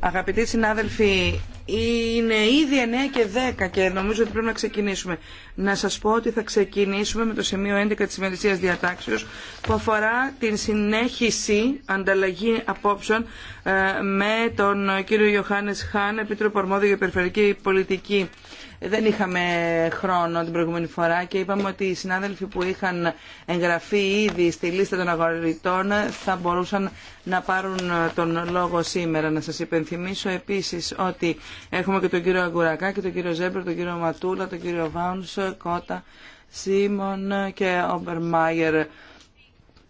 Αγαπητοί συνάδελφοι, είναι ήδη 9 και 10 και νομίζω ότι πρέπει να ξεκινήσουμε. Να σας πω ότι θα ξεκινήσουμε με το σημείο 11 της ημερησίας διατάξεως που αφορά την συνέχιση ανταλλαγή απόψεων ε, με τον κύριο Ιωάννης Χάν, Επίτροπο Αρμόδιο για Περιφερειακή Πολιτική δεν είχαμε χρόνο την προηγούμενη φορά και είπαμε ότι οι συνάδελφοι που είχαν εγγραφεί ήδη στη λίστα των αγορητών θα μπορούσαν να πάρουν τον λόγο σήμερα. Να σας υπενθυμίσω επίσης ότι έχουμε και τον κύριο Αγκουρακά και τον κύριο Ζέμπερ, τον κύριο Ματούλα, τον κύριο Βάουνς, Κότα, Σίμον και Όμπερ Μάιερ.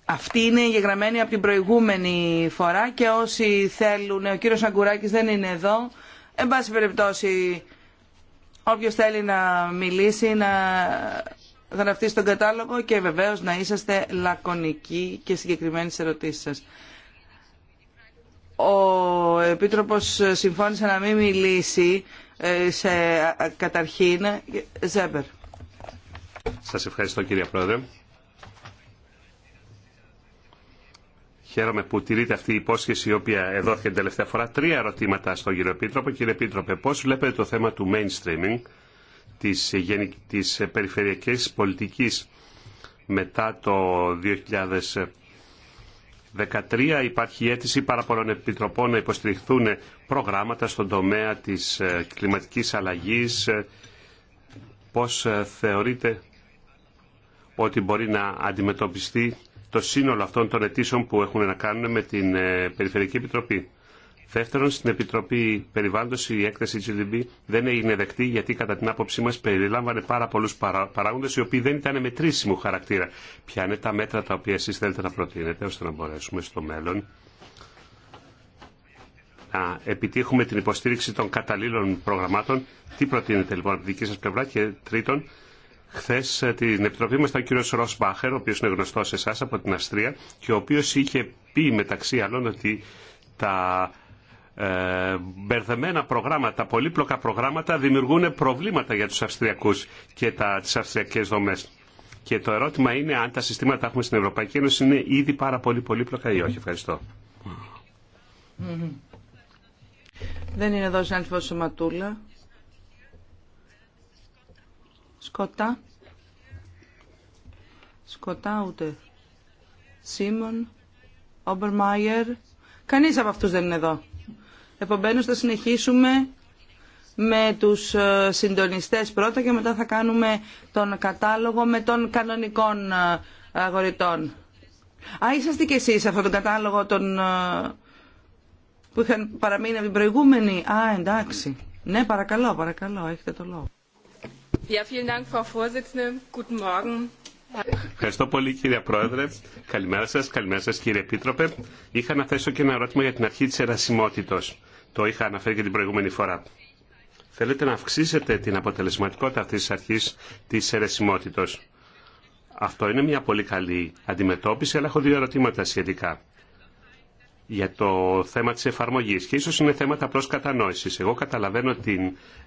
Αυτή είναι η από την προηγούμενη φορά και όσοι θέλουν, ο κύριος Αγκουράκης δεν είναι εδώ, εν πάση περιπτώσει Όποιο θέλει να μιλήσει, να γραφτεί στον κατάλογο και βεβαίω να είσαστε λακωνικοί και συγκεκριμένοι στι ερωτήσεις Ο επίτροπο συμφώνησε να μην μιλήσει ε, σε, καταρχήν. Ζέμπερ. Σας ευχαριστώ κύριε Πρόεδρε. Χαίρομαι που τηρείται αυτή η υπόσχεση η οποία εδόθηκε την τελευταία φορά. Τρία ερωτήματα στον κύριο Επίτροπο. Κύριε Επίτροπε, πώς βλέπετε το θέμα του mainstreaming, της, της περιφερειακής πολιτικής μετά το 2013 υπάρχει αίτηση πάρα πολλών επιτροπών να υποστηριχθούν προγράμματα στον τομέα της ε, κλιματικής αλλαγής. Ε, πώς ε, θεωρείτε ότι μπορεί να αντιμετωπιστεί το σύνολο αυτών των αιτήσεων που έχουν να κάνουν με την ε, Περιφερειακή Επιτροπή. Δεύτερον, στην Επιτροπή Περιβάλλοντος η έκθεση GDB δεν έγινε δεκτή γιατί κατά την άποψή μα περιλάμβανε πάρα πολλού παράγοντε οι οποίοι δεν ήταν μετρήσιμου χαρακτήρα. Ποια είναι τα μέτρα τα οποία εσεί θέλετε να προτείνετε ώστε να μπορέσουμε στο μέλλον να επιτύχουμε την υποστήριξη των καταλήλων προγραμμάτων. Τι προτείνετε λοιπόν από τη δική σα πλευρά και τρίτον, χθε ε, την επιτροπή μα ήταν ο κύριο Ροσμπάχερ, ο οποίο είναι γνωστό σε εσά από την Αυστρία και ο οποίο είχε πει μεταξύ άλλων ότι τα ε, μπερδεμένα προγράμματα, τα πολύπλοκα προγράμματα δημιουργούν προβλήματα για τους Αυστριακούς και τι τις δομέ. Και το ερώτημα είναι αν τα συστήματα που έχουμε στην Ευρωπαϊκή Ένωση είναι ήδη πάρα πολύ πολύπλοκα ή όχι. Ευχαριστώ. Δεν είναι εδώ ο Σαντφός Σωματούλα. Σκοτά. Σκοτά ούτε. Σίμον. Όμπερμαϊερ. Κανείς από αυτούς δεν είναι εδώ. Επομένως θα συνεχίσουμε με τους ε, συντονιστές πρώτα και μετά θα κάνουμε τον κατάλογο με των κανονικών ε, αγοριτών. Α, είσαστε κι εσείς σε αυτόν τον κατάλογο των... Ε, που είχαν παραμείνει από την προηγούμενη. Α, εντάξει. Ναι, παρακαλώ, παρακαλώ, έχετε το λόγο. Ευχαριστώ πολύ κύριε Πρόεδρε. Καλημέρα σας, καλημέρα σας κύριε Επίτροπε. Είχα να θέσω και ένα ερώτημα για την αρχή της ερασιμότητος. Το είχα αναφέρει και την προηγούμενη φορά. Θέλετε να αυξήσετε την αποτελεσματικότητα αυτής της αρχής της έρασιμότητος; Αυτό είναι μια πολύ καλή αντιμετώπιση, αλλά έχω δύο ερωτήματα σχετικά για το θέμα της εφαρμογής και ίσως είναι θέματα απλώς κατανόησης. Εγώ καταλαβαίνω την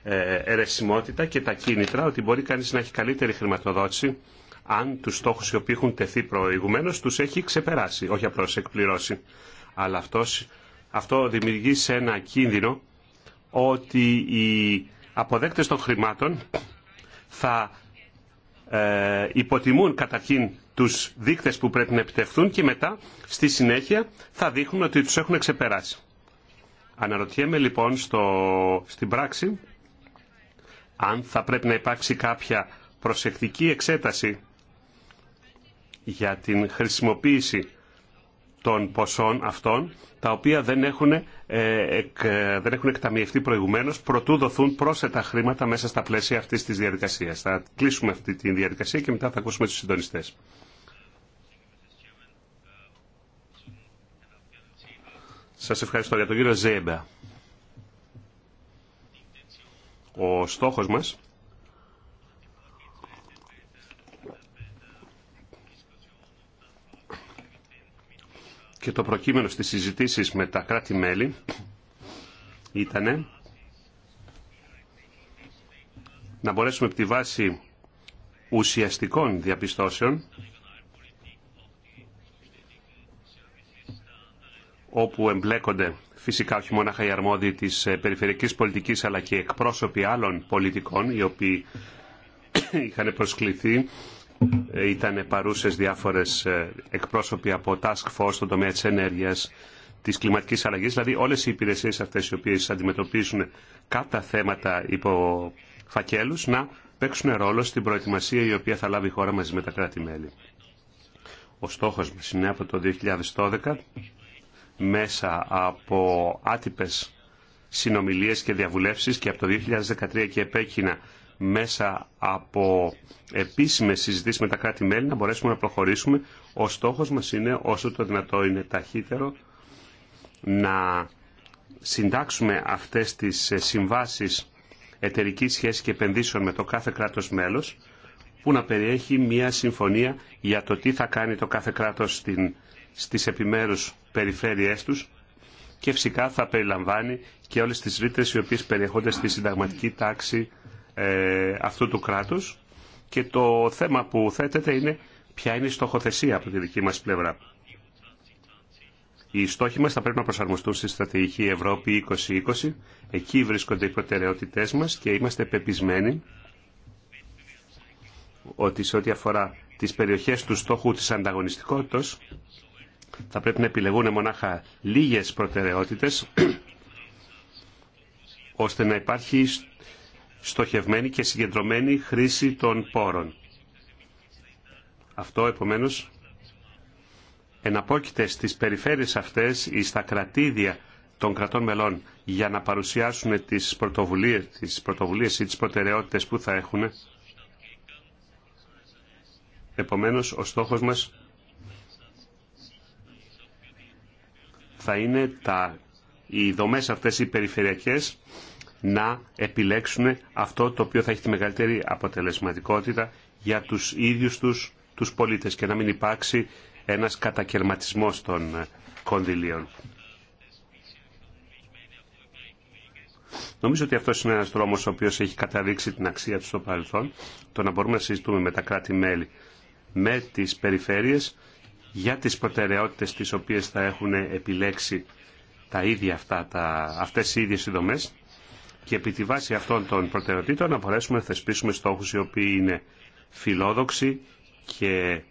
ερεσιμότητα και τα κίνητρα ότι μπορεί κανείς να έχει καλύτερη χρηματοδότηση αν τους στόχους οι οποίοι έχουν τεθεί προηγουμένως τους έχει ξεπεράσει, όχι απλώς εκπληρώσει. Αλλά αυτός, αυτό δημιουργεί σε ένα κίνδυνο ότι οι αποδέκτες των χρημάτων θα ε, υποτιμούν καταρχήν τους δείκτες που πρέπει να επιτευχθούν και μετά στη συνέχεια θα δείχνουν ότι τους έχουν ξεπεράσει. Αναρωτιέμαι λοιπόν στο, στην πράξη αν θα πρέπει να υπάρξει κάποια προσεκτική εξέταση για την χρησιμοποίηση των ποσών αυτών, τα οποία δεν έχουν, ε, δεν έχουν εκταμιευτεί προηγουμένως, προτού δοθούν πρόσθετα χρήματα μέσα στα πλαίσια αυτής της διαδικασίας. Θα κλείσουμε αυτή τη διαδικασία και μετά θα ακούσουμε τους συντονιστές. Σας ευχαριστώ για τον κύριο Ζέμπα. Ο στόχος μας και το προκείμενο στις συζητήσεις με τα κράτη-μέλη ήταν να μπορέσουμε από τη βάση ουσιαστικών διαπιστώσεων όπου εμπλέκονται φυσικά όχι μόνο οι αρμόδιοι της ε, περιφερειακής πολιτικής αλλά και εκπρόσωποι άλλων πολιτικών οι οποίοι είχαν προσκληθεί ε, ήταν παρούσες διάφορες ε, εκπρόσωποι από task force στον τομέα της ενέργειας της κλιματικής αλλαγής δηλαδή όλες οι υπηρεσίες αυτές οι οποίες αντιμετωπίζουν κάποια θέματα υπό φακέλους να παίξουν ρόλο στην προετοιμασία η οποία θα λάβει η χώρα μαζί με τα κράτη-μέλη. Ο στόχος μας είναι από το 2012 μέσα από άτυπες συνομιλίες και διαβουλεύσεις και από το 2013 και επέκεινα μέσα από επίσημες συζητήσεις με τα κράτη-μέλη να μπορέσουμε να προχωρήσουμε. Ο στόχος μας είναι όσο το δυνατό είναι ταχύτερο να συντάξουμε αυτές τις συμβάσεις εταιρικής σχέσης και επενδύσεων με το κάθε κράτος μέλος που να περιέχει μια συμφωνία για το τι θα κάνει το κάθε κράτος στην στις επιμέρους περιφέρειές τους και φυσικά θα περιλαμβάνει και όλες τις ρήτρες οι οποίες περιέχονται στη συνταγματική τάξη ε, αυτού του κράτους και το θέμα που θέτεται είναι ποια είναι η στοχοθεσία από τη δική μας πλευρά. Οι στόχοι μας θα πρέπει να προσαρμοστούν στη στρατηγική Ευρώπη 2020. Εκεί βρίσκονται οι προτεραιότητές μας και είμαστε πεπισμένοι ότι σε ό,τι αφορά τις περιοχές του στόχου της ανταγωνιστικότητας θα πρέπει να επιλεγούν μονάχα λίγες προτεραιότητες ώστε να υπάρχει στοχευμένη και συγκεντρωμένη χρήση των πόρων. Αυτό επομένως εναπόκειται στις περιφέρειες αυτές ή στα κρατήδια των κρατών μελών για να παρουσιάσουν τις πρωτοβουλίες, τις πρωτοβουλίες ή τις προτεραιότητες που θα έχουν. Επομένως, ο στόχος μας θα είναι τα, οι δομές αυτές οι περιφερειακές να επιλέξουν αυτό το οποίο θα έχει τη μεγαλύτερη αποτελεσματικότητα για τους ίδιους τους, τους πολίτες και να μην υπάρξει ένας κατακερματισμός των κονδυλίων. Νομίζω ότι αυτό είναι ένα δρόμο ο οποίο έχει καταδείξει την αξία του στο παρελθόν, το να μπορούμε να συζητούμε με τα κράτη-μέλη, με τι περιφέρειες για τις προτεραιότητες τις οποίες θα έχουν επιλέξει τα ίδια αυτά, τα, αυτές οι ίδιες οι δομές και επί τη βάση αυτών των προτεραιοτήτων να μπορέσουμε να θεσπίσουμε στόχους οι οποίοι είναι φιλόδοξοι και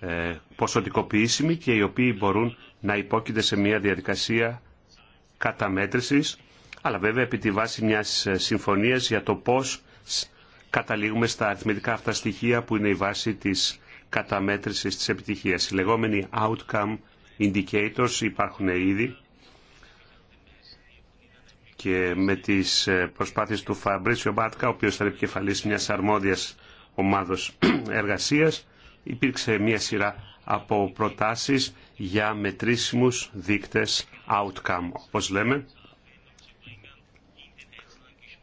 ε, ποσοτικοποιήσιμοι και οι οποίοι μπορούν να υπόκεινται σε μια διαδικασία καταμέτρησης αλλά βέβαια επί τη βάση μιας ε, συμφωνίας για το πώς καταλήγουμε στα αριθμητικά αυτά στοιχεία που είναι η βάση της καταμέτρησης της επιτυχίας. Οι λεγόμενοι outcome indicators υπάρχουν ήδη και με τις ε, προσπάθειες του Φαμπρίσιο Μπάτκα, ο οποίος ήταν επικεφαλής μιας αρμόδιας ομάδος εργασίας, υπήρξε μια σειρά από προτάσεις για μετρήσιμους δείκτες outcome, όπως λέμε,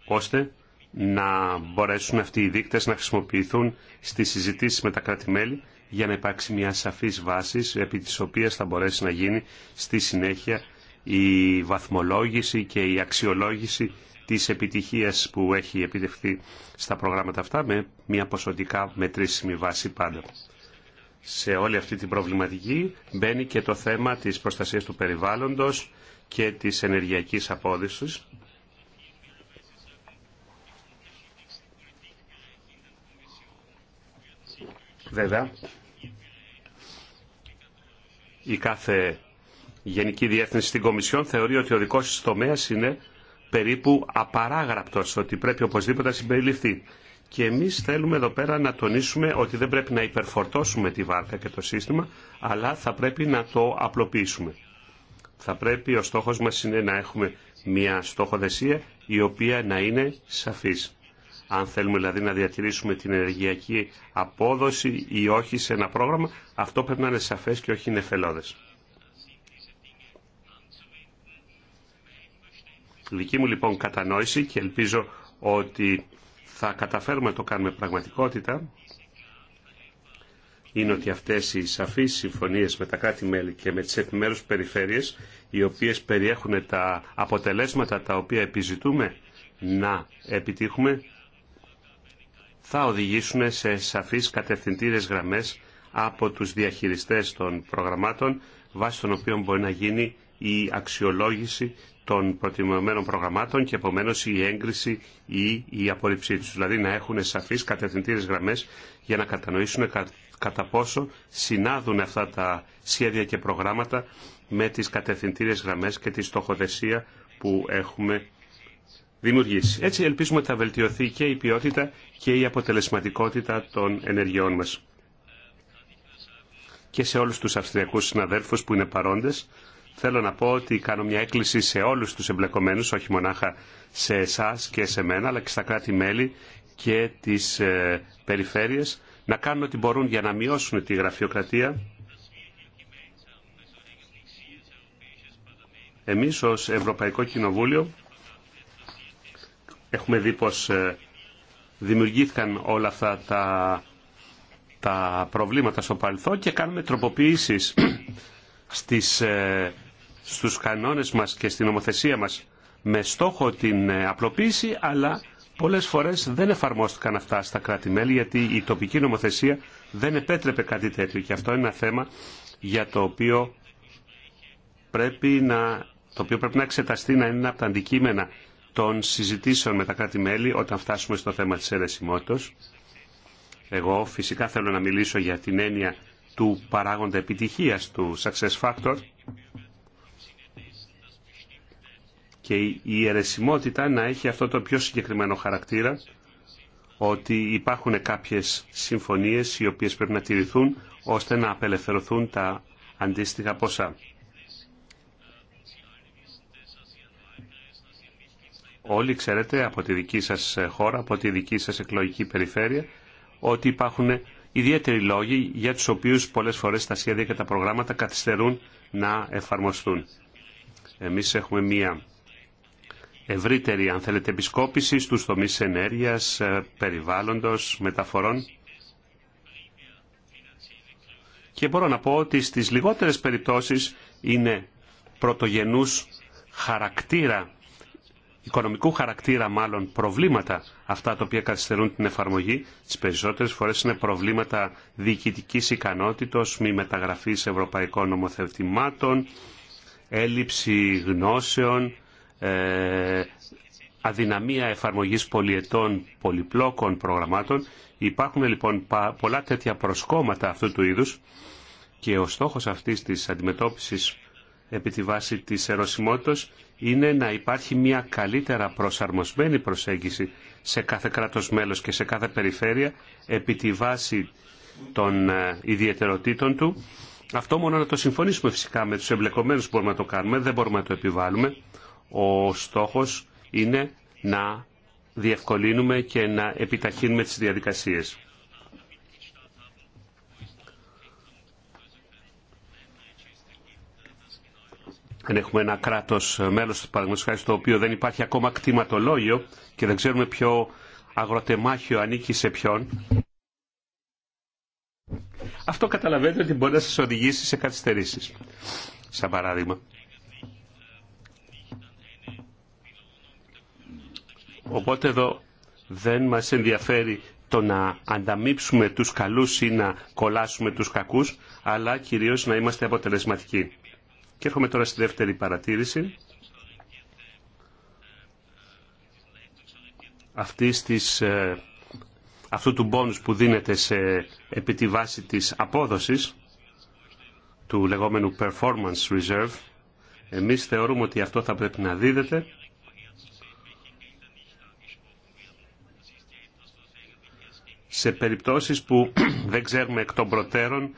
ώστε να μπορέσουν αυτοί οι δείκτες να χρησιμοποιηθούν στις συζητήσει με τα κράτη-μέλη για να υπάρξει μια σαφής βάση επί τη οποία θα μπορέσει να γίνει στη συνέχεια η βαθμολόγηση και η αξιολόγηση της επιτυχίας που έχει επιτευχθεί στα προγράμματα αυτά με μια ποσοτικά μετρήσιμη βάση πάντα. Σε όλη αυτή την προβληματική μπαίνει και το θέμα της προστασίας του περιβάλλοντος και της ενεργειακής απόδυσης Βέβαια, η κάθε Γενική Διεύθυνση στην Κομισιόν θεωρεί ότι ο δικός της τομέας είναι περίπου απαράγραπτος, ότι πρέπει οπωσδήποτε να συμπεριληφθεί. Και εμείς θέλουμε εδώ πέρα να τονίσουμε ότι δεν πρέπει να υπερφορτώσουμε τη βάρκα και το σύστημα, αλλά θα πρέπει να το απλοποιήσουμε. Θα πρέπει ο στόχος μας είναι να έχουμε μια στόχοδεσία η οποία να είναι σαφής αν θέλουμε δηλαδή να διατηρήσουμε την ενεργειακή απόδοση ή όχι σε ένα πρόγραμμα, αυτό πρέπει να είναι σαφές και όχι νεφελώδες. Δική μου λοιπόν κατανόηση και ελπίζω ότι θα καταφέρουμε να το κάνουμε πραγματικότητα είναι ότι αυτές οι σαφείς συμφωνίες με τα κράτη-μέλη και με τις επιμέρους περιφέρειες οι οποίες περιέχουν τα αποτελέσματα τα οποία επιζητούμε να επιτύχουμε θα οδηγήσουν σε σαφείς κατευθυντήρες γραμμές από τους διαχειριστές των προγραμμάτων βάσει των οποίων μπορεί να γίνει η αξιολόγηση των προτιμωμένων προγραμμάτων και επομένω η έγκριση ή η απόρριψή του. Δηλαδή να έχουν σαφεί κατευθυντήρε γραμμέ για να κατανοήσουν κατά πόσο συνάδουν αυτά τα σχέδια και προγράμματα με τι κατευθυντήρε γραμμέ και τη στοχοθεσία που έχουμε δημιουργήσει. Έτσι ελπίζουμε ότι θα βελτιωθεί και η ποιότητα και η αποτελεσματικότητα των ενεργειών μας. Και σε όλους τους αυστριακούς συναδέλφους που είναι παρόντες, θέλω να πω ότι κάνω μια έκκληση σε όλους τους εμπλεκομένους, όχι μονάχα σε εσά και σε μένα, αλλά και στα κράτη-μέλη και τις ε, περιφέρειες, να κάνουν ό,τι μπορούν για να μειώσουν τη γραφειοκρατία. Εμείς ως Ευρωπαϊκό Κοινοβούλιο Έχουμε δει πως ε, δημιουργήθηκαν όλα αυτά τα, τα προβλήματα στο παρελθόν και κάνουμε τροποποιήσεις στις, ε, στους κανόνες μας και στην νομοθεσία μας με στόχο την ε, απλοποίηση, αλλά πολλές φορές δεν εφαρμόστηκαν αυτά στα κράτη-μέλη γιατί η τοπική νομοθεσία δεν επέτρεπε κάτι τέτοιο και αυτό είναι ένα θέμα για το οποίο πρέπει να, το οποίο πρέπει να εξεταστεί να είναι ένα από τα αντικείμενα των συζητήσεων με τα κράτη-μέλη όταν φτάσουμε στο θέμα της ερεσιμότητας. Εγώ φυσικά θέλω να μιλήσω για την έννοια του παράγοντα επιτυχίας, του success factor και η έρεσιμοτητα να έχει αυτό το πιο συγκεκριμένο χαρακτήρα ότι υπάρχουν κάποιες συμφωνίες οι οποίες πρέπει να τηρηθούν ώστε να απελευθερωθούν τα αντίστοιχα ποσά. Όλοι ξέρετε από τη δική σας χώρα, από τη δική σας εκλογική περιφέρεια, ότι υπάρχουν ιδιαίτεροι λόγοι για τους οποίους πολλές φορές τα σχέδια και τα προγράμματα καθυστερούν να εφαρμοστούν. Εμείς έχουμε μία ευρύτερη, αν θέλετε, επισκόπηση στους τομείς ενέργειας, ε, περιβάλλοντος, μεταφορών. Και μπορώ να πω ότι στις λιγότερες περιπτώσεις είναι πρωτογενούς χαρακτήρα οικονομικού χαρακτήρα μάλλον προβλήματα αυτά τα οποία καθυστερούν την εφαρμογή, τις περισσότερες φορές είναι προβλήματα διοικητικής ικανότητος, μη μεταγραφής ευρωπαϊκών νομοθετημάτων, έλλειψη γνώσεων, ε, αδυναμία εφαρμογής πολιετών πολυπλόκων προγραμμάτων. Υπάρχουν λοιπόν πολλά τέτοια προσκόμματα αυτού του είδους και ο στόχος αυτής της αντιμετώπισης επί τη βάση της ερωσιμότητας είναι να υπάρχει μια καλύτερα προσαρμοσμένη προσέγγιση σε κάθε κράτος μέλος και σε κάθε περιφέρεια επί τη βάση των ε, ιδιαιτεροτήτων του. Αυτό μόνο να το συμφωνήσουμε φυσικά με τους εμπλεκομένους μπορούμε να το κάνουμε, δεν μπορούμε να το επιβάλλουμε. Ο στόχος είναι να διευκολύνουμε και να επιταχύνουμε τις διαδικασίες. αν έχουμε ένα κράτος ε, μέλος χάρη, στο οποίο δεν υπάρχει ακόμα κτηματολόγιο και δεν ξέρουμε ποιο αγροτεμάχιο ανήκει σε ποιον, αυτό καταλαβαίνετε ότι μπορεί να σα οδηγήσει σε καθυστερήσεις. Σαν παράδειγμα. Οπότε εδώ δεν μας ενδιαφέρει το να ανταμείψουμε τους καλούς ή να κολλάσουμε τους κακούς, αλλά κυρίως να είμαστε αποτελεσματικοί. Και έρχομαι τώρα στη δεύτερη παρατήρηση. Ε, αυτού του μπόνους που δίνεται σε, επί τη βάση της απόδοσης του λεγόμενου performance reserve εμείς θεωρούμε ότι αυτό θα πρέπει να δίδεται σε περιπτώσεις που δεν ξέρουμε εκ των προτέρων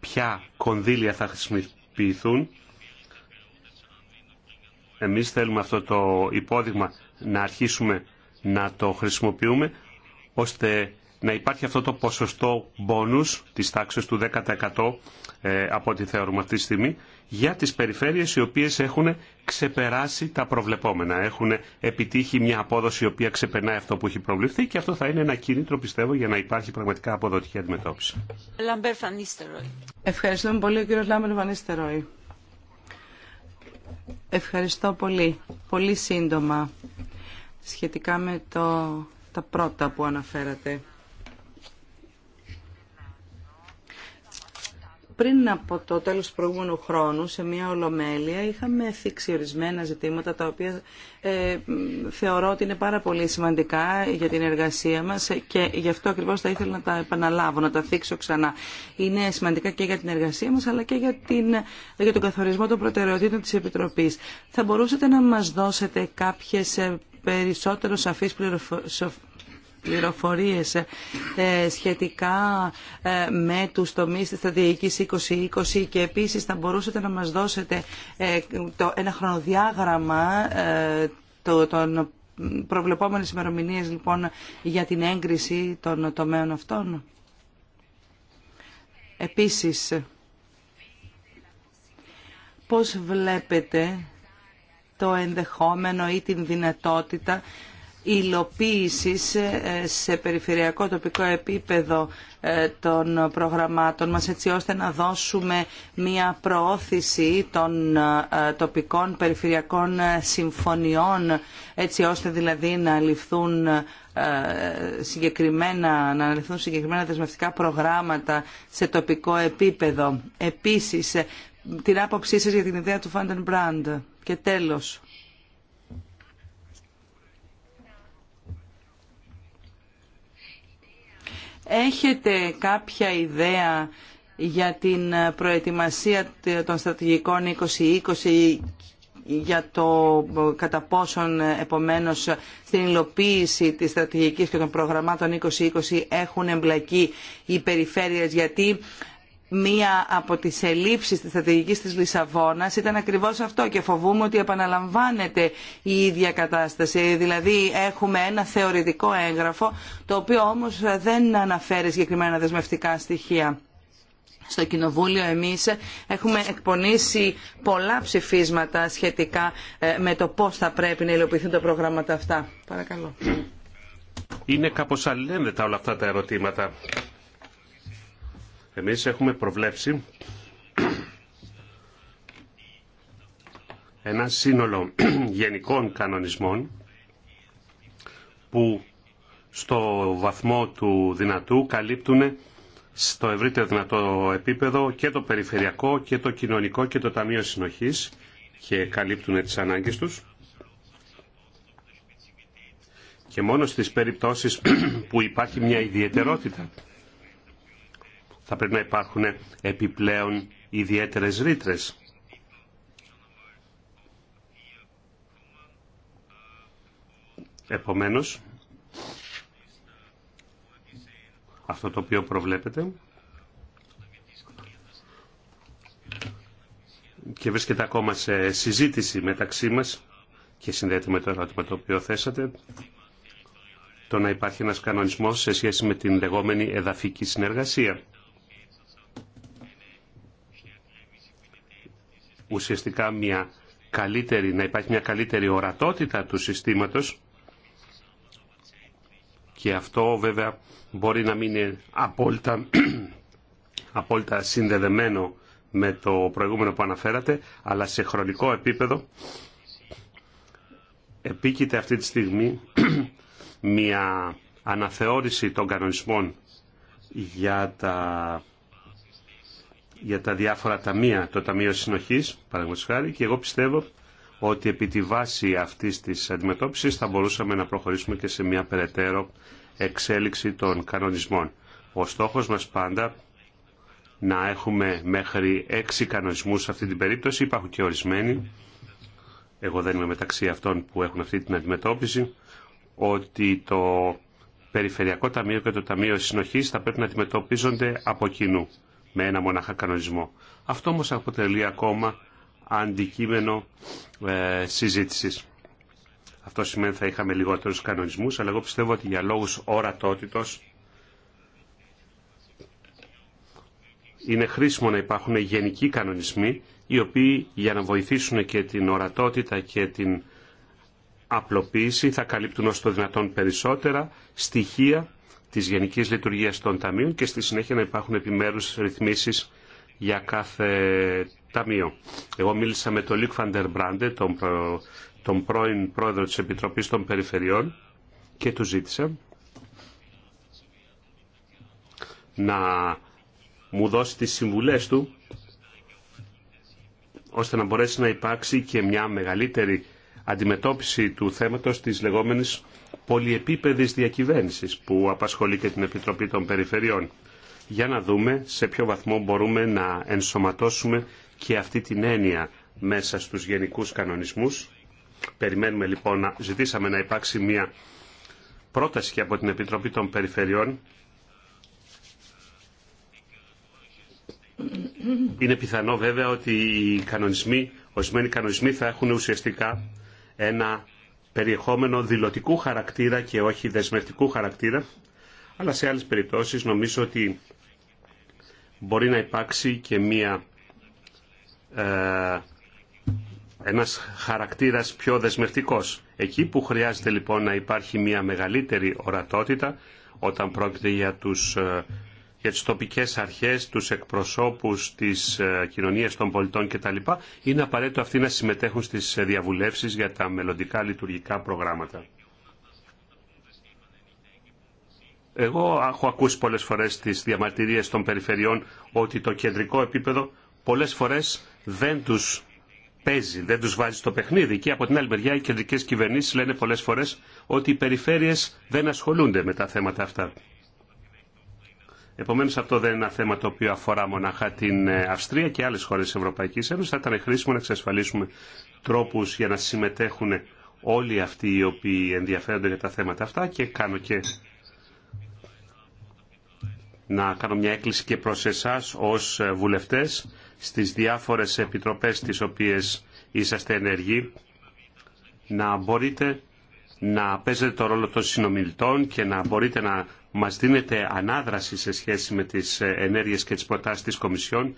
ποια κονδύλια θα χρησιμοποιηθούν εμείς θέλουμε αυτό το υπόδειγμα να αρχίσουμε να το χρησιμοποιούμε ώστε να υπάρχει αυτό το ποσοστό μπόνους της τάξης του 10% ε, από ό,τι θεωρούμε αυτή τη στιγμή για τις περιφέρειες οι οποίες έχουν ξεπεράσει τα προβλεπόμενα. Έχουν επιτύχει μια απόδοση η οποία ξεπερνάει αυτό που έχει προβληθεί και αυτό θα είναι ένα κίνητρο πιστεύω για να υπάρχει πραγματικά αποδοτική αντιμετώπιση. Ευχαριστούμε πολύ κύριο Λάμπερ Βανίστεροι. Ευχαριστώ πολύ. Πολύ σύντομα σχετικά με το, τα πρώτα που αναφέρατε. πριν από το τέλος του προηγούμενου χρόνου σε μια ολομέλεια είχαμε θίξει ορισμένα ζητήματα τα οποία ε, θεωρώ ότι είναι πάρα πολύ σημαντικά για την εργασία μας και γι' αυτό ακριβώς θα ήθελα να τα επαναλάβω, να τα θίξω ξανά. Είναι σημαντικά και για την εργασία μας αλλά και για, την, για τον καθορισμό των προτεραιοτήτων της Επιτροπής. Θα μπορούσατε να μας δώσετε κάποιες ε, περισσότερο σαφείς πληροφορίες ε, ε, σχετικά ε, με τους τομείς της στρατηγικής 2020 και επίσης θα μπορούσατε να μας δώσετε το, ένα χρονοδιάγραμμα το, των προβλεπόμενες ημερομηνίε λοιπόν για την έγκριση των τομέων αυτών. Επίσης, πώς βλέπετε το ενδεχόμενο ή την δυνατότητα υλοποίησης ε, σε περιφερειακό τοπικό επίπεδο ε, των προγραμμάτων μας έτσι ώστε να δώσουμε μια προώθηση των ε, τοπικών περιφερειακών συμφωνιών έτσι ώστε δηλαδή να ληφθούν συγκεκριμένα, να αναλυθούν συγκεκριμένα δεσμευτικά προγράμματα σε τοπικό επίπεδο. Επίσης, την άποψή σας για την ιδέα του Φάντεν Μπραντ. Και τέλος, Έχετε κάποια ιδέα για την προετοιμασία των στρατηγικών 2020 για το κατά πόσον επομένως στην υλοποίηση της στρατηγικής και των προγραμμάτων 2020 έχουν εμπλακεί οι περιφέρειες γιατί μία από τις ελλείψεις της στρατηγικής της Λισαβόνας ήταν ακριβώς αυτό και φοβούμαι ότι επαναλαμβάνεται η ίδια κατάσταση. Δηλαδή έχουμε ένα θεωρητικό έγγραφο το οποίο όμως δεν αναφέρει συγκεκριμένα δεσμευτικά στοιχεία. Στο Κοινοβούλιο εμείς έχουμε εκπονήσει πολλά ψηφίσματα σχετικά ε, με το πώς θα πρέπει να υλοποιηθούν τα προγράμματα αυτά. Παρακαλώ. Είναι κάπως αλληλένδετα όλα αυτά τα ερωτήματα. Εμείς έχουμε προβλέψει ένα σύνολο γενικών κανονισμών που στο βαθμό του δυνατού καλύπτουν στο ευρύτερο δυνατό επίπεδο και το περιφερειακό και το κοινωνικό και το Ταμείο Συνοχής και καλύπτουν τις ανάγκες τους. Και μόνο στις περιπτώσεις που υπάρχει μια ιδιαιτερότητα θα πρέπει να υπάρχουν επιπλέον ιδιαίτερες ρήτρε. Επομένως, αυτό το οποίο προβλέπετε και βρίσκεται ακόμα σε συζήτηση μεταξύ μας και συνδέεται με το ερώτημα το οποίο θέσατε, το να υπάρχει ένας κανονισμός σε σχέση με την λεγόμενη εδαφική συνεργασία. ουσιαστικά μια καλύτερη, να υπάρχει μια καλύτερη ορατότητα του συστήματος και αυτό βέβαια μπορεί να μην είναι απόλυτα, απόλυτα συνδεδεμένο με το προηγούμενο που αναφέρατε, αλλά σε χρονικό επίπεδο επίκειται αυτή τη στιγμή μια αναθεώρηση των κανονισμών για τα για τα διάφορα ταμεία, το Ταμείο Συνοχής, παραδείγματος χάρη, και εγώ πιστεύω ότι επί τη βάση αυτής της αντιμετώπισης θα μπορούσαμε να προχωρήσουμε και σε μια περαιτέρω εξέλιξη των κανονισμών. Ο στόχος μας πάντα να έχουμε μέχρι έξι κανονισμούς σε αυτή την περίπτωση, υπάρχουν και ορισμένοι, εγώ δεν είμαι μεταξύ αυτών που έχουν αυτή την αντιμετώπιση, ότι το Περιφερειακό Ταμείο και το Ταμείο Συνοχής θα πρέπει να αντιμετωπίζονται από κοινού με ένα μονάχα κανονισμό. Αυτό όμως αποτελεί ακόμα αντικείμενο ε, συζήτησης. Αυτό σημαίνει θα είχαμε λιγότερους κανονισμούς, αλλά εγώ πιστεύω ότι για λόγους ορατότητος είναι χρήσιμο να υπάρχουν γενικοί κανονισμοί, οι οποίοι για να βοηθήσουν και την ορατότητα και την απλοποίηση θα καλύπτουν ως το δυνατόν περισσότερα στοιχεία της γενικής λειτουργίας των ταμείων και στη συνέχεια να υπάρχουν επιμέρους ρυθμίσεις για κάθε ταμείο. Εγώ μίλησα με τον Λίκ Φαντερ Μπράντε, τον, τον πρώην πρόεδρο της Επιτροπής των Περιφερειών και του ζήτησα να μου δώσει τις συμβουλές του ώστε να μπορέσει να υπάρξει και μια μεγαλύτερη αντιμετώπιση του θέματος της λεγόμενης πολυεπίπεδης διακυβέρνησης που απασχολεί και την Επιτροπή των Περιφερειών. Για να δούμε σε ποιο βαθμό μπορούμε να ενσωματώσουμε και αυτή την έννοια μέσα στους γενικούς κανονισμούς. Περιμένουμε λοιπόν, να ζητήσαμε να υπάρξει μια πρόταση και από την Επιτροπή των Περιφερειών. Είναι πιθανό βέβαια ότι οι κανονισμοί, ορισμένοι κανονισμοί θα έχουν ουσιαστικά ένα περιεχόμενο δηλωτικού χαρακτήρα και όχι δεσμευτικού χαρακτήρα, αλλά σε άλλες περιπτώσεις νομίζω ότι μπορεί να υπάρξει και μία, ε, ένας χαρακτήρας πιο δεσμευτικός. Εκεί που χρειάζεται λοιπόν να υπάρχει μία μεγαλύτερη ορατότητα, όταν πρόκειται για τους ε, για τις τοπικές αρχές, τους εκπροσώπους της ε, κοινωνίας των πολιτών κτλ. Είναι απαραίτητο αυτοί να συμμετέχουν στις ε, διαβουλεύσεις για τα μελλοντικά λειτουργικά προγράμματα. Εγώ έχω ακούσει πολλές φορές τις διαμαρτυρίες των περιφερειών ότι το κεντρικό επίπεδο πολλές φορές δεν τους παίζει, δεν τους βάζει στο παιχνίδι. Και από την άλλη μεριά οι κεντρικές κυβερνήσεις λένε πολλές φορές ότι οι περιφέρειες δεν ασχολούνται με τα θέματα αυτά. Επομένως αυτό δεν είναι ένα θέμα το οποίο αφορά μονάχα την ε, Αυστρία και άλλες χώρες τη Ευρωπαϊκή Ένωση. Θα ήταν χρήσιμο να εξασφαλίσουμε τρόπους για να συμμετέχουν όλοι αυτοί οι οποίοι ενδιαφέρονται για τα θέματα αυτά και κάνω και να κάνω μια έκκληση και προς εσάς ως βουλευτές στις διάφορες επιτροπές τις οποίες είσαστε ενεργοί να μπορείτε να παίζετε το ρόλο των συνομιλητών και να μπορείτε να μας δίνεται ανάδραση σε σχέση με τις ενέργειες και τις προτάσεις της Κομισιόν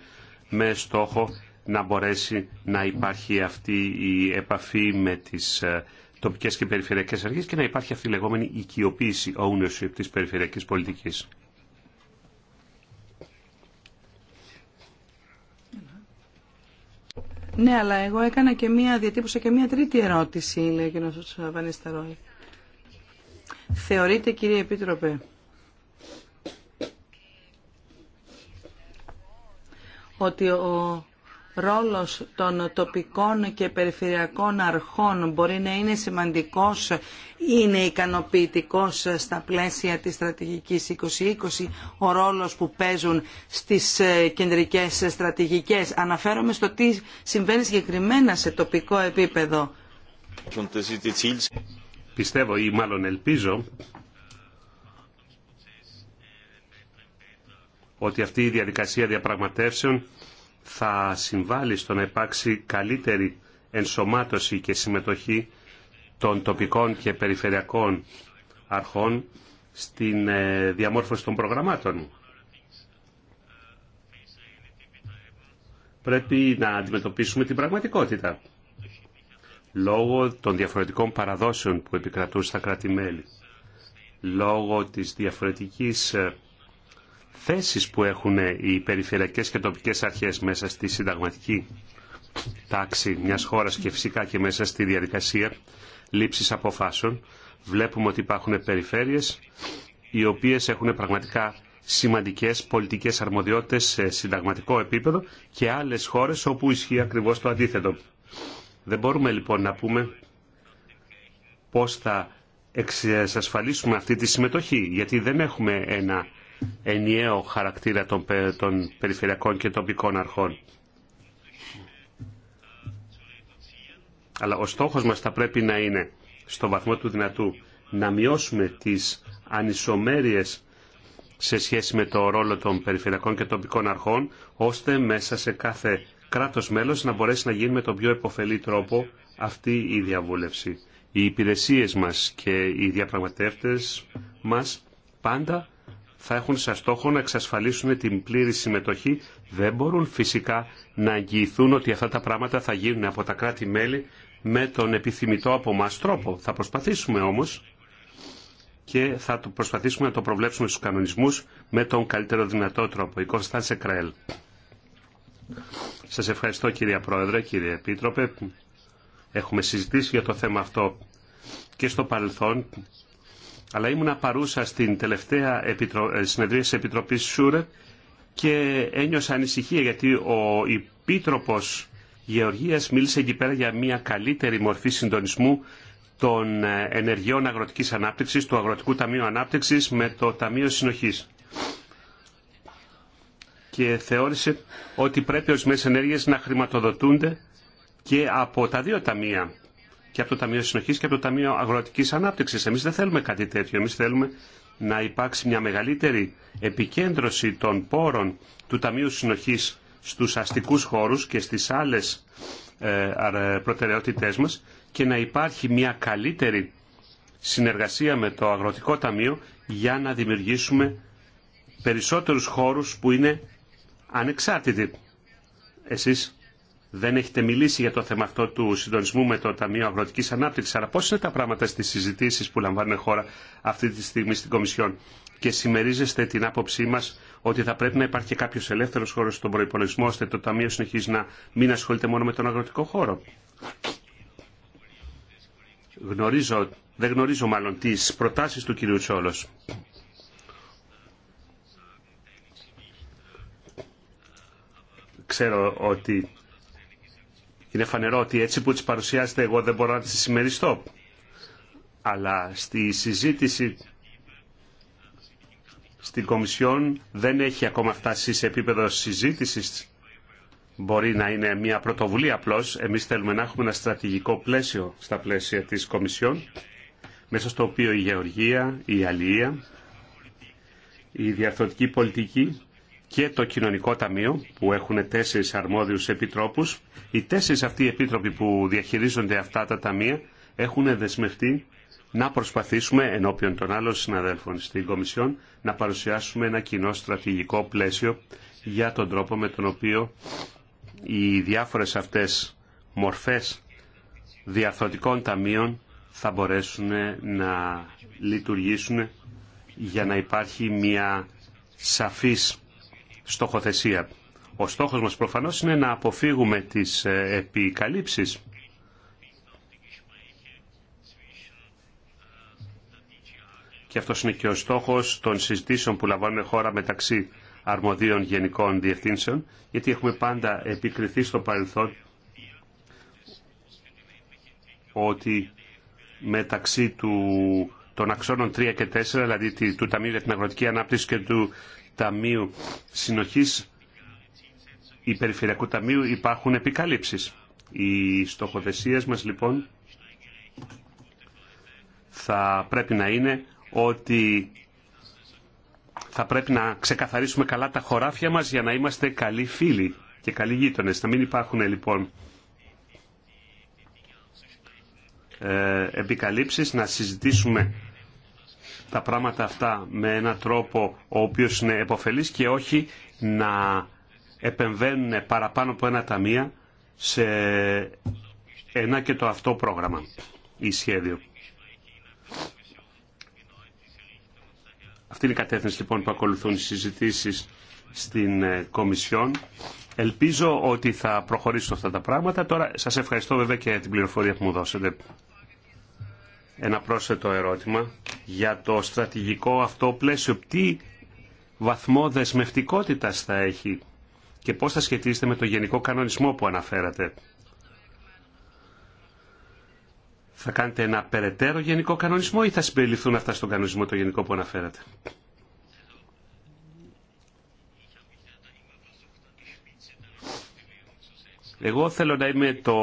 με στόχο να μπορέσει να υπάρχει αυτή η επαφή με τις ε, τοπικές και περιφερειακές αρχές και να υπάρχει αυτή η λεγόμενη οικειοποίηση ownership της περιφερειακής πολιτικής. Ναι, αλλά εγώ έκανα και μία, διατύπωσα και μία τρίτη ερώτηση, λέει ο κ. Θεωρείτε, κύριε Επίτροπε, ότι ο ρόλος των τοπικών και περιφερειακών αρχών μπορεί να είναι σημαντικός, είναι ικανοποιητικός στα πλαίσια της στρατηγικής 2020, ο ρόλος που παίζουν στις κεντρικές στρατηγικές. Αναφέρομαι στο τι συμβαίνει συγκεκριμένα σε τοπικό επίπεδο. Πιστεύω ή μάλλον ελπίζω ότι αυτή η διαδικασία διαπραγματεύσεων θα συμβάλλει στο να υπάρξει καλύτερη ενσωμάτωση και συμμετοχή των τοπικών και περιφερειακών αρχών στην ε, διαμόρφωση των προγραμμάτων. Πρέπει να αντιμετωπίσουμε την πραγματικότητα λόγω των διαφορετικών παραδόσεων που επικρατούν στα κράτη-μέλη, λόγω της διαφορετικής ε, θέσεις που έχουν οι περιφερειακές και τοπικές αρχές μέσα στη συνταγματική τάξη μιας χώρας και φυσικά και μέσα στη διαδικασία λήψης αποφάσεων. Βλέπουμε ότι υπάρχουν περιφέρειες οι οποίες έχουν πραγματικά σημαντικές πολιτικές αρμοδιότητες σε συνταγματικό επίπεδο και άλλες χώρες όπου ισχύει ακριβώς το αντίθετο. Δεν μπορούμε λοιπόν να πούμε πώς θα εξασφαλίσουμε αυτή τη συμμετοχή, γιατί δεν έχουμε ένα ενιαίο χαρακτήρα των, περιφερειακών και τοπικών αρχών. Αλλά ο στόχος μας θα πρέπει να είναι στο βαθμό του δυνατού να μειώσουμε τις ανισομέρειες σε σχέση με το ρόλο των περιφερειακών και τοπικών αρχών, ώστε μέσα σε κάθε κράτος μέλος να μπορέσει να γίνει με τον πιο επωφελή τρόπο αυτή η διαβούλευση. Οι υπηρεσίες μας και οι διαπραγματεύτες μας πάντα θα έχουν σαν στόχο να εξασφαλίσουν την πλήρη συμμετοχή, δεν μπορούν φυσικά να αγγιηθούν ότι αυτά τα πράγματα θα γίνουν από τα κράτη-μέλη με τον επιθυμητό από εμά τρόπο. Θα προσπαθήσουμε όμως και θα το προσπαθήσουμε να το προβλέψουμε στους κανονισμούς με τον καλύτερο δυνατό τρόπο. Η Κωνσταντσε Κραέλ. Σας ευχαριστώ κύριε Πρόεδρε, κύριε Επίτροπε. Έχουμε συζητήσει για το θέμα αυτό και στο παρελθόν αλλά ήμουνα παρούσα στην τελευταία ε, συνεδρία της Επιτροπής ΣΟΥΡΕ και ένιωσα ανησυχία γιατί ο Επίτροπος Γεωργίας μίλησε εκεί πέρα για μια καλύτερη μορφή συντονισμού των ε, ενεργειών αγροτικής ανάπτυξης, του Αγροτικού Ταμείου Ανάπτυξης με το Ταμείο Συνοχής. Και θεώρησε ότι πρέπει ορισμένες ενέργειες να χρηματοδοτούνται και από τα δύο ταμεία και από το Ταμείο Συνοχής και από το Ταμείο Αγροτικής Ανάπτυξης. Εμείς δεν θέλουμε κάτι τέτοιο. Εμεί θέλουμε να υπάρξει μια μεγαλύτερη επικέντρωση των πόρων του Ταμείου Συνοχής στους αστικούς χώρους και στις άλλες ε, ε, προτεραιότητές μας και να υπάρχει μια καλύτερη συνεργασία με το Αγροτικό Ταμείο για να δημιουργήσουμε περισσότερους χώρους που είναι ανεξάρτητοι. Εσείς δεν έχετε μιλήσει για το θέμα αυτό του συντονισμού με το Ταμείο Αγροτικής Ανάπτυξης, αλλά πώς είναι τα πράγματα στις συζητήσεις που λαμβάνουν χώρα αυτή τη στιγμή στην Κομισιόν και συμμερίζεστε την άποψή μας ότι θα πρέπει να υπάρχει κάποιο κάποιος ελεύθερος χώρος στον προϋπολογισμό, ώστε το Ταμείο συνεχίζει να μην ασχολείται μόνο με τον αγροτικό χώρο. δεν γνωρίζω μάλλον τις προτάσεις του κυρίου Τσόλος. Ξέρω ότι είναι φανερό ότι έτσι που τις παρουσιάζεται εγώ δεν μπορώ να τις συμμεριστώ. Αλλά στη συζήτηση στην Κομισιόν δεν έχει ακόμα φτάσει σε επίπεδο συζήτησης. Μπορεί να είναι μια πρωτοβουλία απλώς. Εμείς θέλουμε να έχουμε ένα στρατηγικό πλαίσιο στα πλαίσια της Κομισιόν, μέσα στο οποίο η γεωργία, η αλληλεία, η διαρθρωτική πολιτική και το Κοινωνικό Ταμείο που έχουν τέσσερις αρμόδιους επιτρόπους. Οι τέσσερις αυτοί οι επίτροποι που διαχειρίζονται αυτά τα ταμεία έχουν δεσμευτεί να προσπαθήσουμε ενώπιον των άλλων συναδέλφων στην Κομισιόν να παρουσιάσουμε ένα κοινό στρατηγικό πλαίσιο για τον τρόπο με τον οποίο οι διάφορες αυτές μορφές διαρθρωτικών ταμείων θα μπορέσουν να λειτουργήσουν για να υπάρχει μια σαφής στοχοθεσία. Ο στόχος μας προφανώς είναι να αποφύγουμε τις ε, επικαλύψεις και αυτός είναι και ο στόχος των συζητήσεων που λαμβάνουμε χώρα μεταξύ αρμοδίων γενικών διευθύνσεων, γιατί έχουμε πάντα επικριθεί στο παρελθόν ότι μεταξύ του, των αξώνων 3 και 4, δηλαδή του Ταμείου για την Αγροτική Ανάπτυξη και του Ταμείου Συνοχής ή Περιφερειακού Ταμείου υπάρχουν επικαλύψεις. Οι στοχοθεσίες μας λοιπόν θα πρέπει να είναι ότι θα πρέπει να ξεκαθαρίσουμε καλά τα χωράφια μας για να είμαστε καλοί φίλοι και καλοί γείτονες. Να μην υπάρχουν λοιπόν ε, επικαλύψεις, να συζητήσουμε τα πράγματα αυτά με έναν τρόπο ο οποίος είναι επωφελής και όχι να επεμβαίνουν παραπάνω από ένα ταμείο σε ένα και το αυτό πρόγραμμα ή σχέδιο. Αυτή είναι η κατεύθυνση λοιπόν που ακολουθούν οι συζητήσεις στην ε, Κομισιόν. Ελπίζω ότι θα προχωρήσουν αυτά τα πράγματα. Τώρα σας ευχαριστώ βέβαια και την πληροφορία που μου δώσετε ένα πρόσθετο ερώτημα για το στρατηγικό αυτό πλαίσιο. Τι βαθμό δεσμευτικότητας θα έχει και πώς θα σχετίζεται με το γενικό κανονισμό που αναφέρατε. Θα κάνετε ένα περαιτέρω γενικό κανονισμό ή θα συμπεριληφθούν αυτά στον κανονισμό το γενικό που αναφέρατε. Εγώ θέλω να είμαι το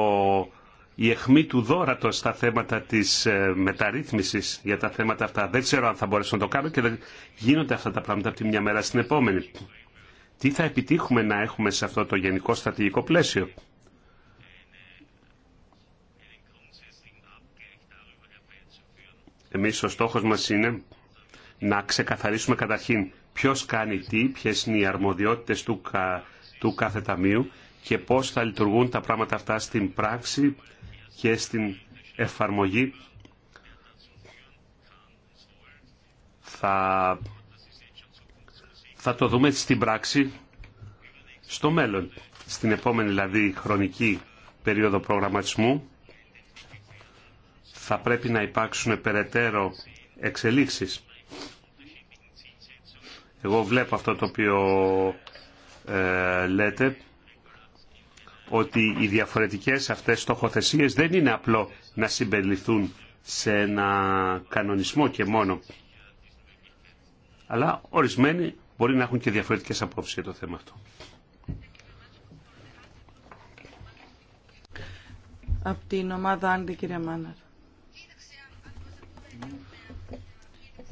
η αιχμή του δόρατο στα θέματα της ε, μεταρρύθμισης για τα θέματα αυτά. Δεν ξέρω αν θα μπορέσω να το κάνω και δεν γίνονται αυτά τα πράγματα από τη μια μέρα στην επόμενη. Τι θα επιτύχουμε να έχουμε σε αυτό το γενικό στρατηγικό πλαίσιο. Εμείς ο στόχος μας είναι να ξεκαθαρίσουμε καταρχήν ποιος κάνει τι, ποιες είναι οι αρμοδιότητες του, του κάθε ταμείου και πώς θα λειτουργούν τα πράγματα αυτά στην πράξη και στην εφαρμογή θα, θα το δούμε στην πράξη στο μέλλον. Στην επόμενη δηλαδή χρονική περίοδο προγραμματισμού θα πρέπει να υπάρξουν περαιτέρω εξελίξεις. Εγώ βλέπω αυτό το οποίο ε, λέτε ότι οι διαφορετικές αυτές στοχοθεσίες δεν είναι απλό να συμπεριληφθούν σε ένα κανονισμό και μόνο. Αλλά ορισμένοι μπορεί να έχουν και διαφορετικές απόψεις για το θέμα αυτό. Από την ομάδα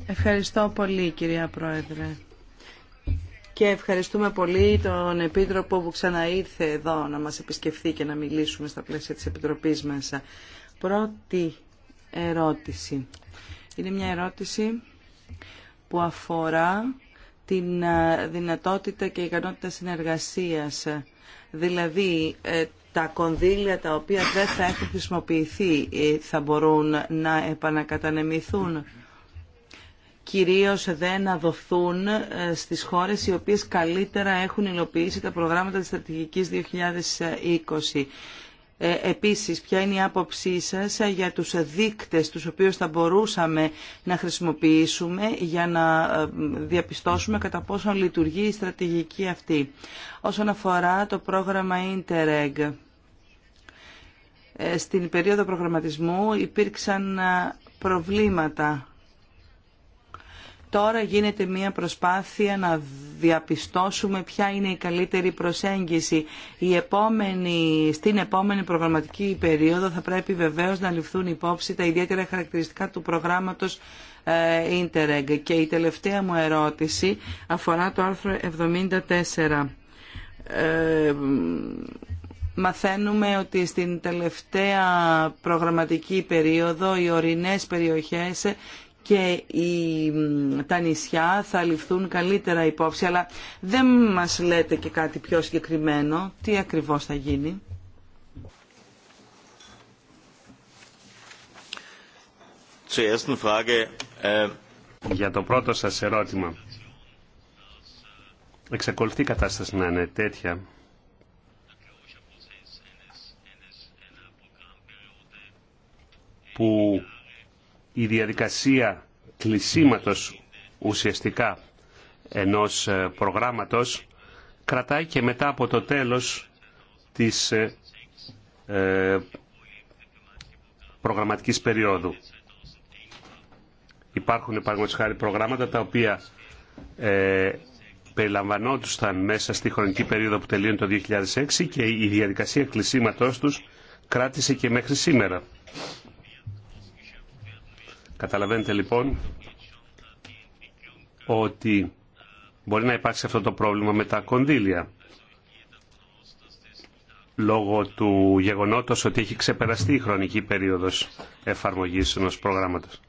Ευχαριστώ πολύ, κυρία Πρόεδρε και ευχαριστούμε πολύ τον Επίτροπο που ξαναήρθε εδώ να μας επισκεφθεί και να μιλήσουμε στα πλαίσια της Επιτροπής μας. Πρώτη ερώτηση. Είναι μια ερώτηση που αφορά την ε, δυνατότητα και ικανότητα συνεργασίας. Δηλαδή, ε, τα κονδύλια τα οποία δεν θα έχουν χρησιμοποιηθεί ε, θα μπορούν να επανακατανεμηθούν κυρίως δε να δοθούν ε, στις χώρες οι οποίες καλύτερα έχουν υλοποιήσει τα προγράμματα της στρατηγικής 2020. Ε, επίσης, ποια είναι η άποψή σας ε, για τους δείκτες τους οποίους θα μπορούσαμε να χρησιμοποιήσουμε για να διαπιστώσουμε κατά πόσο λειτουργεί η στρατηγική αυτή. Όσον αφορά το πρόγραμμα Interreg, στην περίοδο προγραμματισμού υπήρξαν προβλήματα Τώρα γίνεται μια προσπάθεια να διαπιστώσουμε ποια είναι η καλύτερη προσέγγιση. Η επόμενη, στην επόμενη προγραμματική περίοδο θα πρέπει βεβαίως να ληφθούν υπόψη τα ιδιαίτερα χαρακτηριστικά του προγράμματος ε, Interreg. Και η τελευταία μου ερώτηση αφορά το άρθρο 74. Ε, μαθαίνουμε ότι στην τελευταία προγραμματική περίοδο οι ορεινές περιοχές και οι, τα νησιά θα ληφθούν καλύτερα υπόψη. Αλλά δεν μας λέτε και κάτι πιο συγκεκριμένο. Τι ακριβώς θα γίνει. Äh, Για το πρώτο σας ερώτημα. Εξακολουθεί η κατάσταση να είναι τέτοια που η διαδικασία κλεισίματος ουσιαστικά ενός ε, προγράμματος κρατάει και μετά από το τέλος της ε, ε προγραμματικής περίοδου. Υπάρχουν παραγωγικά προγράμματα τα οποία ε, περιλαμβανόντουσαν μέσα στη χρονική περίοδο που τελείωνε το 2006 και η διαδικασία κλεισίματός τους κράτησε και μέχρι σήμερα. Καταλαβαίνετε λοιπόν ότι μπορεί να υπάρξει αυτό το πρόβλημα με τα κονδύλια λόγω του γεγονότος ότι έχει ξεπεραστεί η χρονική περίοδος εφαρμογής ενός προγράμματος.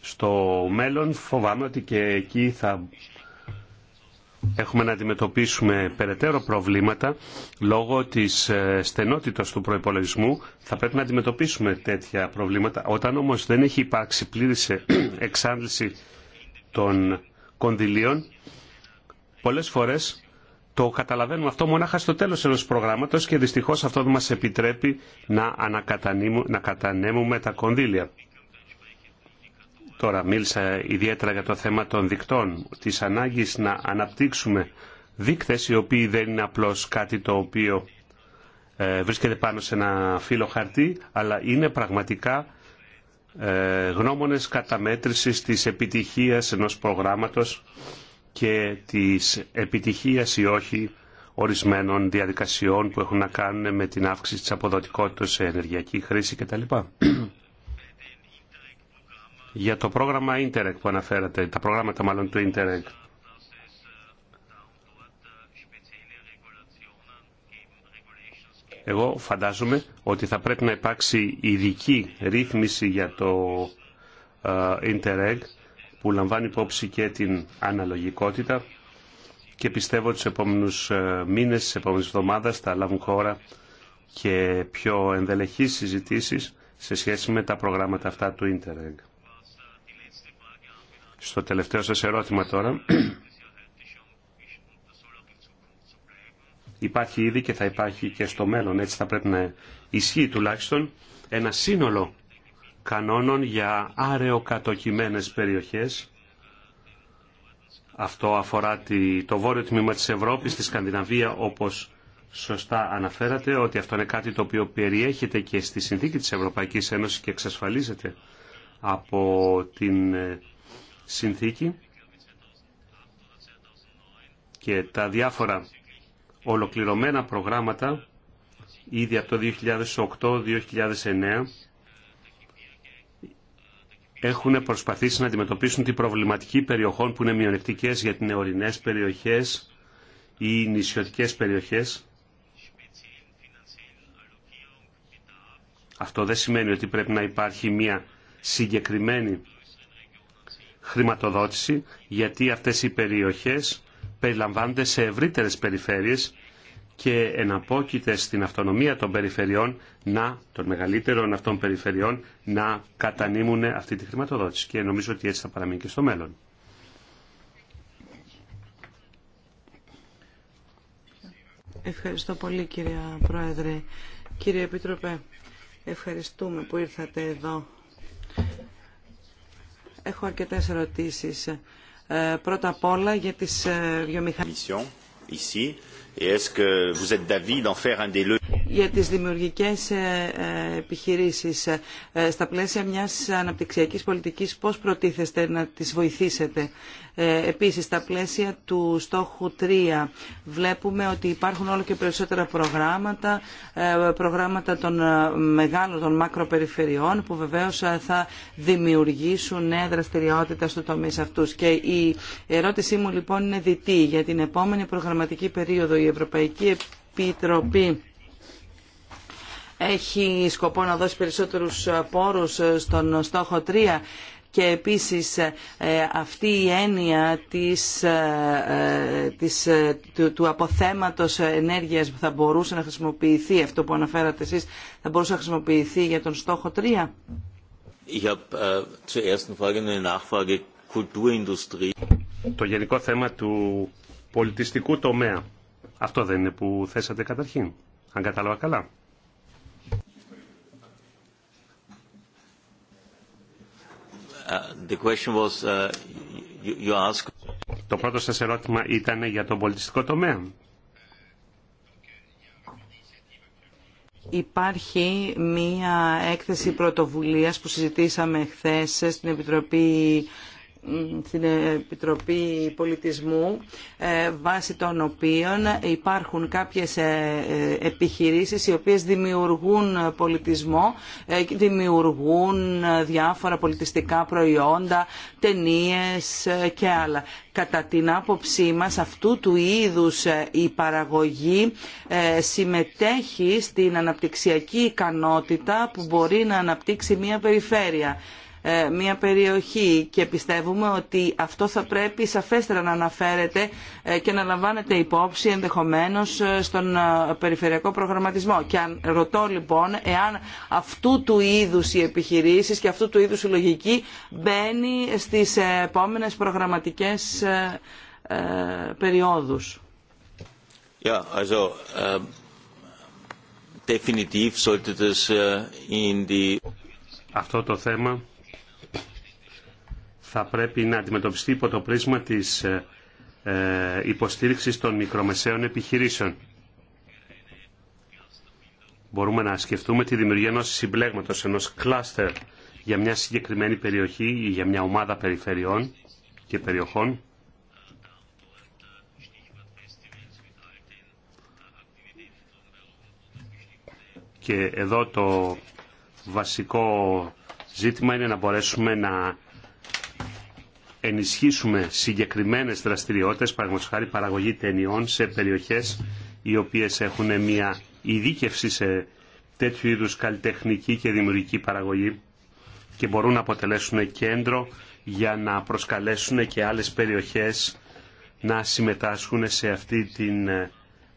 Στο μέλλον φοβάμαι ότι και εκεί θα έχουμε να αντιμετωπίσουμε περαιτέρω προβλήματα λόγω της ε, στενότητας του προϋπολογισμού. Θα πρέπει να αντιμετωπίσουμε τέτοια προβλήματα. Όταν όμως δεν έχει υπάρξει πλήρης ε, εξάντληση των κονδυλίων, πολλές φορές το καταλαβαίνουμε αυτό μονάχα στο τέλος ενός προγράμματος και δυστυχώς αυτό δεν μας επιτρέπει να, κατανέμουμε τα κονδύλια. Τώρα μίλησα ιδιαίτερα για το θέμα των δικτών, της ανάγκης να αναπτύξουμε δίκτες οι οποίοι δεν είναι απλώς κάτι το οποίο ε, βρίσκεται πάνω σε ένα φύλλο χαρτί, αλλά είναι πραγματικά ε, γνώμονες καταμέτρησης της επιτυχίας ενός προγράμματος και της επιτυχίας ή όχι ορισμένων διαδικασιών που έχουν να κάνουν με την αύξηση της αποδοτικότητας σε ενεργειακή χρήση κτλ για το πρόγραμμα Interreg που αναφέρατε, τα προγράμματα μάλλον του Interreg. Εγώ φαντάζομαι ότι θα πρέπει να υπάρξει ειδική ρύθμιση για το ε, Interreg που λαμβάνει υπόψη και την αναλογικότητα και πιστεύω ότι σε επόμενους ε, μήνες, στις επόμενες εβδομάδες θα λάβουν χώρα και πιο ενδελεχείς συζητήσεις σε σχέση με τα προγράμματα αυτά του Interreg. Στο τελευταίο σας ερώτημα τώρα. Υπάρχει ήδη και θα υπάρχει και στο μέλλον, έτσι θα πρέπει να ισχύει τουλάχιστον, ένα σύνολο κανόνων για άρεοκατοκιμένες περιοχές. Αυτό αφορά το βόρειο τμήμα της Ευρώπης, τη Σκανδιναβία, όπως σωστά αναφέρατε, ότι αυτό είναι κάτι το οποίο περιέχεται και στη συνθήκη της Ευρωπαϊκής Ένωσης και εξασφαλίζεται από την ε, συνθήκη και τα διάφορα ολοκληρωμένα προγράμματα ήδη από το 2008-2009 έχουν προσπαθήσει να αντιμετωπίσουν την προβληματική περιοχών που είναι μειονεκτικές για την νεορινές περιοχές ή νησιωτικές περιοχές. Αυτό δεν σημαίνει ότι πρέπει να υπάρχει μια συγκεκριμένη χρηματοδότηση γιατί αυτές οι περιοχές περιλαμβάνονται σε ευρύτερες περιφέρειες και εναπόκειται στην αυτονομία των περιφερειών να, των μεγαλύτερων αυτών περιφερειών να κατανείμουν αυτή τη χρηματοδότηση και νομίζω ότι έτσι θα παραμείνει και στο μέλλον. Ευχαριστώ πολύ κυρία Πρόεδρε. Κύριε Επίτροπε, ευχαριστούμε που ήρθατε εδώ Έχω αρκετές ερωτήσεις. Ε, πρώτα απ' όλα για τις ε, βιομηχανίες για τις δημιουργικές ε, ε, επιχειρήσεις ε, στα πλαίσια μιας αναπτυξιακής πολιτικής πώς προτίθεστε να τις βοηθήσετε. Επίσης, στα πλαίσια του στόχου 3 βλέπουμε ότι υπάρχουν όλο και περισσότερα προγράμματα, προγράμματα των μεγάλων, των μακροπεριφερειών που βεβαίως θα δημιουργήσουν νέα δραστηριότητα στο τομέα αυτούς. Και η ερώτησή μου λοιπόν είναι διτή για την επόμενη προγραμματική περίοδο η Ευρωπαϊκή Επιτροπή έχει σκοπό να δώσει περισσότερους πόρους στον στόχο 3 και επίσης ε, αυτή η έννοια της, ε, ε, της, του, αποθέματος ενέργειας που θα μπορούσε να χρησιμοποιηθεί, αυτό που αναφέρατε εσείς, θα μπορούσε να χρησιμοποιηθεί για τον στόχο 3. Äh, Το γενικό θέμα του πολιτιστικού τομέα. Αυτό δεν είναι που θέσατε καταρχήν, αν κατάλαβα καλά. Uh, uh, Το πρώτο σας ερώτημα ήταν για τον πολιτιστικό τομέα. Υπάρχει μία έκθεση πρωτοβουλίας που συζητήσαμε χθες στην Επιτροπή στην Επιτροπή Πολιτισμού ε, βάσει των οποίων υπάρχουν κάποιες ε, επιχειρήσεις οι οποίες δημιουργούν πολιτισμό, ε, δημιουργούν διάφορα πολιτιστικά προϊόντα, ταινίες και άλλα. Κατά την άποψή μας αυτού του είδους η παραγωγή συμμετέχει στην αναπτυξιακή ικανότητα που μπορεί να αναπτύξει μια περιφέρεια. Ε, μια περιοχή και πιστεύουμε ότι αυτό θα πρέπει σαφέστερα να αναφέρεται ε, και να λαμβάνεται υπόψη ενδεχομένως ε, στον περιφερειακό προγραμματισμό. Και αν ρωτώ λοιπόν εάν αυτού του είδους οι επιχειρήσεις και αυτού του είδους η λογική μπαίνει στις επόμενες προγραμματικές περιόδους. Αυτό το θέμα θα πρέπει να αντιμετωπιστεί υπό το πρίσμα της ε, ε, υποστήριξης των μικρομεσαίων επιχειρήσεων. Μπορούμε να σκεφτούμε τη δημιουργία ενός συμπλέγματος, ενός κλάστερ για μια συγκεκριμένη περιοχή ή για μια ομάδα περιφερειών και περιοχών. Και εδώ το βασικό ζήτημα είναι να μπορέσουμε να ενισχύσουμε συγκεκριμένες δραστηριότητες, παραδείγματος χάρη παραγωγή ταινιών σε περιοχές οι οποίες έχουν μια ειδίκευση σε τέτοιου είδους καλλιτεχνική και δημιουργική παραγωγή και μπορούν να αποτελέσουν κέντρο για να προσκαλέσουν και άλλες περιοχές να συμμετάσχουν σε αυτή τη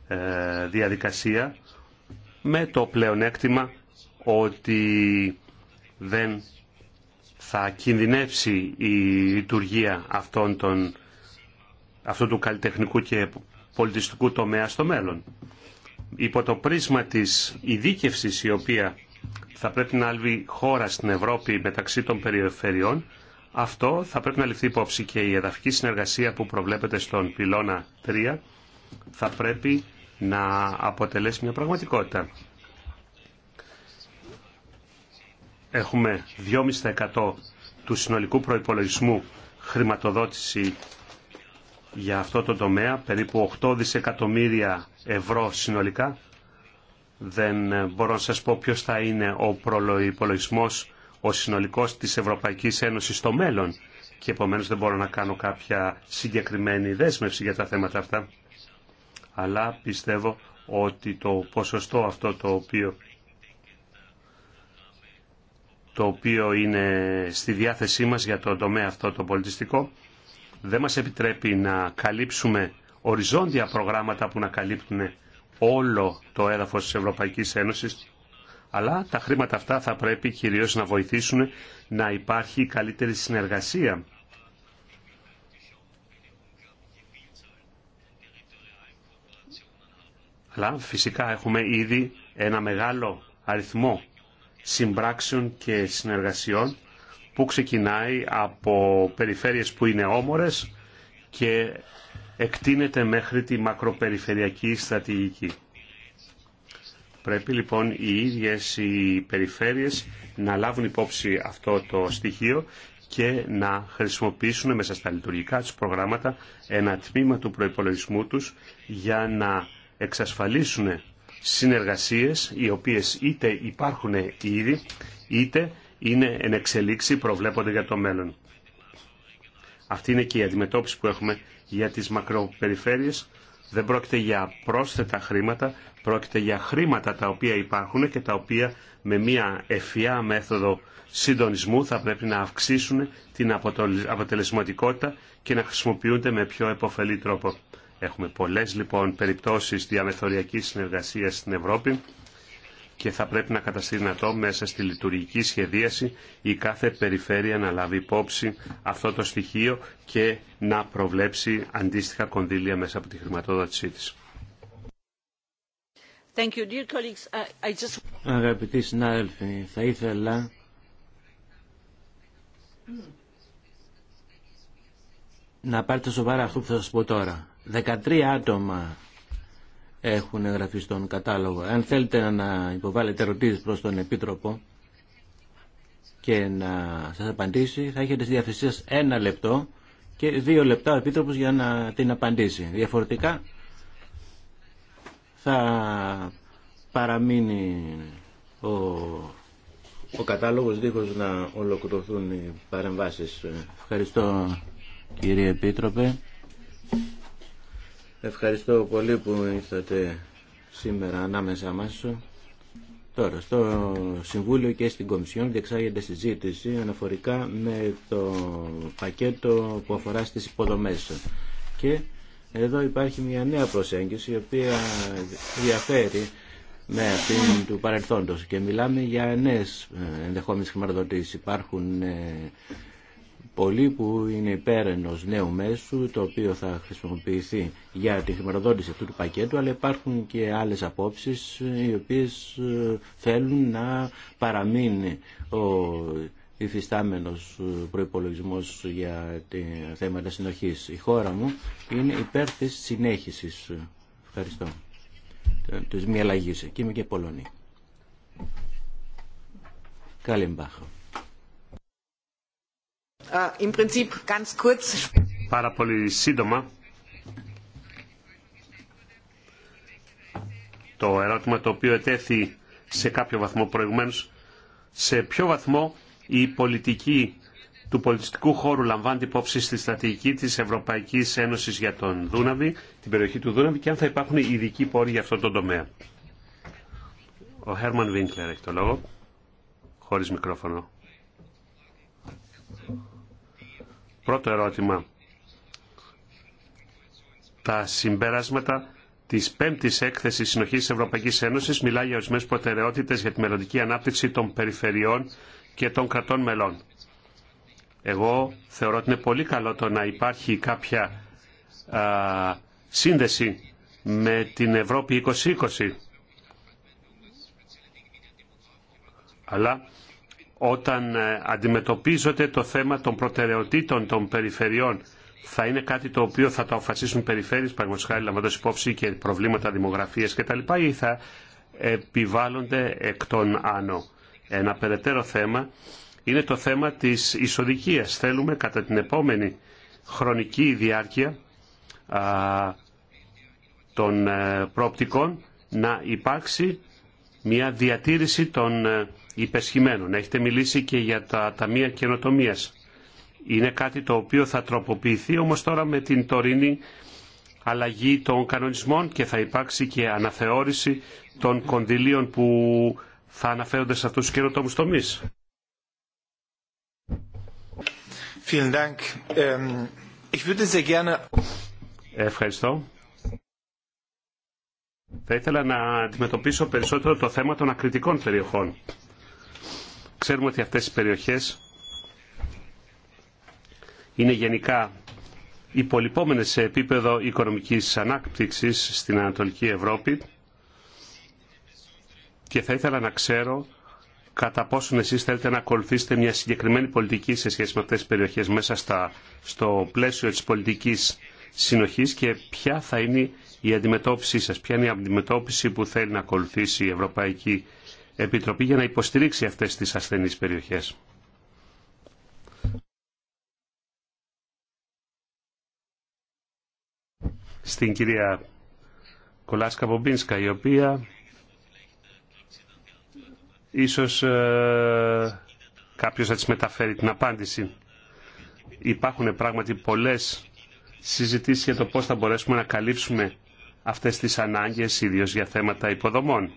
ε, διαδικασία με το πλεονέκτημα ότι δεν θα κινδυνεύσει η λειτουργία αυτών των, αυτού του καλλιτεχνικού και πολιτιστικού τομέα στο μέλλον. Υπό το πρίσμα της ειδίκευσης η οποία θα πρέπει να λάβει χώρα στην Ευρώπη μεταξύ των περιφερειών, αυτό θα πρέπει να ληφθεί υπόψη και η εδαφική συνεργασία που προβλέπεται στον πυλώνα 3 θα πρέπει να αποτελέσει μια πραγματικότητα. έχουμε 2,5% του συνολικού προϋπολογισμού χρηματοδότηση για αυτό το τομέα, περίπου 8 δισεκατομμύρια ευρώ συνολικά. Δεν ε, μπορώ να σας πω ποιος θα είναι ο προϋπολογισμός ο συνολικός της Ευρωπαϊκής Ένωσης στο μέλλον και επομένως δεν μπορώ να κάνω κάποια συγκεκριμένη δέσμευση για τα θέματα αυτά. Αλλά πιστεύω ότι το ποσοστό αυτό το οποίο το οποίο είναι στη διάθεσή μας για το τομέα αυτό το πολιτιστικό δεν μας επιτρέπει να καλύψουμε οριζόντια προγράμματα που να καλύπτουν όλο το έδαφος της Ευρωπαϊκής Ένωσης αλλά τα χρήματα αυτά θα πρέπει κυρίως να βοηθήσουν να υπάρχει καλύτερη συνεργασία αλλά φυσικά έχουμε ήδη ένα μεγάλο αριθμό συμπράξεων και συνεργασιών που ξεκινάει από περιφέρειες που είναι όμορες και εκτείνεται μέχρι τη μακροπεριφερειακή στρατηγική. Πρέπει λοιπόν οι ίδιες οι περιφέρειες να λάβουν υπόψη αυτό το στοιχείο και να χρησιμοποιήσουν μέσα στα λειτουργικά τους προγράμματα ένα τμήμα του προϋπολογισμού τους για να εξασφαλίσουν συνεργασίες οι οποίες είτε υπάρχουν ήδη είτε είναι εν εξελίξη προβλέπονται για το μέλλον. Αυτή είναι και η αντιμετώπιση που έχουμε για τις μακροπεριφέρειες. Δεν πρόκειται για πρόσθετα χρήματα, πρόκειται για χρήματα τα οποία υπάρχουν και τα οποία με μια ευφυά μέθοδο συντονισμού θα πρέπει να αυξήσουν την αποτελεσματικότητα και να χρησιμοποιούνται με πιο επωφελή τρόπο. Έχουμε πολλές λοιπόν περιπτώσεις διαμεθοριακής συνεργασίας στην Ευρώπη και θα πρέπει να καταστεί δυνατό μέσα στη λειτουργική σχεδίαση η κάθε περιφέρεια να λάβει υπόψη αυτό το στοιχείο και να προβλέψει αντίστοιχα κονδύλια μέσα από τη χρηματοδότησή της. you, dear I just... Αγαπητοί συνάδελφοι, θα ήθελα να πάρετε σοβαρά αυτό που θα σας πω τώρα. 13 άτομα έχουν εγγραφεί στον κατάλογο. Αν θέλετε να υποβάλλετε ερωτήσεις προς τον Επίτροπο και να σας απαντήσει, θα έχετε στη διάθεσή ένα λεπτό και δύο λεπτά ο Επίτροπος για να την απαντήσει. Διαφορετικά θα παραμείνει ο, ο κατάλογος δίχως να ολοκληρωθούν οι παρεμβάσεις. Ευχαριστώ κύριε Επίτροπε. Ευχαριστώ πολύ που ήρθατε σήμερα ανάμεσα μας. Τώρα, στο Συμβούλιο και στην Κομισιόν διεξάγεται συζήτηση αναφορικά με το πακέτο που αφορά στις υποδομές. Και εδώ υπάρχει μια νέα προσέγγιση η οποία διαφέρει με αυτήν του παρελθόντος και μιλάμε για νέες ε, ενδεχόμενες χρηματοδοτήσεις. Υπάρχουν ε, πολλοί που είναι υπέρ ενό νέου μέσου το οποίο θα χρησιμοποιηθεί για τη χρηματοδότηση αυτού του πακέτου αλλά υπάρχουν και άλλες απόψεις οι οποίες ε, θέλουν να παραμείνει ο υφιστάμενος ε, προϋπολογισμός για τη θέματα συνοχής. Η χώρα μου είναι υπέρ της συνέχισης. Ευχαριστώ. Της μη Και είμαι και Πολωνή. Καλή μπάχα. Äh, Πάρα πολύ σύντομα. Το ερώτημα το οποίο ετέθη σε κάποιο βαθμό προηγουμένως, σε ποιο βαθμό η πολιτική του πολιτιστικού χώρου λαμβάνει υπόψη στη στρατηγική της Ευρωπαϊκής Ένωσης για τον Δούναβη, την περιοχή του Δούναβη και αν θα υπάρχουν ειδικοί πόροι για αυτόν τον τομέα. Ο Χέρμαν Βίνκλερ έχει το λόγο, χωρίς μικρόφωνο. Πρώτο ερώτημα. Τα συμπέρασματα τη πέμπτη έκθεση συνοχή τη Ευρωπαϊκή Ένωση μιλάει για ορισμένε προτεραιότητε για τη μελλοντική ανάπτυξη των περιφερειών και των κρατών μελών. Εγώ θεωρώ ότι είναι πολύ καλό το να υπάρχει κάποια σύνδεση με την Ευρώπη 2020. Αλλά όταν ε, αντιμετωπίζονται το θέμα των προτεραιοτήτων των περιφερειών θα είναι κάτι το οποίο θα το αποφασίσουν οι περιφέρειες, παραγωγικά λαμβάνοντας υπόψη και προβλήματα δημογραφίας κτλ. ή θα επιβάλλονται εκ των άνω. Ένα περαιτέρω θέμα είναι το θέμα της ισοδικίας. Θέλουμε κατά την επόμενη χρονική διάρκεια α, των ε, πρόπτικων να υπάρξει μια διατήρηση των ε, υπεσχημένων. Έχετε μιλήσει και για τα ταμεία καινοτομία. Είναι κάτι το οποίο θα τροποποιηθεί όμως τώρα με την τωρινή αλλαγή των κανονισμών και θα υπάρξει και αναθεώρηση των κονδυλίων που θα αναφέρονται σε αυτούς τους καινοτόμους τομείς. Ähm, Ευχαριστώ. Θα ήθελα να αντιμετωπίσω περισσότερο το θέμα των ακριτικών περιοχών. Ξέρουμε ότι αυτές οι περιοχές είναι γενικά υπολοιπόμενες σε επίπεδο οικονομικής ανάπτυξης στην Ανατολική Ευρώπη και θα ήθελα να ξέρω κατά πόσον εσείς θέλετε να ακολουθήσετε μια συγκεκριμένη πολιτική σε σχέση με αυτές τις περιοχές μέσα στα, στο πλαίσιο της πολιτικής συνοχής και ποια θα είναι η αντιμετώπιση σας, ποια είναι η αντιμετώπιση που θέλει να ακολουθήσει η Ευρωπαϊκή Επιτροπή για να υποστηρίξει αυτές τις ασθενείς περιοχές. Στην κυρία Κολάσκα Μπομπίνσκα, η οποία ίσως ε, κάποιος θα της μεταφέρει την απάντηση. Υπάρχουν πράγματι πολλές συζητήσεις για το πώς θα μπορέσουμε να καλύψουμε αυτές τις ανάγκες, ιδίως για θέματα υποδομών.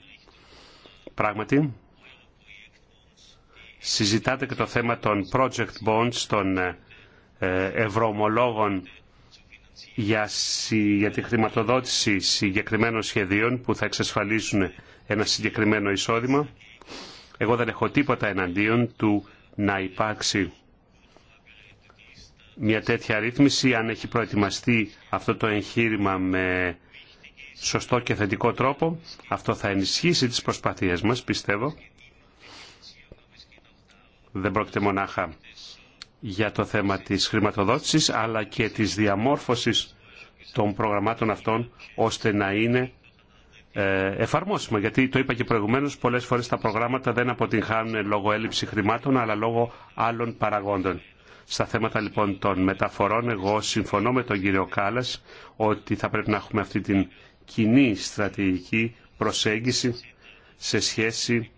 Πράγματι, συζητάτε και το θέμα των project bonds, των ε, ευρωομολόγων για τη χρηματοδότηση συγκεκριμένων σχεδίων που θα εξασφαλίσουν ένα συγκεκριμένο εισόδημα. Εγώ δεν έχω τίποτα εναντίον του να υπάρξει μια τέτοια ρύθμιση αν έχει προετοιμαστεί αυτό το εγχείρημα με σωστό και θετικό τρόπο. Αυτό θα ενισχύσει τις προσπάθειές μας, πιστεύω. Δεν πρόκειται μονάχα για το θέμα της χρηματοδότησης, αλλά και της διαμόρφωσης των προγραμμάτων αυτών, ώστε να είναι ε, εφαρμόσιμα. Γιατί το είπα και προηγουμένως, πολλές φορές τα προγράμματα δεν αποτυγχάνουν λόγω έλλειψη χρημάτων, αλλά λόγω άλλων παραγόντων. Στα θέματα λοιπόν των μεταφορών, εγώ συμφωνώ με τον κύριο Κάλλας ότι θα πρέπει να έχουμε αυτή την κοινή στρατηγική προσέγγιση σε σχέση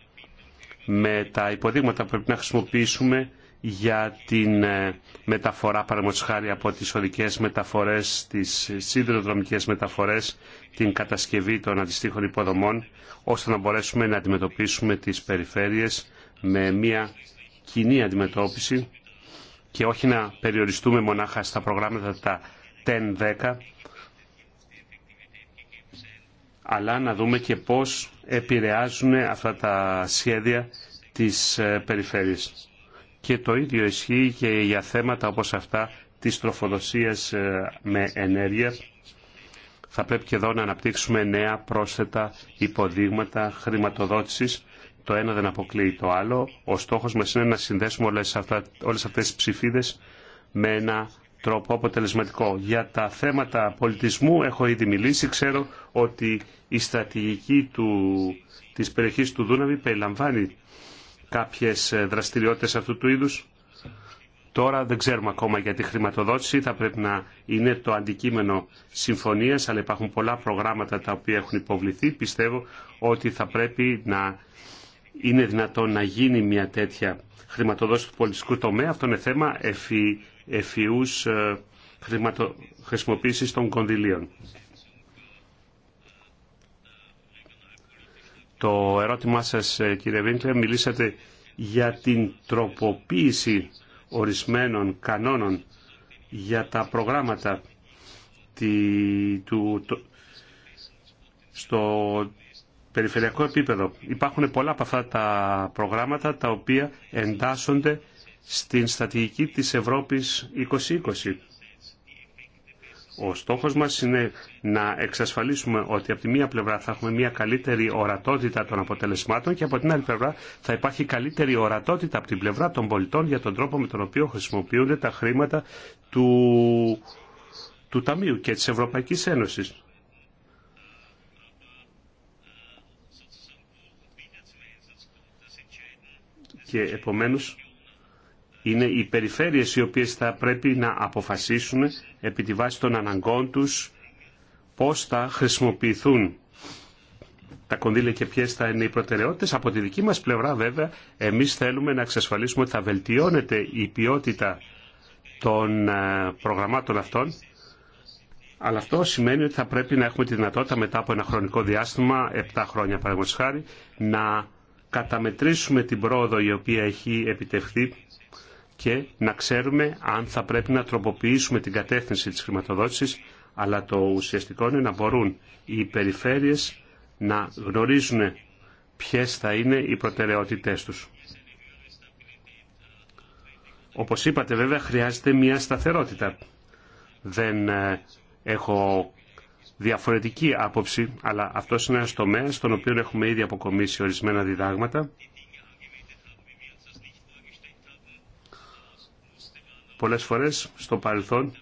με τα υποδείγματα που πρέπει να χρησιμοποιήσουμε για την ε, μεταφορά παραδείγματος από τις οδικές μεταφορές, τις σιδηροδρομικές μεταφορές, την κατασκευή των αντιστοίχων υποδομών, ώστε να μπορέσουμε να αντιμετωπίσουμε τις περιφέρειες με μια κοινή αντιμετώπιση και όχι να περιοριστούμε μονάχα στα προγράμματα τα 10 αλλά να δούμε και πώς επηρεάζουν αυτά τα σχέδια της ε, περιφέρειας. Και το ίδιο ισχύει και για θέματα όπως αυτά της τροφοδοσίας ε, με ενέργεια. Θα πρέπει και εδώ να αναπτύξουμε νέα πρόσθετα υποδείγματα χρηματοδότησης. Το ένα δεν αποκλείει το άλλο. Ο στόχος μας είναι να συνδέσουμε όλες, αυτά, όλες αυτές τις ψηφίδες με ένα τρόπο αποτελεσματικό. Για τα θέματα πολιτισμού έχω ήδη μιλήσει. Ξέρω ότι η στρατηγική του, της περιοχής του Δούναβη περιλαμβάνει κάποιες ε, δραστηριότητες αυτού του είδους. Τώρα δεν ξέρουμε ακόμα για τη χρηματοδότηση, θα πρέπει να είναι το αντικείμενο συμφωνίας, αλλά υπάρχουν πολλά προγράμματα τα οποία έχουν υποβληθεί. Πιστεύω ότι θα πρέπει να είναι δυνατόν να γίνει μια τέτοια χρηματοδότηση του πολιτιστικού τομέα. Αυτό είναι θέμα ευφυ ευφυούς ε, χρηματο... των κονδυλίων. Το ερώτημά σας ε, κύριε Βίντλε, μιλήσατε για την τροποποίηση ορισμένων κανόνων για τα προγράμματα του, στο περιφερειακό επίπεδο. Υπάρχουν πολλά από αυτά τα προγράμματα τα οποία εντάσσονται στην στρατηγική της Ευρώπης 2020. Ο στόχος μας είναι να εξασφαλίσουμε ότι από τη μία πλευρά θα έχουμε μια καλύτερη ορατότητα των αποτελεσμάτων και από την άλλη πλευρά θα υπάρχει καλύτερη ορατότητα από την πλευρά των πολιτών για τον τρόπο με τον οποίο χρησιμοποιούνται τα χρήματα του, του Ταμείου και της Ευρωπαϊκής Ένωσης. Και επομένως είναι οι περιφέρειες οι οποίες θα πρέπει να αποφασίσουν επί τη βάση των αναγκών τους πώς θα χρησιμοποιηθούν τα κονδύλια και ποιε θα είναι οι προτεραιότητε. Από τη δική μας πλευρά, βέβαια, εμείς θέλουμε να εξασφαλίσουμε ότι θα βελτιώνεται η ποιότητα των ε, προγραμμάτων αυτών. Αλλά αυτό σημαίνει ότι θα πρέπει να έχουμε τη δυνατότητα μετά από ένα χρονικό διάστημα, 7 χρόνια παραδείγματος χάρη, να καταμετρήσουμε την πρόοδο η οποία έχει επιτευχθεί και να ξέρουμε αν θα πρέπει να τροποποιήσουμε την κατεύθυνση της χρηματοδότησης, αλλά το ουσιαστικό είναι να μπορούν οι περιφέρειες να γνωρίζουν ποιες θα είναι οι προτεραιότητές τους. Όπως είπατε βέβαια χρειάζεται μια σταθερότητα. Δεν ε, έχω διαφορετική άποψη, αλλά αυτός είναι ένας τομέας στον οποίο έχουμε ήδη αποκομίσει ορισμένα διδάγματα Πολλές φορές στο παρελθόν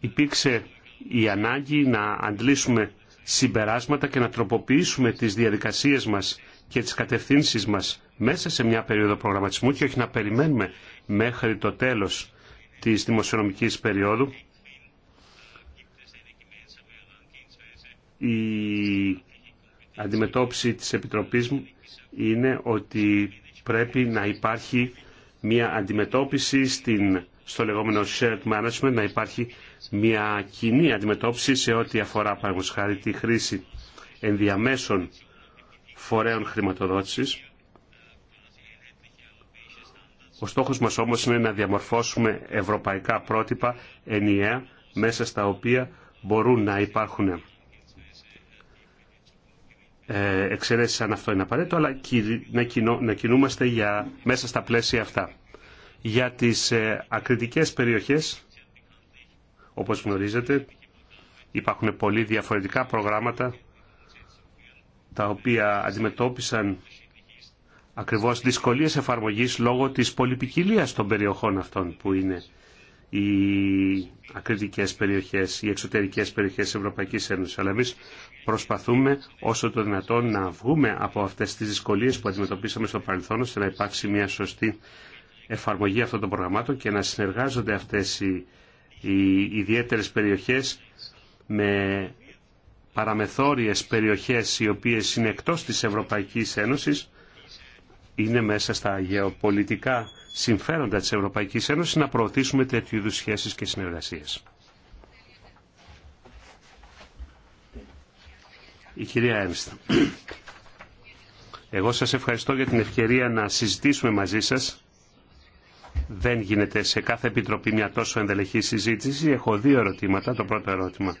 υπήρξε η ανάγκη να αντλήσουμε συμπεράσματα και να τροποποιήσουμε τις διαδικασίες μας και τις κατευθύνσεις μας μέσα σε μια περίοδο προγραμματισμού και όχι να περιμένουμε μέχρι το τέλος της δημοσιονομικής περίοδου. Η αντιμετώπιση της Επιτροπής μου είναι ότι πρέπει να υπάρχει μια αντιμετώπιση στην, στο λεγόμενο shared management, να υπάρχει μια κοινή αντιμετώπιση σε ό,τι αφορά χάρη τη χρήση ενδιαμέσων φορέων χρηματοδότησης. Ο στόχος μας όμως είναι να διαμορφώσουμε ευρωπαϊκά πρότυπα ενιαία μέσα στα οποία μπορούν να υπάρχουν ε, εξαιρέσει αν αυτό είναι απαραίτητο, αλλά να κινούμαστε για, μέσα στα πλαίσια αυτά. Για τις ε, ακριτικές περιοχές, όπως γνωρίζετε, υπάρχουν πολύ διαφορετικά προγράμματα τα οποία αντιμετώπισαν ακριβώς δυσκολίες εφαρμογής λόγω της πολυπικιλίας των περιοχών αυτών που είναι οι ακριτικές περιοχές, οι εξωτερικές περιοχές της Ευρωπαϊκής Ένωσης. Αλλά εμείς προσπαθούμε όσο το δυνατόν να βγούμε από αυτές τις δυσκολίες που αντιμετωπίσαμε στο παρελθόν ώστε να υπάρξει μια σωστή εφαρμογή αυτών των προγραμμάτων και να συνεργάζονται αυτές οι, οι ιδιαίτερες περιοχές με παραμεθόριες περιοχές οι οποίες είναι εκτός της Ευρωπαϊκής Ένωσης είναι μέσα στα γεωπολιτικά συμφέροντα τη Ευρωπαϊκή ένωση να προωθήσουμε τέτοιου είδου σχέσει και συνεργασίες. Η κυρία Ένστα. Εγώ σας ευχαριστώ για την ευκαιρία να συζητήσουμε μαζί σας. Δεν γίνεται σε κάθε επιτροπή μια τόσο ενδελεχή συζήτηση. Έχω δύο ερωτήματα. Το πρώτο ερώτημα.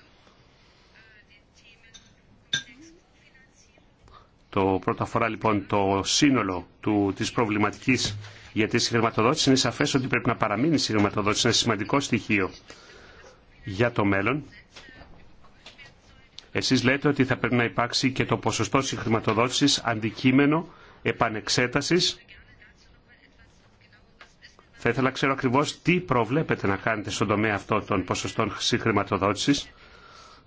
Το πρώτο αφορά λοιπόν το σύνολο του, της προβληματικής γιατί η συγχρηματοδότηση είναι σαφέ ότι πρέπει να παραμείνει η συγχρηματοδότηση. Είναι σημαντικό στοιχείο για το μέλλον. Εσείς λέτε ότι θα πρέπει να υπάρξει και το ποσοστό συγχρηματοδότησης αντικείμενο επανεξέτασης. Θα ήθελα να ξέρω ακριβώς τι προβλέπετε να κάνετε στον τομέα αυτό των ποσοστών συγχρηματοδότησης.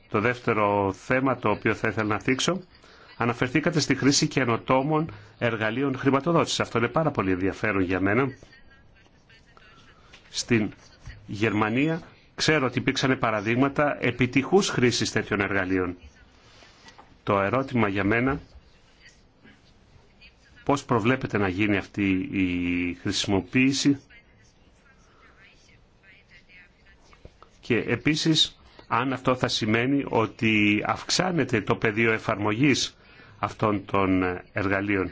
Το δεύτερο θέμα το οποίο θα ήθελα να θίξω Αναφερθήκατε στη χρήση καινοτόμων εργαλείων χρηματοδότησης. Αυτό είναι πάρα πολύ ενδιαφέρον για μένα. Στην Γερμανία ξέρω ότι υπήρξαν παραδείγματα επιτυχούς χρήσης τέτοιων εργαλείων. Το ερώτημα για μένα πώς προβλέπετε να γίνει αυτή η χρησιμοποίηση και επίσης αν αυτό θα σημαίνει ότι αυξάνεται το πεδίο εφαρμογής αυτών των ε, εργαλείων.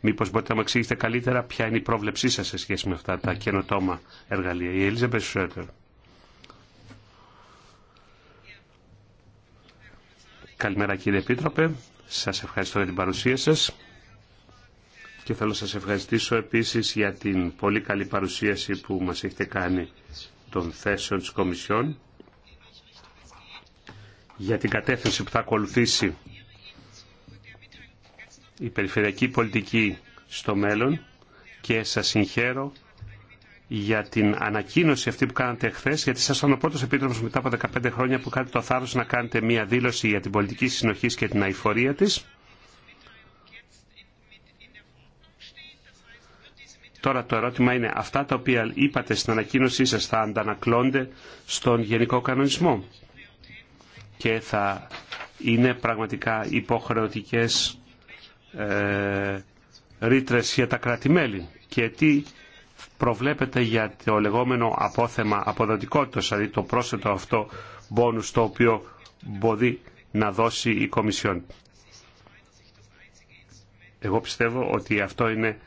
Μήπως μπορείτε να μου εξηγήσετε καλύτερα ποια είναι η πρόβλεψή σας σε σχέση με αυτά τα καινοτόμα εργαλεία. Η Ελίζα Μπεσουσέτερ. Καλημέρα κύριε Επίτροπε. Σας ευχαριστώ για την παρουσία σας. Και θέλω να σας ευχαριστήσω επίσης για την πολύ καλή παρουσίαση που μας έχετε κάνει των θέσεων της Κομισιόν για την κατεύθυνση που θα ακολουθήσει η περιφερειακή πολιτική στο μέλλον και σας συγχαίρω για την ανακοίνωση αυτή που κάνατε χθε, γιατί σα ήταν ο πρώτο επίτροπο μετά από 15 χρόνια που κάνετε το θάρρο να κάνετε μία δήλωση για την πολιτική συνοχή και την αηφορία τη. Τώρα το ερώτημα είναι, αυτά τα οποία είπατε στην ανακοίνωσή σας θα αντανακλώνται στον γενικό κανονισμό και θα είναι πραγματικά υποχρεωτικές ε, ρήτρες για τα κράτη-μέλη και τι προβλέπεται για το λεγόμενο απόθεμα αποδοτικότητας, δηλαδή το πρόσθετο αυτό μπόνους το οποίο μπορεί να δώσει η Κομισιόν. Εγώ πιστεύω ότι αυτό είναι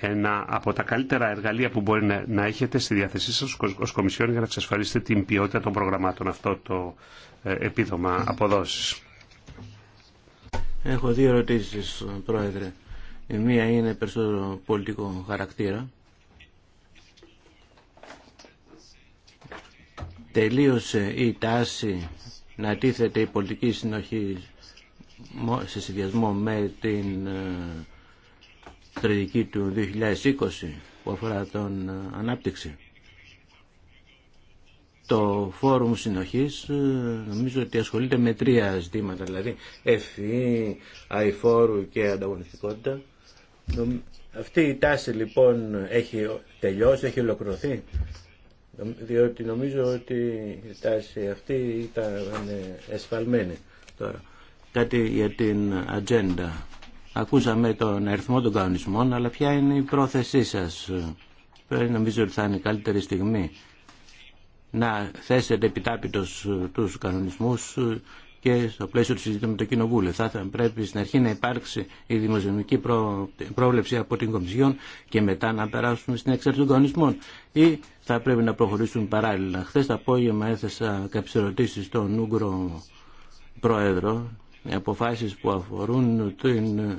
ένα από τα καλύτερα εργαλεία που μπορεί να έχετε στη διάθεσή σας ως Κομισιόν για να εξασφαλίσετε την ποιότητα των προγραμμάτων αυτό το ε, επίδομα αποδόσης Έχω δύο ερωτήσεις, Πρόεδρε. Η μία είναι περισσότερο πολιτικό χαρακτήρα. Τελείωσε η τάση να τίθεται η πολιτική συνοχή σε συνδυασμό με την ε, στρατηγική του 2020 που αφορά τον ε, ανάπτυξη το Φόρουμ Συνοχής ε, νομίζω ότι ασχολείται με τρία ζητήματα, δηλαδή i αηφόρου και ανταγωνιστικότητα. Αυτή η τάση λοιπόν έχει τελειώσει, έχει ολοκληρωθεί, διότι νομίζω ότι η τάση αυτή ήταν ε, εσφαλμένη τώρα. Κάτι για την ατζέντα. Ακούσαμε τον αριθμό των κανονισμών, αλλά ποια είναι η πρόθεσή σας. Ε, νομίζω ότι θα είναι καλύτερη στιγμή να θέσετε επιτάπητος ε, τους κανονισμούς ε, και στο πλαίσιο του συζήτηματος με το Κοινοβούλιο. Θα, πρέπει στην αρχή να υπάρξει η δημοσιονομική πρόβλεψη από την Κομισιόν και μετά να περάσουμε στην εξέλιξη των κανονισμών. Ή θα πρέπει να προχωρήσουν παράλληλα. Χθε το απόγευμα έθεσα κάποιε ερωτήσει στον Ούγκρο Πρόεδρο. Αποφάσει που αφορούν την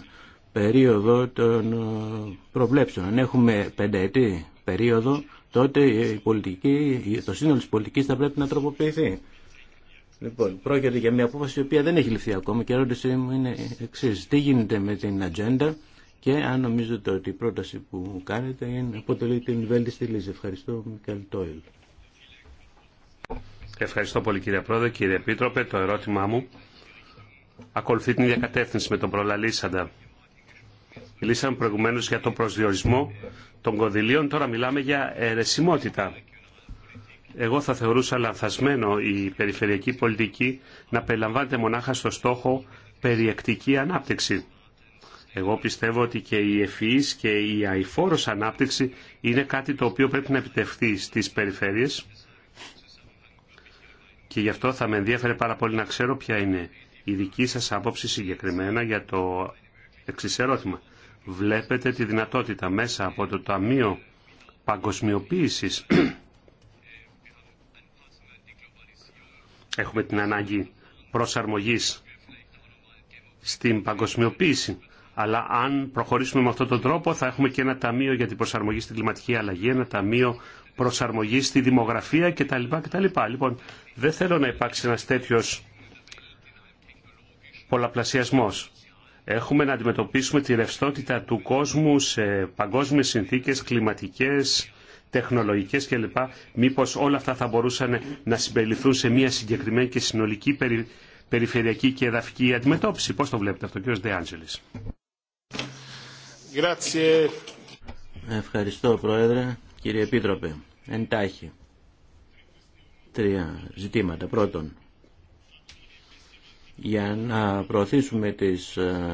περίοδο των ε, προβλέψεων. έχουμε πενταετή περίοδο, τότε η πολιτική, το σύνολο της πολιτικής θα πρέπει να τροποποιηθεί. Λοιπόν, πρόκειται για μια απόφαση η οποία δεν έχει ληφθεί ακόμα και η ερώτησή μου είναι εξή. Τι γίνεται με την ατζέντα και αν νομίζετε ότι η πρόταση που κάνετε είναι, αποτελεί την βέλτιστη λύση. Ευχαριστώ, Μικαλ Τόιλ. Ευχαριστώ πολύ κύριε Πρόεδρε. Κύριε Επίτροπε, το ερώτημά μου ακολουθεί την διακατεύθυνση με τον προλαλήσαντα. Μιλήσαμε προηγουμένως για τον προσδιορισμό των κονδυλίων, τώρα μιλάμε για αιρεσιμότητα. Εγώ θα θεωρούσα λανθασμένο η περιφερειακή πολιτική να περιλαμβάνεται μονάχα στο στόχο περιεκτική ανάπτυξη. Εγώ πιστεύω ότι και η ευφυής και η αηφόρος ανάπτυξη είναι κάτι το οποίο πρέπει να επιτευχθεί στις περιφέρειες και γι' αυτό θα με ενδιαφέρει πάρα πολύ να ξέρω ποια είναι η δική σας άποψη συγκεκριμένα για το εξής ερώτημα βλέπετε τη δυνατότητα μέσα από το Ταμείο Παγκοσμιοποίησης έχουμε την ανάγκη προσαρμογής στην παγκοσμιοποίηση. Αλλά αν προχωρήσουμε με αυτόν τον τρόπο θα έχουμε και ένα ταμείο για την προσαρμογή στην κλιματική αλλαγή, ένα ταμείο προσαρμογή στη δημογραφία κτλ. κτλ. Λοιπόν, δεν θέλω να υπάρξει ένας τέτοιος πολλαπλασιασμός. Έχουμε να αντιμετωπίσουμε τη ρευστότητα του κόσμου σε παγκόσμιες συνθήκες, κλιματικές, τεχνολογικές κλπ. Μήπως όλα αυτά θα μπορούσαν να συμπεριληφθούν σε μια συγκεκριμένη και συνολική περιφερειακή και εδαφική αντιμετώπιση. Πώς το βλέπετε αυτό, κύριος Ντεάντζελης. Ευχαριστώ, Πρόεδρε. Κύριε Επίτροπε, εντάχει. Τρία ζητήματα. Πρώτον, για να προωθήσουμε τις ε,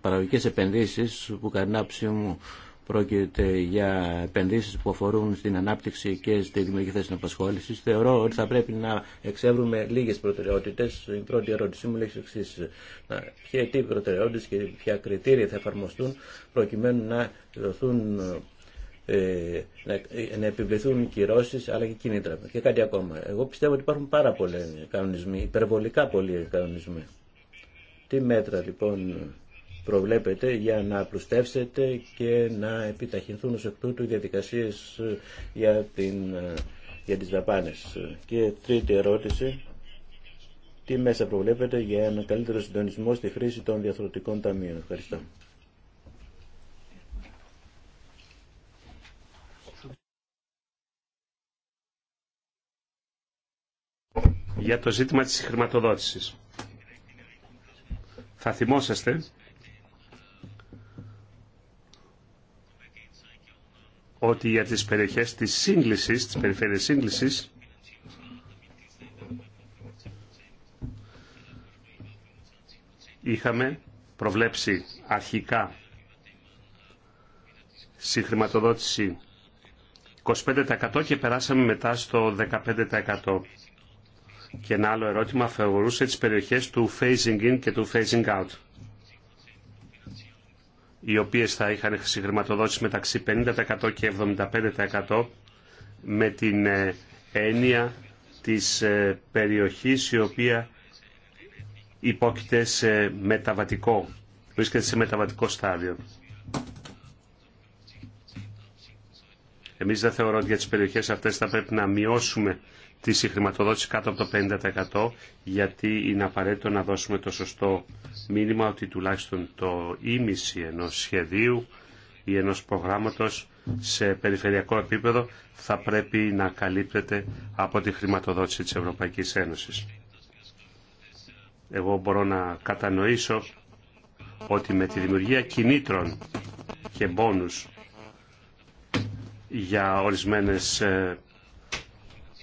παραγωγικές επενδύσεις που κατά μου πρόκειται για επενδύσεις που αφορούν στην ανάπτυξη και στη δημιουργία θέσεων απασχόληση. Θεωρώ ότι θα πρέπει να εξεύρουμε λίγες προτεραιότητες. Η πρώτη ερώτησή μου λέει εξής. Ποια τι προτεραιότητες και ποια κριτήρια θα εφαρμοστούν προκειμένου να δοθούν ε, ε, να επιβληθούν κυρώσει αλλά και κίνητρα και κάτι ακόμα. Εγώ πιστεύω ότι υπάρχουν πάρα πολλοί κανονισμοί, υπερβολικά πολλοί κανονισμοί. Τι μέτρα λοιπόν προβλέπετε για να απλουστεύσετε και να επιταχυνθούν ως εκ τούτου οι διαδικασίες ε, για, την, για τις δαπάνες. Και τρίτη ερώτηση, τι μέσα προβλέπετε για ένα καλύτερο συντονισμό στη χρήση των διαθροτικών ταμείων. Ευχαριστώ. για το ζήτημα της χρηματοδότησης. Θα θυμόσαστε ότι για τις περιοχές της σύγκλησης, της περιφέρειας σύγκλησης, είχαμε προβλέψει αρχικά συγχρηματοδότηση 25% και περάσαμε μετά στο 15%. Και ένα άλλο ερώτημα αφορούσε τις περιοχές του phasing in και του phasing out οι οποίες θα είχαν συγχρηματοδότηση μεταξύ 50% και 75% με την ε, έννοια της ε, περιοχής η οποία υπόκειται σε μεταβατικό, βρίσκεται σε μεταβατικό στάδιο. Εμείς δεν θεωρώ ότι για τις περιοχές αυτές θα πρέπει να μειώσουμε τη συγχρηματοδότηση κάτω από το 50% γιατί είναι απαραίτητο να δώσουμε το σωστό μήνυμα ότι τουλάχιστον το ίμιση ενός σχεδίου ή ενός προγράμματος σε περιφερειακό επίπεδο θα πρέπει να καλύπτεται από τη χρηματοδότηση της Ευρωπαϊκής Ένωσης. Εγώ μπορώ να κατανοήσω ότι με τη δημιουργία κινήτρων και μπόνους για ορισμένες ε,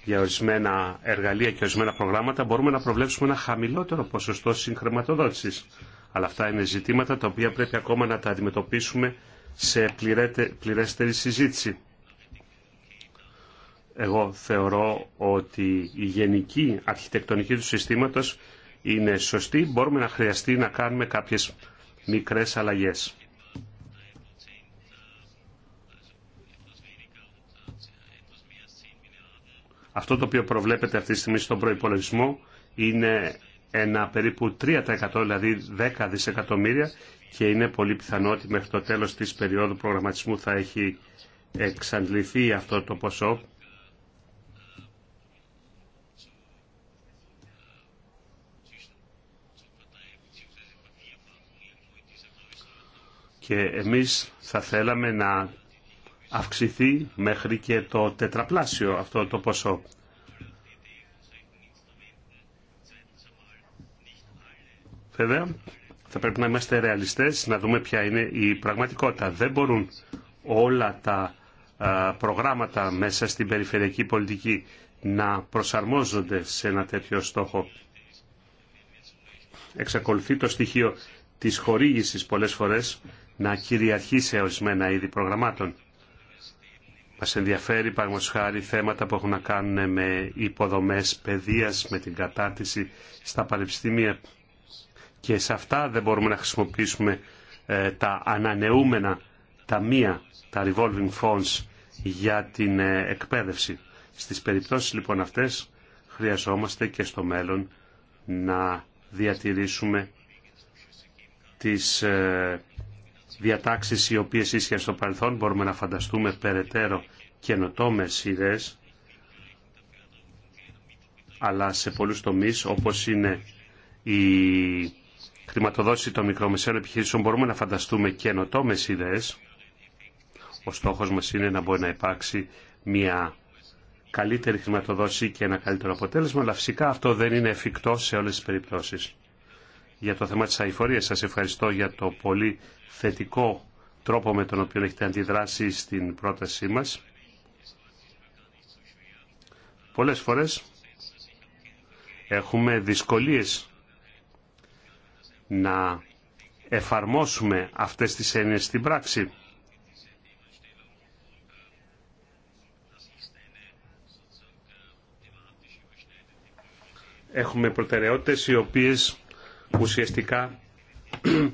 για ορισμένα εργαλεία και ορισμένα προγράμματα μπορούμε να προβλέψουμε ένα χαμηλότερο ποσοστό συγχρηματοδότησης. Αλλά αυτά είναι ζητήματα τα οποία πρέπει ακόμα να τα αντιμετωπίσουμε σε πληρέστερη συζήτηση. Εγώ θεωρώ ότι η γενική αρχιτεκτονική του συστήματος είναι σωστή. Μπορούμε να χρειαστεί να κάνουμε κάποιες μικρές αλλαγές. Αυτό το οποίο προβλέπεται αυτή τη στιγμή στον προϋπολογισμό είναι ένα περίπου 3% δηλαδή 10 δισεκατομμύρια και είναι πολύ πιθανό ότι μέχρι το τέλος της περίοδου προγραμματισμού θα έχει εξαντληθεί αυτό το ποσό. Και εμείς θα θέλαμε να αυξηθεί μέχρι και το τετραπλάσιο αυτό το ποσό. Βέβαια, θα πρέπει να είμαστε ρεαλιστές, να δούμε ποια είναι η πραγματικότητα. Δεν μπορούν όλα τα προγράμματα μέσα στην περιφερειακή πολιτική να προσαρμόζονται σε ένα τέτοιο στόχο. Εξακολουθεί το στοιχείο της χορήγησης πολλές φορές να κυριαρχεί σε ορισμένα είδη προγραμμάτων. Μα ενδιαφέρει, παραγωγός χάρη, θέματα που έχουν να κάνουν με υποδομές παιδείας, με την κατάρτιση στα πανεπιστήμια και σε αυτά δεν μπορούμε να χρησιμοποιήσουμε ε, τα ανανεούμενα ταμεία, τα revolving funds για την ε, εκπαίδευση. Στις περιπτώσεις λοιπόν αυτές χρειαζόμαστε και στο μέλλον να διατηρήσουμε τις ε, διατάξεις οι οποίες ίσχυαν στο παρελθόν. Μπορούμε να φανταστούμε περαιτέρω καινοτόμε ιδέες, αλλά σε πολλούς τομείς όπως είναι η χρηματοδότηση των μικρομεσαίων επιχειρήσεων μπορούμε να φανταστούμε καινοτόμε ιδέες. Ο στόχος μας είναι να μπορεί να υπάρξει μια καλύτερη χρηματοδότηση και ένα καλύτερο αποτέλεσμα, αλλά φυσικά αυτό δεν είναι εφικτό σε όλες τις περιπτώσεις για το θέμα της αηφορίας. Σας ευχαριστώ για το πολύ θετικό τρόπο με τον οποίο έχετε αντιδράσει στην πρότασή μας. Πολλές φορές έχουμε δυσκολίες να εφαρμόσουμε αυτές τις έννοιες στην πράξη. Έχουμε προτεραιότητες οι οποίες ουσιαστικά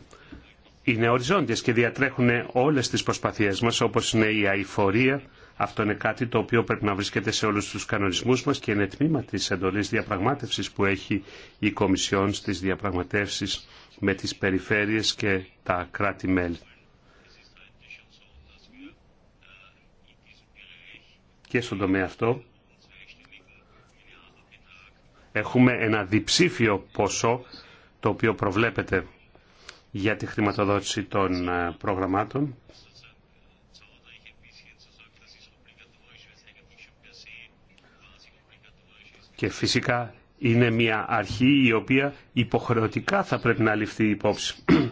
είναι οριζόντιες και διατρέχουν όλες τις προσπαθίες μας όπως είναι η αηφορία. Αυτό είναι κάτι το οποίο πρέπει να βρίσκεται σε όλους τους κανονισμούς μας και είναι τμήμα της εντολής διαπραγμάτευσης που έχει η Κομισιόν στις διαπραγματεύσεις με τις περιφέρειες και τα κράτη-μέλη. Και στον τομέα αυτό έχουμε ένα διψήφιο ποσό το οποίο προβλέπεται για τη χρηματοδότηση των ε, προγραμμάτων. Και φυσικά είναι μια αρχή η οποία υποχρεωτικά θα πρέπει να ληφθεί υπόψη.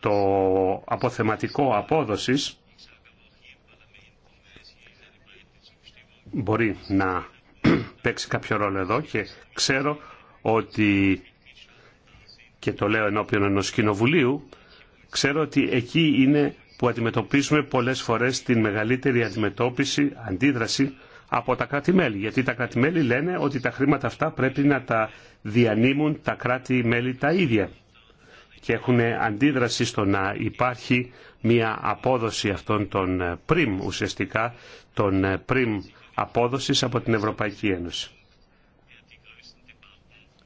το αποθεματικό απόδοσης μπορεί να παίξει κάποιο ρόλο εδώ και ξέρω ότι και το λέω ενώπιον ενό κοινοβουλίου, ξέρω ότι εκεί είναι που αντιμετωπίζουμε πολλές φορές την μεγαλύτερη αντιμετώπιση, αντίδραση από τα κράτη-μέλη. Γιατί τα κράτη-μέλη λένε ότι τα χρήματα αυτά πρέπει να τα διανύμουν τα κράτη-μέλη τα ίδια. Και έχουν αντίδραση στο να υπάρχει μια απόδοση αυτών των πριμ ουσιαστικά, των πριμ απόδοσης από την Ευρωπαϊκή Ένωση.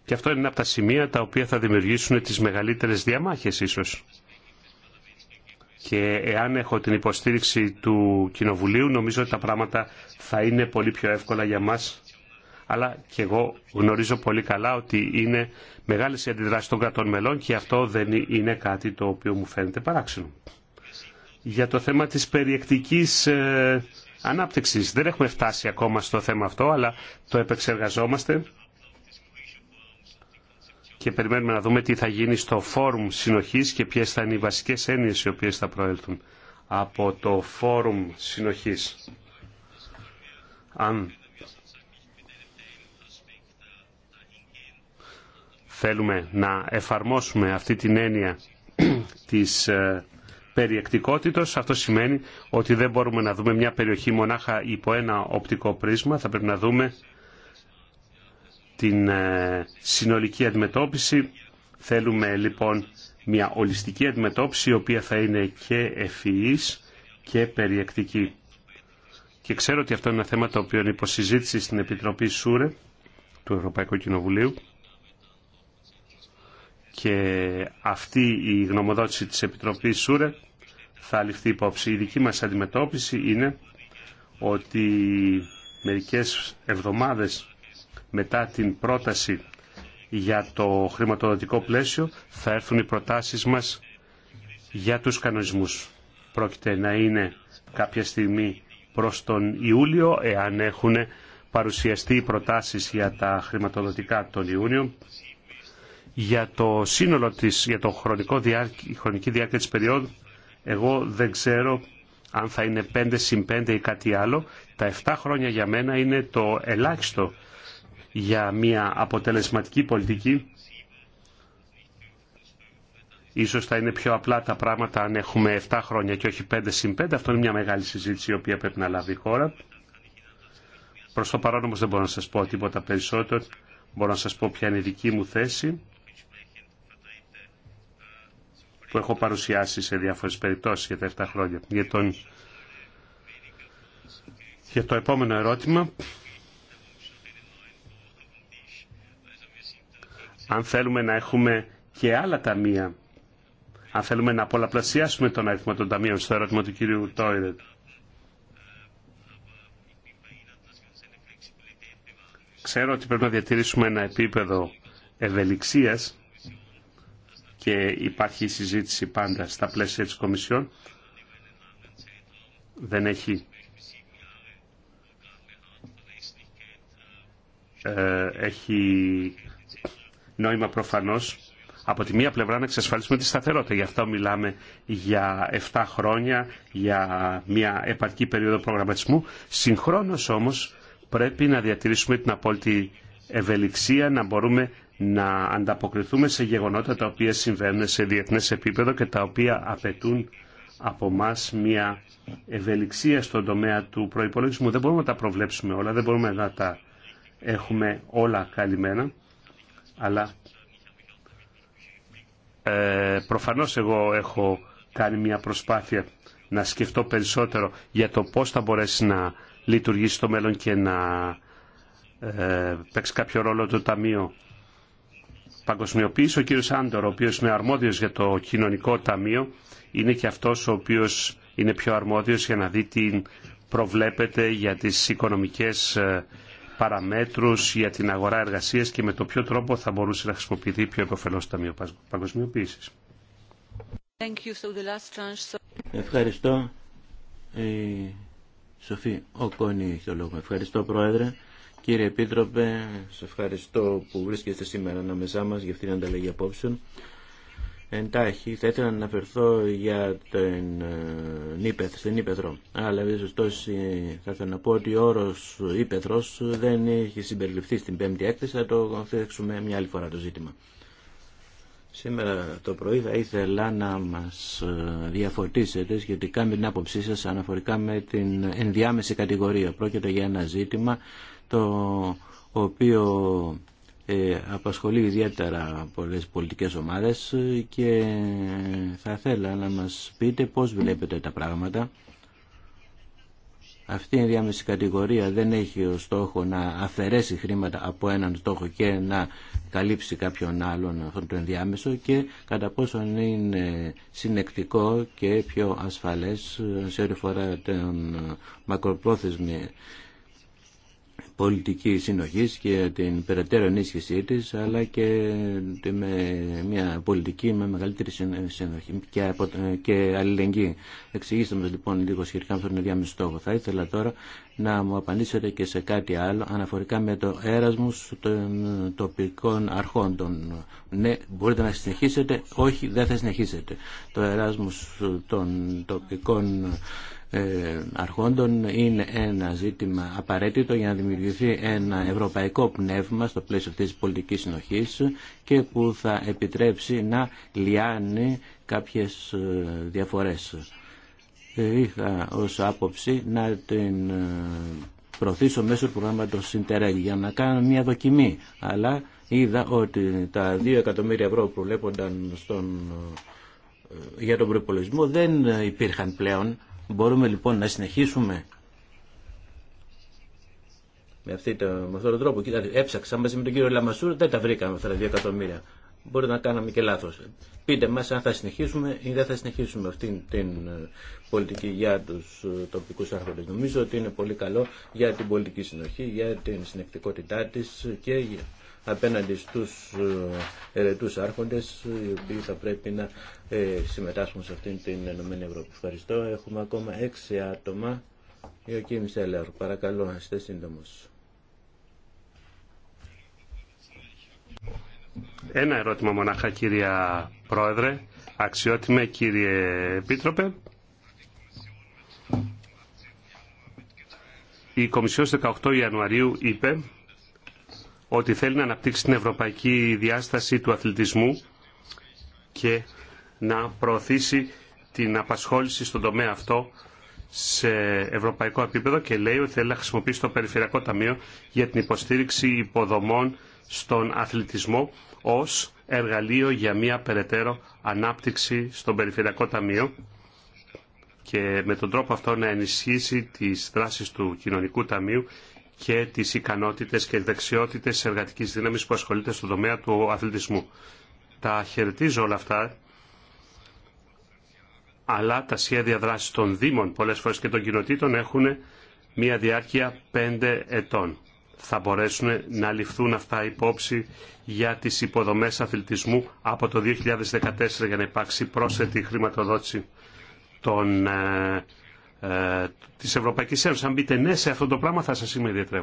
Και αυτό είναι ένα από τα σημεία τα οποία θα δημιουργήσουν τις μεγαλύτερες διαμάχες ίσως. Και εάν έχω την υποστήριξη του Κοινοβουλίου, νομίζω ότι τα πράγματα θα είναι πολύ πιο εύκολα για μας. Αλλά και εγώ γνωρίζω πολύ καλά ότι είναι μεγάλες οι αντιδράσεις των κρατών μελών και αυτό δεν είναι κάτι το οποίο μου φαίνεται παράξενο. Για το θέμα της περιεκτικής ε, ανάπτυξης. Δεν έχουμε φτάσει ακόμα στο θέμα αυτό, αλλά το επεξεργαζόμαστε και περιμένουμε να δούμε τι θα γίνει στο φόρουμ συνοχής και ποιες θα είναι οι βασικές έννοιες οι οποίες θα προέλθουν από το φόρουμ συνοχής. Αν θέλουμε να εφαρμόσουμε αυτή την έννοια της ε, περιεκτικότητος, αυτό σημαίνει ότι δεν μπορούμε να δούμε μια περιοχή μονάχα υπό ένα οπτικό πρίσμα, θα πρέπει να δούμε την ε, συνολική αντιμετώπιση. Θέλουμε λοιπόν μια ολιστική αντιμετώπιση η οποία θα είναι και ευφυής και περιεκτική. Και ξέρω ότι αυτό είναι ένα θέμα το οποίο είναι υποσυζήτηση στην Επιτροπή ΣΟΥΡΕ του Ευρωπαϊκού Κοινοβουλίου και αυτή η γνωμοδότηση της Επιτροπής ΣΟΥΡΕ θα ληφθεί υπόψη. Η δική μας αντιμετώπιση είναι ότι μερικές εβδομάδες μετά την πρόταση για το χρηματοδοτικό πλαίσιο θα έρθουν οι προτάσεις μας για τους κανονισμούς. Πρόκειται να είναι κάποια στιγμή προς τον Ιούλιο, εάν έχουν παρουσιαστεί οι προτάσεις για τα χρηματοδοτικά τον Ιούνιο. Για το σύνολο της, για το χρονικό χρονική διάρκεια της περίοδου, εγώ δεν ξέρω αν θα είναι 5 συν 5 ή κάτι άλλο. Τα 7 χρόνια για μένα είναι το ελάχιστο για μια αποτελεσματική πολιτική. Ίσως θα είναι πιο απλά τα πράγματα αν έχουμε 7 χρόνια και όχι 5 συν 5. Αυτό είναι μια μεγάλη συζήτηση η οποία πρέπει να λάβει η χώρα. Προς το παρόν όμως δεν μπορώ να σας πω τίποτα περισσότερο. Μπορώ να σας πω ποια είναι η δική μου θέση που έχω παρουσιάσει σε διάφορες περιπτώσεις για τα 7 χρόνια. Για, για το επόμενο ερώτημα Αν θέλουμε να έχουμε και άλλα ταμεία, αν θέλουμε να πολλαπλασιάσουμε τον αριθμό των ταμείων στο ερώτημα του κύριου Τόιρετ, ξέρω ότι πρέπει να διατηρήσουμε ένα επίπεδο ευελιξίας και υπάρχει συζήτηση πάντα στα πλαίσια της Κομισιόν. Δεν έχει ε, έχει νόημα προφανώς από τη μία πλευρά να εξασφαλίσουμε τη σταθερότητα. Γι' αυτό μιλάμε για 7 χρόνια, για μια επαρκή περίοδο προγραμματισμού. Συγχρόνως όμως πρέπει να διατηρήσουμε την απόλυτη ευελιξία, να μπορούμε να ανταποκριθούμε σε γεγονότα τα οποία συμβαίνουν σε διεθνές επίπεδο και τα οποία απαιτούν από εμά μια ευελιξία στον τομέα του προϋπολογισμού. Δεν μπορούμε να τα προβλέψουμε όλα, δεν μπορούμε να τα έχουμε όλα καλυμμένα αλλά ε, προφανώς εγώ έχω κάνει μια προσπάθεια να σκεφτώ περισσότερο για το πώς θα μπορέσει να λειτουργήσει στο μέλλον και να ε, παίξει κάποιο ρόλο το Ταμείο Παγκοσμιοποίηση. Ο κύριος Άντορ, ο οποίος είναι αρμόδιος για το Κοινωνικό Ταμείο, είναι και αυτός ο οποίος είναι πιο αρμόδιος για να δει τι προβλέπεται για τις οικονομικές ε, παραμέτρους για την αγορά εργασίας και με το ποιο τρόπο θα μπορούσε να χρησιμοποιηθεί πιο επωφελώς το Ταμείο Παγκοσμιοποίησης. Ευχαριστώ. Η Σοφή Οκόνη έχει το λόγο. Ευχαριστώ Πρόεδρε. Κύριε Επίτροπε, σε ευχαριστώ που βρίσκεστε σήμερα ανάμεσά μας για αυτήν την ανταλλαγή απόψεων εντάχει. Θα ήθελα να αναφερθώ για την ε, Νίπεθ, στην Ήπεθρο. Αλλά ωστόσο, θα ήθελα να πω ότι ο όρος Ήπεθρος δεν έχει συμπεριληφθεί στην πέμπτη έκθεση. Θα το θέξουμε μια άλλη φορά το ζήτημα. Σήμερα το πρωί θα ήθελα να μας ε, διαφωτίσετε σχετικά με την άποψή σας αναφορικά με την ενδιάμεση κατηγορία. Πρόκειται για ένα ζήτημα το οποίο ε, απασχολεί ιδιαίτερα πολλές πολιτικές ομάδες και θα ήθελα να μας πείτε πώς βλέπετε τα πράγματα. Αυτή η διάμεση κατηγορία δεν έχει ως στόχο να αφαιρέσει χρήματα από έναν στόχο και να καλύψει κάποιον άλλον αυτόν τον ενδιάμεσο και κατά πόσο είναι συνεκτικό και πιο ασφαλές σε όλη φορά την μακροπρόθεσμη πολιτική συνοχής και την περαιτέρω ενίσχυσή της, αλλά και με μια πολιτική με μεγαλύτερη συνοχή και αλληλεγγύη. Εξηγήστε μας λοιπόν λίγο σχετικά με τον διάμεσο στόχο. Θα ήθελα τώρα να μου απαντήσετε και σε κάτι άλλο αναφορικά με το έρασμος των τοπικών αρχών. Των... Ναι, μπορείτε να συνεχίσετε, όχι δεν θα συνεχίσετε. Το έρασμος των τοπικών ε, αρχόντων είναι ένα ζήτημα απαραίτητο για να δημιουργηθεί ένα ευρωπαϊκό πνεύμα στο πλαίσιο αυτής της πολιτικής συνοχής και που θα επιτρέψει να λιάνει κάποιες ε, διαφορές. Ε, είχα ως άποψη να την προωθήσω μέσω του προγράμματος Συντερέλ για να κάνω μια δοκιμή, αλλά είδα ότι τα 2 εκατομμύρια ευρώ που βλέπονταν στον... για τον προπολογισμό δεν υπήρχαν πλέον Μπορούμε λοιπόν να συνεχίσουμε με, αυτή το, αυτόν τον τρόπο. Κοίτα, έψαξα μαζί με τον κύριο Λαμασούρ, δεν τα βρήκαμε αυτά τα 2 εκατομμύρια. Μπορεί να κάναμε και λάθο. Πείτε μα αν θα συνεχίσουμε ή δεν θα συνεχίσουμε αυτή την ε, πολιτική για του ε, τοπικού άρχοντε. Νομίζω ότι είναι πολύ καλό για την πολιτική συνοχή, για την συνεκτικότητά τη απέναντι στους ε, ερετούς άρχοντες οι οποίοι θα πρέπει να ε, συμμετάσχουν σε αυτήν την Ενωμένη Ευρώπη. Ευχαριστώ. Έχουμε ακόμα έξι άτομα. Η Οκίμη παρακαλώ, είστε σύντομος. Ένα ερώτημα μονάχα κυρία Πρόεδρε, αξιότιμε κύριε Επίτροπε. Η Κομισιόν 18 Ιανουαρίου είπε ότι θέλει να αναπτύξει την ευρωπαϊκή διάσταση του αθλητισμού και να προωθήσει την απασχόληση στον τομέα αυτό σε ευρωπαϊκό επίπεδο και λέει ότι θέλει να χρησιμοποιήσει το Περιφερειακό Ταμείο για την υποστήριξη υποδομών στον αθλητισμό ως εργαλείο για μια περαιτέρω ανάπτυξη στον Περιφερειακό Ταμείο και με τον τρόπο αυτό να ενισχύσει τις δράσεις του Κοινωνικού Ταμείου και τις ικανότητες και δεξιότητες της εργατικής δύναμης που ασχολείται στον τομέα του αθλητισμού. Τα χαιρετίζω όλα αυτά, αλλά τα σχέδια δράση των Δήμων, πολλές φορές και των κοινοτήτων, έχουν μία διάρκεια πέντε ετών. Θα μπορέσουν να ληφθούν αυτά υπόψη για τις υποδομές αθλητισμού από το 2014 για να υπάρξει πρόσθετη χρηματοδότηση των ε, Τη ε, της Ευρωπαϊκής Ένωσης. Αν μπείτε ναι σε αυτό το πράγμα θα σα είμαι ιδιαίτερα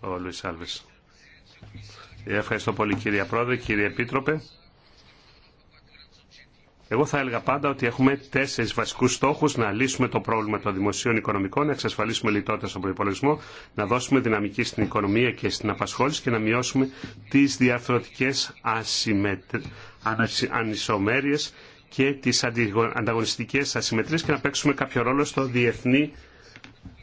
Ο Λουίς Άλβες. Ε, ευχαριστώ πολύ κύριε Πρόεδρε, κύριε Επίτροπε. Εγώ θα έλεγα πάντα ότι έχουμε τέσσερι βασικού στόχου: να λύσουμε το πρόβλημα των δημοσίων οικονομικών, να εξασφαλίσουμε λιτότητα στον προπολογισμό, να δώσουμε δυναμική στην οικονομία και στην απασχόληση και να μειώσουμε τι διαρθρωτικέ ανισομέρειε και τις ανταγωνιστικές ασυμμετρίες και να παίξουμε κάποιο ρόλο στο διεθνή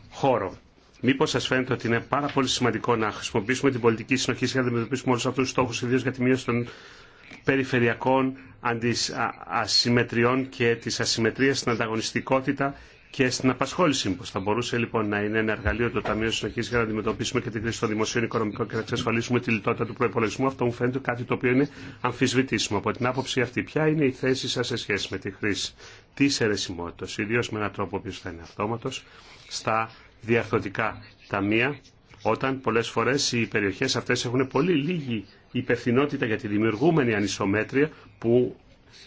χώρο. Μήπω σα φαίνεται ότι είναι πάρα πολύ σημαντικό να χρησιμοποιήσουμε την πολιτική συνοχή για να αντιμετωπίσουμε όλου αυτού του στόχου, ιδίω για τη μείωση των περιφερειακών ασυμμετριών και τη ασυμμετρία στην ανταγωνιστικότητα και στην απασχόληση. Πώ θα μπορούσε λοιπόν να είναι ένα εργαλείο το Ταμείο Συνοχή για να αντιμετωπίσουμε και την κρίση των δημοσίων οικονομικών και να εξασφαλίσουμε τη λιτότητα του προπολογισμού. Αυτό μου φαίνεται κάτι το οποίο είναι αμφισβητήσιμο. Από την άποψη αυτή, ποια είναι η θέση σα σε σχέση με τη χρήση τη αιρεσιμότητα, ιδίω με έναν τρόπο που θα είναι αυτόματο, στα διαρθρωτικά ταμεία, όταν πολλέ φορέ οι περιοχέ αυτέ έχουν πολύ λίγη υπευθυνότητα για τη δημιουργούμενη ανισομέτρια που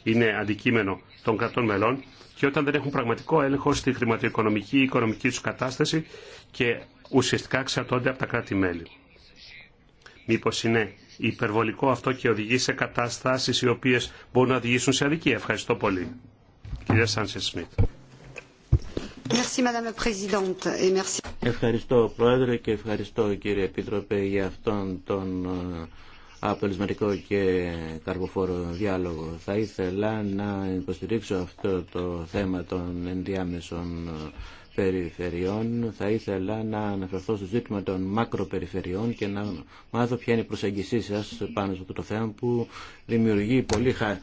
είναι αντικείμενο των κρατών μελών και όταν δεν έχουν πραγματικό έλεγχο στη χρηματοοικονομική ή οικονομική του κατάσταση και ουσιαστικά εξαρτώνται από τα κράτη-μέλη. Μήπω είναι υπερβολικό αυτό και οδηγεί σε καταστάσει οι οποίε μπορούν να οδηγήσουν σε αδικία. Ευχαριστώ πολύ. Κυρία Σάνσε Σμιτ. Ευχαριστώ Πρόεδρε και ευχαριστώ κύριε Επίτροπε για αυτόν τον ε, αποτελεσματικό και καρποφόρο διάλογο. Θα ήθελα να υποστηρίξω αυτό το θέμα των ενδιάμεσων περιφερειών. Θα ήθελα να αναφερθώ στο ζήτημα των μακροπεριφερειών και να μάθω ποια είναι η προσέγγισή σας πάνω σε αυτό το θέμα που δημιουργεί πολύ χα,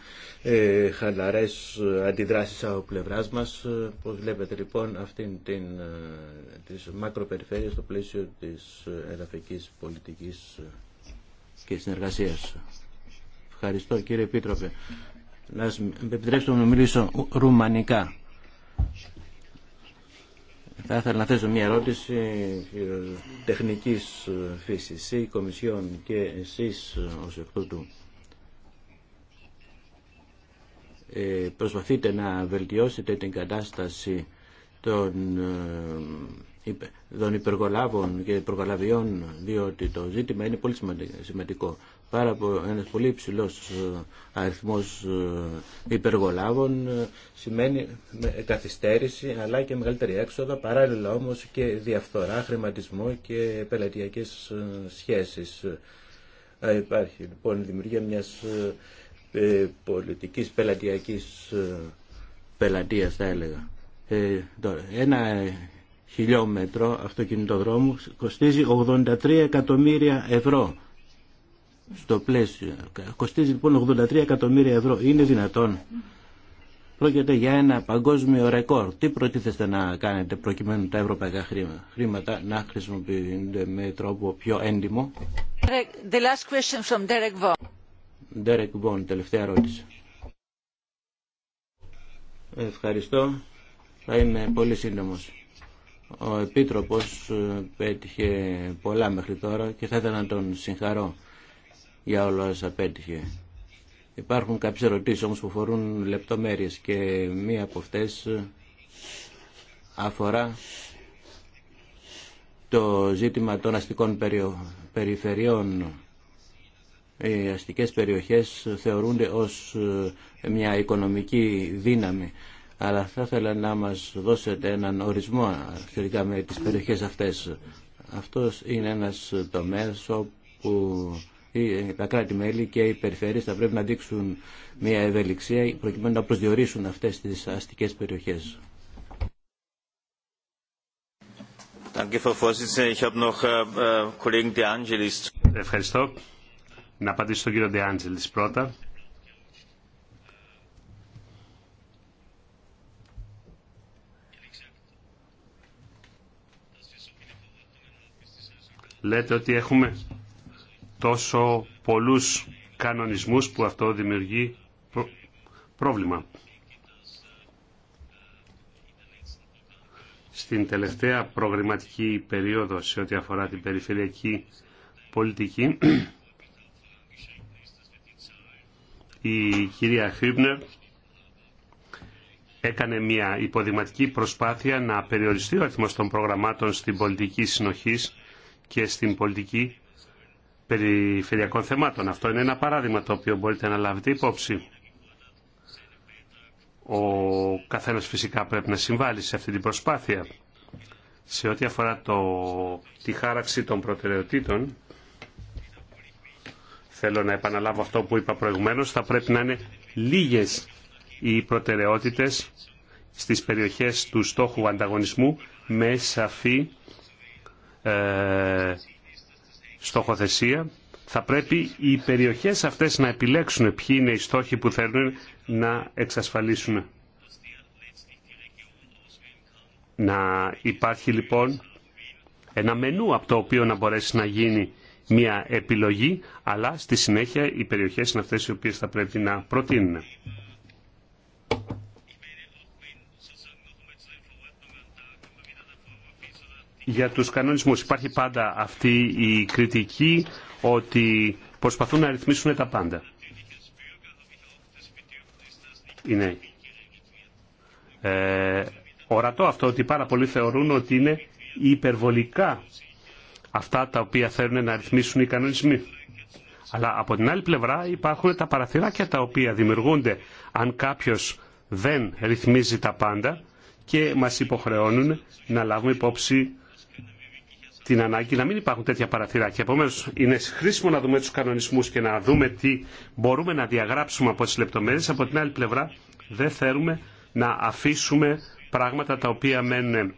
ε, χαλαρές αντιδράσεις από πλευράς μας. Πώς βλέπετε λοιπόν αυτήν την, ε, τις στο πλαίσιο της ε, εδαφικής πολιτικής και συνεργασίας. Ευχαριστώ κύριε Επίτροπε. Να επιτρέψω να μιλήσω ρουμανικά. Θα ήθελα να θέσω μια ερώτηση τεχνικής φύσης. Η Κομισιόν και εσείς ω εκ τούτου ε, προσπαθείτε να βελτιώσετε την κατάσταση των ε, των υπεργολάβων και υπεργολαβιών, διότι το ζήτημα είναι πολύ σημαντικό. Πάρα από ένας πολύ υψηλό ε, αριθμός ε, υπεργολάβων ε, σημαίνει καθυστέρηση αλλά και μεγαλύτερη έξοδα, παράλληλα όμως και διαφθορά, χρηματισμό και πελατειακές σχέσεις. Υπάρχει λοιπόν η δημιουργία μιας πολιτικής πελατειακής πελατείας θα έλεγα. ένα χιλιόμετρο αυτοκινητοδρόμου κοστίζει 83 εκατομμύρια ευρώ. Στο πλαίσιο. Κοστίζει λοιπόν 83 εκατομμύρια ευρώ. Είναι δυνατόν. Πρόκειται για ένα παγκόσμιο ρεκόρ. Τι προτίθεστε να κάνετε προκειμένου τα ευρωπαϊκά χρήματα να χρησιμοποιούνται με τρόπο πιο έντιμο. The last question from Derek Vaughan. Derek Vaughan, τελευταία ερώτηση. Ευχαριστώ. Θα είμαι πολύ σύντομος. Ο Επίτροπος ε, πέτυχε πολλά μέχρι τώρα και θα ήθελα να τον συγχαρώ για όλα όσα πέτυχε. Υπάρχουν κάποιες ερωτήσεις όμως που φορούν λεπτομέρειες και μία από αυτές ε, αφορά το ζήτημα των αστικών περιφερειών. Οι αστικές περιοχές θεωρούνται ως ε, μια οικονομική δύναμη αλλά θα ήθελα να μας δώσετε έναν ορισμό σχετικά με τις περιοχές αυτές. Αυτός είναι ένας τομέας όπου τα κράτη-μέλη και οι περιφέρειες θα πρέπει να δείξουν μια ευελιξία προκειμένου να προσδιορίσουν αυτές τις αστικές περιοχές. Äh, äh, Ευχαριστώ. Να απαντήσω στον κύριο Ντεάντζελης πρώτα. λέτε ότι έχουμε τόσο πολλούς κανονισμούς που αυτό δημιουργεί πρόβλημα. Στην τελευταία προγραμματική περίοδο σε ό,τι αφορά την περιφερειακή πολιτική, η κυρία Χίμπνερ έκανε μια υποδηματική προσπάθεια να περιοριστεί ο αριθμός των προγραμμάτων στην πολιτική συνοχής και στην πολιτική περιφερειακών θεμάτων. Αυτό είναι ένα παράδειγμα το οποίο μπορείτε να λάβετε υπόψη. Ο καθένας φυσικά πρέπει να συμβάλλει σε αυτή την προσπάθεια. Σε ό,τι αφορά το, τη χάραξη των προτεραιοτήτων, θέλω να επαναλάβω αυτό που είπα προηγουμένως, θα πρέπει να είναι λίγες οι προτεραιότητες στις περιοχές του στόχου ανταγωνισμού με σαφή ε, στοχοθεσία θα πρέπει οι περιοχές αυτές να επιλέξουν ποιοι είναι οι στόχοι που θέλουν να εξασφαλίσουν. Να υπάρχει λοιπόν ένα μενού από το οποίο να μπορέσει να γίνει μια επιλογή, αλλά στη συνέχεια οι περιοχές είναι αυτές οι οποίες θα πρέπει να προτείνουν. για τους κανονισμούς. Υπάρχει πάντα αυτή η κριτική ότι προσπαθούν να ρυθμίσουν τα πάντα. Είναι ε, ορατό αυτό ότι πάρα πολλοί θεωρούν ότι είναι υπερβολικά αυτά τα οποία θέλουν να ρυθμίσουν οι κανονισμοί. Αλλά από την άλλη πλευρά υπάρχουν τα παραθυράκια τα οποία δημιουργούνται αν κάποιος δεν ρυθμίζει τα πάντα και μας υποχρεώνουν να λάβουμε υπόψη την ανάγκη να μην υπάρχουν τέτοια παραθυράκια. Επομένω, είναι χρήσιμο να δούμε του κανονισμού και να δούμε τι μπορούμε να διαγράψουμε από τι λεπτομέρειε. Από την άλλη πλευρά, δεν θέλουμε να αφήσουμε πράγματα τα οποία μένουν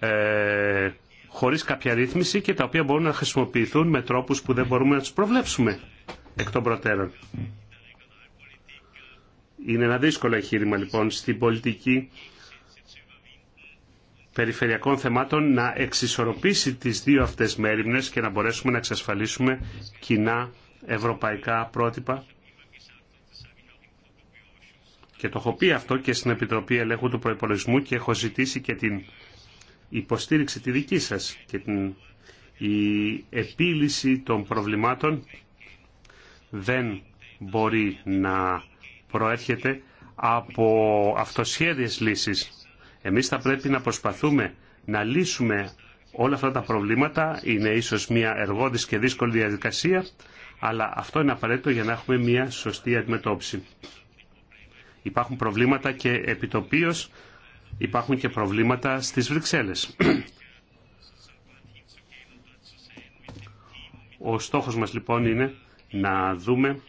ε, χωρίς κάποια ρύθμιση και τα οποία μπορούν να χρησιμοποιηθούν με τρόπους που δεν μπορούμε να του προβλέψουμε εκ των προτέρων. Είναι ένα δύσκολο εγχείρημα λοιπόν στην πολιτική περιφερειακών θεμάτων να εξισορροπήσει τις δύο αυτές μέρημνες και να μπορέσουμε να εξασφαλίσουμε κοινά ευρωπαϊκά πρότυπα. Και το έχω πει αυτό και στην Επιτροπή Ελέγχου του Προϋπολογισμού και έχω ζητήσει και την υποστήριξη τη δική σας και την η επίλυση των προβλημάτων δεν μπορεί να προέρχεται από αυτοσχέδιες λύσεις. Εμείς θα πρέπει να προσπαθούμε να λύσουμε όλα αυτά τα προβλήματα. Είναι ίσως μια εργόδης και δύσκολη διαδικασία, αλλά αυτό είναι απαραίτητο για να έχουμε μια σωστή αντιμετώπιση. Υπάρχουν προβλήματα και επιτοπίως, υπάρχουν και προβλήματα στις Βρυξέλλες. Ο στόχος μας λοιπόν είναι να δούμε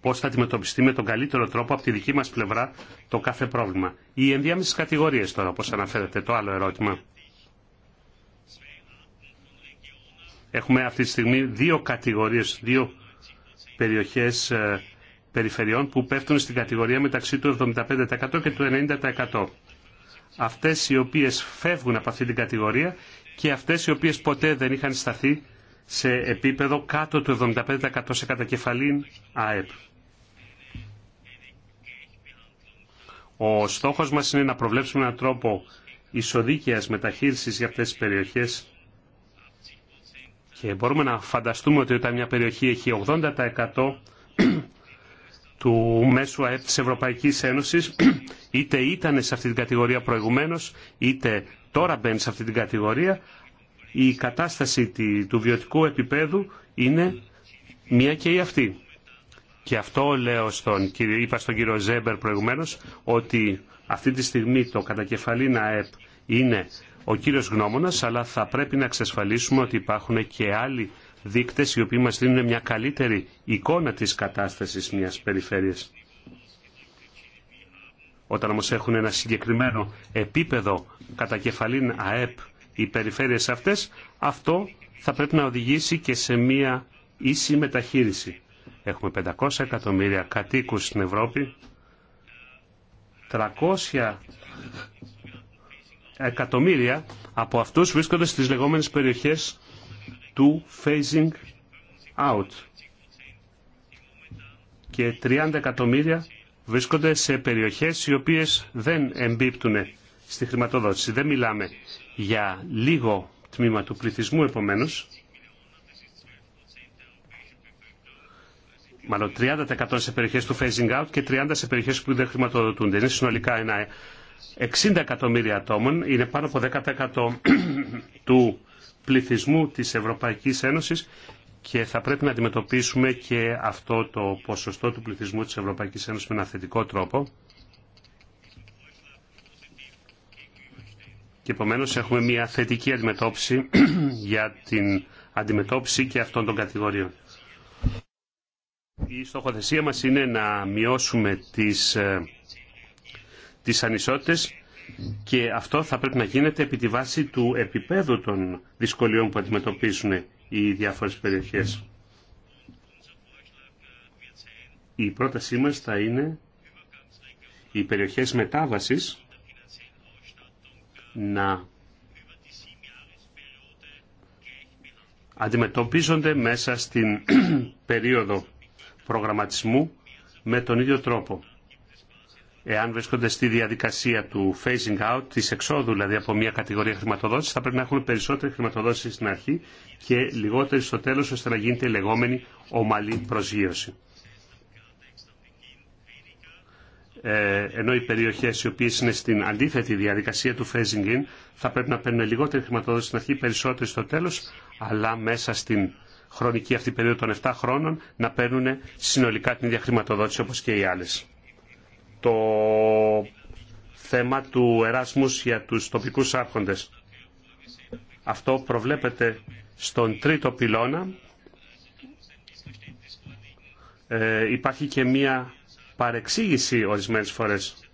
πώ θα αντιμετωπιστεί με τον καλύτερο τρόπο από τη δική μας πλευρά το κάθε πρόβλημα. Οι ενδιάμεσες κατηγορίε τώρα, όπως αναφέρεται το άλλο ερώτημα. Έχουμε αυτή τη στιγμή δύο κατηγορίες, δύο περιοχές ε, περιφερειών που πέφτουν στην κατηγορία μεταξύ του 75% και του 90%. Αυτές οι οποίες φεύγουν από αυτή την κατηγορία και αυτές οι οποίες ποτέ δεν είχαν σταθεί σε επίπεδο κάτω του 75% σε κατακεφαλήν ΑΕΠ. Ο στόχος μας είναι να προβλέψουμε έναν τρόπο ισοδίκαιας μεταχείρισης για αυτές τις περιοχές και μπορούμε να φανταστούμε ότι όταν μια περιοχή έχει 80% του μέσου ΑΕΠ της Ευρωπαϊκής Ένωσης είτε ήταν σε αυτή την κατηγορία προηγουμένως είτε τώρα μπαίνει σε αυτή την κατηγορία η κατάσταση του βιωτικού επίπεδου είναι μία και η αυτή. Και αυτό λέω στον, είπα στον κύριο Ζέμπερ προηγουμένως ότι αυτή τη στιγμή το κατακεφαλήν ΑΕΠ είναι ο κύριος γνώμονας, αλλά θα πρέπει να εξασφαλίσουμε ότι υπάρχουν και άλλοι δείκτες οι οποίοι μας δίνουν μια καλύτερη εικόνα της κατάστασης μιας περιφέρειας. Όταν όμως έχουν ένα συγκεκριμένο επίπεδο κατακεφαλήν ΑΕΠ οι περιφέρειες αυτές, αυτό θα πρέπει να οδηγήσει και σε μια ίση μεταχείριση. Έχουμε 500 εκατομμύρια κατοίκους στην Ευρώπη, 300 εκατομμύρια από αυτούς βρίσκονται στις λεγόμενες περιοχές του phasing out και 30 εκατομμύρια βρίσκονται σε περιοχές οι οποίες δεν εμπίπτουν στη χρηματοδότηση. Δεν μιλάμε για λίγο τμήμα του πληθυσμού επομένως μάλλον 30% σε περιοχές του phasing out και 30% σε περιοχές που δεν χρηματοδοτούνται. Είναι συνολικά ένα 60 εκατομμύρια ατόμων, είναι πάνω από 10% του πληθυσμού της Ευρωπαϊκής Ένωσης και θα πρέπει να αντιμετωπίσουμε και αυτό το ποσοστό του πληθυσμού της Ευρωπαϊκής Ένωσης με ένα θετικό τρόπο. Και επομένω έχουμε μια θετική αντιμετώπιση για την αντιμετώπιση και αυτών των κατηγοριών. Η στοχοθεσία μας είναι να μειώσουμε τις, ε, τις ανισότητες και αυτό θα πρέπει να γίνεται επί τη βάση του επίπεδου των δυσκολιών που αντιμετωπίζουν οι διάφορες περιοχές. Η πρότασή μας θα είναι οι περιοχές μετάβασης να αντιμετωπίζονται μέσα στην περίοδο προγραμματισμού με τον ίδιο τρόπο. Εάν βρίσκονται στη διαδικασία του phasing out, τη εξόδου δηλαδή από μια κατηγορία χρηματοδότηση, θα πρέπει να έχουν περισσότερη χρηματοδότηση στην αρχή και λιγότερη στο τέλο, ώστε να γίνεται η λεγόμενη ομαλή προσγείωση. Ε, ενώ οι περιοχέ οι οποίε είναι στην αντίθετη διαδικασία του phasing in θα πρέπει να παίρνουν λιγότερη χρηματοδότηση στην αρχή, περισσότερη στο τέλο, αλλά μέσα στην χρονική αυτή περίοδο των 7 χρόνων να παίρνουν συνολικά την ίδια χρηματοδότηση όπως και οι άλλες. Το θέμα του Εράσμους για τους τοπικούς άρχοντες. Αυτό προβλέπεται στον τρίτο πυλώνα. Ε, υπάρχει και μία παρεξήγηση ορισμένες φορές.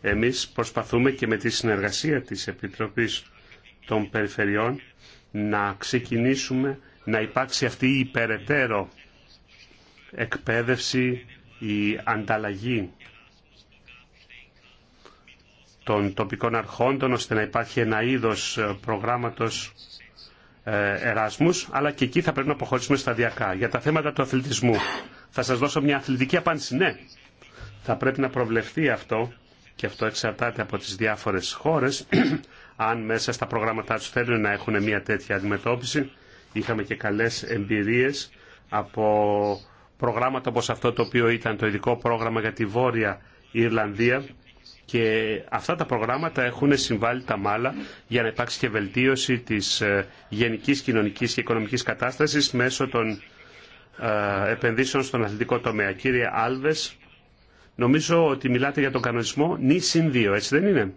Εμείς προσπαθούμε και με τη συνεργασία της Επιτροπής των Περιφερειών να ξεκινήσουμε να υπάρξει αυτή η περαιτέρω εκπαίδευση, η ανταλλαγή των τοπικών αρχόντων ώστε να υπάρχει ένα είδος ε, προγράμματος ε, Εράσμους, αλλά και εκεί θα πρέπει να αποχωρήσουμε σταδιακά. Για τα θέματα του αθλητισμού, θα σας δώσω μια αθλητική απάντηση. Ναι, θα πρέπει να προβλεφθεί αυτό και αυτό εξαρτάται από τις διάφορες χώρες, αν μέσα στα προγράμματά τους θέλουν να έχουν μια τέτοια αντιμετώπιση. Είχαμε και καλές εμπειρίες από προγράμματα όπως αυτό το οποίο ήταν το ειδικό πρόγραμμα για τη Βόρεια Ιρλανδία και αυτά τα προγράμματα έχουν συμβάλει τα μάλα για να υπάρξει και βελτίωση της ε, γενικής κοινωνικής και οικονομικής κατάστασης μέσω των ε, επενδύσεων στον αθλητικό τομέα. Κύριε Άλβες, νομίζω ότι μιλάτε για τον κανονισμό νη συν δύο, έτσι δεν είναι.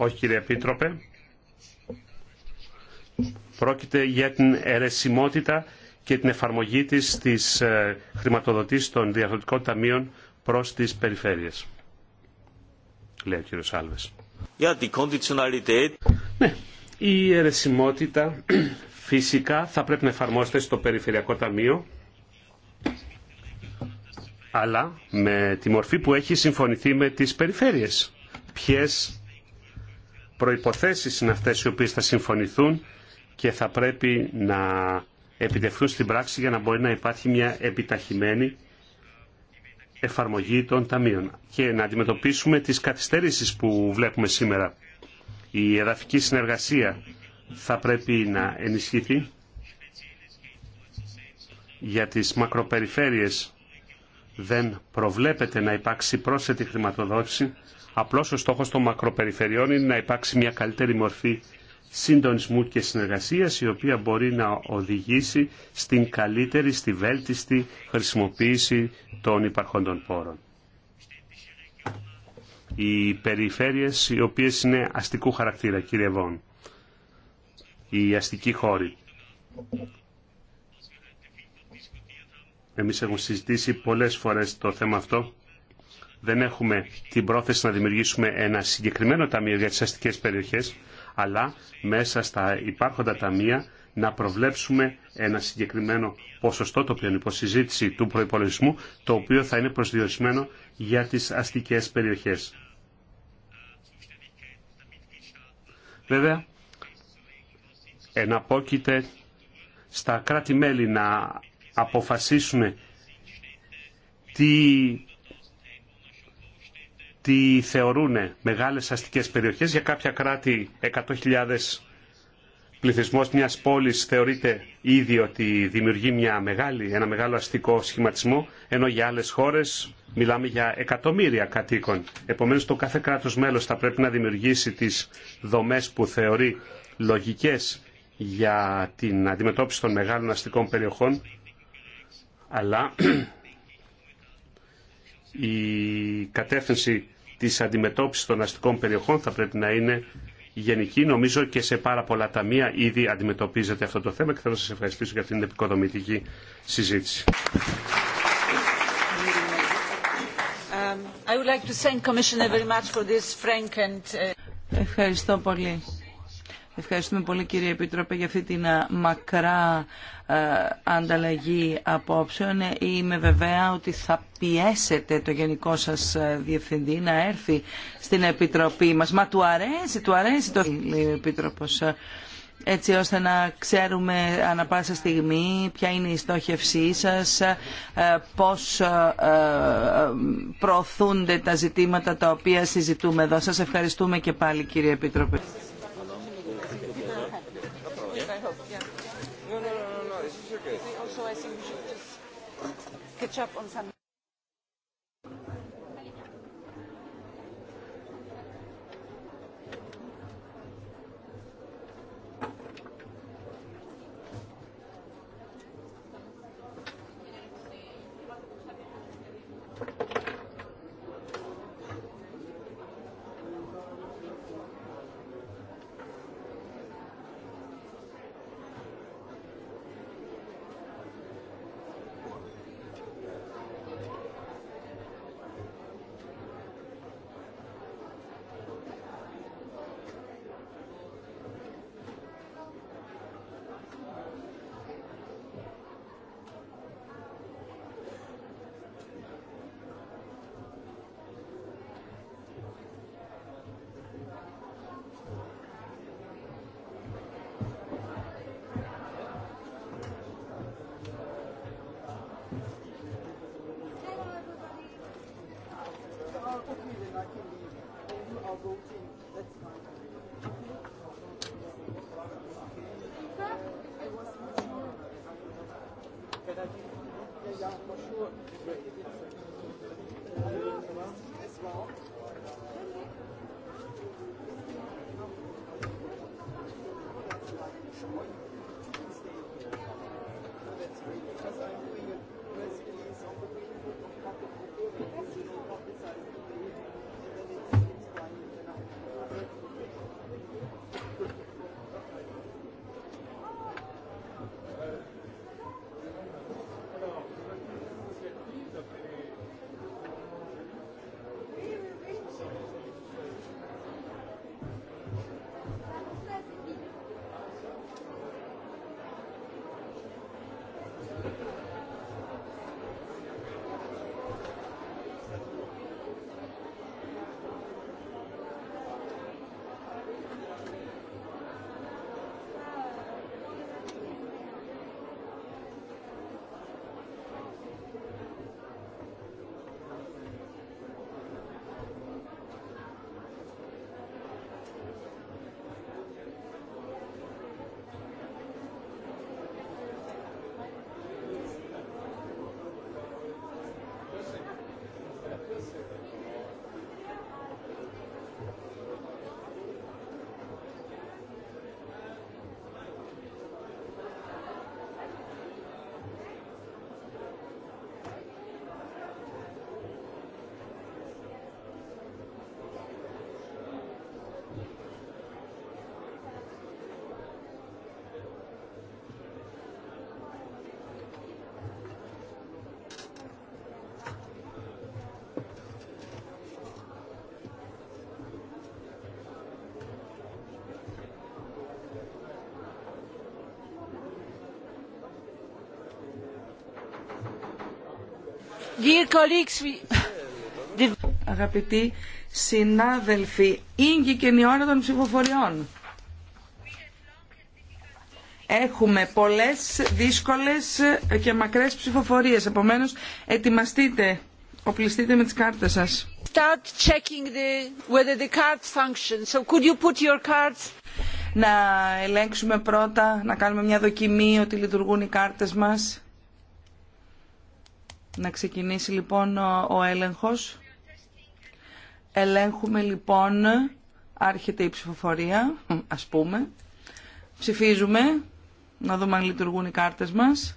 Όχι κύριε Επίτροπε. Πρόκειται για την αιρεσιμότητα και την εφαρμογή της της ε, χρηματοδοτήσεις των διαδοτικών ταμείων προς τις περιφέρειες. Λέει ο κύριος Άλβες. ναι, η αιρεσιμότητα φυσικά θα πρέπει να εφαρμόζεται στο Περιφερειακό Ταμείο αλλά με τη μορφή που έχει συμφωνηθεί με τις περιφέρειες. Ποιες προϋποθέσεις είναι αυτές οι οποίες θα συμφωνηθούν και θα πρέπει να επιτευχθούν στην πράξη για να μπορεί να υπάρχει μια επιταχυμένη εφαρμογή των ταμείων και να αντιμετωπίσουμε τις καθυστέρησεις που βλέπουμε σήμερα. Η εδαφική συνεργασία θα πρέπει να ενισχυθεί για τις μακροπεριφέρειες δεν προβλέπεται να υπάρξει πρόσθετη χρηματοδότηση Απλώ ο στόχος των μακροπεριφερειών είναι να υπάρξει μια καλύτερη μορφή συντονισμού και συνεργασίας η οποία μπορεί να οδηγήσει στην καλύτερη, στη βέλτιστη χρησιμοποίηση των υπαρχόντων πόρων. Οι περιφέρειες οι οποίες είναι αστικού χαρακτήρα, κύριε Βόν, οι αστικοί χώροι. Εμείς έχουμε συζητήσει πολλές φορές το θέμα αυτό δεν έχουμε την πρόθεση να δημιουργήσουμε ένα συγκεκριμένο ταμείο για τις αστικές περιοχές, αλλά μέσα στα υπάρχοντα ταμεία να προβλέψουμε ένα συγκεκριμένο ποσοστό, το οποίο είναι υποσυζήτηση του προϋπολογισμού, το οποίο θα είναι προσδιορισμένο για τις αστικές περιοχές. Βέβαια, εναπόκειται στα κράτη-μέλη να αποφασίσουν τι τι θεωρούν μεγάλες αστικές περιοχές. Για κάποια κράτη 100.000 πληθυσμός μιας πόλης θεωρείται ήδη ότι δημιουργεί μια μεγάλη, ένα μεγάλο αστικό σχηματισμό, ενώ για άλλες χώρες μιλάμε για εκατομμύρια κατοίκων. Επομένως το κάθε κράτος μέλος θα πρέπει να δημιουργήσει τις δομές που θεωρεί λογικές για την αντιμετώπιση των μεγάλων αστικών περιοχών, αλλά η κατεύθυνση της αντιμετώπισης των αστικών περιοχών θα πρέπει να είναι γενική. Νομίζω και σε πάρα πολλά ταμεία ήδη αντιμετωπίζεται αυτό το θέμα και θέλω να σας ευχαριστήσω για την επικοδομητική συζήτηση. Ευχαριστώ πολύ. Ευχαριστούμε πολύ κύριε Επίτροπε για αυτή την μακρά ανταλλαγή απόψεων. Ε, είμαι βεβαία ότι θα πιέσετε το γενικό σας διευθυντή να έρθει στην Επιτροπή μας. Μα του αρέσει, του αρέσει το λέει Επίτροπος έτσι ώστε να ξέρουμε ανα πάσα στιγμή ποια είναι η στόχευσή σας, πώς προωθούνται τα ζητήματα τα οποία συζητούμε εδώ. Σας ευχαριστούμε και πάλι κύριε Επίτροπε. catch up on some Αγαπητοί συνάδελφοι, ήγγει και η ώρα των ψηφοφοριών. Έχουμε πολλές δύσκολες και μακρές ψηφοφορίες, επομένως ετοιμαστείτε, οπλιστείτε με τις κάρτες σας. Να ελέγξουμε πρώτα, να κάνουμε μια δοκιμή ότι λειτουργούν οι κάρτες μας. Να ξεκινήσει λοιπόν ο έλεγχος. Ελέγχουμε λοιπόν, άρχεται η ψηφοφορία, ας πούμε. Ψηφίζουμε, να δούμε αν λειτουργούν οι κάρτες μας.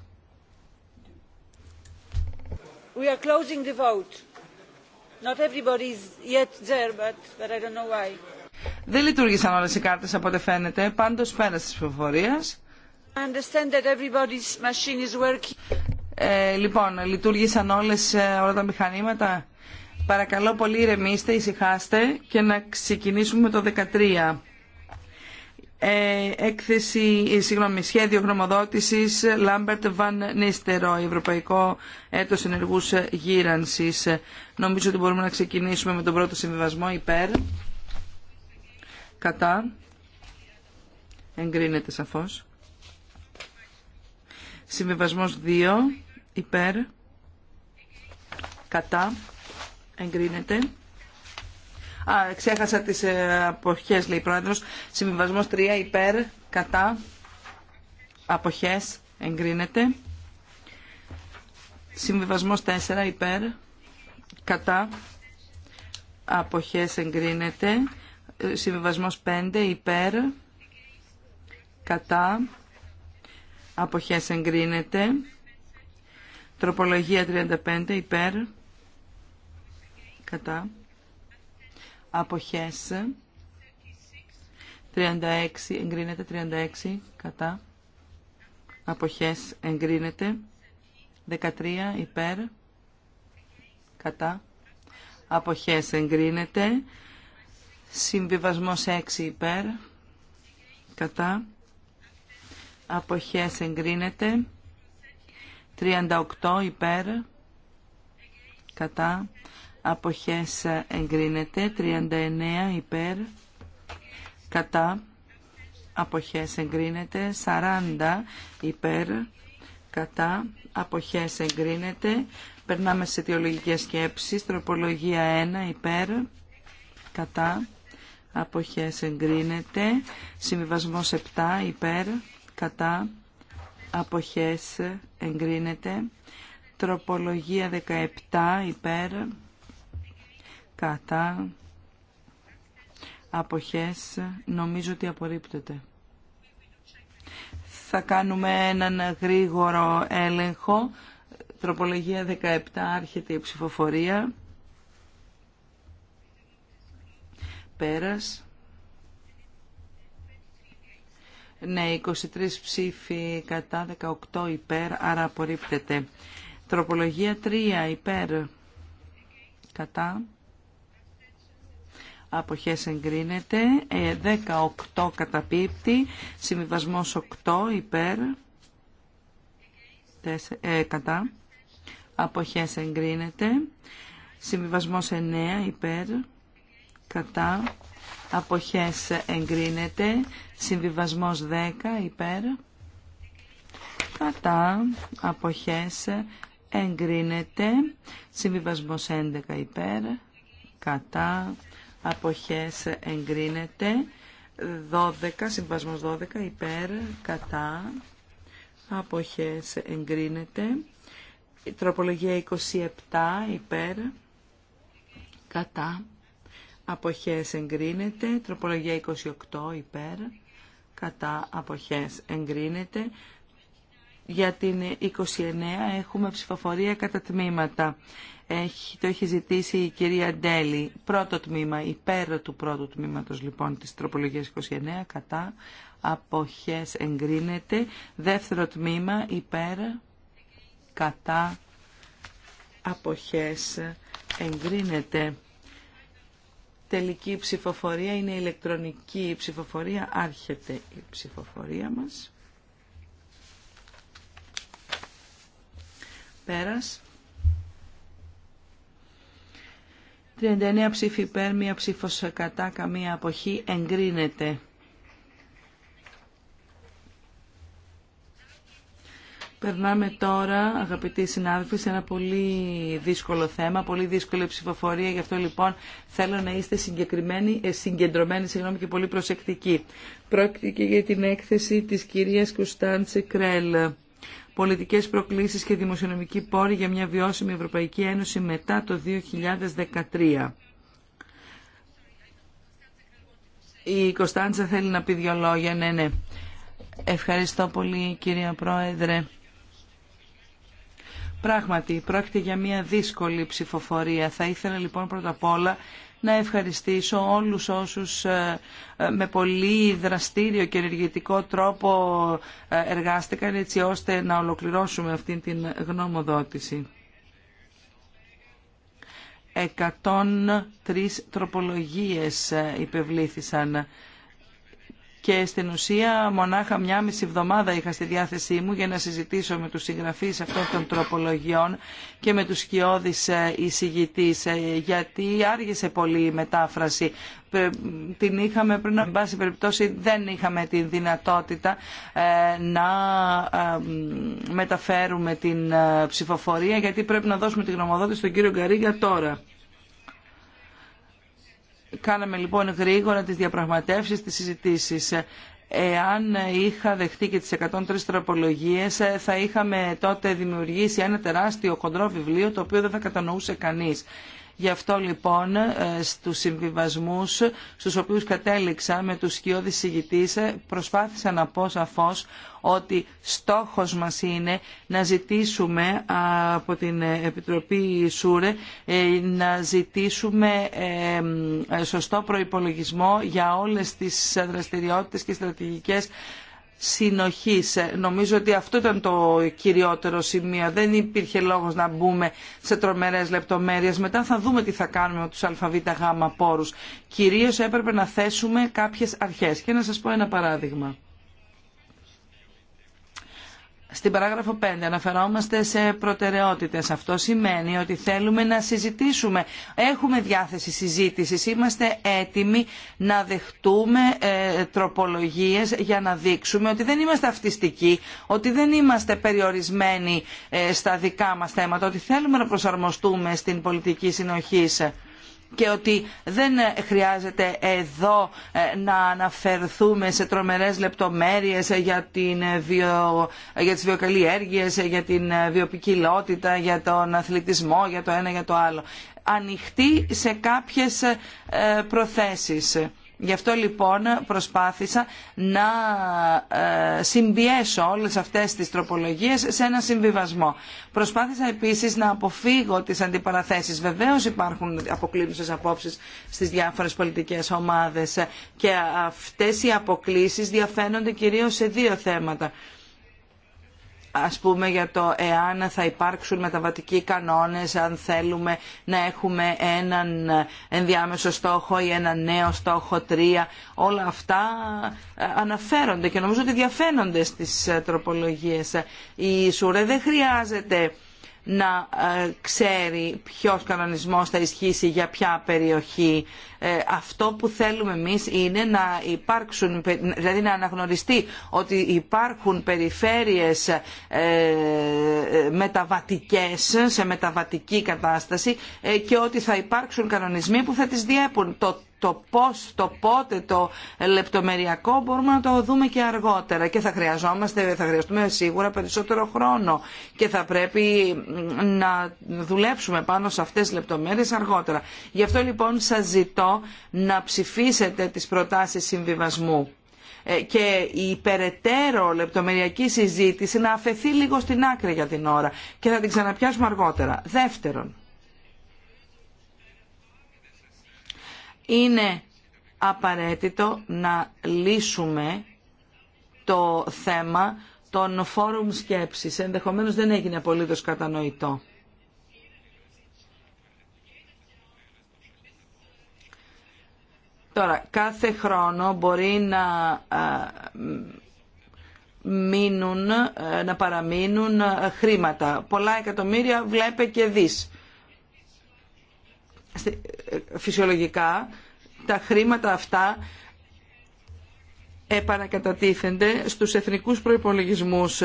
We are closing the vote. Not everybody is yet there, but, but I don't know why. Δεν λειτουργήσαν όλες οι κάρτες από ό,τι φαίνεται. Πάντως πέρασε της ψηφοφορίας. I understand that everybody's machine is working. Ε, λοιπόν, λειτουργήσαν όλες, ε, όλα τα μηχανήματα. Παρακαλώ πολύ ηρεμήστε, ησυχάστε και να ξεκινήσουμε το 13. Ε, έκθεση, ε, συγγνώμη, σχέδιο γνωμοδότησης Λάμπερτ Βαν Νίστερο, Ευρωπαϊκό Έτος Ενεργούς Γύρανσης. Νομίζω ότι μπορούμε να ξεκινήσουμε με τον πρώτο συμβιβασμό υπέρ. Κατά. Εγκρίνεται σαφώς. Συμβιβασμός 2 υπέρ, κατά, εγκρίνεται. Α, ξέχασα τις ε, αποχές, λέει η Πρόεδρος. Συμβιβασμός 3, υπέρ, κατά, αποχές, εγκρίνεται. Συμβιβασμός 4, υπέρ, κατά, αποχές, εγκρίνεται. Συμβιβασμός 5, υπέρ, κατά, αποχές, εγκρίνεται. Τροπολογία 35 υπέρ. Κατά. Αποχές. 36 εγκρίνεται. 36 κατά. Αποχές εγκρίνεται. 13 υπέρ. Κατά. Αποχές εγκρίνεται. Συμβιβασμός 6 υπέρ. Κατά. Αποχές εγκρίνεται. 38 υπέρ κατά αποχές εγκρίνεται 39 υπέρ κατά αποχές εγκρίνεται 40 υπέρ κατά αποχές εγκρίνεται περνάμε σε θεολογικές σκέψεις τροπολογία 1 υπέρ κατά αποχές εγκρίνεται συμβιβασμός 7 υπέρ κατά αποχές εγκρίνεται. Τροπολογία 17 υπέρ κατά αποχές νομίζω ότι απορρίπτεται. Θα κάνουμε έναν γρήγορο έλεγχο. Τροπολογία 17 άρχεται η ψηφοφορία. Πέρας. Ναι, 23 ψήφοι κατά 18 υπέρ, άρα απορρίπτεται. Τροπολογία 3 υπέρ κατά. Αποχές εγκρίνεται. 18 ε, καταπίπτει. Συμβιβασμός 8 υπέρ. 4, ε, κατά. Αποχές εγκρίνεται. Συμβιβασμός 9 υπέρ. Κατά αποχές εγκρίνεται. Συμβιβασμός 10 υπέρ. Κατά αποχές εγκρίνεται. Συμβιβασμός 11 υπέρ. Κατά αποχές εγκρίνεται. 12, συμβασμός 12 υπέρ, κατά, αποχές εγκρίνεται. Η τροπολογία 27 υπέρ, κατά, αποχές εγκρίνεται, τροπολογία 28 υπέρ, κατά αποχές εγκρίνεται. Για την 29 έχουμε ψηφοφορία κατά τμήματα. Έχει, το έχει ζητήσει η κυρία Ντέλη. Πρώτο τμήμα, υπέρ του πρώτου τμήματος λοιπόν της τροπολογίας 29, κατά αποχές εγκρίνεται. Δεύτερο τμήμα, υπέρ, κατά αποχές εγκρίνεται. Τελική ψηφοφορία είναι ηλεκτρονική ψηφοφορία. Άρχεται η ψηφοφορία μας. Πέρας. 39 ψήφοι υπέρ, μία ψήφος κατά, καμία αποχή εγκρίνεται. Περνάμε τώρα, αγαπητοί συνάδελφοι, σε ένα πολύ δύσκολο θέμα, πολύ δύσκολη ψηφοφορία. Γι' αυτό λοιπόν θέλω να είστε συγκεκριμένοι, ε, συγκεντρωμένοι συγγνώμη, και πολύ προσεκτικοί. Πρόκειται και για την έκθεση της κυρίας Κουστάντσε Κρέλ. Πολιτικές προκλήσεις και δημοσιονομική πόρη για μια βιώσιμη Ευρωπαϊκή Ένωση μετά το 2013. Η Κωνσταντσα θέλει να πει δυο λόγια, ναι, ναι. Ευχαριστώ πολύ κυρία Πρόεδρε. Πράγματι, πρόκειται για μια δύσκολη ψηφοφορία. Θα ήθελα λοιπόν πρώτα απ' όλα να ευχαριστήσω όλους όσους ε, ε, με πολύ δραστήριο και ενεργητικό τρόπο ε, εργάστηκαν έτσι ώστε να ολοκληρώσουμε αυτήν την γνωμοδότηση. 103 τροπολογίες υπευλήθησαν και στην ουσία μονάχα μια μισή εβδομάδα είχα στη διάθεσή μου για να συζητήσω με τους συγγραφείς αυτών των τροπολογιών και με τους σκιώδεις ε, εισηγητής ε, γιατί άργησε πολύ η μετάφραση ε, την είχαμε πριν, από πάση περιπτώσει δεν είχαμε τη δυνατότητα να μεταφέρουμε την ψηφοφορία γιατί πρέπει να δώσουμε τη γνωμοδότηση στον κύριο Γκαρίγια τώρα. Κάναμε λοιπόν γρήγορα τις διαπραγματεύσεις, τις συζητήσεις. Εάν είχα δεχτεί και τις 103 τροπολογίες θα είχαμε τότε δημιουργήσει ένα τεράστιο χοντρό βιβλίο το οποίο δεν θα κατανοούσε κανείς. Γι' αυτό λοιπόν ε, στους συμβιβασμούς στους οποίους κατέληξα με τους σκιώδης συγητής ε, προσπάθησα να πω σαφώς ότι στόχος μας είναι να ζητήσουμε από την Επιτροπή ΣΟΥΡΕ ε, να ζητήσουμε σωστό προϋπολογισμό για όλες τις δραστηριότητες και στρατηγικές Συνοχή. Ε, νομίζω ότι αυτό ήταν το κυριότερο σημείο. Δεν υπήρχε λόγος να μπούμε σε τρομέρε λεπτομέρειες. Μετά θα δούμε τι θα κάνουμε με τους αβγ πόρους. Κυρίως έπρεπε να θέσουμε κάποιες αρχές. Και να σας πω ένα παράδειγμα. Στην παράγραφο 5 αναφερόμαστε σε προτεραιότητες. Αυτό σημαίνει ότι θέλουμε να συζητήσουμε. Έχουμε διάθεση συζήτησης. Είμαστε έτοιμοι να δεχτούμε ε, τροπολογίες για να δείξουμε ότι δεν είμαστε αυτιστικοί, ότι δεν είμαστε περιορισμένοι ε, στα δικά μας θέματα, ότι θέλουμε να προσαρμοστούμε στην πολιτική συνοχής και ότι δεν χρειάζεται εδώ ε, να αναφερθούμε σε τρομερές λεπτομέρειες για, την ε, βιο... για τις βιοκαλλιέργειες, ε, για την βιοπικιλότητα, για τον αθλητισμό, για το ένα, για το άλλο. Ανοιχτή σε κάποιες προθέσεις. Γι' αυτό λοιπόν προσπάθησα να ε, συμπιέσω όλες αυτές τις τροπολογίες σε ένα συμβιβασμό. Προσπάθησα επίσης να αποφύγω τις αντιπαραθέσεις. Βεβαίως υπάρχουν αποκλίνουσες απόψεις στις διάφορες πολιτικές ομάδες και αυτές οι αποκλίσεις διαφαίνονται κυρίως σε δύο θέματα ας πούμε για το εάν θα υπάρξουν μεταβατικοί κανόνες, αν θέλουμε να έχουμε έναν ενδιάμεσο στόχο ή ένα νέο στόχο, τρία, όλα αυτά ε, αναφέρονται και νομίζω ότι διαφαίνονται στις ε, τροπολογίες. Η έναν νεο στοχο τρια ολα αυτα αναφερονται και νομιζω οτι διαφαινονται στις τροπολογιες η σουρε δεν χρειάζεται να ε, ξέρει ποιος κανονισμός θα ισχύσει για ποια περιοχή. Ε, αυτό που θέλουμε εμείς είναι να υπάρξουν, δηλαδή να αναγνωριστεί ότι υπάρχουν περιφέρειες ε, μεταβατικές, σε μεταβατική κατάσταση και ότι θα υπάρξουν κανονισμοί που θα τις διέπουν το πώς, το πότε, το λεπτομεριακό μπορούμε να το δούμε και αργότερα και θα χρειαζόμαστε, θα χρειαστούμε σίγουρα περισσότερο χρόνο και θα πρέπει να δουλέψουμε πάνω σε αυτές τις λεπτομέρειες αργότερα. Γι' αυτό λοιπόν σας ζητώ να ψηφίσετε τις προτάσεις συμβιβασμού ε, και η περαιτέρω λεπτομεριακή συζήτηση να αφαιθεί λίγο στην άκρη για την ώρα και θα την ξαναπιάσουμε αργότερα. Δεύτερον, είναι απαραίτητο να λύσουμε το θέμα των φόρουμ σκέψης. Ενδεχομένως δεν έγινε απολύτως κατανοητό. Τώρα, κάθε χρόνο μπορεί να μείνουν, να παραμείνουν χρήματα. Πολλά εκατομμύρια βλέπε και δις φυσιολογικά τα χρήματα αυτά επανακατατίθενται στους εθνικούς προϋπολογισμούς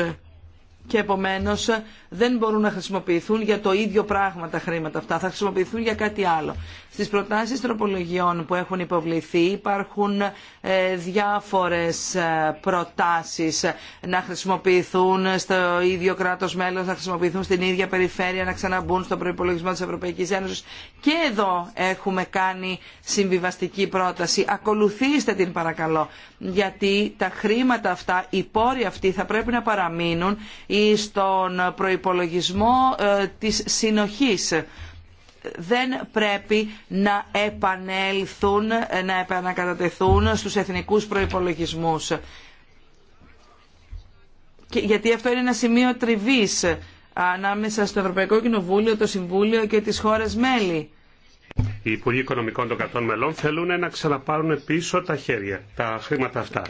και επομένω, ε, δεν μπορούν να χρησιμοποιηθούν για το ίδιο πράγμα τα χρήματα αυτά, θα χρησιμοποιηθούν για κάτι άλλο. Στις προτάσεις τροπολογιών που έχουν υποβληθεί υπάρχουν ε, διάφορες ε, προτάσεις να χρησιμοποιηθούν στο ίδιο κράτος μέλος, να χρησιμοποιηθούν στην ίδια περιφέρεια, να ξαναμπούν στο προπολογισμό τη Ευρωπαϊκή Ένωση. Και εδώ έχουμε κάνει συμβιβαστική πρόταση. Ακολουθήστε την παρακαλώ γιατί τα χρήματα αυτά, οι πόροι αυτοί θα πρέπει να παραμείνουν στον προϋπολογισμό ε, της συνοχής δεν πρέπει να επανέλθουν, να επανακατατεθούν στους εθνικούς προϋπολογισμούς. γιατί αυτό είναι ένα σημείο τριβής ανάμεσα στο Ευρωπαϊκό Κοινοβούλιο, το Συμβούλιο και τις χώρες μέλη οι Υπουργοί Οικονομικών των Κρατών Μελών θέλουν να ξαναπάρουν πίσω τα χέρια, τα χρήματα αυτά.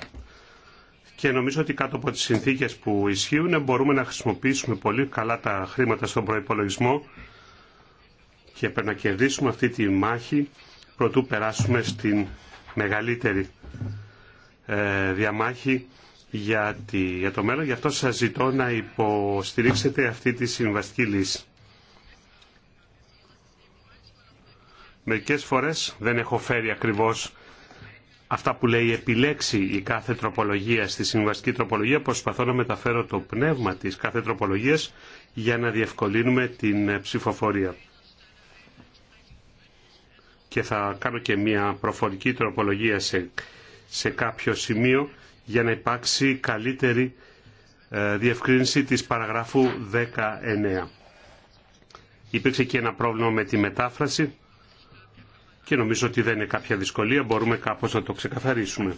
Και νομίζω ότι κάτω από τις συνθήκες που ισχύουν μπορούμε να χρησιμοποιήσουμε πολύ καλά τα χρήματα στον προϋπολογισμό και πρέπει να κερδίσουμε αυτή τη μάχη προτού περάσουμε στην μεγαλύτερη ε, διαμάχη για, το μέλλον. Γι' αυτό σας ζητώ να υποστηρίξετε αυτή τη συμβαστική λύση. Μερικές φορές δεν έχω φέρει ακριβώς αυτά που λέει επιλέξει η κάθε τροπολογία στη συμβαστική τροπολογία. Προσπαθώ να μεταφέρω το πνεύμα της κάθε τροπολογίας για να διευκολύνουμε την ε, ψηφοφορία. Και θα κάνω και μια προφορική τροπολογία σε, σε κάποιο σημείο για να υπάρξει καλύτερη ε, διευκρίνηση της παραγράφου 19. Υπήρξε και ένα πρόβλημα με τη μετάφραση και νομίζω ότι δεν είναι κάποια δυσκολία, μπορούμε κάπως να το ξεκαθαρίσουμε.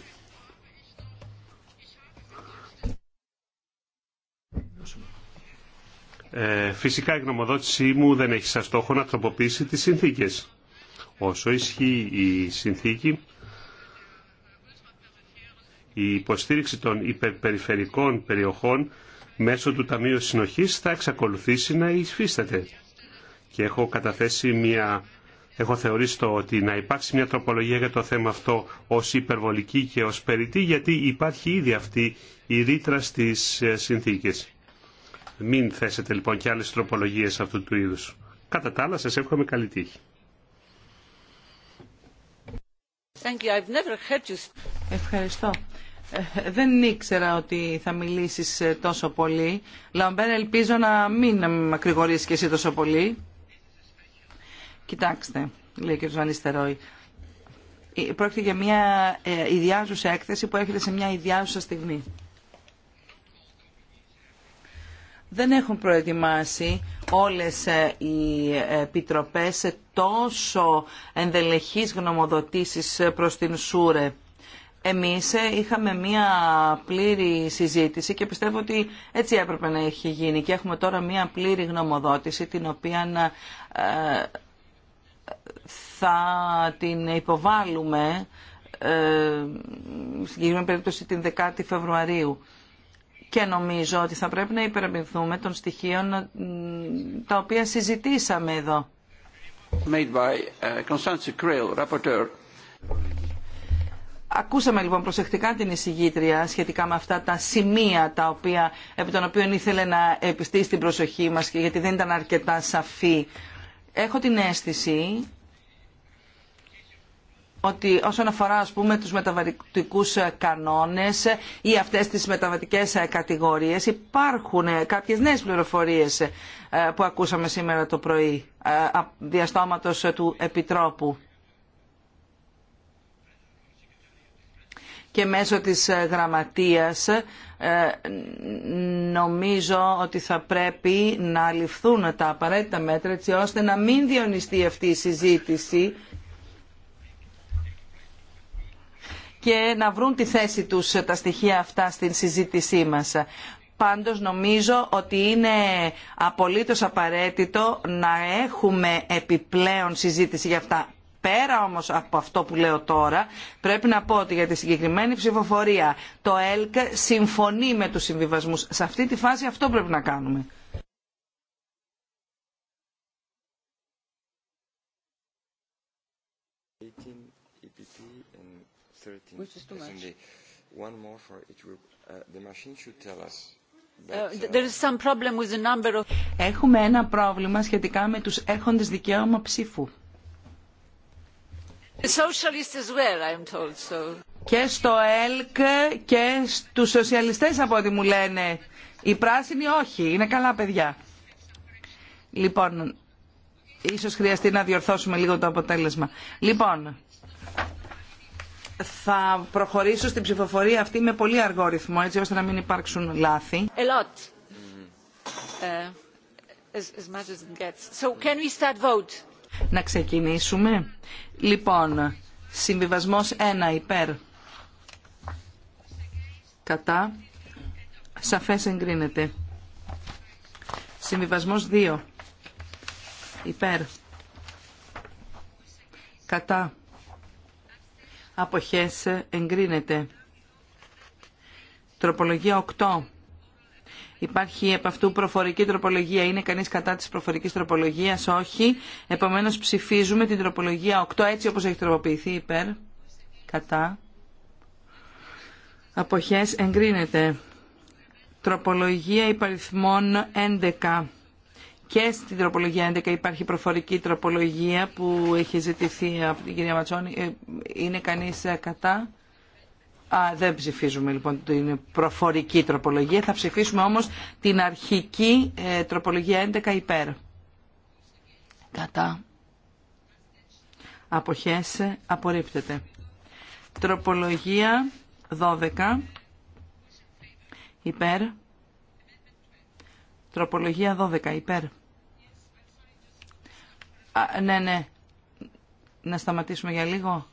Ε, φυσικά η γνωμοδότησή μου δεν έχει σαν στόχο να τροποποιήσει τις συνθήκες. Όσο ισχύει η συνθήκη, η υποστήριξη των υπερπεριφερικών περιοχών μέσω του Ταμείου Συνοχής θα εξακολουθήσει να υφίσταται. Και έχω καταθέσει μια έχω θεωρήσει το ότι να υπάρξει μια τροπολογία για το θέμα αυτό ως υπερβολική και ως περιττή γιατί υπάρχει ήδη αυτή η ρήτρα στις ε, συνθήκες. Μην θέσετε λοιπόν και άλλες τροπολογίες αυτού του είδους. Κατά τα άλλα σας εύχομαι καλή τύχη. Ευχαριστώ. Ε, δεν ήξερα ότι θα μιλήσεις ε, τόσο πολύ. Λαμπέρ, ελπίζω να μην μακρηγορήσεις και εσύ τόσο πολύ. Κοιτάξτε, λέει ο κ. Βανίστερόι, ε, πρόκειται για μια ε, ιδιάζουσα έκθεση που έρχεται σε μια ιδιάζουσα στιγμή. Δεν έχουν προετοιμάσει όλες ε, οι επιτροπές τόσο ενδελεχείς γνωμοδοτήσεις προς την ΣΟΥΡΕ. Εμείς ε, είχαμε μία πλήρη συζήτηση και πιστεύω ότι έτσι έπρεπε να έχει γίνει και έχουμε τώρα μία πλήρη γνωμοδότηση την οποία θα την υποβάλουμε ε, στην συγκεκριμένη περίπτωση την 10η Φεβρουαρίου. Και νομίζω ότι θα πρέπει να υπεραμεινθούμε των στοιχείων ε, τα οποία συζητήσαμε εδώ. Made by, ε, rapporteur. Ακούσαμε λοιπόν προσεκτικά την εισηγήτρια σχετικά με αυτά τα σημεία τα οποία, επί των οποίων ήθελε να επιστήσει την προσοχή μας και γιατί δεν ήταν αρκετά σαφή έχω την αίσθηση ότι όσον αφορά ας πούμε τους μεταβατικούς ε, κανόνες ή αυτές τις μεταβατικές ε, κατηγορίες υπάρχουν ε, κάποιες νέες πληροφορίες που ακούσαμε σήμερα το πρωί διαστόματος του Επιτρόπου. και μέσω της ε, γραμματείας ε, νομίζω ότι θα πρέπει να ληφθούν τα απαραίτητα μέτρα έτσι ώστε να μην διονυστεί αυτή η συζήτηση και να βρουν τη θέση τους ε, τα στοιχεία αυτά στην συζήτησή μας. Πάντως νομίζω ότι είναι απολύτως απαραίτητο να έχουμε επιπλέον συζήτηση για αυτά. Πέρα όμως από αυτό που λέω τώρα, πρέπει να πω ότι για τη συγκεκριμένη ψηφοφορία το ΕΛΚ συμφωνεί με τους συμβιβασμούς. Σε αυτή τη φάση αυτό πρέπει να κάνουμε. Uh, uh, uh, Έχουμε ένα πρόβλημα σχετικά με τους έχοντες δικαίωμα ψήφου. Και στο ΕΛΚ και στους σοσιαλιστές από ό,τι μου λένε. Οι πράσινοι όχι, είναι καλά παιδιά. Λοιπόν, ίσως χρειαστεί να διορθώσουμε λίγο το αποτέλεσμα. Λοιπόν, θα προχωρήσω στην ψηφοφορία αυτή με πολύ αργό ρυθμό, έτσι ώστε να μην υπάρξουν λάθη να ξεκινήσουμε. Λοιπόν, συμβιβασμός 1 υπέρ κατά σαφές εγκρίνεται. Συμβιβασμός 2 υπέρ κατά αποχές εγκρίνεται. Τροπολογία 8 Υπάρχει επ' αυτού προφορική τροπολογία. Είναι κανείς κατά της προφορικής τροπολογίας. Όχι. Επομένω ψηφίζουμε την τροπολογία 8 έτσι όπως έχει τροποποιηθεί υπέρ. Κατά. Αποχέ εγκρίνεται. Τροπολογία υπαριθμών 11. Και στην τροπολογία 11 υπάρχει προφορική τροπολογία που έχει ζητηθεί από την κυρία Ματσόνη. Ε, είναι κανείς ε, κατά. Α, δεν ψηφίζουμε λοιπόν την προφορική τροπολογία. Θα ψηφίσουμε όμως την αρχική ε, τροπολογία 11 υπέρ. Κατά. Αποχέσε. Απορρίπτεται. Τροπολογία 12 υπέρ. Τροπολογία 12 υπέρ. Α, ναι, ναι. Να σταματήσουμε για λίγο.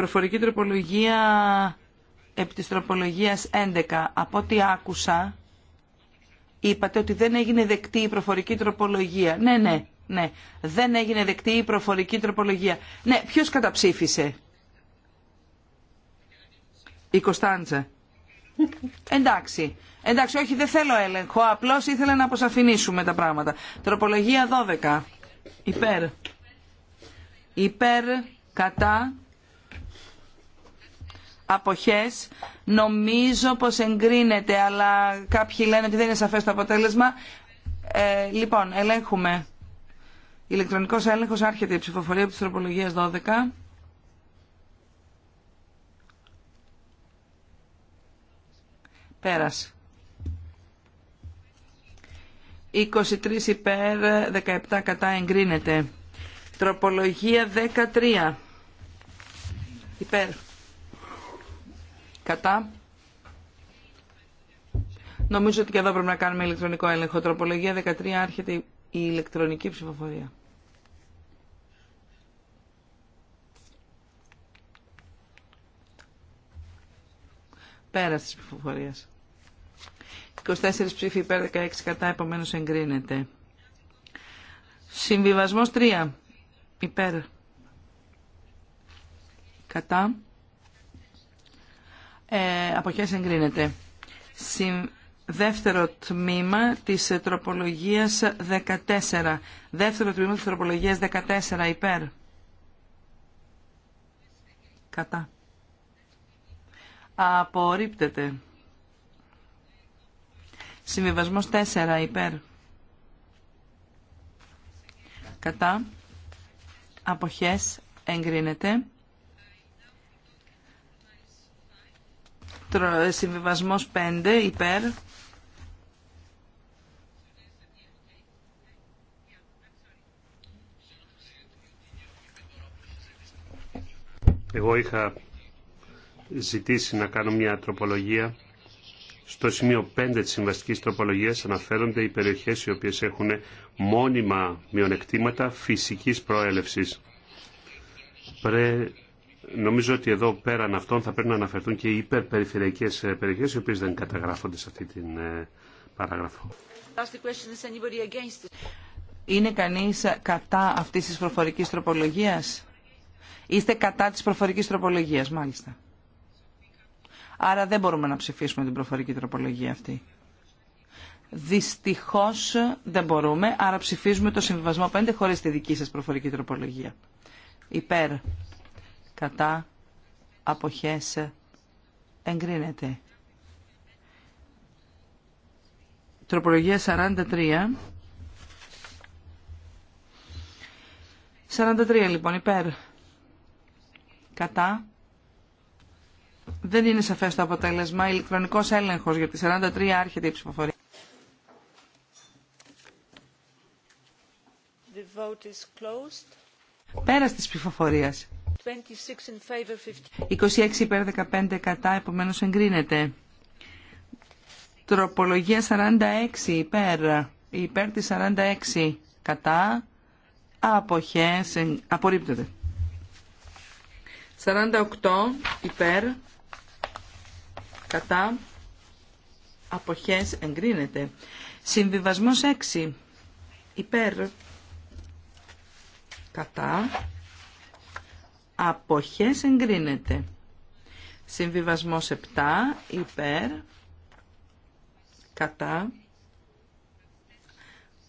προφορική τροπολογία επί της τροπολογίας 11. Από ό,τι άκουσα, είπατε ότι δεν έγινε δεκτή η προφορική τροπολογία. Ναι, ναι, ναι. Δεν έγινε δεκτή η προφορική τροπολογία. Ναι, ποιος καταψήφισε. Η Κωνσταντζα. Εντάξει. Εντάξει, όχι, δεν θέλω έλεγχο. Απλώς ήθελα να αποσαφηνίσουμε τα πράγματα. Τροπολογία 12. Υπέρ. Υπέρ, κατά, αποχές νομίζω πως εγκρίνεται αλλά κάποιοι λένε ότι δεν είναι σαφές το αποτέλεσμα ε, λοιπόν ελέγχουμε ηλεκτρονικός έλεγχος άρχεται η ψηφοφορία από της τροπολογίας 12 πέρασε 23 υπέρ 17 κατά εγκρίνεται τροπολογία 13 υπέρ κατά. Νομίζω ότι και εδώ πρέπει να κάνουμε ηλεκτρονικό έλεγχο. Τροπολογία 13 άρχεται η ηλεκτρονική ψηφοφορία. Πέρας τη ψηφοφορίας. 24 ψήφοι υπέρ 16 κατά, επομένως εγκρίνεται. Συμβιβασμός 3. Υπέρ. Κατά. Ε, αποχές εγκρίνεται. Συμ... Δεύτερο τμήμα της ε, τροπολογίας 14. Δεύτερο τμήμα της τροπολογίας 14 υπέρ. Κατά. Απορρίπτεται. Συμβιβασμός 4 υπέρ. Κατά. Αποχές εγκρίνεται. Συμβιβασμός 5 υπέρ. Εγώ είχα ζητήσει να κάνω μια τροπολογία. Στο σημείο 5 της συμβαστικής τροπολογίας αναφέρονται οι περιοχές οι οποίες έχουν μόνιμα μειονεκτήματα φυσικής προέλευσης. Πρέ νομίζω ότι εδώ πέραν αυτών θα πρέπει να αναφερθούν και οι υπερπεριφερειακές ε, περιοχές οι οποίες δεν καταγράφονται σε αυτή την ε, παράγραφο. Είναι κανείς κατά αυτής της προφορικής τροπολογίας? Είστε κατά της προφορικής τροπολογίας, μάλιστα. Άρα δεν μπορούμε να ψηφίσουμε την προφορική τροπολογία αυτή. Δυστυχώς δεν μπορούμε, άρα ψηφίζουμε το συμβιβασμό 5 χωρίς τη δική σας προφορική τροπολογία. Υπέρ κατά αποχές εγκρίνεται. Τροπολογία 43. 43 λοιπόν υπέρ. Κατά. Δεν είναι σαφές το αποτέλεσμα. Ηλεκτρονικός έλεγχος για τη 43 άρχεται η ψηφοφορία. The vote is ψηφοφορίας. 26 υπέρ 15 κατά, επομένως εγκρίνεται. Τροπολογία 46 υπέρ, υπέρ της 46 κατά, αποχές, απορρίπτεται. 48 υπέρ, κατά, αποχές, εγκρίνεται. Συμβιβασμός 6 υπέρ, κατά, αποχές εγκρίνεται. Συμβιβασμός 7 υπέρ κατά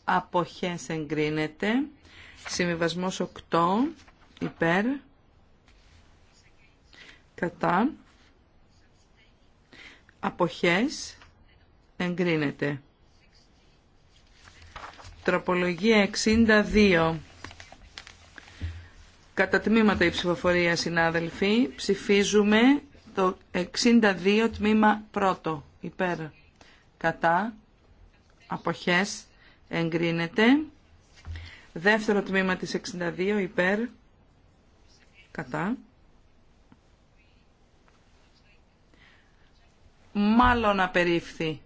αποχές εγκρίνεται. Συμβιβασμός 8 υπέρ κατά αποχές εγκρίνεται. Τροπολογία 62 Κατά τμήματα η ψηφοφορία, συνάδελφοι, ψηφίζουμε το 62 τμήμα πρώτο, υπέρ, κατά, αποχές, εγκρίνεται. Δεύτερο τμήμα της 62, υπέρ, κατά. Μάλλον απερίφθη.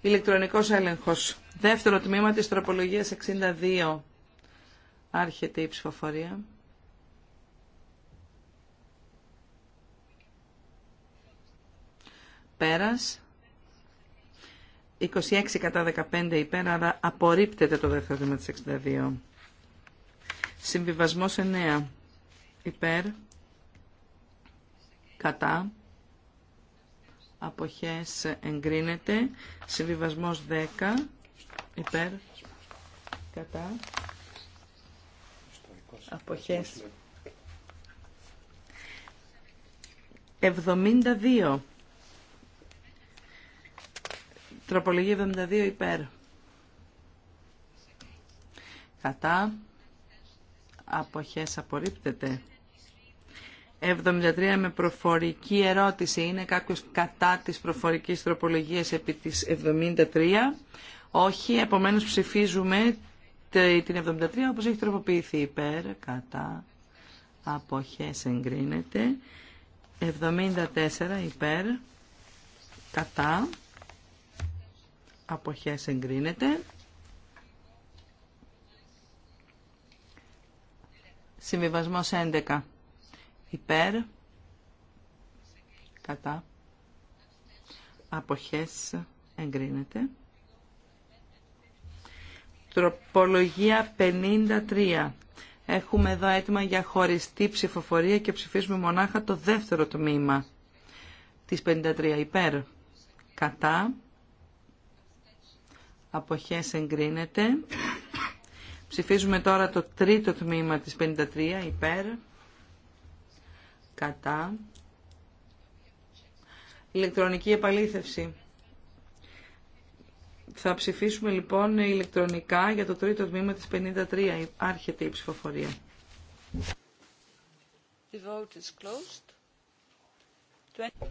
Ηλεκτρονικός έλεγχος. Δεύτερο τμήμα της τροπολογίας 62. Άρχεται η ψηφοφορία. Πέρας. 26 κατά 15 υπέρ, αλλά απορρίπτεται το δεύτερο βήμα της 62. Συμβιβασμός 9 υπέρ, κατά, αποχές εγκρίνεται. Συμβιβασμός 10 υπέρ, κατά, αποχές 72 τροπολογία 72 υπέρ κατά αποχές απορρίπτεται 73 με προφορική ερώτηση. Είναι κάποιος κατά της προφορικής τροπολογίας επί της 73. Όχι, επομένως ψηφίζουμε την 73 όπως έχει τροποποιηθεί υπέρ, κατά, αποχές εγκρίνεται. 74 υπέρ, κατά, αποχές εγκρίνεται. Συμβιβασμός 11 υπέρ, κατά, αποχές εγκρίνεται. Τροπολογία 53. Έχουμε εδώ έτοιμα για χωριστή ψηφοφορία και ψηφίζουμε μονάχα το δεύτερο τμήμα της 53. Υπέρ. Κατά. Αποχές εγκρίνεται. Ψηφίζουμε τώρα το τρίτο τμήμα της 53. Υπέρ. Κατά. Ηλεκτρονική επαλήθευση. Θα ψηφίσουμε λοιπόν ηλεκτρονικά για το τρίτο τμήμα της 53. Άρχεται η ψηφοφορία. The vote is closed.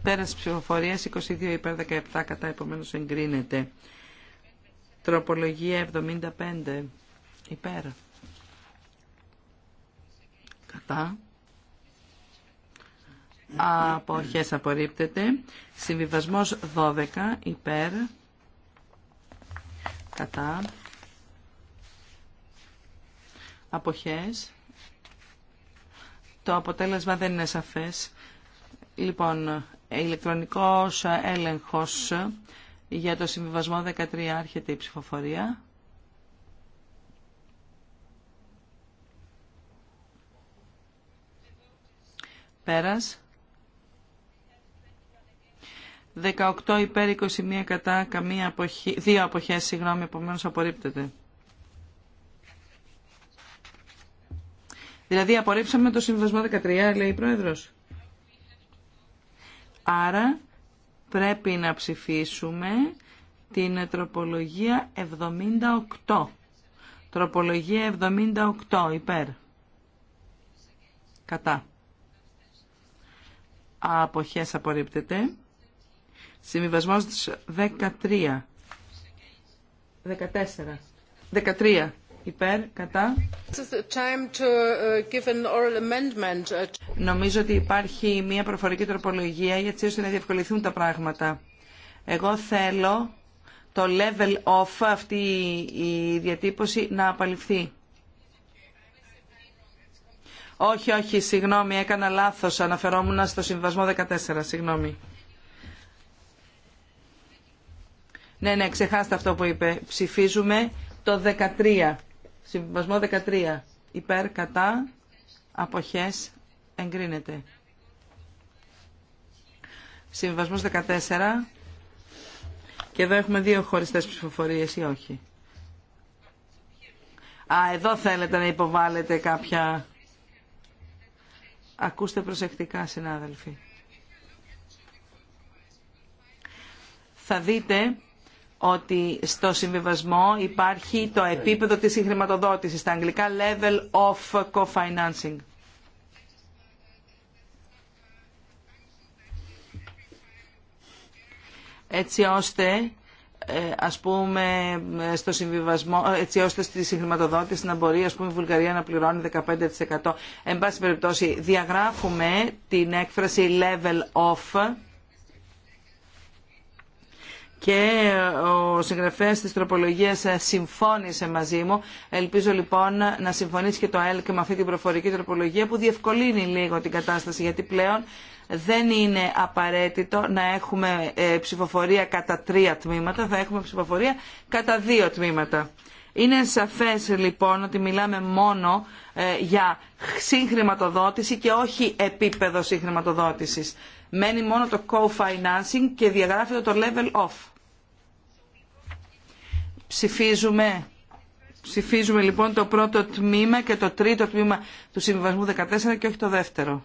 Πέρας ψηφοφορίας 22 υπέρ 17 κατά επομένως εγκρίνεται. Τροπολογία 75 υπέρ. Κατά. Αποχές απορρίπτεται. Συμβιβασμός 12 υπέρ κατά αποχές το αποτέλεσμα δεν είναι σαφές λοιπόν ηλεκτρονικός έλεγχος για το συμβιβασμό 13 άρχεται η ψηφοφορία πέρας 18 υπέρ 21 κατά καμία αποχή, δύο αποχές συγγνώμη επομένως απορρίπτεται δηλαδή απορρίψαμε το συμβασμό 13 λέει η πρόεδρος άρα πρέπει να ψηφίσουμε την τροπολογία 78 τροπολογία 78 υπέρ κατά αποχές απορρίπτεται Συμβιβασμός 13. 14. 13. Υπέρ, κατά. Uh, uh, Νομίζω ότι υπάρχει μια προφορική τροπολογία γιατί ώστε να διευκολυθούν τα πράγματα. Εγώ θέλω το level off, αυτή η διατύπωση, να απαλληφθεί. Όχι, όχι, συγγνώμη, έκανα λάθος, αναφερόμουν στο συμβασμό 14, συγγνώμη. Ναι, ναι, ξεχάστε αυτό που είπε. Ψηφίζουμε το 13. Συμβασμό 13. Υπέρ, κατά, αποχές, εγκρίνεται. Συμβασμός 14. Και εδώ έχουμε δύο χωριστές ψηφοφορίες ή όχι. Α, εδώ θέλετε να υποβάλλετε κάποια... Ακούστε προσεκτικά, συνάδελφοι. Θα δείτε ότι στο συμβιβασμό υπάρχει το επίπεδο της συγχρηματοδότησης, τα αγγλικά level of co-financing. Έτσι ώστε ε, ας πούμε στο συμβιβασμό, ε, έτσι ώστε στη συγχρηματοδότηση να μπορεί ας πούμε η Βουλγαρία να πληρώνει 15%. Εν πάση περιπτώσει διαγράφουμε την έκφραση level of και ο συγγραφέας της τροπολογίας συμφώνησε μαζί μου. Ελπίζω λοιπόν να συμφωνήσει και το ΕΛΚ με αυτή την προφορική τροπολογία που διευκολύνει λίγο την κατάσταση γιατί πλέον δεν είναι απαραίτητο να έχουμε ε, ψηφοφορία κατά τρία τμήματα, θα έχουμε ψηφοφορία κατά δύο τμήματα. Είναι σαφές λοιπόν ότι μιλάμε μόνο ε, για συγχρηματοδότηση και όχι επίπεδο συγχρηματοδότησης. Μένει μόνο το co-financing και διαγράφεται το level off. Ψηφίζουμε. Ψηφίζουμε λοιπόν το πρώτο τμήμα και το τρίτο τμήμα του Συμβασμού 14 και όχι το δεύτερο.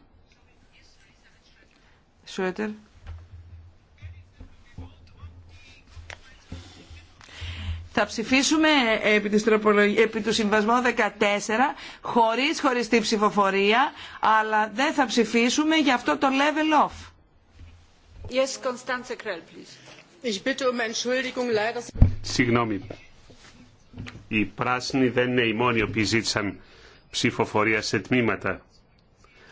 Σουέτερ. Θα ψηφίσουμε επί, επί του Συμβασμού 14 χωρίς χωριστή ψηφοφορία, αλλά δεν θα ψηφίσουμε για αυτό το level off. Um Συγγνώμη. Οι πράσινοι δεν είναι οι μόνοι οι ζήτησαν ψηφοφορία σε τμήματα.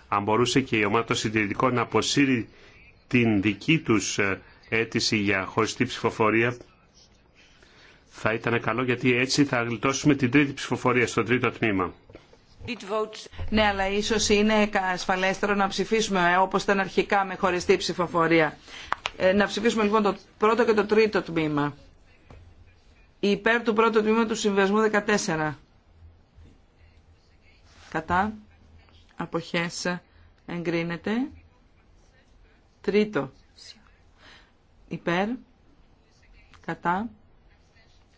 Αν μπορούσε και η ομάδα των συντηρητικών να αποσύρει την δική τους ε, αίτηση για χωριστή ψηφοφορία, θα ήταν καλό γιατί έτσι θα γλιτώσουμε την τρίτη ψηφοφορία στο τρίτο τμήμα. Ναι, αλλά ίσω είναι ασφαλέστερο να ψηφίσουμε ε, όπως ήταν αρχικά με χωριστή ψηφοφορία. Ε, να ψηφίσουμε λοιπόν το πρώτο και το τρίτο τμήμα. Υπέρ του πρώτου τμήμα του συμβιβασμού 14. Κατά. Αποχές. Εγκρίνεται. Τρίτο. Υπέρ. Κατά.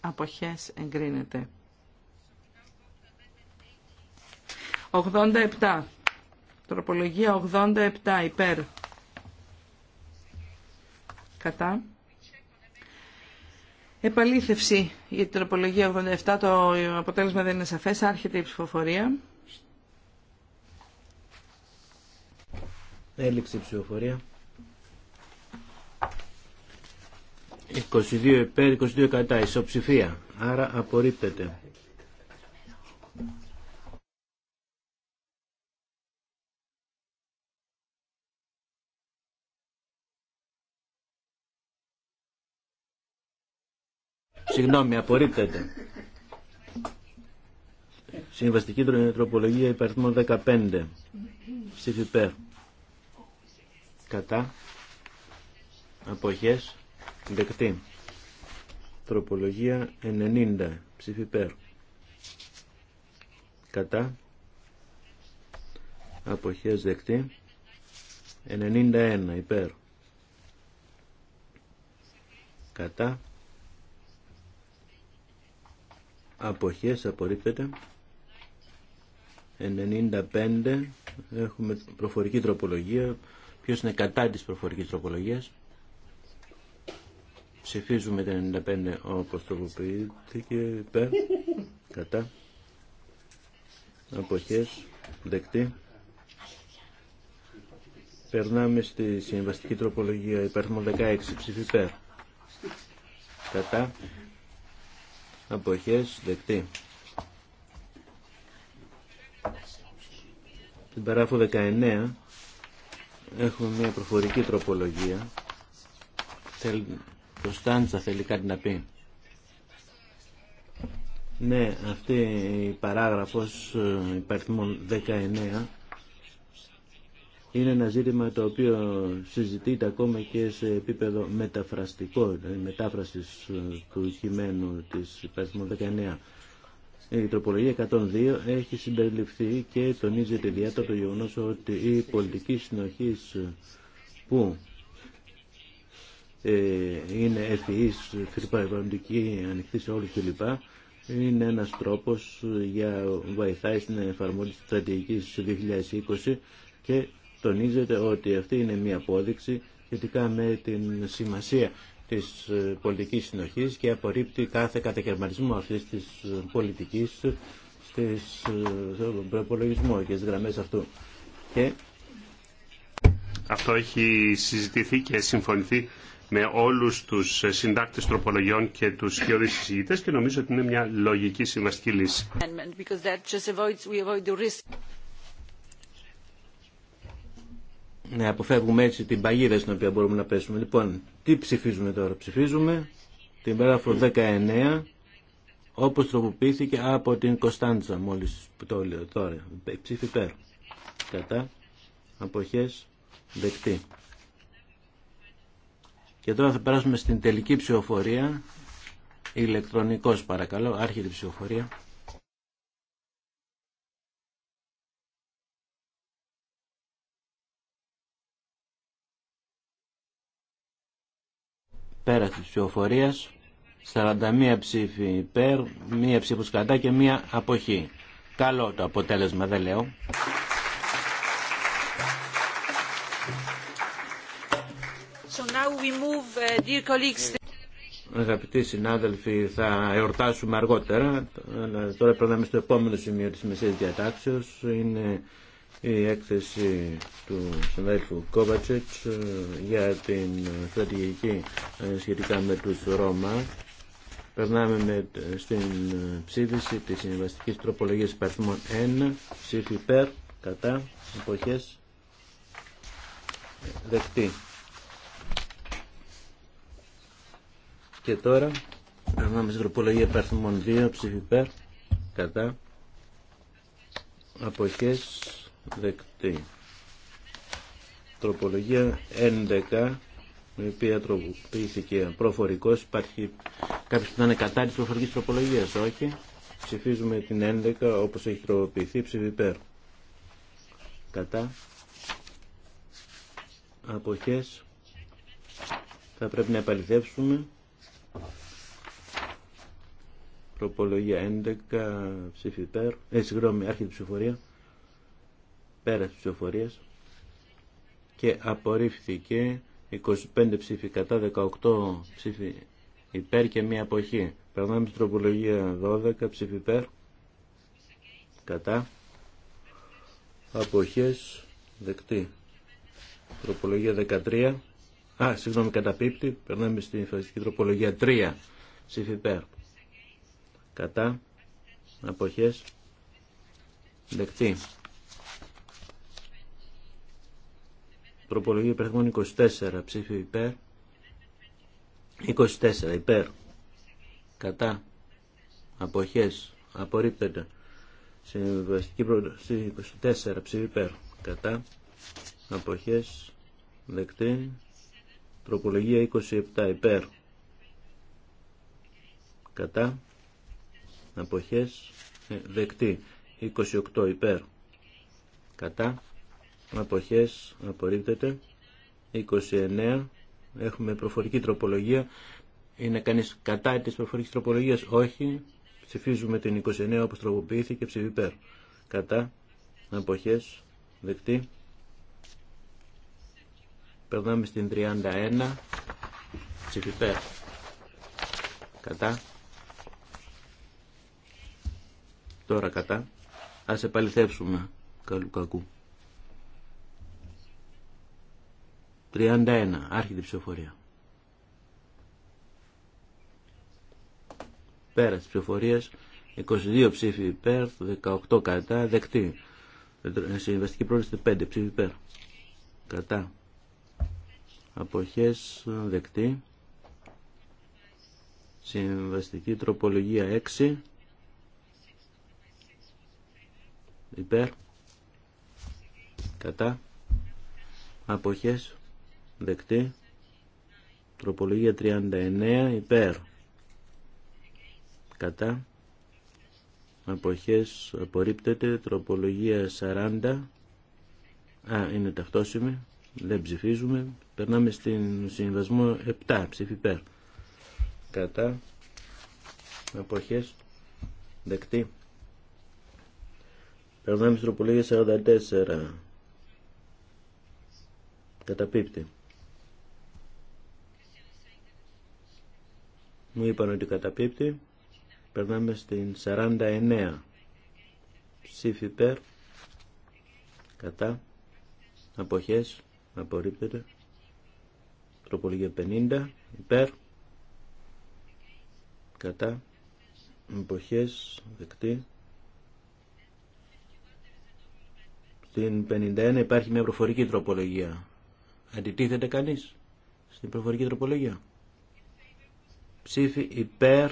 Αποχές. Εγκρίνεται. 87. Τροπολογία 87 υπέρ. Κατά. Επαλήθευση για την τροπολογία 87. Το αποτέλεσμα δεν είναι σαφές. Άρχεται η ψηφοφορία. Έληξε η ψηφοφορία. 22 υπέρ, 22 κατά, ισοψηφία. Άρα απορρίπτεται. Συγγνώμη, απορρίπτεται. Συμβαστική τροπολογία υπαριθμό 15. Ψήφι Κατά. Αποχές. Δεκτή. Τροπολογία 90. Ψήφι Κατά. Αποχές δεκτή. 91. Υπέρ. Κατά αποχές απορρίπτεται 95 έχουμε προφορική τροπολογία ποιος είναι κατά της προφορικής τροπολογίας ψηφίζουμε τα 95 όπως τροποποιήθηκε υπέρ κατά αποχές δεκτή περνάμε στη συμβαστική τροπολογία υπέρ 16 ψηφί κατά αποχές δεκτή. Στην παράφο 19 έχουμε μια προφορική τροπολογία. Θέλ, το Στάντσα θέλει κάτι να πει. Ναι, αυτή η παράγραφος ε, υπαριθμών 19 είναι ένα ζήτημα το οποίο συζητείται ακόμα και σε επίπεδο μεταφραστικό, δηλαδή μετάφρασης ε, του κειμένου τη Πασμού 19. Η τροπολογία 102 έχει συμπεριληφθεί και τονίζεται ιδιαίτερα το γεγονό ότι η πολιτική συνοχή που ε, είναι ευφυής, περιβαλλοντική, ανοιχτή σε όλους κλπ. Είναι ένας τρόπος για βοηθάει στην εφαρμογή της στρατηγικής 2020 και τονίζεται ότι αυτή είναι μια απόδειξη σχετικά με την σημασία της ε, πολιτικής συνοχής και απορρίπτει κάθε κατακαιρματισμό αυτής της ε, πολιτικής στις, ε, στον προπολογισμό και στις γραμμές αυτού. Και... Αυτό έχει συζητηθεί και συμφωνηθεί με όλους τους συντάκτες τροπολογιών και τους χειόδης συζητητές και νομίζω ότι είναι μια λογική συμβαστική λύση. να αποφεύγουμε έτσι την παγίδα στην οποία μπορούμε να πέσουμε. Λοιπόν, τι ψηφίζουμε τώρα. Ψηφίζουμε την παράγραφο 19 όπως τροποποιήθηκε από την Κωνσταντζα μόλις το λέω τώρα. Ψήφι πέρα. Κατά. Αποχές. Δεκτή. Και τώρα θα περάσουμε στην τελική ψηφοφορία. Ηλεκτρονικός παρακαλώ. Άρχεται ψηφοφορία. πέρα της ψηφοφορίας. 41 ψήφοι υπέρ, μία ψήφος κατά και μία αποχή. Καλό το αποτέλεσμα, δεν λέω. So now we move, uh, dear colleagues... Αγαπητοί συνάδελφοι, θα εορτάσουμε αργότερα, αλλά τώρα είμαστε στο επόμενο σημείο της Μεσαίας Διατάξεως. Είναι η έκθεση του συνέλφου Κόβατσετς ε, για την στρατηγική ε, σχετικά με τους Ρώμα. Περνάμε με, ε, στην ψήφιση της συμβαστικής τροπολογίας υπαριθμών 1, ψήφι υπέρ, κατά, εποχές, δεκτή. Και τώρα περνάμε στην τροπολογία υπαριθμών 2, ψήφι υπέρ, κατά, αποχές, δεκτή. Τροπολογία 11, η οποία τροποποιήθηκε προφορικός. Υπάρχει κάποιο που θα είναι κατά τη προφορική τροπολογία. όχι. Ψηφίζουμε την 11 όπω έχει τροποποιηθεί, ψηφι υπέρ. Κατά. αποχέ. Θα πρέπει να επαληθεύσουμε. Τροπολογία 11, ψήφι υπέρ. Ε, συγγνώμη, ψηφορία πέρα της ψηφοφορίας και απορρίφθηκε 25 ψήφοι κατά 18 ψήφοι υπέρ και μία αποχή. Περνάμε στην τροπολογία 12 ψήφοι υπέρ κατά αποχές δεκτή. Τροπολογία 13 Α, συγγνώμη, καταπίπτει. Περνάμε στην φασιστική τροπολογία 3. Ψήφι υπέρ. Κατά. Αποχές. Δεκτή. Τροπολογία υπερθμών 24 ψήφι υπέρ. 24 υπέρ. Κατά. Αποχές. Απορρίπτεται. Συμβαστική πρόταση 24 ψήφι υπέρ. Κατά. Αποχές. Δεκτή. Τροπολογία 27 υπέρ. Κατά. Αποχές. Ε, δεκτή. 28 υπέρ. Κατά αποχές απορρίπτεται 29 έχουμε προφορική τροπολογία είναι κανείς κατά της προφορικής τροπολογίας όχι ψηφίζουμε την 29 όπως τροποποιήθηκε ψηφί κατά αποχές δεκτή περνάμε στην 31 ψηφί κατά τώρα κατά ας επαληθεύσουμε καλού κακού 31. Άρχεται ψηφοφορία. Πέρα τη ψηφοφορία, 22 ψήφοι υπέρ, 18 κατά, δεκτή. Ε, συμβαστική πρόταση 5 ψήφοι υπέρ. Κατά. Αποχές ε, δεκτή. Συμβαστική τροπολογία 6. Υπέρ. Κατά. Αποχές δεκτή. Τροπολογία 39 υπέρ. Κατά. Αποχές απορρίπτεται. Τροπολογία 40. Α, είναι ταυτόσιμη. Δεν ψηφίζουμε. Περνάμε στην συμβασμό 7. Ψήφι υπέρ. Κατά. Αποχές δεκτή. Περνάμε στην τροπολογία 44. Καταπίπτει. μου είπαν ότι καταπίπτει. Περνάμε στην 49. Ψήφι υπέρ. Κατά. Αποχές. Απορρίπτεται. Τροπολογία 50. Υπέρ. Κατά. Αποχές. Δεκτή. Στην 51 υπάρχει μια προφορική τροπολογία. Αντιτίθεται κανείς στην προφορική τροπολογία ψήφι υπέρ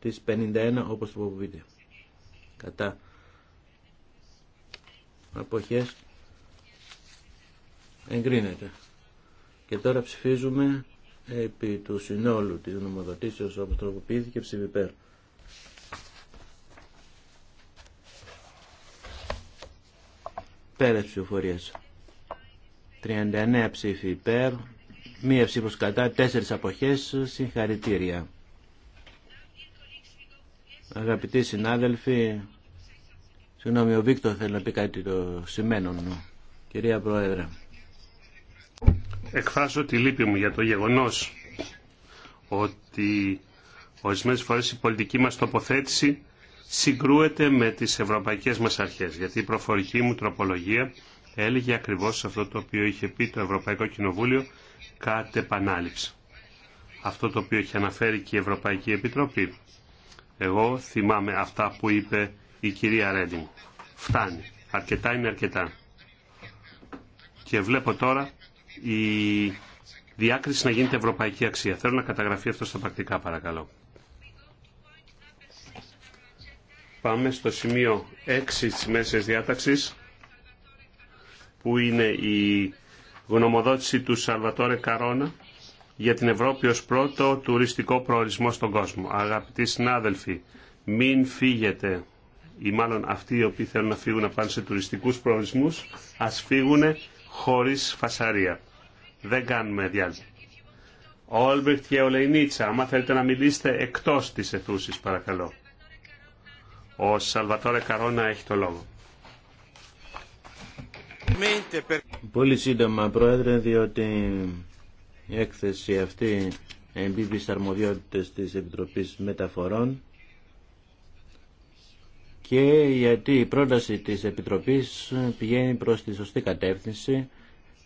της 51 όπως βίντεο Κατά αποχές εγκρίνεται. Και τώρα ψηφίζουμε επί του συνόλου της νομοδοτήσεως όπως τροποποιήθηκε ψήφι υπέρ. Πέρα ψηφοφορίας. 39 ψήφι υπέρ, μία ψήφος κατά, τέσσερις αποχές, συγχαρητήρια. Αγαπητοί συνάδελφοι, συγγνώμη, ο Βίκτο θέλει να πει κάτι το σημαίνον. Κυρία Πρόεδρε. Εκφράζω τη λύπη μου για το γεγονός ότι ορισμένε φορές η πολιτική μας τοποθέτηση συγκρούεται με τις ευρωπαϊκές μας αρχές. Γιατί η προφορική μου τροπολογία έλεγε ακριβώς αυτό το οποίο είχε πει το Ευρωπαϊκό Κοινοβούλιο κάτι επανάληψη. Αυτό το οποίο έχει αναφέρει και η Ευρωπαϊκή Επιτροπή. Εγώ θυμάμαι αυτά που είπε η κυρία Ρέντινγκ. Φτάνει. Αρκετά είναι αρκετά. Και βλέπω τώρα η διάκριση να γίνεται ευρωπαϊκή αξία. Θέλω να καταγραφεί αυτό στα πρακτικά παρακαλώ. Πάμε στο σημείο 6 της μέσης διάταξης που είναι η γνωμοδότηση του Σαλβατόρε Καρόνα για την Ευρώπη ως πρώτο τουριστικό προορισμό στον κόσμο. Αγαπητοί συνάδελφοι, μην φύγετε ή μάλλον αυτοί οι οποίοι θέλουν να φύγουν να πάνε σε τουριστικούς προορισμούς, ας φύγουν χωρίς φασαρία. Δεν κάνουμε διάλειμμα. Όλμπερτ και Ολεϊνίτσα, άμα θέλετε να μιλήσετε εκτός της αιθούσης, παρακαλώ. Ο Σαλβατόρε Καρόνα έχει το λόγο. Πολύ σύντομα, Πρόεδρε, διότι η έκθεση αυτή εμπίπτει στις αρμοδιότητες της Επιτροπής Μεταφορών και γιατί η πρόταση της Επιτροπής πηγαίνει προς τη σωστή κατεύθυνση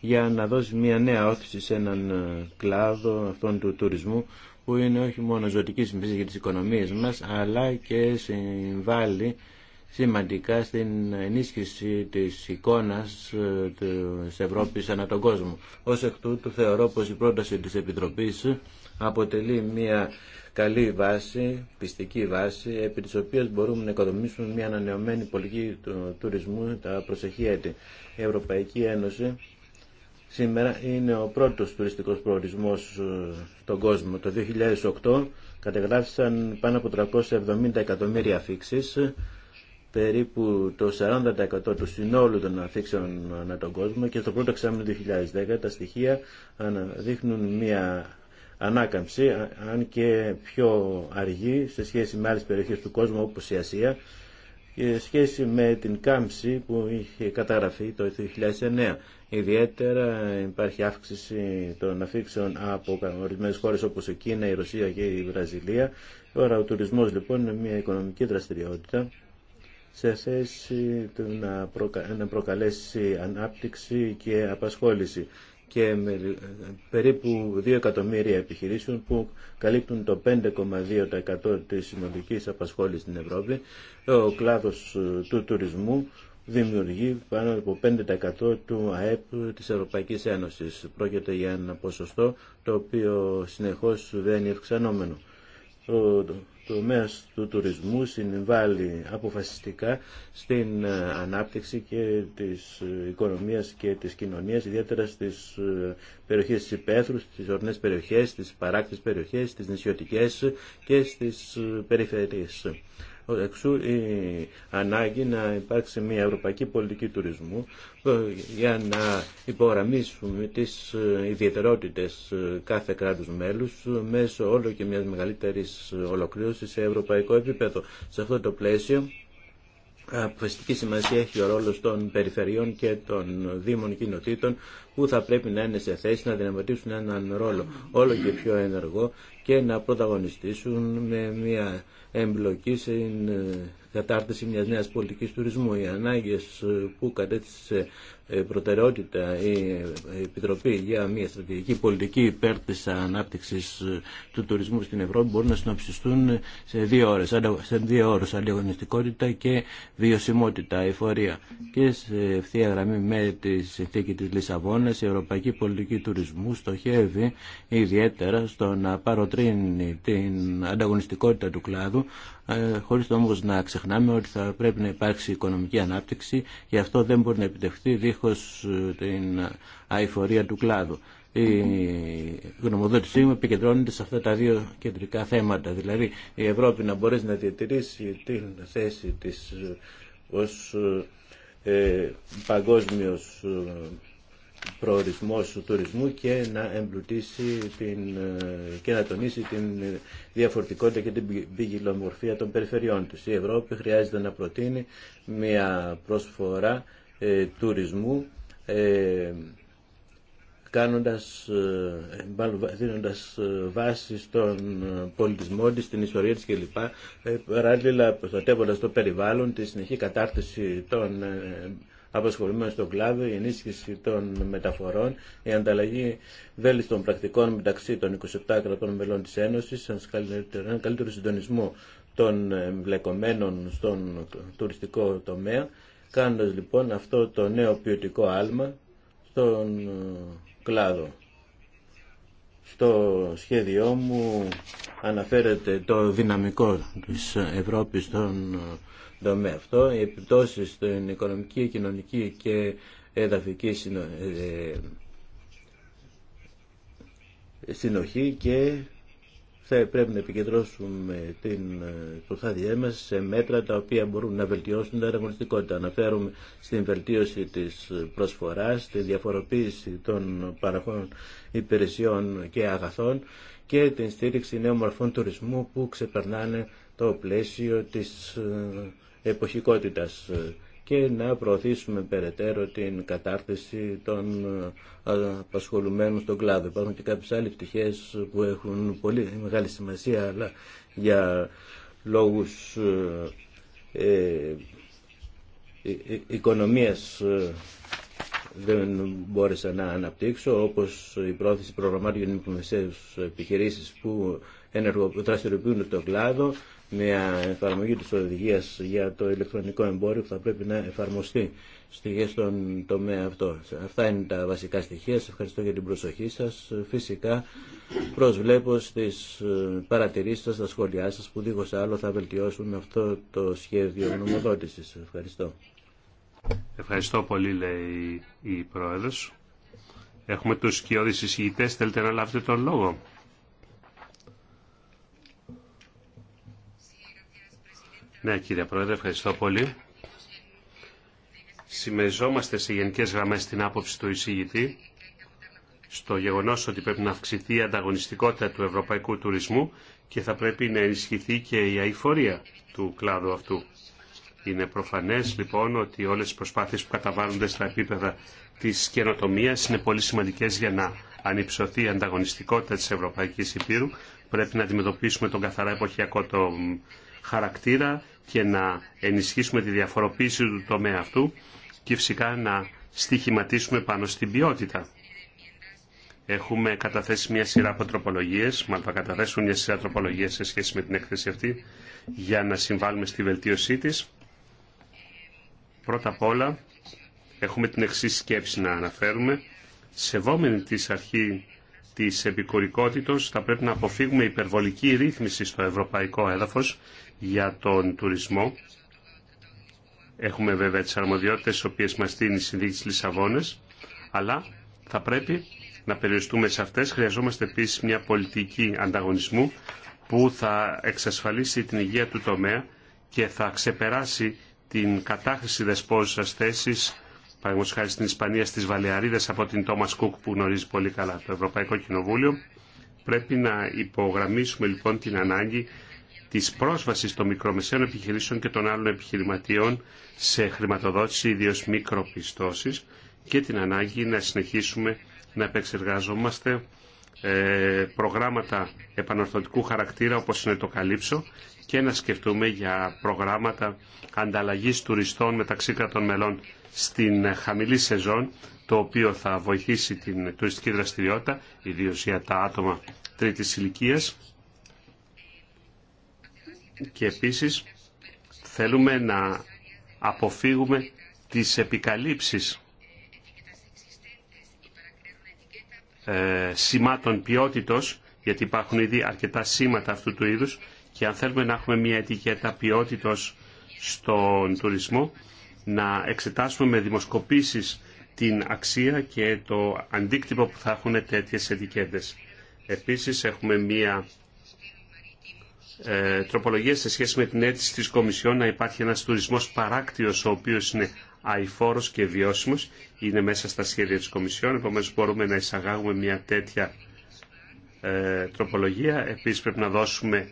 για να δώσει μια νέα όθηση σε έναν κλάδο αυτόν του τουρισμού που είναι όχι μόνο ζωτική συμφίση για τις οικονομίες μας αλλά και συμβάλλει σημαντικά στην ενίσχυση της εικόνας ε, της Ευρώπης ανά τον κόσμο. Ως εκ τούτου θεωρώ πως η πρόταση της Επιτροπής αποτελεί μια καλή βάση, πιστική βάση, επί της οποίας μπορούμε να οικοδομήσουμε μια ανανεωμένη πολιτική του τουρισμού τα προσεχή έτη. Η Ευρωπαϊκή Ένωση σήμερα είναι ο πρώτος τουριστικός προορισμός ε, στον κόσμο. Το 2008 κατεγράφησαν πάνω από 370 εκατομμύρια αφήξεις περίπου το 40% του συνόλου των αφήξεων ανά τον κόσμο και στο πρώτο εξάμεινο του 2010 τα στοιχεία δείχνουν μια ανάκαμψη αν και πιο αργή σε σχέση με άλλες περιοχές του κόσμου όπως η Ασία σε σχέση με την κάμψη που είχε καταγραφεί το 2009. Ιδιαίτερα υπάρχει αύξηση των αφήξεων από ορισμένε χώρες όπως η Κίνα, η Ρωσία και η Βραζιλία. Τώρα ο τουρισμός λοιπόν είναι μια οικονομική δραστηριότητα σε θέση να, προκαλέσει ανάπτυξη και απασχόληση και περίπου 2 εκατομμύρια επιχειρήσεων που καλύπτουν το 5,2% της συνολικής απασχόλησης στην Ευρώπη. Ο κλάδος του τουρισμού δημιουργεί πάνω από 5% του ΑΕΠ της Ευρωπαϊκής Ένωσης. Πρόκειται για ένα ποσοστό το οποίο συνεχώς δεν είναι ευξανόμενο. Το τομέας του τουρισμού συμβάλλει αποφασιστικά στην ε, ανάπτυξη και της ε, οικονομίας και της κοινωνίας, ιδιαίτερα στις ε, περιοχές της υπαίθρου, στις ορνές περιοχές, στις παράκτης περιοχές, στις νησιωτικές και στις περιφερειές εξού η ανάγκη να υπάρξει μια ευρωπαϊκή πολιτική τουρισμού ε, για να υπογραμμίσουμε τις ε, ιδιαιτερότητες ε, κάθε κράτους μέλους μέσω όλο και μιας μεγαλύτερης ολοκλήρωσης σε ευρωπαϊκό επίπεδο. Σε αυτό το πλαίσιο Αποφασιστική σημασία έχει ο ρόλος των περιφερειών και των δήμων κοινοτήτων που θα πρέπει να είναι σε θέση να δυναμωτήσουν έναν ρόλο όλο και πιο ενεργό και να πρωταγωνιστήσουν με μια εμπλοκή στην κατάρτιση μιας νέας πολιτικής τουρισμού. Οι ανάγκε που κατέθεσε ε, προτεραιότητα ε, η Επιτροπή για μια στρατηγική πολιτική υπέρ της ανάπτυξης ε, του τουρισμού στην Ευρώπη μπορούν να συνοψιστούν σε δύο ώρες, σε δύο ώρες ανταγωνιστικότητα και βιωσιμότητα, εφορία. Και σε ευθεία γραμμή με τη συνθήκη της Λισαβόνας η Ευρωπαϊκή Πολιτική Τουρισμού στοχεύει ιδιαίτερα στο να παροτρύνει την ανταγωνιστικότητα του κλάδου χωρί όμω να ξεχνάμε ότι θα πρέπει να υπάρξει οικονομική ανάπτυξη και αυτό δεν μπορεί να επιτευχθεί δίχως ε, την αηφορία του κλάδου. Η γνωμοδότησή μου επικεντρώνεται σε αυτά τα δύο κεντρικά θέματα. Δηλαδή η Ευρώπη να μπορέσει να διατηρήσει την θέση της ε, ως ε, παγκόσμιος ε, προορισμός του τουρισμού και να εμπλουτίσει την, και να τονίσει την διαφορετικότητα και την ποικιλομορφία των περιφερειών της. Η Ευρώπη χρειάζεται να προτείνει μια προσφορά ε, τουρισμού ε, κάνοντας, ε, δίνοντας βάση στον πολιτισμό της, στην ιστορία της κλπ. Παράλληλα προστατεύοντας το περιβάλλον, τη συνεχή κατάρτιση των αποσχολημένων στον κλάδο, η ενίσχυση των μεταφορών, η ανταλλαγή των πρακτικών μεταξύ των 27 κρατών μελών της Ένωσης, έναν καλύτερο συντονισμό των εμπλεκομένων στον τουριστικό τομέα κάνοντας λοιπόν αυτό το νέο ποιοτικό άλμα στον ε, κλάδο. Στο σχέδιό μου αναφέρεται το δυναμικό της Ευρώπης στον τομέα ε, αυτό, οι επιπτώσεις στην οικονομική, κοινωνική και εδαφική ε, συνοχή και θα πρέπει να επικεντρώσουμε την προσπάθειά ε, μα σε μέτρα τα οποία μπορούν να βελτιώσουν την Να Αναφέρουμε στην βελτίωση τη προσφορά, τη διαφοροποίηση των παραχών υπηρεσιών και αγαθών και την στήριξη νέων μορφών τουρισμού που ξεπερνάνε το πλαίσιο της ε, εποχικότητας και να προωθήσουμε περαιτέρω την κατάρτιση των ε, απασχολουμένων στον κλάδο. Υπάρχουν και κάποιες άλλες πτυχές που έχουν πολύ μεγάλη σημασία, αλλά για λόγους ε, ε, ε οικονομίας δεν μπόρεσα να αναπτύξω, όπως η πρόθεση προγραμμάτων για επιχειρήσεων που δραστηριοποιούν το κλάδο, μια εφαρμογή της οδηγίας για το ηλεκτρονικό εμπόριο που θα πρέπει να εφαρμοστεί στον τομέα αυτό. Αυτά είναι τα βασικά στοιχεία. Σας ευχαριστώ για την προσοχή σας. Φυσικά προσβλέπω στις ε, παρατηρήσεις σας, στα σχόλιά σας που δίχως άλλο θα βελτιώσουν αυτό το σχέδιο νομοδότησης. Ευχαριστώ. Ευχαριστώ πολύ λέει η Πρόεδρος. Έχουμε τους σκιώδεις εισηγητές. Θέλετε να λάβετε τον λόγο. Ναι, κύριε Πρόεδρε, ευχαριστώ πολύ. Συμμεριζόμαστε σε γενικές γραμμές την άποψη του εισηγητή στο γεγονός ότι πρέπει να αυξηθεί η ανταγωνιστικότητα του ευρωπαϊκού τουρισμού και θα πρέπει να ενισχυθεί και η αηφορία του κλάδου αυτού. Είναι προφανές λοιπόν ότι όλες οι προσπάθειες που καταβάλλονται στα επίπεδα της καινοτομία είναι πολύ σημαντικές για να ανυψωθεί η ανταγωνιστικότητα της Ευρωπαϊκής Υπήρου. Πρέπει να αντιμετωπίσουμε τον καθαρά εποχιακό το χαρακτήρα, και να ενισχύσουμε τη διαφοροποίηση του τομέα αυτού και φυσικά να στοιχηματίσουμε πάνω στην ποιότητα. Έχουμε καταθέσει μια σειρά από τροπολογίε, μάλλον θα καταθέσουν μια σειρά τροπολογίε σε σχέση με την έκθεση αυτή, για να συμβάλλουμε στη βελτίωσή τη. Πρώτα απ' όλα, έχουμε την εξή σκέψη να αναφέρουμε. Σεβόμενη τη αρχή τη επικουρικότητα, θα πρέπει να αποφύγουμε υπερβολική ρύθμιση στο ευρωπαϊκό έδαφο για τον τουρισμό. Έχουμε βέβαια τις αρμοδιότητες τις οποίες μας δίνει η Συνδίκη της Λισαβόνας, αλλά θα πρέπει να περιοριστούμε σε αυτές. Χρειαζόμαστε επίσης μια πολιτική ανταγωνισμού που θα εξασφαλίσει την υγεία του τομέα και θα ξεπεράσει την κατάχρηση δεσπόζουσας θέσης παραδείγματο χάρη στην Ισπανία, στι Βαλεαρίδε από την Τόμα Κουκ που γνωρίζει πολύ καλά το Ευρωπαϊκό Κοινοβούλιο. Πρέπει να υπογραμμίσουμε λοιπόν την ανάγκη της πρόσβασης των μικρομεσαίων επιχειρήσεων και των άλλων επιχειρηματιών σε χρηματοδότηση, ιδίω μικροπιστώσεις και την ανάγκη να συνεχίσουμε να επεξεργάζομαστε ε, προγράμματα επανορθωτικού χαρακτήρα όπως είναι το Καλύψο και να σκεφτούμε για προγράμματα ανταλλαγής τουριστών μεταξύ κρατών μελών στην χαμηλή σεζόν το οποίο θα βοηθήσει την τουριστική δραστηριότητα ιδίως για τα άτομα τρίτης ηλικίας και επίσης θέλουμε να αποφύγουμε τις επικαλύψεις ε, σημάτων ποιότητος, γιατί υπάρχουν ήδη αρκετά σήματα αυτού του είδους και αν θέλουμε να έχουμε μια ετικέτα ποιότητος στον τουρισμό, να εξετάσουμε με δημοσκοπήσεις την αξία και το αντίκτυπο που θα έχουν τέτοιες ετικέτες. Επίσης έχουμε μία ε, τροπολογία σε σχέση με την αίτηση της Κομισιόν να υπάρχει ένας τουρισμός παράκτιος ο οποίος είναι αηφόρος και βιώσιμος είναι μέσα στα σχέδια της Κομισιόν επομένως μπορούμε να εισαγάγουμε μια τέτοια ε, τροπολογία επίσης πρέπει να δώσουμε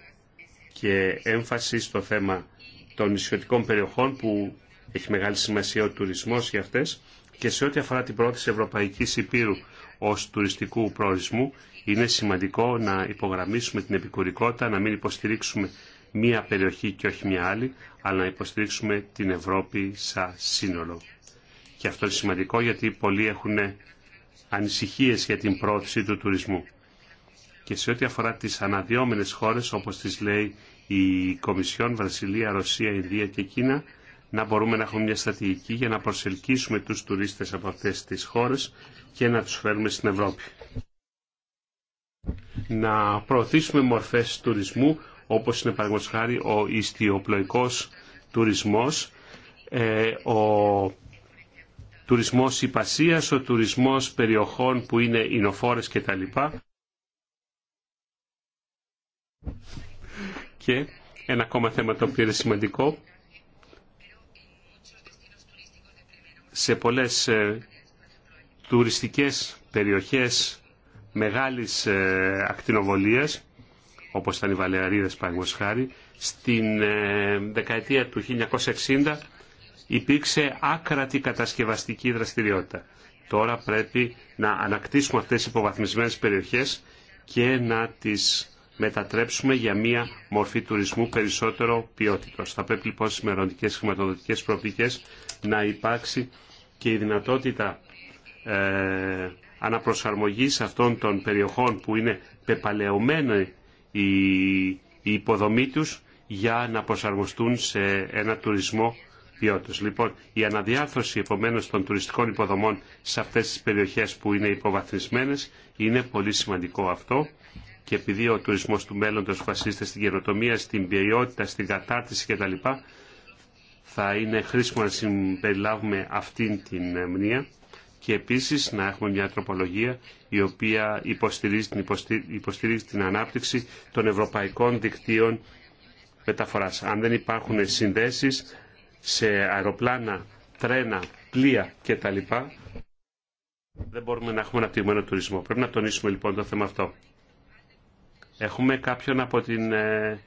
και έμφαση στο θέμα των νησιωτικών περιοχών που έχει μεγάλη σημασία ο τουρισμός για αυτές και σε ό,τι αφορά την πρώτη Ευρωπαϊκής Υπήρου ως τουριστικού προορισμού, είναι σημαντικό να υπογραμμίσουμε την επικουρικότητα, να μην υποστηρίξουμε μία περιοχή και όχι μία άλλη, αλλά να υποστηρίξουμε την Ευρώπη σαν σύνολο. Και αυτό είναι σημαντικό γιατί πολλοί έχουν ανησυχίες για την πρόθεση του τουρισμού. Και σε ό,τι αφορά τις αναδυόμενες χώρες, όπως τις λέει η Κομισιόν, Βραζιλία, Ρωσία, Ινδία και Κίνα, να μπορούμε να έχουμε μια στρατηγική για να προσελκύσουμε τους τουρίστες από αυτές τις χώρες και να τους φέρουμε στην Ευρώπη. Να προωθήσουμε μορφές τουρισμού όπως είναι παραγωγικά ο ιστιοπλοϊκός τουρισμός, ε, ο τουρισμός υπασίας, ο τουρισμός περιοχών που είναι τα κτλ. Και ένα ακόμα θέμα το οποίο είναι σημαντικό. Σε πολλές ε, τουριστικές περιοχές μεγάλης ε, ακτινοβολίας, όπως ήταν οι Βαλεαρίδες χάρη, στην ε, δεκαετία του 1960 υπήρξε άκρατη κατασκευαστική δραστηριότητα. Τώρα πρέπει να ανακτήσουμε αυτές τις υποβαθμισμένες περιοχές και να τις μετατρέψουμε για μία μορφή τουρισμού περισσότερο ποιότητος. Θα πρέπει λοιπόν στις μεροντικές χρηματοδοτικές προοπτικές να υπάρξει και η δυνατότητα ε, αναπροσαρμογής αυτών των περιοχών που είναι πεπαλαιωμένοι η, υποδομή τους για να προσαρμοστούν σε ένα τουρισμό ποιότητας. Λοιπόν, η αναδιάρθρωση επομένως των τουριστικών υποδομών σε αυτές τις περιοχές που είναι υποβαθμισμένες είναι πολύ σημαντικό αυτό και επειδή ο τουρισμός του μέλλοντος βασίζεται στην καινοτομία, στην ποιότητα, στην κατάρτιση κτλ. θα είναι χρήσιμο να συμπεριλάβουμε αυτήν την μνήμα και επίσης να έχουμε μια τροπολογία η οποία υποστηρίζει την, υποστηρίζει την ανάπτυξη των ευρωπαϊκών δικτύων μεταφοράς. Αν δεν υπάρχουν συνδέσεις σε αεροπλάνα, τρένα, πλοία κτλ. Δεν μπορούμε να έχουμε αναπτυγμένο τουρισμό. Πρέπει να τονίσουμε λοιπόν το θέμα αυτό. Έχουμε κάποιον από την, ε,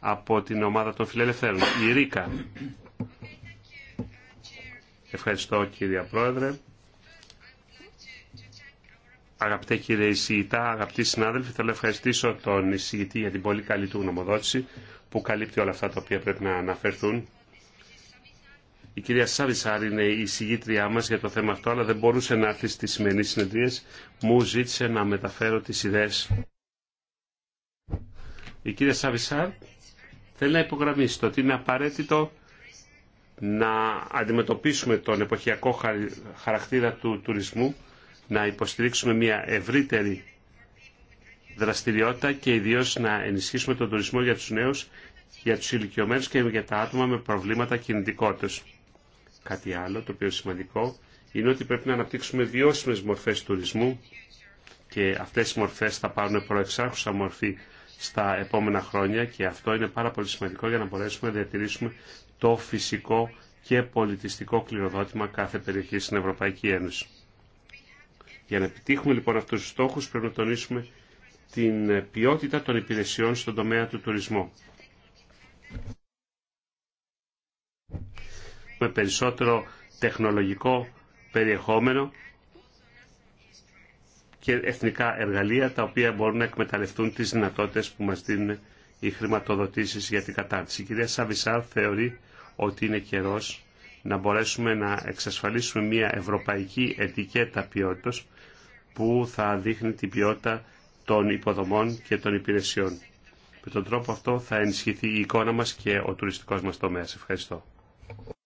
από την ομάδα των φιλελευθέρων, η Ρίκα. Ευχαριστώ κύριε Πρόεδρε. Αγαπητέ κύριε εισηγητά, αγαπητοί συνάδελφοι, θέλω να ευχαριστήσω τον εισηγητή για την πολύ καλή του γνωμοδότηση που καλύπτει όλα αυτά τα οποία πρέπει να αναφερθούν. Η κυρία Σάβησάρ είναι η εισηγήτριά μας για το θέμα αυτό, αλλά δεν μπορούσε να έρθει στη σημερινή συνεδρία. Μου ζήτησε να μεταφέρω τις ιδέες. Η κυρία Σάβησάρ θέλει να υπογραμμίσει το ότι είναι απαραίτητο να αντιμετωπίσουμε τον εποχιακό χαρακτήρα του τουρισμού να υποστηρίξουμε μια ευρύτερη δραστηριότητα και ιδίως να ενισχύσουμε τον τουρισμό για τους νέους, για τους ηλικιωμένους και για τα άτομα με προβλήματα κινητικότητας. Κάτι άλλο το οποίο σημαντικό είναι ότι πρέπει να αναπτύξουμε βιώσιμες μορφές τουρισμού και αυτές οι μορφές θα πάρουν προεξάρχουσα μορφή στα επόμενα χρόνια και αυτό είναι πάρα πολύ σημαντικό για να μπορέσουμε να διατηρήσουμε το φυσικό και πολιτιστικό κληροδότημα κάθε περιοχή στην Ευρωπαϊκή Ένωση. Για να επιτύχουμε λοιπόν αυτού του στόχου πρέπει να τονίσουμε την ποιότητα των υπηρεσιών στον τομέα του τουρισμού. Με περισσότερο τεχνολογικό περιεχόμενο και εθνικά εργαλεία τα οποία μπορούν να εκμεταλλευτούν τις δυνατότητες που μας δίνουν οι χρηματοδοτήσεις για την κατάρτιση. Η κυρία Σαββισάρ θεωρεί ότι είναι καιρός να μπορέσουμε να εξασφαλίσουμε μια ευρωπαϊκή ετικέτα ποιότητας που θα δείχνει την ποιότητα των υποδομών και των υπηρεσιών. Με τον τρόπο αυτό θα ενισχυθεί η εικόνα μας και ο τουριστικός μας τομέας. Ευχαριστώ.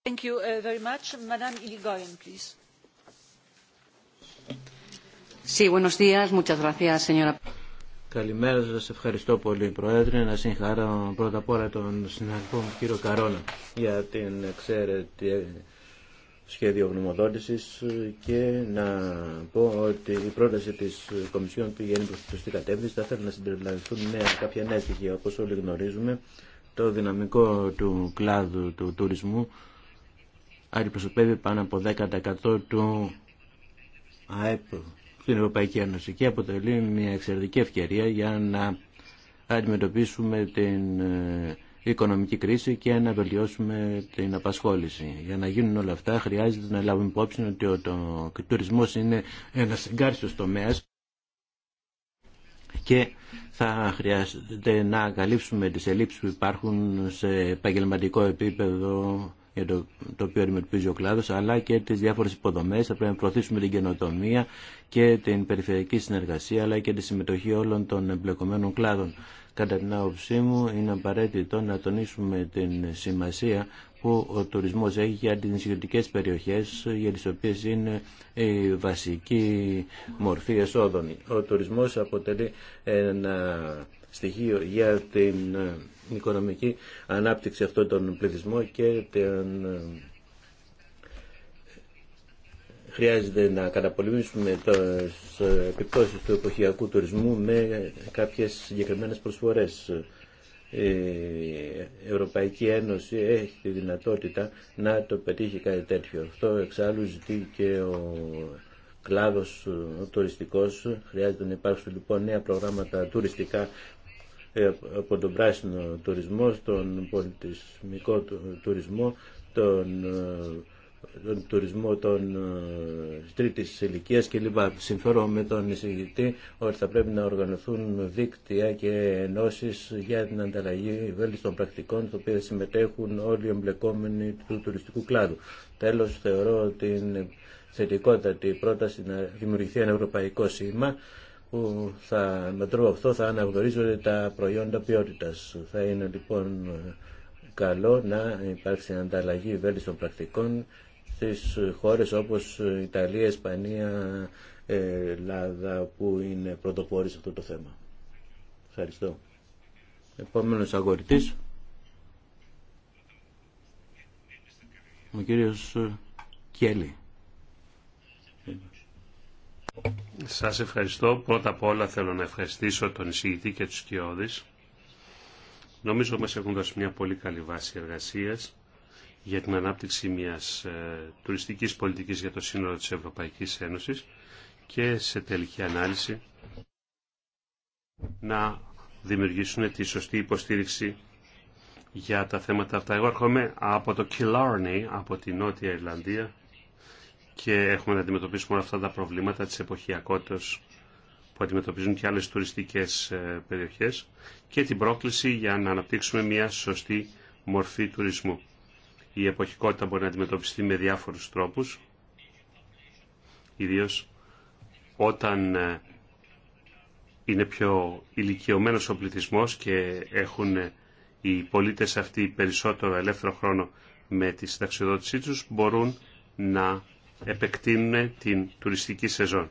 Thank you uh, very much. Iligoyen, please. Sí, buenos días. Muchas gracias, señora. Καλημέρα σας, ευχαριστώ πολύ Προέδρε. Να συγχαρώ πρώτα απ' όλα τον συναδελφό μου κύριο Καρόνα για την εξαίρετη σχέδιο γνωμοδότησης και να πω ότι η πρόταση της Κομισιόν πηγαίνει προς τη σωστή κατεύθυνση. Θα ήθελα να συμπεριλαμβανθούν νέα, κάποια νέα στοιχεία. Όπως όλοι γνωρίζουμε, το δυναμικό του κλάδου του τουρισμού αντιπροσωπεύει πάνω από 10% του ΑΕΠ στην Ευρωπαϊκή Ένωση και αποτελεί μια εξαιρετική ευκαιρία για να αντιμετωπίσουμε την ε, οικονομική κρίση και να βελτιώσουμε την απασχόληση. Για να γίνουν όλα αυτά χρειάζεται να λάβουμε υπόψη ότι ο το... τουρισμός είναι ένας εγκάριστος τομέας και θα χρειάζεται να καλύψουμε τις ελλείψεις που υπάρχουν σε επαγγελματικό επίπεδο για το, οποίο αντιμετωπίζει ο κλάδο, αλλά και τι διάφορε υποδομέ. Θα πρέπει να προωθήσουμε την καινοτομία και την περιφερειακή συνεργασία, αλλά και τη συμμετοχή όλων των εμπλεκομένων κλάδων. Κατά την άποψή μου, είναι απαραίτητο να τονίσουμε την σημασία που ο τουρισμός έχει για τις νησιωτικές περιοχές για τις οποίες είναι η βασική μορφή εσόδων. Ο τουρισμός αποτελεί ένα στοιχείο για την οικονομική ανάπτυξη αυτών των πληθυσμό και την... Ε, χρειάζεται να καταπολεμήσουμε τις ε, επιπτώσεις του εποχιακού τουρισμού με κάποιες συγκεκριμένες προσφορές. Η Ευρωπαϊκή Ένωση έχει τη δυνατότητα να το πετύχει κάτι τέτοιο. Αυτό εξάλλου ζητεί και ο κλάδος ο τουριστικός. Χρειάζεται να υπάρξουν λοιπόν νέα προγράμματα τουριστικά από τον πράσινο τουρισμό τον πολιτισμικό τουρισμό, τον, ε, τον τουρισμό των ε, τρίτης ηλικία κλπ. Συμφέρω με τον εισηγητή ότι θα πρέπει να οργανωθούν δίκτυα και ενώσεις για την ανταλλαγή βέλτιστων πρακτικών στο οποίο συμμετέχουν όλοι οι εμπλεκόμενοι του τουριστικού κλάδου. Τέλος θεωρώ την θετικότατη πρόταση να δημιουργηθεί ένα ευρωπαϊκό σήμα που θα, με τρόπο αυτό θα αναγνωρίζονται τα προϊόντα ποιότητα. Θα είναι λοιπόν καλό να υπάρξει ανταλλαγή βέλτιστων πρακτικών στις χώρες όπως Ιταλία, Ισπανία, Ελλάδα που είναι πρωτοπόροι σε αυτό το θέμα. Ευχαριστώ. Επόμενος αγορητής. Ο κύριος Κέλλη. Σας ευχαριστώ. Πρώτα απ' όλα θέλω να ευχαριστήσω τον εισηγητή και τους κοιόδης. Νομίζω μας έχουν δώσει μια πολύ καλή βάση εργασίας για την ανάπτυξη μιας ε, τουριστικής πολιτικής για το σύνολο της Ευρωπαϊκής Ένωσης και σε τελική ανάλυση να δημιουργήσουν τη σωστή υποστήριξη για τα θέματα αυτά. Εγώ έρχομαι από το Killarney, από τη Νότια Ιρλανδία, και έχουμε να αντιμετωπίσουμε αυτά τα προβλήματα της εποχιακότητας που αντιμετωπίζουν και άλλες τουριστικές ε, περιοχές και την πρόκληση για να αναπτύξουμε μια σωστή μορφή τουρισμού. Η εποχικότητα μπορεί να αντιμετωπιστεί με διάφορους τρόπους, ιδίως όταν ε, είναι πιο ηλικιωμένος ο πληθυσμός και έχουν ε, οι πολίτες αυτοί περισσότερο ελεύθερο χρόνο με τη συνταξιοδότησή τους, μπορούν να επεκτείνουν την τουριστική σεζόν.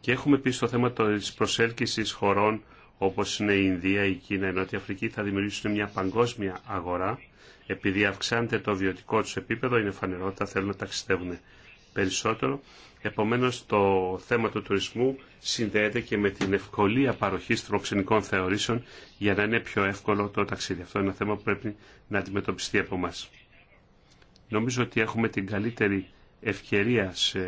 Και έχουμε επίση το θέμα τη προσέλκυση χωρών όπω είναι η Ινδία, η Κίνα, η Νότια Αφρική, θα δημιουργήσουν μια παγκόσμια αγορά. Επειδή αυξάνεται το βιωτικό του επίπεδο, είναι φανερό ότι θα θέλουν να ταξιδεύουν περισσότερο. Επομένω, το θέμα του τουρισμού συνδέεται και με την ευκολία παροχή τροξενικών θεωρήσεων για να είναι πιο εύκολο το ταξίδι. Αυτό είναι ένα θέμα που πρέπει να αντιμετωπιστεί από εμά. Νομίζω ότι έχουμε την καλύτερη ευκαιρία σε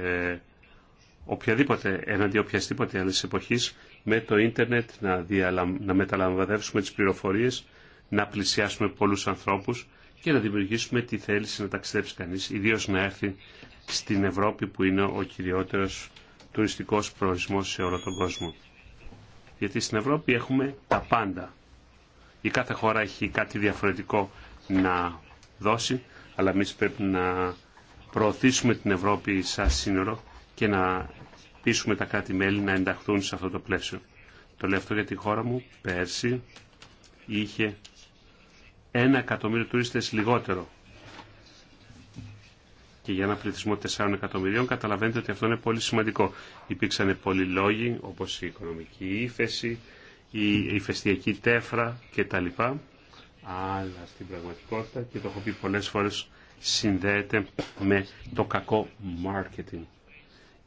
οποιαδήποτε, εναντί οποιασδήποτε άλλη εποχής, με το ίντερνετ να, διαλαμ, να μεταλαμβαδεύσουμε τις πληροφορίες, να πλησιάσουμε πολλούς ανθρώπους και να δημιουργήσουμε τη θέληση να ταξιδέψει κανείς, ιδίως να έρθει στην Ευρώπη που είναι ο κυριότερος τουριστικός προορισμός σε όλο τον κόσμο. Γιατί στην Ευρώπη έχουμε τα πάντα. Η κάθε χώρα έχει κάτι διαφορετικό να δώσει, αλλά εμεί πρέπει να προωθήσουμε την Ευρώπη σαν σύνορο και να πείσουμε τα κράτη-μέλη να ενταχθούν σε αυτό το πλαίσιο. Το λέω αυτό για τη χώρα μου. Πέρσι είχε ένα εκατομμύριο τουρίστες λιγότερο και για ένα πληθυσμό 4 εκατομμυρίων καταλαβαίνετε ότι αυτό είναι πολύ σημαντικό. Υπήρξαν πολλοί λόγοι όπως η οικονομική ύφεση, η ηφαιστιακή τέφρα κτλ. Αλλά στην πραγματικότητα, και το έχω πει πολλές φορές συνδέεται με το κακό marketing.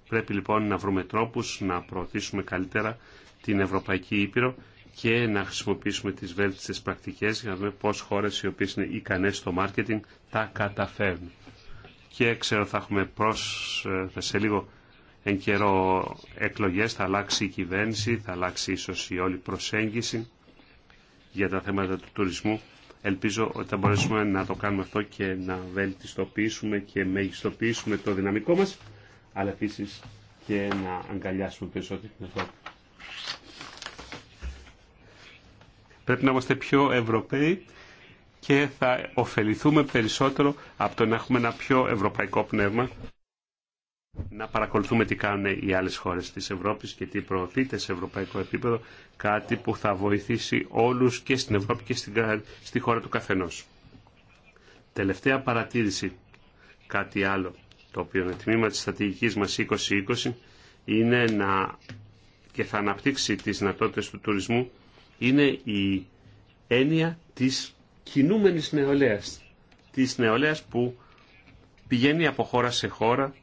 Πρέπει λοιπόν να βρούμε τρόπους να προωθήσουμε καλύτερα την Ευρωπαϊκή Ήπειρο και να χρησιμοποιήσουμε τις βέλτιστες πρακτικές για να δούμε πώς χώρες οι οποίες είναι ικανές στο μάρκετινγκ τα καταφέρνουν. Και ξέρω θα έχουμε προς, θα ε, σε λίγο εν καιρό εκλογές, θα αλλάξει η κυβέρνηση, θα αλλάξει ίσως η όλη προσέγγιση για τα θέματα του τουρισμού Ελπίζω ότι θα μπορέσουμε να το κάνουμε αυτό και να βελτιστοποιήσουμε και μεγιστοποιήσουμε το δυναμικό μας, αλλά επίση και να αγκαλιάσουμε περισσότερο την Ευρώπη. Πρέπει να είμαστε πιο Ευρωπαίοι και θα ωφεληθούμε περισσότερο από το να έχουμε ένα πιο ευρωπαϊκό πνεύμα να παρακολουθούμε τι κάνουν οι άλλες χώρες της Ευρώπης και τι προωθείται σε ευρωπαϊκό επίπεδο, κάτι που θα βοηθήσει όλους και στην Ευρώπη και στη χώρα του καθενός. Τελευταία παρατήρηση, κάτι άλλο, το οποίο είναι τμήμα της στρατηγικής μας 2020, είναι να και θα αναπτύξει τις δυνατότητε του τουρισμού, είναι η έννοια της κινούμενης νεολαίας. Της νεολαίας που πηγαίνει από χώρα σε χώρα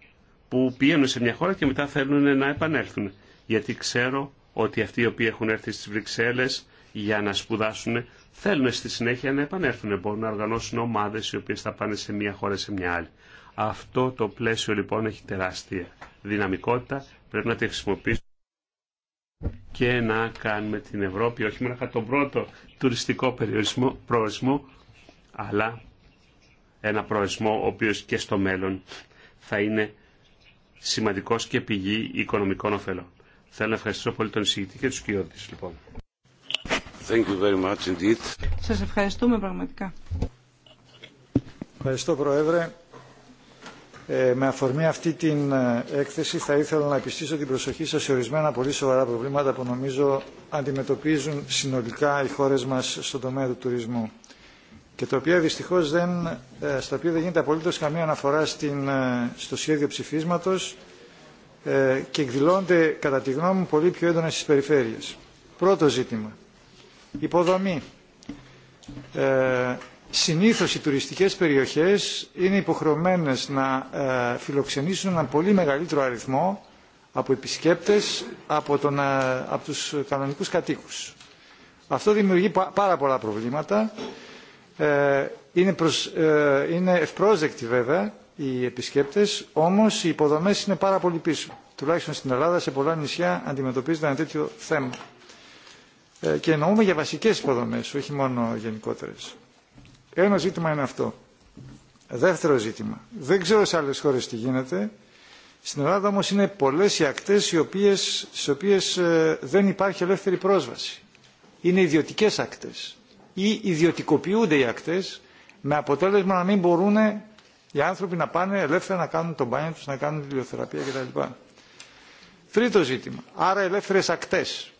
που πηγαίνουν σε μια χώρα και μετά θέλουν να επανέλθουν. Γιατί ξέρω ότι αυτοί οι οποίοι έχουν έρθει στις Βρυξέλλες για να σπουδάσουν θέλουν στη συνέχεια να επανέλθουν. Μπορούν να οργανώσουν ομάδες οι οποίες θα πάνε σε μια χώρα σε μια άλλη. Αυτό το πλαίσιο λοιπόν έχει τεράστια δυναμικότητα. Πρέπει να τη χρησιμοποιήσουμε και να κάνουμε την Ευρώπη όχι μόνο τον πρώτο τουριστικό περιορισμό, προορισμό, αλλά ένα προορισμό ο οποίος και στο μέλλον θα είναι σημαντικό και πηγή οικονομικών ωφέλων. Θέλω να ευχαριστήσω πολύ τον εισηγητή και του κοιότητε, λοιπόν. Σας ευχαριστούμε πραγματικά. Ευχαριστώ Προέδρε. Ε, με αφορμή αυτή την ε, έκθεση θα ήθελα να επιστήσω την προσοχή σας σε ορισμένα πολύ σοβαρά προβλήματα που νομίζω αντιμετωπίζουν συνολικά οι χώρες μας στον τομέα του τουρισμού και το οποίο δυστυχώς δεν, ε, στο οποίο δεν γίνεται απολύτως καμία αναφορά στην, ε, στο σχέδιο ψηφίσματος ε, και εκδηλώνονται κατά τη γνώμη μου πολύ πιο έντονα στις περιφέρειες. Πρώτο ζήτημα. Υποδομή. Ε, συνήθως οι τουριστικές περιοχές είναι υποχρεωμένες να φιλοξενήσουν έναν πολύ μεγαλύτερο αριθμό από επισκέπτες από, τον, από τους κανονικούς κατοίκους. Αυτό δημιουργεί πάρα πολλά προβλήματα ε, είναι, προς, ε, ευπρόσδεκτοι βέβαια οι επισκέπτες, όμως οι υποδομές είναι πάρα πολύ πίσω. Τουλάχιστον στην Ελλάδα σε πολλά νησιά αντιμετωπίζεται ένα τέτοιο θέμα. Ε, και εννοούμε για βασικές υποδομές, όχι μόνο γενικότερες. Ένα ζήτημα είναι αυτό. Δεύτερο ζήτημα. Δεν ξέρω σε άλλες χώρες τι γίνεται. Στην Ελλάδα όμως είναι πολλές οι ακτές στι οποίε δεν υπάρχει ελεύθερη πρόσβαση. Είναι ιδιωτικές ακτές ή ιδιωτικοποιούνται οι ακτές με αποτέλεσμα να μην μπορούν οι άνθρωποι να πάνε ελεύθερα να κάνουν τον μπάνιο τους, να κάνουν τη τηλεοθεραπεία κτλ. Τρίτο ζήτημα. Άρα ελεύθερες ακτές.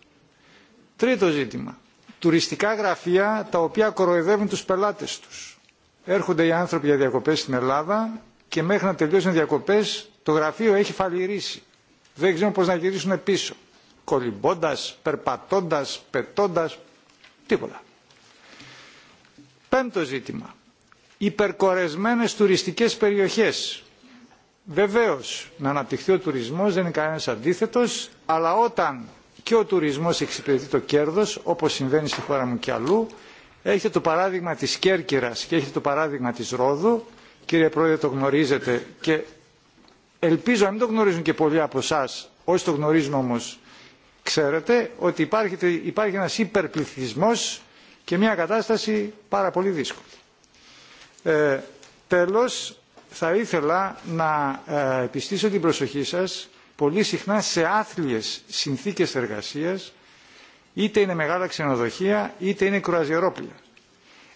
Τρίτο ζήτημα. Τουριστικά γραφεία τα οποία κοροϊδεύουν τους πελάτες τους. Έρχονται οι άνθρωποι για διακοπές στην Ελλάδα και μέχρι να τελειώσουν οι διακοπές το γραφείο έχει φαλυρίσει. Δεν ξέρουν πώς να γυρίσουν πίσω. Κολυμπώντας, περπατώντας, πετώντας, τίποτα. Πέμπτο ζήτημα. Υπερκορεσμένες τουριστικές περιοχές. Βεβαίως, να αναπτυχθεί ο τουρισμός δεν είναι κανένας αντίθετος, αλλά όταν και ο τουρισμός εξυπηρετεί το κέρδος, όπως συμβαίνει στη χώρα μου και αλλού, έχετε το παράδειγμα της Κέρκυρας και έχετε το παράδειγμα της Ρόδου, κύριε Πρόεδρε το γνωρίζετε και ελπίζω να μην το γνωρίζουν και πολλοί από εσά, όσοι το γνωρίζουν όμως ξέρετε ότι υπάρχει, υπάρχει ένας υπερπληθυσμός και μια κατάσταση πάρα πολύ δύσκολη. Ε, τέλος, θα ήθελα να ε, επιστήσω την προσοχή σας πολύ συχνά σε άθλιες συνθήκες εργασίας, είτε είναι μεγάλα ξενοδοχεία, είτε είναι κρουαζιερόπλια.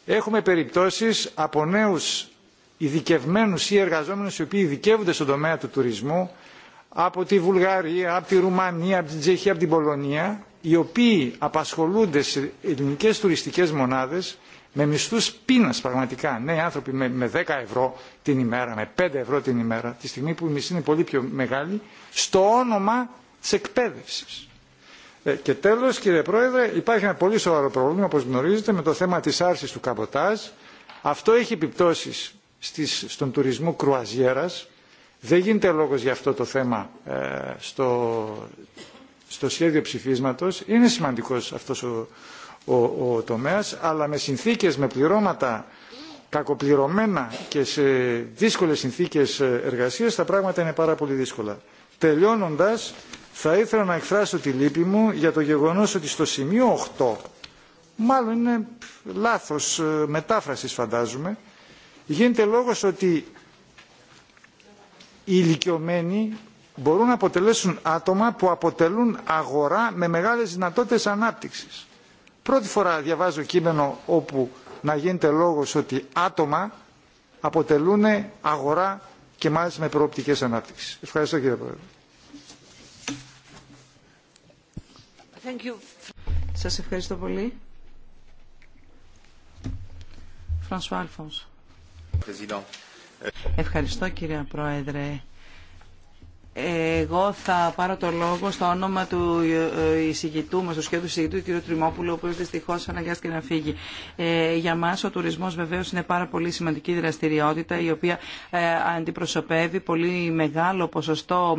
Έχουμε περιπτώσεις από νέους ειδικευμένου ή εργαζόμενου οι οποίοι ειδικεύονται στον τομέα του τουρισμού από τη Βουλγαρία, από τη Ρουμανία, από την Τσεχία, από την Πολωνία, οι οποίοι απασχολούνται σε ελληνικές τουριστικές μονάδες με μισθούς πείνας πραγματικά. Νέοι ναι, άνθρωποι με, 10 ευρώ την ημέρα, με 5 ευρώ την ημέρα, τη στιγμή που η μισθή είναι πολύ πιο μεγάλη, στο όνομα της εκπαίδευσης. Ε, και τέλος, κύριε Πρόεδρε, υπάρχει ένα πολύ σοβαρό πρόβλημα, όπως γνωρίζετε, με το θέμα της άρσης του καμποτάζ. Αυτό έχει επιπτώσεις στον τουρισμό κρουαζιέρας. Δεν γίνεται λόγος για αυτό το θέμα ε, στο στο σχέδιο ψηφίσματος. Είναι σημαντικός αυτός ο, ο, τομέας, αλλά με συνθήκες, με πληρώματα κακοπληρωμένα και σε δύσκολες συνθήκες εργασίας τα πράγματα είναι πάρα πολύ δύσκολα. Τελειώνοντας, θα ήθελα να εκφράσω τη λύπη μου για το γεγονός ότι στο σημείο 8, μάλλον είναι λάθος ε, μετάφρασης φαντάζομαι, γίνεται λόγος ότι οι ηλικιωμένοι μπορούν να αποτελέσουν άτομα που αποτελούν αγορά με μεγάλες δυνατότητες ανάπτυξης. Πρώτη φορά διαβάζω κείμενο όπου να γίνεται λόγος ότι άτομα αποτελούν αγορά και μάλιστα με προοπτικές ανάπτυξης. Ευχαριστώ κύριε Πρόεδρε. Thank you. Σας ευχαριστώ πολύ. Ευχαριστώ κύριε Πρόεδρε. Εγώ θα πάρω το λόγο στο όνομα του ε, εισηγητού μας, του σχέδιου εισηγητού, του κ. Τριμόπουλου, ο οποίο δυστυχώ αναγκάστηκε να φύγει. Ε, για μα ο τουρισμό βεβαίω είναι πάρα πολύ σημαντική δραστηριότητα, η οποία ε, αντιπροσωπεύει πολύ μεγάλο ποσοστό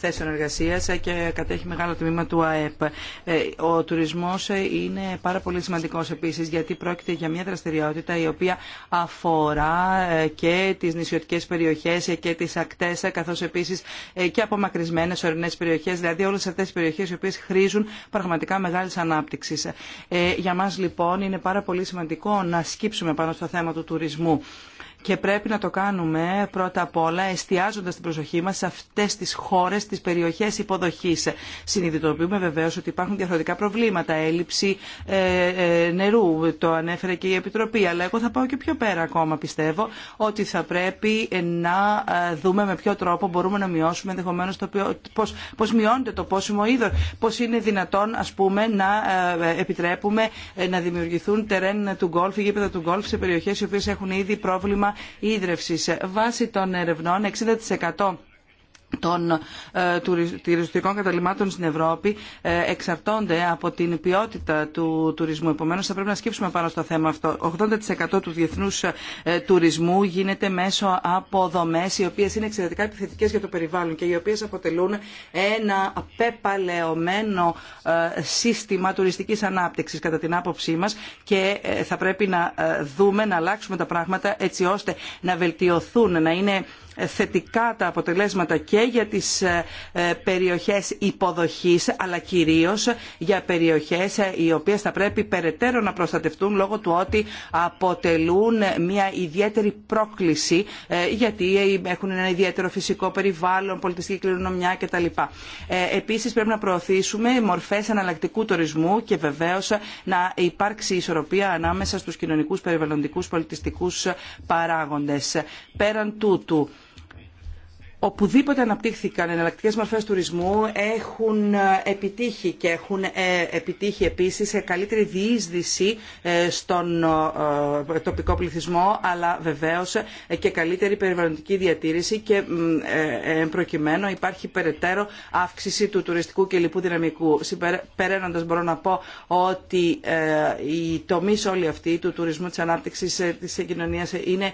θέσεων εργασία και κατέχει μεγάλο τμήμα του ΑΕΠ. ο τουρισμό είναι πάρα πολύ σημαντικό επίση γιατί πρόκειται για μια δραστηριότητα η οποία αφορά και τις νησιωτικές περιοχέ και τι ακτέ ε, καθώς επίσης ε, και απομακρυσμένε ορεινέ περιοχές, δηλαδή όλες αυτές οι περιοχές οι οποίες χρήζουν πραγματικά μεγάλης ανάπτυξης. Ε, για μα, λοιπόν είναι πάρα πολύ σημαντικό να σκύψουμε πάνω στο θέμα του τουρισμού και πρέπει να το κάνουμε πρώτα απ' όλα εστιάζοντας την προσοχή μας σε αυτές τις χώρες, τις περιοχές υποδοχής. Συνειδητοποιούμε βεβαίως ότι υπάρχουν διαφορετικά προβλήματα, έλλειψη ε, ε, νερού, το ανέφερε και η Επιτροπή, αλλά εγώ θα πάω και πιο πέρα ακόμα πιστεύω ότι θα πρέπει να ε, δούμε με ποιο τρόπο μπορούμε να μειώσουμε ενδεχομένως το πώς, πώς μειώνεται το πόσιμο είδο. πώς είναι δυνατόν ας πούμε να ε, ε, επιτρέπουμε να δημιουργηθούν τερέν του γκολφ ή γήπεδα του γκολφ σε περιοχές οι οποίες έχουν ήδη πρόβλημα σε βάση των ερευνών 60% των ε, τουριστικών καταλημάτων στην Ευρώπη ε, εξαρτώνται από την ποιότητα του τουρισμού. Επομένως θα πρέπει να σκύψουμε πάνω στο θέμα αυτό. 80% του διεθνούς ε, τουρισμού γίνεται μέσω από οι οποίες είναι εξαιρετικά επιθετικές για το περιβάλλον και οι οποίες αποτελούν ένα απεπαλαιωμένο σύστημα τουριστικής ανάπτυξης κατά την άποψή μας και θα πρέπει να δούμε, να αλλάξουμε τα πράγματα έτσι ώστε να βελτιωθούν, να είναι θετικά τα αποτελέσματα και για τις ε, ε, περιοχές υποδοχής αλλά κυρίως για περιοχές ε, οι οποίες θα πρέπει περαιτέρω να προστατευτούν λόγω του ότι αποτελούν μια ιδιαίτερη πρόκληση γιατί έχουν ένα ιδιαίτερο φυσικό περιβάλλον, πολιτιστική κληρονομιά κτλ. Επίσης πρέπει να προωθήσουμε μορφές αναλλακτικού τουρισμού και βεβαίω να υπάρξει ισορροπία ανάμεσα στους κοινωνικούς, περιβαλλοντικούς, πολιτιστικούς παράγοντες. Πέραν τούτου, Οπουδήποτε αναπτύχθηκαν εναλλακτικές μορφές τουρισμού έχουν ε, επιτύχει και έχουν ε, επιτύχει επίσης καλύτερη διείσδυση ε, στον τοπικό πληθυσμό αλλά βεβαίως και καλύτερη περιβαλλοντική διατήρηση και προκειμένου υπάρχει περαιτέρω αύξηση του τουριστικού και λοιπού δυναμικού. Περαίνοντας μπορώ να πω ότι οι τομείς όλοι αυτοί του τουρισμού, της ανάπτυξης, της κοινωνίας είναι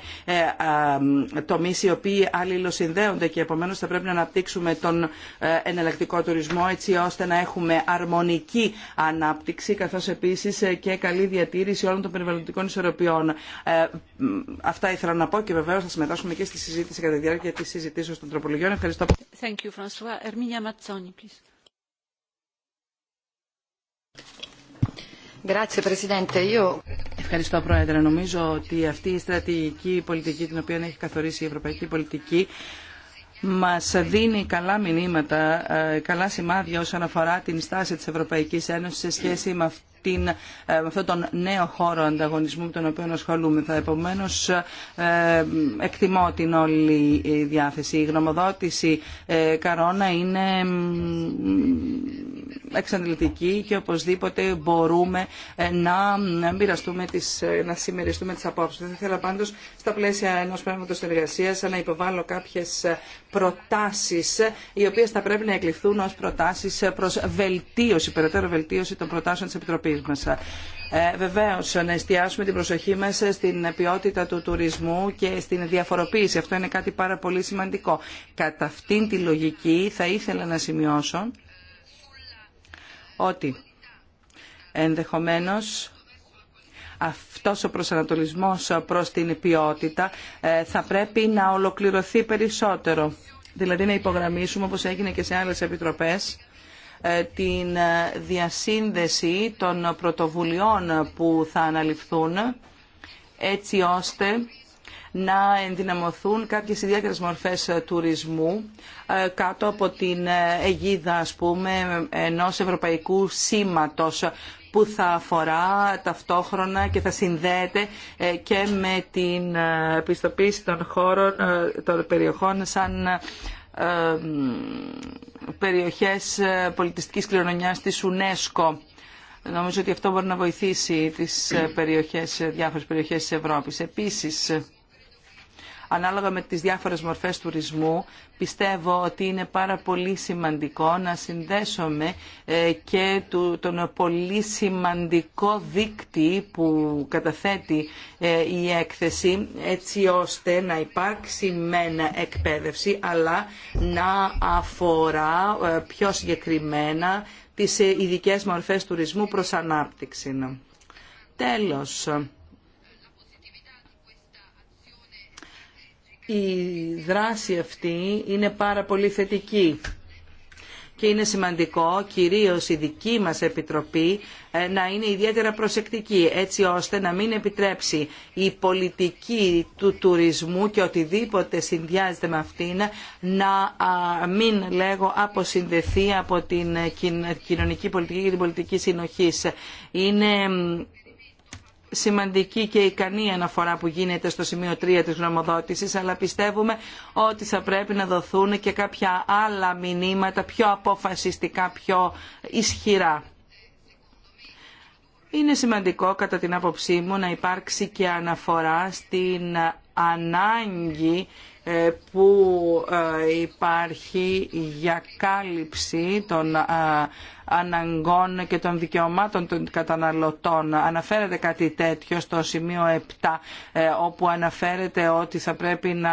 τομείς οι οποίοι αλληλοσυνδέονται και επομένω θα πρέπει να αναπτύξουμε τον ε, εναλλακτικό τουρισμό έτσι ώστε να έχουμε αρμονική ανάπτυξη καθώ επίση ε, και καλή διατήρηση όλων των περιβαλλοντικών ισορροπιών. Ε, αυτά ήθελα να πω και βεβαίω. θα συμμετάσχουμε και στη συζήτηση κατά τη διάρκεια τη συζητήσεω των τροπολογιών. Ευχαριστώ. Ευχαριστώ, Πρόεδρε. Νομίζω ότι αυτή η στρατηγική πολιτική την οποία έχει καθορίσει η ευρωπαϊκή πολιτική μας δίνει καλά μηνύματα, ε, καλά σημάδια όσον αφορά την στάση της Ευρωπαϊκής Ένωσης σε σχέση με αυτό την, με αυτόν τον νέο χώρο ανταγωνισμού με τον οποίο ασχολούμεθα. επομένω ε, εκτιμώ την όλη διάθεση. Η γνωμοδότηση ε, Καρόνα είναι εξαντλητική και οπωσδήποτε μπορούμε ε, να μοιραστούμε να συμμεριστούμε τις απόψεις. Θα ήθελα πάντως στα πλαίσια ενός πράγματο εργασίας να υποβάλω κάποιες προτάσεις οι οποίες θα πρέπει να εκλειφθούν ως προτάσεις προς βελτίωση, περαιτέρω βελτίωση των προτάσεων της Επιτροπής. Βεβαίω Ε, να εστιάσουμε την προσοχή μα στην ποιότητα του τουρισμού και στην διαφοροποίηση. Αυτό είναι κάτι πάρα πολύ σημαντικό. Κατά αυτήν τη λογική θα ήθελα να σημειώσω ότι ενδεχομένως αυτός ο προσανατολισμός προς την ποιότητα ε, θα πρέπει να ολοκληρωθεί περισσότερο. Δηλαδή να υπογραμμίσουμε όπως έγινε και σε άλλες επιτροπές ε, την ε, διασύνδεση των πρωτοβουλειών που θα αναλυφθούν έτσι ώστε να ενδυναμωθούν κάποιες ιδιαίτερες μορφές ε, τουρισμού κάτω από την αιγίδα ας πούμε ενός ευρωπαϊκού σήματος που θα αφορά ταυτόχρονα και θα συνδέεται και με την επιστοποίηση των χώρων, των περιοχών σαν ε, περιοχές ε, πολιτιστικής κληρονομιάς της UNESCO. Νομίζω ότι αυτό μπορεί να βοηθήσει τις ε, περιοχές, διάφορες περιοχές της Ευρώπης. Επίσης, ανάλογα με τις διάφορες μορφές τουρισμού, πιστεύω ότι είναι πάρα πολύ σημαντικό να συνδέσουμε ε, και τον πολύ σημαντικό δίκτυ που καταθέτει ε, η έκθεση, έτσι ώστε να υπάρξει μεν εκπαίδευση, αλλά να αφορά ε, πιο συγκεκριμένα τις ειδικές μορφές τουρισμού προς ανάπτυξη. Τέλος, Η δράση αυτή είναι πάρα πολύ θετική και είναι σημαντικό κυρίως η δική μας Επιτροπή ε, να είναι ιδιαίτερα προσεκτική έτσι ώστε να μην επιτρέψει η πολιτική του τουρισμού και οτιδήποτε συνδυάζεται με αυτήν να μην λέγω αποσυνδεθεί από την ε, κοινωνική πολιτική και την πολιτική συνοχής. Είναι σημαντική και ικανή αναφορά που γίνεται στο σημείο 3 της γνωμοδότησης, αλλά πιστεύουμε ότι θα πρέπει να δοθούν και κάποια άλλα μηνύματα πιο αποφασιστικά, πιο ισχυρά. Είναι σημαντικό κατά την άποψή μου να υπάρξει και αναφορά στην ανάγκη που ε, υπάρχει για κάλυψη των ε, αναγκών και των δικαιωμάτων των καταναλωτών. Αναφέρεται κάτι τέτοιο στο σημείο 7, ε, όπου αναφέρεται ότι θα πρέπει να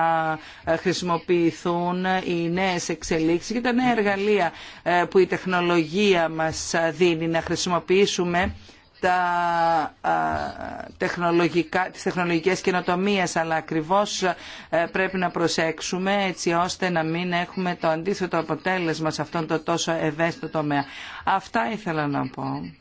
χρησιμοποιηθούν οι νέες εξελίξεις και τα νέα εργαλεία που η τεχνολογία μας δίνει, να χρησιμοποιήσουμε τα τεχνολογικά, τις τεχνολογικές καινοτομίες, αλλά ακριβώς πρέπει να προσέξουμε έτσι ώστε να μην έχουμε το αντίθετο αποτέλεσμα σε αυτόν το τόσο ευαίσθητο τομέα. Αυτά ήθελα να πω.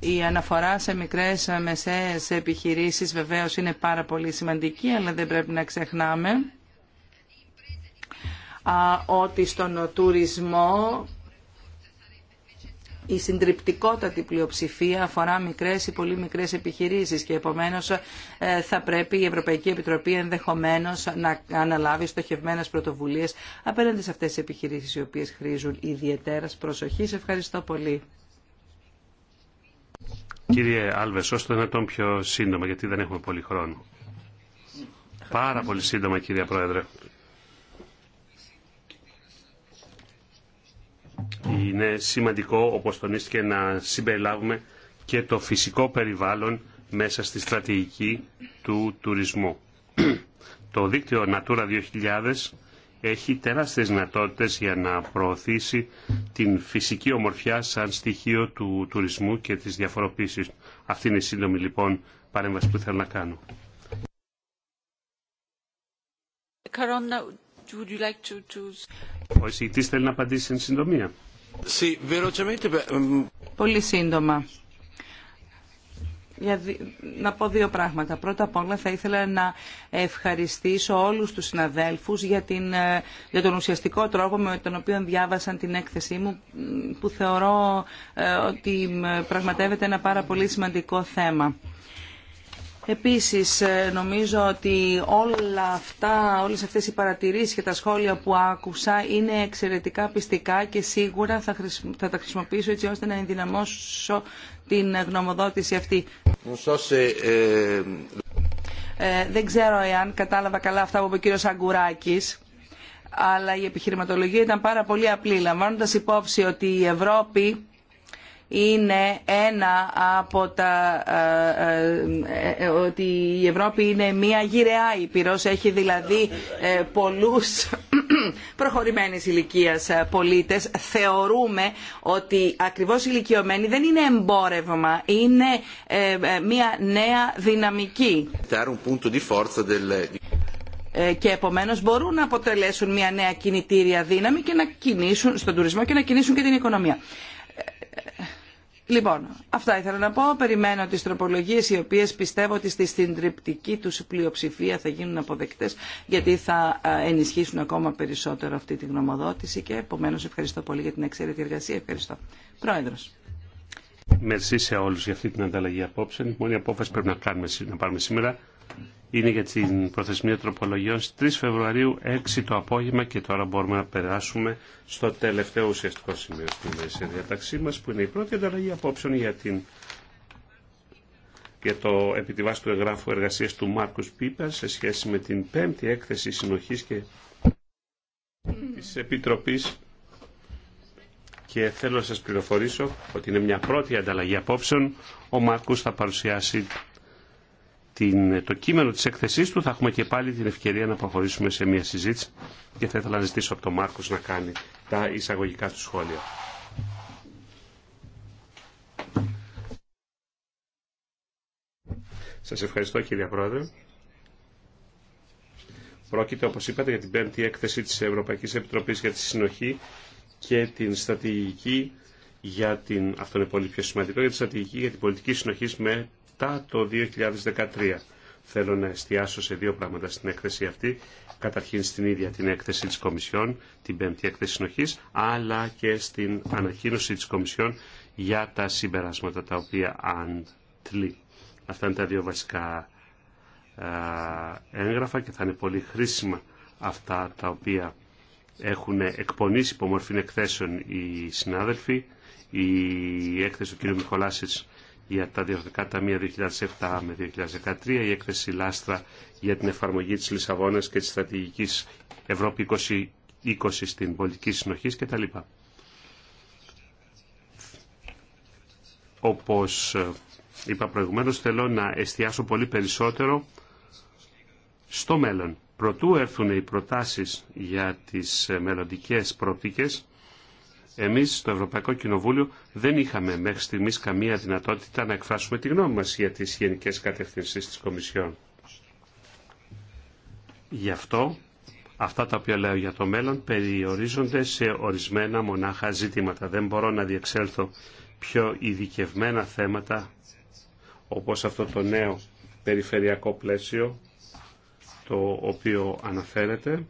Η αναφορά σε μικρές μεσαίες επιχειρήσεις βεβαίως είναι πάρα πολύ σημαντική, αλλά δεν πρέπει να ξεχνάμε ότι στον τουρισμό η συντριπτικότατη πλειοψηφία αφορά μικρές ή πολύ μικρές επιχειρήσεις και επομένως ε, θα πρέπει η Ευρωπαϊκή Επιτροπή ενδεχομένως να αναλάβει στοχευμένες πρωτοβουλίες απέναντι σε αυτές τις επιχειρήσεις οι οποίες χρήζουν ιδιαίτερας προσοχής. Ευχαριστώ πολύ. Κύριε Άλβε, όσο το δυνατόν πιο σύντομα, γιατί δεν έχουμε πολύ χρόνο. Πάρα πολύ σύντομα, κύριε Πρόεδρε. είναι σημαντικό, όπως τονίστηκε, να συμπεριλάβουμε και το φυσικό περιβάλλον μέσα στη στρατηγική του τουρισμού. το δίκτυο Natura 2000 έχει τεράστιες δυνατότητε για να προωθήσει την φυσική ομορφιά σαν στοιχείο του τουρισμού και της διαφοροποίησης. Αυτή είναι η σύντομη λοιπόν παρέμβαση που θέλω να κάνω. Ο εισηγητής θέλει να απαντήσει εν συντομία. Mm, πολύ σύντομα. Για να πω δύο πράγματα. Πρώτα απ' όλα θα ήθελα να ευχαριστήσω όλους τους συναδέλφους για, την, ε, για τον ουσιαστικό τρόπο με τον οποίο διάβασαν την έκθεσή μου που θεωρώ ε, ότι πραγματεύεται ένα πάρα πολύ σημαντικό θέμα. Επίσης ε, νομίζω ότι όλα αυτά, όλες αυτές οι παρατηρήσεις και τα σχόλια που άκουσα είναι εξαιρετικά πιστικά και σίγουρα θα, θα τα χρησιμοποιήσω έτσι ώστε να ενδυναμώσω την γνωμοδότηση αυτή. Ε, ε, δεν ξέρω εάν κατάλαβα καλά αυτά που είπε ο κύριος Αγκουράκης αλλά η επιχειρηματολογία ήταν πάρα πολύ απλή λαμβάνοντας υπόψη ότι η Ευρώπη είναι ένα από τα ε, ε, ε, ότι η Ευρώπη είναι μια γυραιά ήπειρος, έχει δηλαδή πολλούς προχωρημένης ηλικίας πολίτες. Θεωρούμε ότι ακριβώς ηλικιωμένοι δεν είναι εμπόρευμα, είναι μια νέα δυναμική και επομένως μπορούν να αποτελέσουν μια νέα κινητήρια δύναμη και να κινήσουν στον τουρισμό και να κινήσουν και την οικονομία. Λοιπόν, αυτά ήθελα να πω. Περιμένω τις τροπολογίες οι οποίες πιστεύω ότι στη συντριπτική τους πλειοψηφία θα γίνουν αποδεκτές γιατί θα ε, ενισχύσουν ακόμα περισσότερο αυτή τη γνωμοδότηση και επομένως ευχαριστώ πολύ για την εξαιρετική εργασία. Ευχαριστώ. Πρόεδρος. Μερσή σε όλους για αυτή την ανταλλαγή απόψε. μόνη απόφαση πρέπει να, κάνουμε, να πάρουμε σήμερα είναι για την προθεσμία τροπολογιών στις 3 Φεβρουαρίου 6 το απόγευμα και τώρα μπορούμε να περάσουμε στο τελευταίο ουσιαστικό σημείο στη μέση διαταξή μας που είναι η πρώτη ανταλλαγή απόψεων για, την... για το επιτιβάστο του εγγράφου εργασίας του Μάρκους Πίπερ σε σχέση με την πέμπτη έκθεση συνοχής και της Επιτροπής και θέλω να σας πληροφορήσω ότι είναι μια πρώτη ανταλλαγή απόψεων. Ο Μάρκους θα παρουσιάσει το κείμενο της έκθεσής του θα έχουμε και πάλι την ευκαιρία να προχωρήσουμε σε μια συζήτηση και θα ήθελα να ζητήσω από τον Μάρκος να κάνει τα εισαγωγικά του σχόλια. Σας ευχαριστώ κύριε Πρόεδρε. Πρόκειται, όπως είπατε, για την πέμπτη έκθεση της Ευρωπαϊκής Επιτροπής για τη Συνοχή και την στρατηγική για την, αυτό είναι πολύ πιο σημαντικό, για τη στρατηγική για την πολιτική συνοχή με το 2013. Θέλω να εστιάσω σε δύο πράγματα στην έκθεση αυτή. Καταρχήν στην ίδια την έκθεση της Κομισιόν, την πέμπτη έκθεση συνοχής, αλλά και στην ανακοίνωση της Κομισιόν για τα συμπεράσματα τα οποία αντλεί. Αυτά είναι τα δύο βασικά έγγραφα και θα είναι πολύ χρήσιμα αυτά τα οποία έχουν εκπονήσει υπό εκθέσεων οι συνάδελφοι. Η έκθεση του κ. Μιχολάσης για τα διευθυντικά ταμεία 2007 με 2013, η έκθεση Λάστρα για την εφαρμογή της Λισαβόνας και της στρατηγικής Ευρώπη 2020 στην πολιτική συνοχή κτλ. Όπως ε, είπα προηγουμένως, θέλω να εστιάσω πολύ περισσότερο στο μέλλον. Προτού έρθουν οι προτάσεις για τις μελλοντικές προοπτικές, εμείς στο Ευρωπαϊκό Κοινοβούλιο δεν είχαμε μέχρι στιγμής καμία δυνατότητα να εκφράσουμε τη γνώμη μας για τις γενικές κατευθυνσεις της Κομισιόν. Γι' αυτό αυτά τα οποία λέω για το μέλλον περιορίζονται σε ορισμένα μονάχα ζητήματα. Δεν μπορώ να διεξέλθω πιο ειδικευμένα θέματα όπως αυτό το νέο περιφερειακό πλαίσιο το οποίο αναφέρεται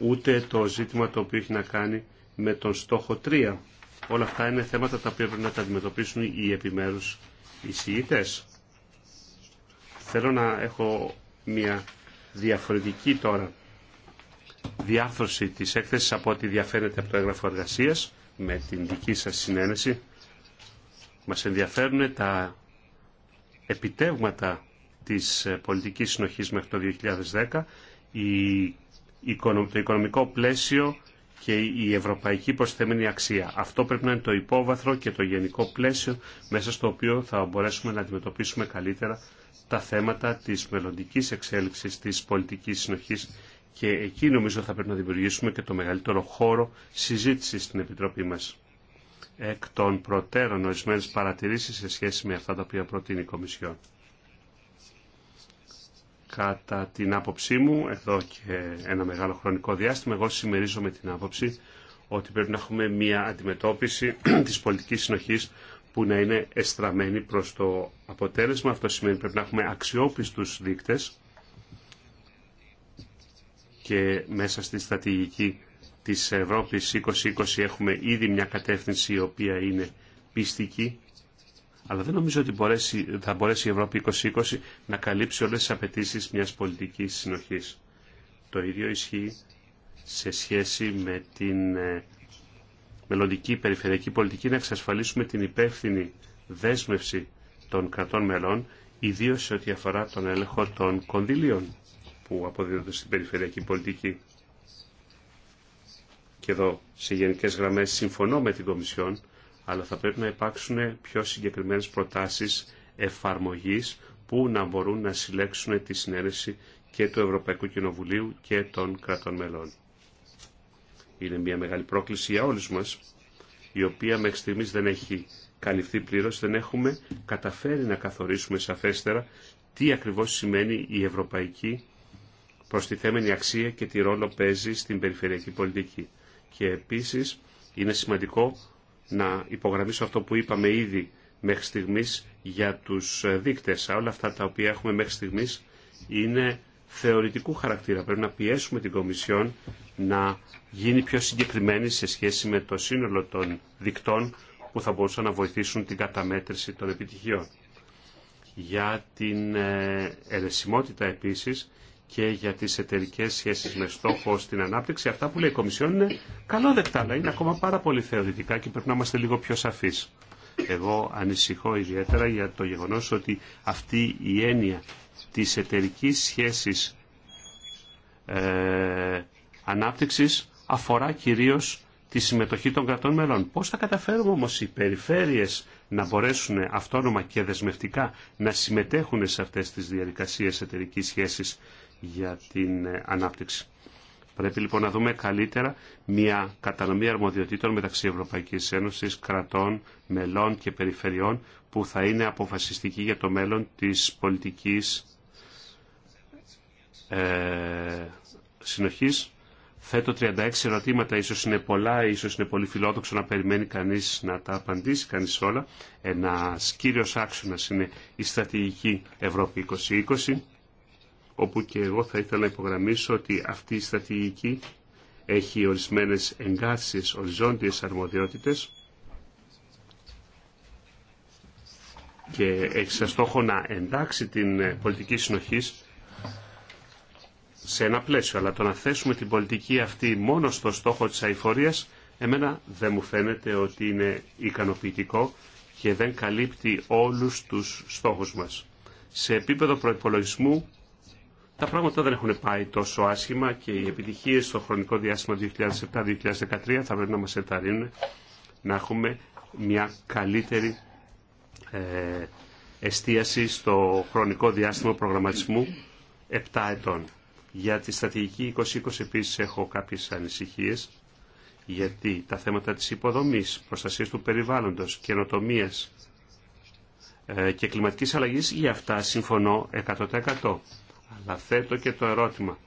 ούτε το ζήτημα το οποίο έχει να κάνει με τον στόχο 3. Όλα αυτά είναι θέματα τα οποία πρέπει να τα αντιμετωπίσουν οι επιμέρους εισηγητές. Θέλω να έχω μια διαφορετική τώρα διάρθρωση της έκθεσης από ό,τι διαφαίνεται από το έγγραφο εργασία με την δική σας συνένεση. Μας ενδιαφέρουν τα επιτεύγματα της πολιτικής συνοχής μέχρι το 2010, η, το οικονομικό πλαίσιο και η ευρωπαϊκή προσθέμενη αξία. Αυτό πρέπει να είναι το υπόβαθρο και το γενικό πλαίσιο μέσα στο οποίο θα μπορέσουμε να αντιμετωπίσουμε καλύτερα τα θέματα της μελλοντική εξέλιξης της πολιτικής συνοχής και εκεί νομίζω θα πρέπει να δημιουργήσουμε και το μεγαλύτερο χώρο συζήτησης στην Επιτροπή μας. Εκ των προτέρων ορισμένες παρατηρήσεις σε σχέση με αυτά τα οποία προτείνει η Κομισιόν. Κατά την άποψή μου, εδώ και ένα μεγάλο χρονικό διάστημα, εγώ συμμερίζομαι την άποψη ότι πρέπει να έχουμε μια αντιμετώπιση της πολιτικής συνοχής που να είναι εστραμμένη προς το αποτέλεσμα. Αυτό σημαίνει πρέπει να έχουμε αξιόπιστους δείκτες και μέσα στη στρατηγική της Ευρώπης 2020 έχουμε ήδη μια κατεύθυνση η οποία είναι πιστική αλλά δεν νομίζω ότι θα μπορέσει η Ευρώπη 2020 να καλύψει όλες τις απαιτήσεις μιας πολιτικής συνοχής. Το ίδιο ισχύει σε σχέση με την ε, μελλοντική περιφερειακή πολιτική να εξασφαλίσουμε την υπεύθυνη δέσμευση των κρατών μελών, ιδίως σε ό,τι αφορά τον έλεγχο των κονδυλίων που αποδίδονται στην περιφερειακή πολιτική. Και εδώ, σε γενικές γραμμές, συμφωνώ με την Κομισιόν αλλά θα πρέπει να υπάρξουν πιο συγκεκριμένες προτάσεις εφαρμογής που να μπορούν να συλλέξουν τη συνένεση και του Ευρωπαϊκού Κοινοβουλίου και των κρατών μελών. Είναι μια μεγάλη πρόκληση για όλους μας, η οποία μέχρι στιγμής δεν έχει καλυφθεί πλήρως, δεν έχουμε καταφέρει να καθορίσουμε σαφέστερα τι ακριβώς σημαίνει η ευρωπαϊκή προστιθέμενη αξία και τι ρόλο παίζει στην περιφερειακή πολιτική. Και επίσης είναι σημαντικό να υπογραμμίσω αυτό που είπαμε ήδη μέχρι στιγμής για τους ε, δείκτες. Όλα αυτά τα οποία έχουμε μέχρι στιγμής είναι θεωρητικού χαρακτήρα. Πρέπει να πιέσουμε την Κομισιόν να γίνει πιο συγκεκριμένη σε σχέση με το σύνολο των δικτών που θα μπορούσαν να βοηθήσουν την καταμέτρηση των επιτυχιών. Για την ερεσιμότητα επίσης και για τι εταιρικέ σχέσει με στόχο στην ανάπτυξη. Αυτά που λέει η Κομισιόν είναι καλόδεκτα, αλλά είναι ακόμα πάρα πολύ θεωρητικά και πρέπει να είμαστε λίγο πιο σαφεί. Εγώ ανησυχώ ιδιαίτερα για το γεγονό ότι αυτή η έννοια τη εταιρική σχέση ε, ανάπτυξης αφορά κυρίω τη συμμετοχή των κρατών μελών. Πώς θα καταφέρουμε όμως οι περιφέρειες να μπορέσουν αυτόνομα και δεσμευτικά να συμμετέχουν σε αυτές τις διαδικασίες εταιρικής σχέσης για την ε, ανάπτυξη. Πρέπει λοιπόν να δούμε καλύτερα μια κατανομή αρμοδιοτήτων μεταξύ Ευρωπαϊκής Ένωσης, κρατών, μελών και περιφερειών που θα είναι αποφασιστική για το μέλλον της πολιτικής ε, συνοχής. Θέτω 36 ερωτήματα, ίσως είναι πολλά, ίσως είναι πολύ φιλόδοξο να περιμένει κανείς να τα απαντήσει κανείς όλα. Ένα κύριος άξονας είναι η στρατηγική Ευρώπη 2020 όπου και εγώ θα ήθελα να υπογραμμίσω ότι αυτή η στρατηγική έχει ορισμένες εγκάσεις οριζόντιες αρμοδιότητες και έχει σαν στόχο να εντάξει την ε, πολιτική συνοχή σε ένα πλαίσιο. Αλλά το να θέσουμε την πολιτική αυτή μόνο στο στόχο της αηφορίας, εμένα δεν μου φαίνεται ότι είναι ικανοποιητικό και δεν καλύπτει όλους τους στόχους μας. Σε επίπεδο προϋπολογισμού τα πράγματα δεν έχουν πάει τόσο άσχημα και οι επιτυχίες στο χρονικό διάστημα 2007-2013 θα πρέπει να μας εταρρύνουν να έχουμε μια καλύτερη ε, εστίαση στο χρονικό διάστημα προγραμματισμού 7 ετών. Για τη στρατηγική 2020 επίσης έχω κάποιες ανησυχίες γιατί τα θέματα της υποδομής, προστασίας του περιβάλλοντος, καινοτομίας ε, και κλιματικής αλλαγής για αυτά συμφωνώ 100%. Αλλά θέτω και το ερώτημα.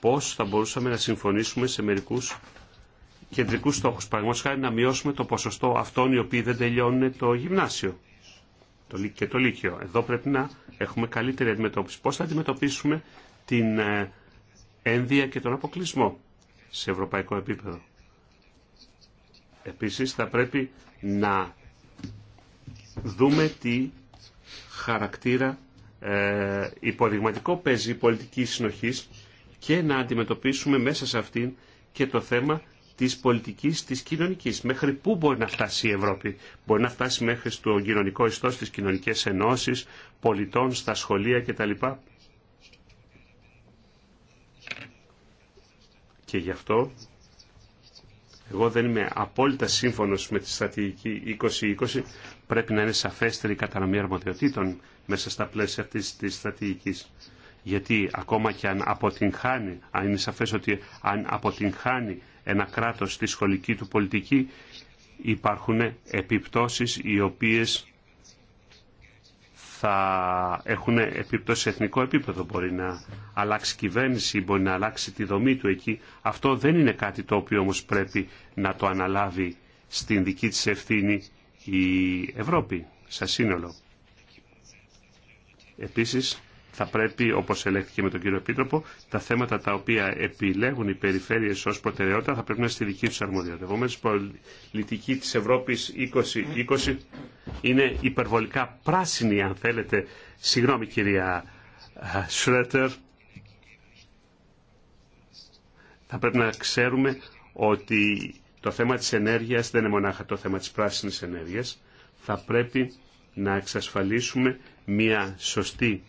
Πώς θα μπορούσαμε να συμφωνήσουμε σε μερικούς κεντρικούς στόχους. Παραδείγματος χάρη να μειώσουμε το ποσοστό αυτών οι οποίοι δεν τελειώνουν το γυμνάσιο και το Λύκειο. Εδώ πρέπει να έχουμε καλύτερη αντιμετώπιση. Πώς θα αντιμετωπίσουμε την ε, ένδυα και τον αποκλεισμό σε ευρωπαϊκό επίπεδο. Επίσης θα πρέπει να δούμε τι χαρακτήρα ε, υποδειγματικό παίζει πολιτική συνοχής και να αντιμετωπίσουμε μέσα σε αυτήν και το θέμα της πολιτικής της κοινωνικής. Μέχρι πού μπορεί να φτάσει η Ευρώπη. Μπορεί να φτάσει μέχρι στο κοινωνικό ιστό, στις κοινωνικές ενώσεις, πολιτών, στα σχολεία κτλ. Και γι' αυτό εγώ δεν είμαι απόλυτα σύμφωνος με τη στρατηγική 2020. Πρέπει να είναι σαφέστερη η κατανομή αρμοδιοτήτων μέσα στα πλαίσια αυτής της στρατηγικής. Γιατί ακόμα και αν αποτυγχάνει, αν είναι σαφές ότι αν αποτυγχάνει ένα κράτος στη σχολική του πολιτική, υπάρχουν επιπτώσεις οι οποίες θα έχουν επιπτώσει σε εθνικό επίπεδο. Μπορεί να αλλάξει κυβέρνηση, μπορεί να αλλάξει τη δομή του εκεί. Αυτό δεν είναι κάτι το οποίο όμως πρέπει να το αναλάβει στην δική της ευθύνη η Ευρώπη, σαν σύνολο. Επίσης, θα πρέπει, όπως ελέγχθηκε με τον κύριο Επίτροπο, τα θέματα τα οποία επιλέγουν οι περιφέρειες ω προτεραιότητα θα πρέπει να είναι στη δική του αρμοδιότητα. Επομένω, η πολιτική της Ευρώπης 2020 είναι υπερβολικά πράσινη, αν θέλετε. Συγγνώμη, κυρία Σρέτερ. Θα πρέπει να ξέρουμε ότι το θέμα της ενέργειας δεν είναι μονάχα το θέμα της πράσινης ενέργειας. Θα πρέπει να εξασφαλίσουμε μια σωστή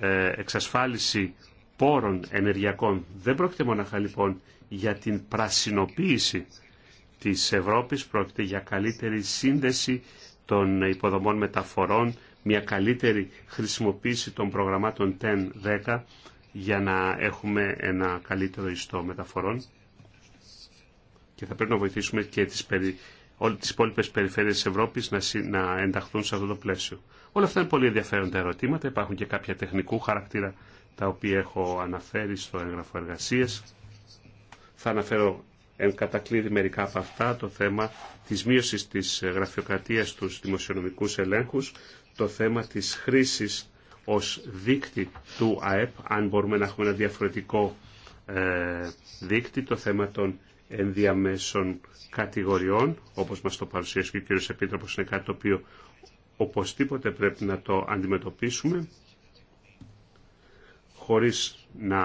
ε, εξασφάλιση πόρων ενεργειακών. Δεν πρόκειται μοναχα λοιπόν για την πρασινοποίηση της Ευρώπης, πρόκειται για καλύτερη σύνδεση των υποδομών μεταφορών, μια καλύτερη χρησιμοποίηση των προγραμμάτων 10-10 για να έχουμε ένα καλύτερο ιστό μεταφορών και θα πρέπει να βοηθήσουμε και τις, περι... τις υπόλοιπε περιφέρειες της Ευρώπης να, να ενταχθούν σε αυτό το πλαίσιο. Όλα αυτά είναι πολύ ενδιαφέροντα ερωτήματα. Υπάρχουν και κάποια τεχνικού χαρακτήρα τα οποία έχω αναφέρει στο έγγραφο εργασία. Θα αναφέρω εν κατακλείδη μερικά από αυτά το θέμα της μείωσης της γραφειοκρατίας στους δημοσιονομικούς ελέγχους, το θέμα της χρήσης ως δείκτη του ΑΕΠ, αν μπορούμε να έχουμε ένα διαφορετικό ε, δείκτη, το θέμα των ενδιαμέσων κατηγοριών, όπως μας το παρουσίασε και ο κ Επίτροπος, είναι κάτι το οποίο οπωσδήποτε πρέπει να το αντιμετωπίσουμε χωρίς να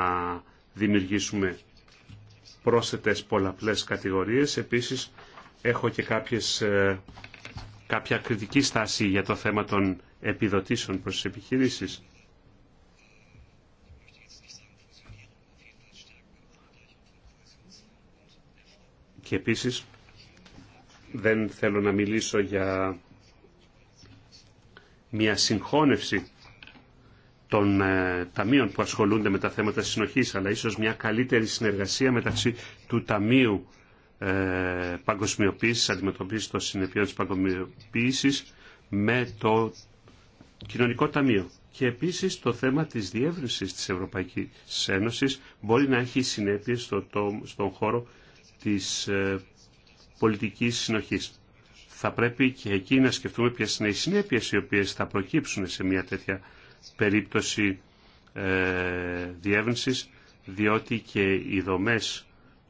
δημιουργήσουμε πρόσθετες πολλαπλές κατηγορίες. Επίσης, έχω και κάποιες, ε, κάποια κριτική στάση για το θέμα των επιδοτήσεων προς τις επιχειρήσεις. Και επίσης, δεν θέλω να μιλήσω για μια συγχώνευση των ε, ταμείων που ασχολούνται με τα θέματα συνοχής, αλλά ίσως μια καλύτερη συνεργασία μεταξύ του Ταμείου ε, Παγκοσμιοποίησης, αντιμετωπίσης των συνεπειών της παγκοσμιοποίησης, με το Κοινωνικό Ταμείο. Και επίσης το θέμα της διεύρυνσης της Ευρωπαϊκής Ένωσης μπορεί να έχει συνέπειες στο, στον χώρο της ε, πολιτικής συνοχής θα πρέπει και εκεί να σκεφτούμε ποιες είναι οι συνέπειε οι οποίες θα προκύψουν σε μια τέτοια περίπτωση ε, διότι και οι δομές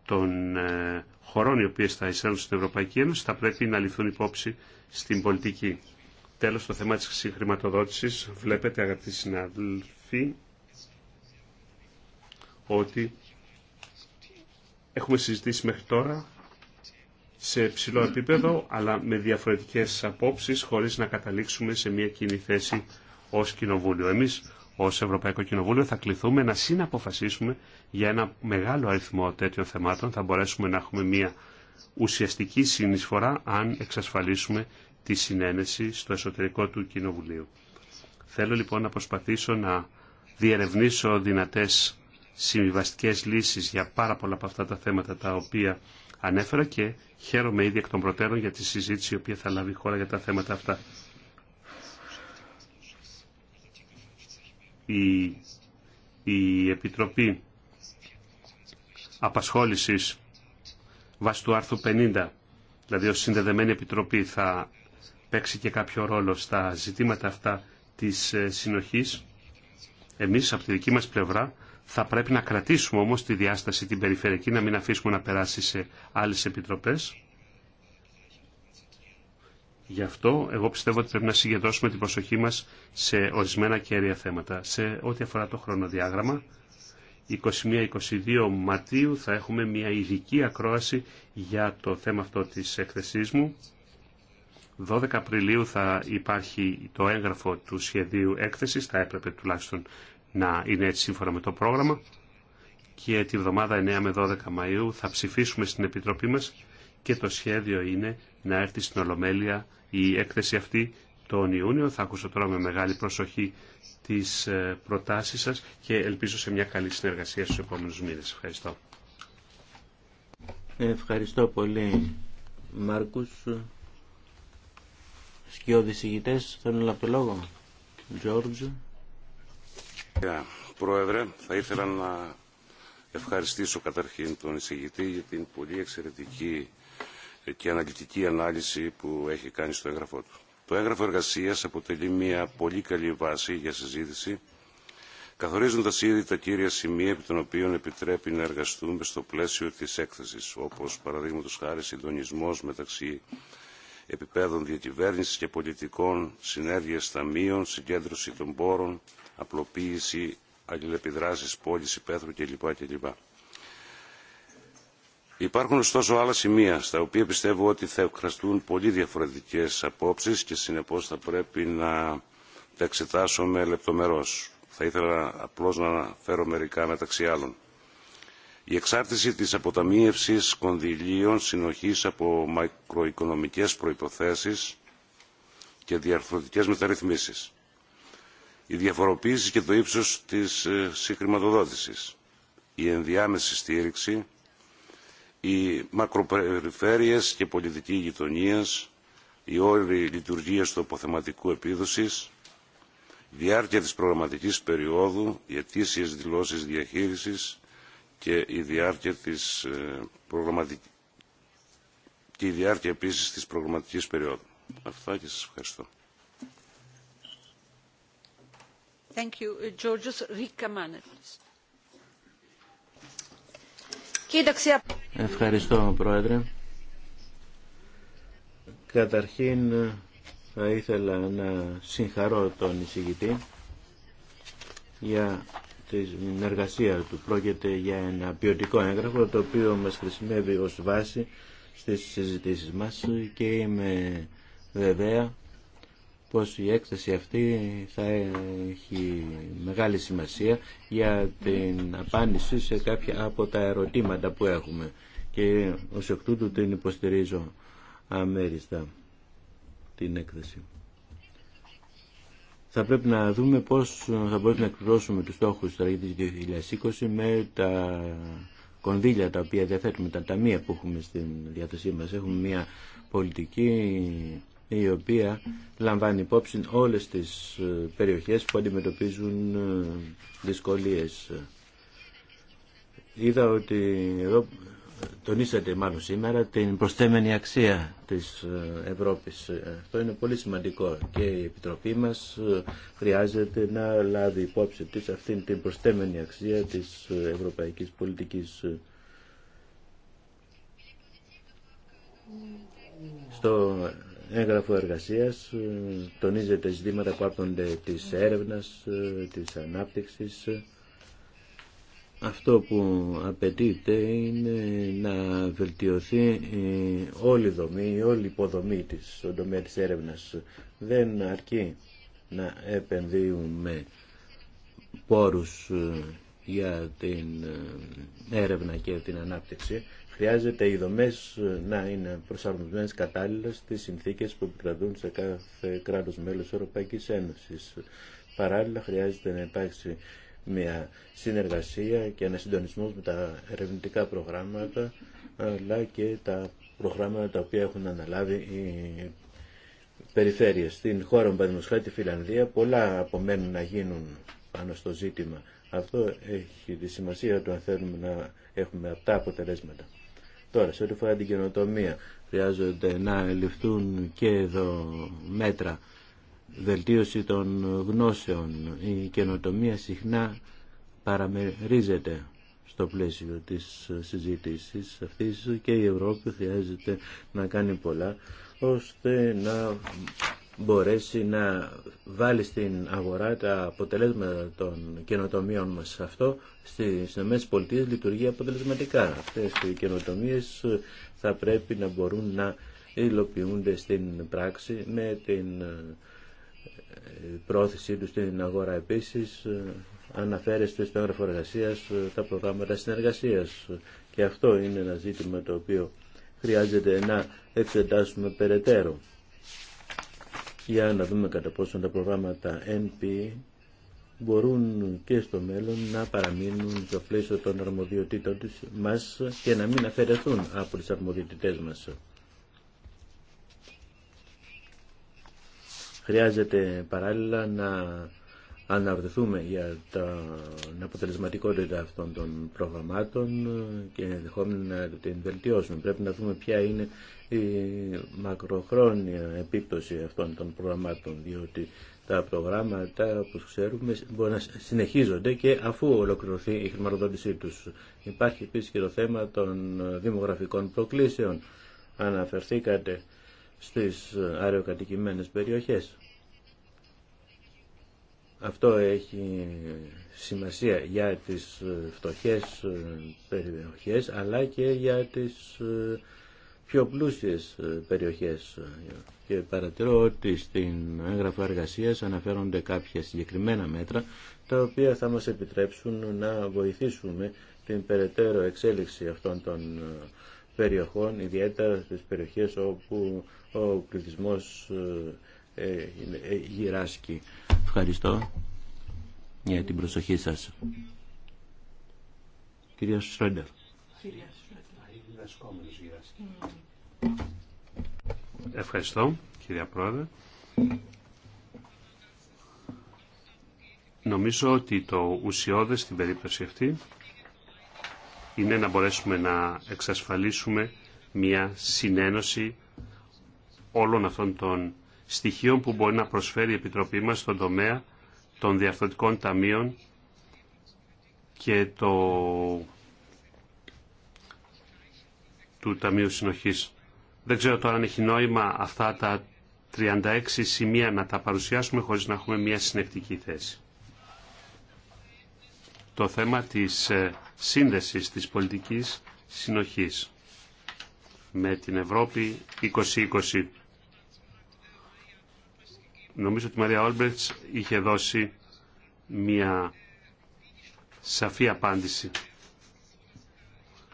των ε, χωρών οι οποίε θα εισέλθουν στην Ευρωπαϊκή Ένωση θα πρέπει να ληφθούν υπόψη στην πολιτική. Τέλος, το θέμα της χρηματοδότηση. Βλέπετε, αγαπητοί συναδελφοί, ότι έχουμε συζητήσει μέχρι τώρα σε ψηλό επίπεδο, αλλά με διαφορετικές απόψεις, χωρίς να καταλήξουμε σε μια κοινή θέση ως Κοινοβούλιο. Εμείς ως Ευρωπαϊκό Κοινοβούλιο θα κληθούμε να συναποφασίσουμε για ένα μεγάλο αριθμό τέτοιων θεμάτων. Θα μπορέσουμε να έχουμε μια ουσιαστική συνεισφορά αν εξασφαλίσουμε τη συνένεση στο εσωτερικό του Κοινοβουλίου. Θέλω λοιπόν να προσπαθήσω να διερευνήσω δυνατές συμβιβαστικές λύσεις για πάρα πολλά από αυτά τα θέματα τα οποία ανέφερα και χαίρομαι ήδη εκ των προτέρων για τη συζήτηση η οποία θα λάβει η χώρα για τα θέματα αυτά. Η, η Επιτροπή Απασχόλησης βάσει του άρθρου 50, δηλαδή ως συνδεδεμένη επιτροπή θα παίξει και κάποιο ρόλο στα ζητήματα αυτά της ε, συνοχής. Εμείς από τη δική μας πλευρά θα πρέπει να κρατήσουμε όμως τη διάσταση την περιφερειακή, να μην αφήσουμε να περάσει σε άλλες επιτροπές. Γι' αυτό εγώ πιστεύω ότι πρέπει να συγκεντρώσουμε την προσοχή μας σε ορισμένα κέρια θέματα. Σε ό,τι αφορά το χρονοδιάγραμμα, 21-22 Μαρτίου θα έχουμε μια ειδική ακρόαση για το θέμα αυτό της έκθεσής μου. 12 Απριλίου θα υπάρχει το έγγραφο του σχεδίου έκθεσης, θα έπρεπε τουλάχιστον να είναι έτσι σύμφωνα με το πρόγραμμα και τη βδομάδα 9 με 12 Μαΐου θα ψηφίσουμε στην Επιτροπή μας και το σχέδιο είναι να έρθει στην Ολομέλεια η έκθεση αυτή τον Ιούνιο. Θα ακούσω τώρα με μεγάλη προσοχή τις ε, προτάσεις σας και ελπίζω σε μια καλή συνεργασία στους επόμενους μήνες. Ευχαριστώ. Ευχαριστώ πολύ Μάρκους. Σκιώδης θέλουν να το λόγο. George. Κύριε Πρόεδρε, θα ήθελα να ευχαριστήσω καταρχήν τον εισηγητή για την πολύ εξαιρετική και αναλυτική ανάλυση που έχει κάνει στο έγγραφό του. Το έγγραφο εργασίας αποτελεί μια πολύ καλή βάση για συζήτηση, καθορίζοντας ήδη τα κύρια σημεία επί των οποίων επιτρέπει να εργαστούμε στο πλαίσιο της έκθεσης, όπως παραδείγματο χάρη συντονισμός μεταξύ επιπέδων διακυβέρνησης και πολιτικών, συνέργεια ταμείων, συγκέντρωση των πόρων, απλοποίηση, αλληλεπιδράσεις, πώληση πέθρου κλπ. Υπάρχουν ωστόσο άλλα σημεία στα οποία πιστεύω ότι θα εκφραστούν πολύ διαφορετικές απόψεις και συνεπώς θα πρέπει να τα εξετάσουμε λεπτομερώς. Θα ήθελα απλώς να αναφέρω μερικά μεταξύ άλλων. Η εξάρτηση της αποταμίευσης κονδυλίων συνοχής από μακροοικονομικές προϋποθέσεις και διαρθρωτικές μεταρρυθμίσεις η διαφοροποίηση και το ύψος της ε, συγχρηματοδότησης, η ενδιάμεση στήριξη, οι μακροπεριφέρειες και πολιτική γειτονίας, η όρη λειτουργίας του αποθεματικού επίδοσης, η διάρκεια της προγραμματικής περίοδου, οι αιτήσιες δηλώσεις διαχείρισης και η διάρκεια της ε, προγραμματικής και η διάρκεια επίσης της προγραμματικής περίοδου. Αυτά και σας ευχαριστώ. Uh, Ευχαριστώ, Πρόεδρε. Καταρχήν θα ήθελα να συγχαρώ τον εισηγητή για την εργασία του. Πρόκειται για ένα ποιοτικό έγγραφο το οποίο μας χρησιμεύει ως βάση στις συζητήσεις μας και είμαι βεβαία πως η έκθεση αυτή θα έχει μεγάλη σημασία για την απάντηση σε κάποια από τα ερωτήματα που έχουμε και ως εκ τούτου την υποστηρίζω αμέριστα την έκθεση. Θα πρέπει να δούμε πώς θα μπορούμε να εκπληρώσουμε τους στόχους της στρατηγικής 2020 με τα κονδύλια τα οποία διαθέτουμε, τα ταμεία που έχουμε στην διάθεσή μας. Έχουμε μια πολιτική η οποία λαμβάνει υπόψη όλες τις ε, περιοχές που αντιμετωπίζουν ε, δυσκολίες. Είδα ότι ε, τονίσατε μάλλον σήμερα την προσθέμενη αξία της Ευρώπης. Αυτό είναι πολύ σημαντικό και η Επιτροπή μας χρειάζεται να λάβει υπόψη της αυτήν την προσθέμενη αξία της ευρωπαϊκής πολιτικής. Στο έγγραφο εργασίας ε, τονίζεται ζητήματα που άπτονται της έρευνας, ε, της ανάπτυξης. Αυτό που απαιτείται είναι να βελτιωθεί όλη η δομή, όλη υποδομή της στον τομέα της έρευνας. Δεν αρκεί να επενδύουμε πόρους ε, για την ε, έρευνα και την ανάπτυξη, χρειάζεται οι δομέ ε, να είναι προσαρμοσμένε κατάλληλα στι συνθήκε που επικρατούν σε κάθε κράτο μέλο τη Ευρωπαϊκή Παράλληλα, χρειάζεται να υπάρξει μια συνεργασία και ένα συντονισμό με τα ερευνητικά προγράμματα αλλά και τα προγράμματα τα οποία έχουν αναλάβει οι περιφέρειες. Στην χώρα μου, παραδείγματος τη Φιλανδία, πολλά απομένουν να γίνουν πάνω στο ζήτημα. Αυτό έχει τη σημασία του αν θέλουμε να έχουμε αυτά αποτελέσματα. Τώρα, σε ό,τι φορά την καινοτομία, χρειάζονται να ληφθούν και εδώ μέτρα βελτίωση των γνώσεων. Η καινοτομία συχνά παραμερίζεται στο πλαίσιο της συζήτησης αυτής και η Ευρώπη χρειάζεται να κάνει πολλά ώστε να μπορέσει να βάλει στην αγορά τα αποτελέσματα των καινοτομίων μας. Αυτό στις πολιτείες λειτουργεί αποτελεσματικά. Αυτές οι καινοτομίες ε, θα πρέπει να μπορούν να υλοποιούνται στην πράξη με την ε, πρόθεσή τους στην αγορά επίσης ε, αναφέρεστε στο έγγραφο εργασία τα προγράμματα συνεργασίας και αυτό είναι ένα ζήτημα το οποίο χρειάζεται να εξετάσουμε περαιτέρω για να δούμε κατά πόσο τα προγράμματα NP μπορούν και στο μέλλον να παραμείνουν στο πλαίσιο των αρμοδιοτήτων της μας και να μην αφαιρεθούν από τις αρμοδιοτητές μας. Χρειάζεται παράλληλα να αναρωτηθούμε για την αποτελεσματικότητα αυτών των προγραμμάτων και ενδεχόμενα να την βελτιώσουμε. Πρέπει να δούμε ποια είναι η μακροχρόνια επίπτωση αυτών των προγραμμάτων, διότι τα προγράμματα, όπως ξέρουμε, μπορεί να συνεχίζονται και αφού ολοκληρωθεί η χρηματοδότησή τους. Υπάρχει επίσης και το θέμα των δημογραφικών προκλήσεων. Αναφερθήκατε στις αεροκατοικημένες περιοχές. Αυτό έχει σημασία για τις φτωχές περιοχές, αλλά και για τις ε, πιο πλούσιες ε, περιοχές και παρατηρώ ότι στην έγγραφα εργασίας αναφέρονται κάποια συγκεκριμένα μέτρα τα οποία θα μας επιτρέψουν να βοηθήσουμε την περαιτέρω εξέλιξη αυτών των ε, περιοχών, ιδιαίτερα στις περιοχές όπου ο πληθυσμός ε, γυράσκει. Ευχαριστώ για την προσοχή σας. Κυρία Ευχαριστώ, κυρία Πρόεδρε. Νομίζω ότι το ουσιώδες στην περίπτωση αυτή είναι να μπορέσουμε να εξασφαλίσουμε μια συνένωση όλων αυτών των στοιχείων που μπορεί να προσφέρει η Επιτροπή μας στον τομέα των διαφθορτικών ταμείων και το του Ταμείου Συνοχής. Δεν ξέρω τώρα αν έχει νόημα αυτά τα 36 σημεία να τα παρουσιάσουμε χωρίς να έχουμε μια συνεκτική θέση. Το θέμα της ε, σύνδεσης της πολιτικής συνοχής με την Ευρώπη 2020. Νομίζω ότι η Μαρία Όλμπρετς είχε δώσει μια σαφή απάντηση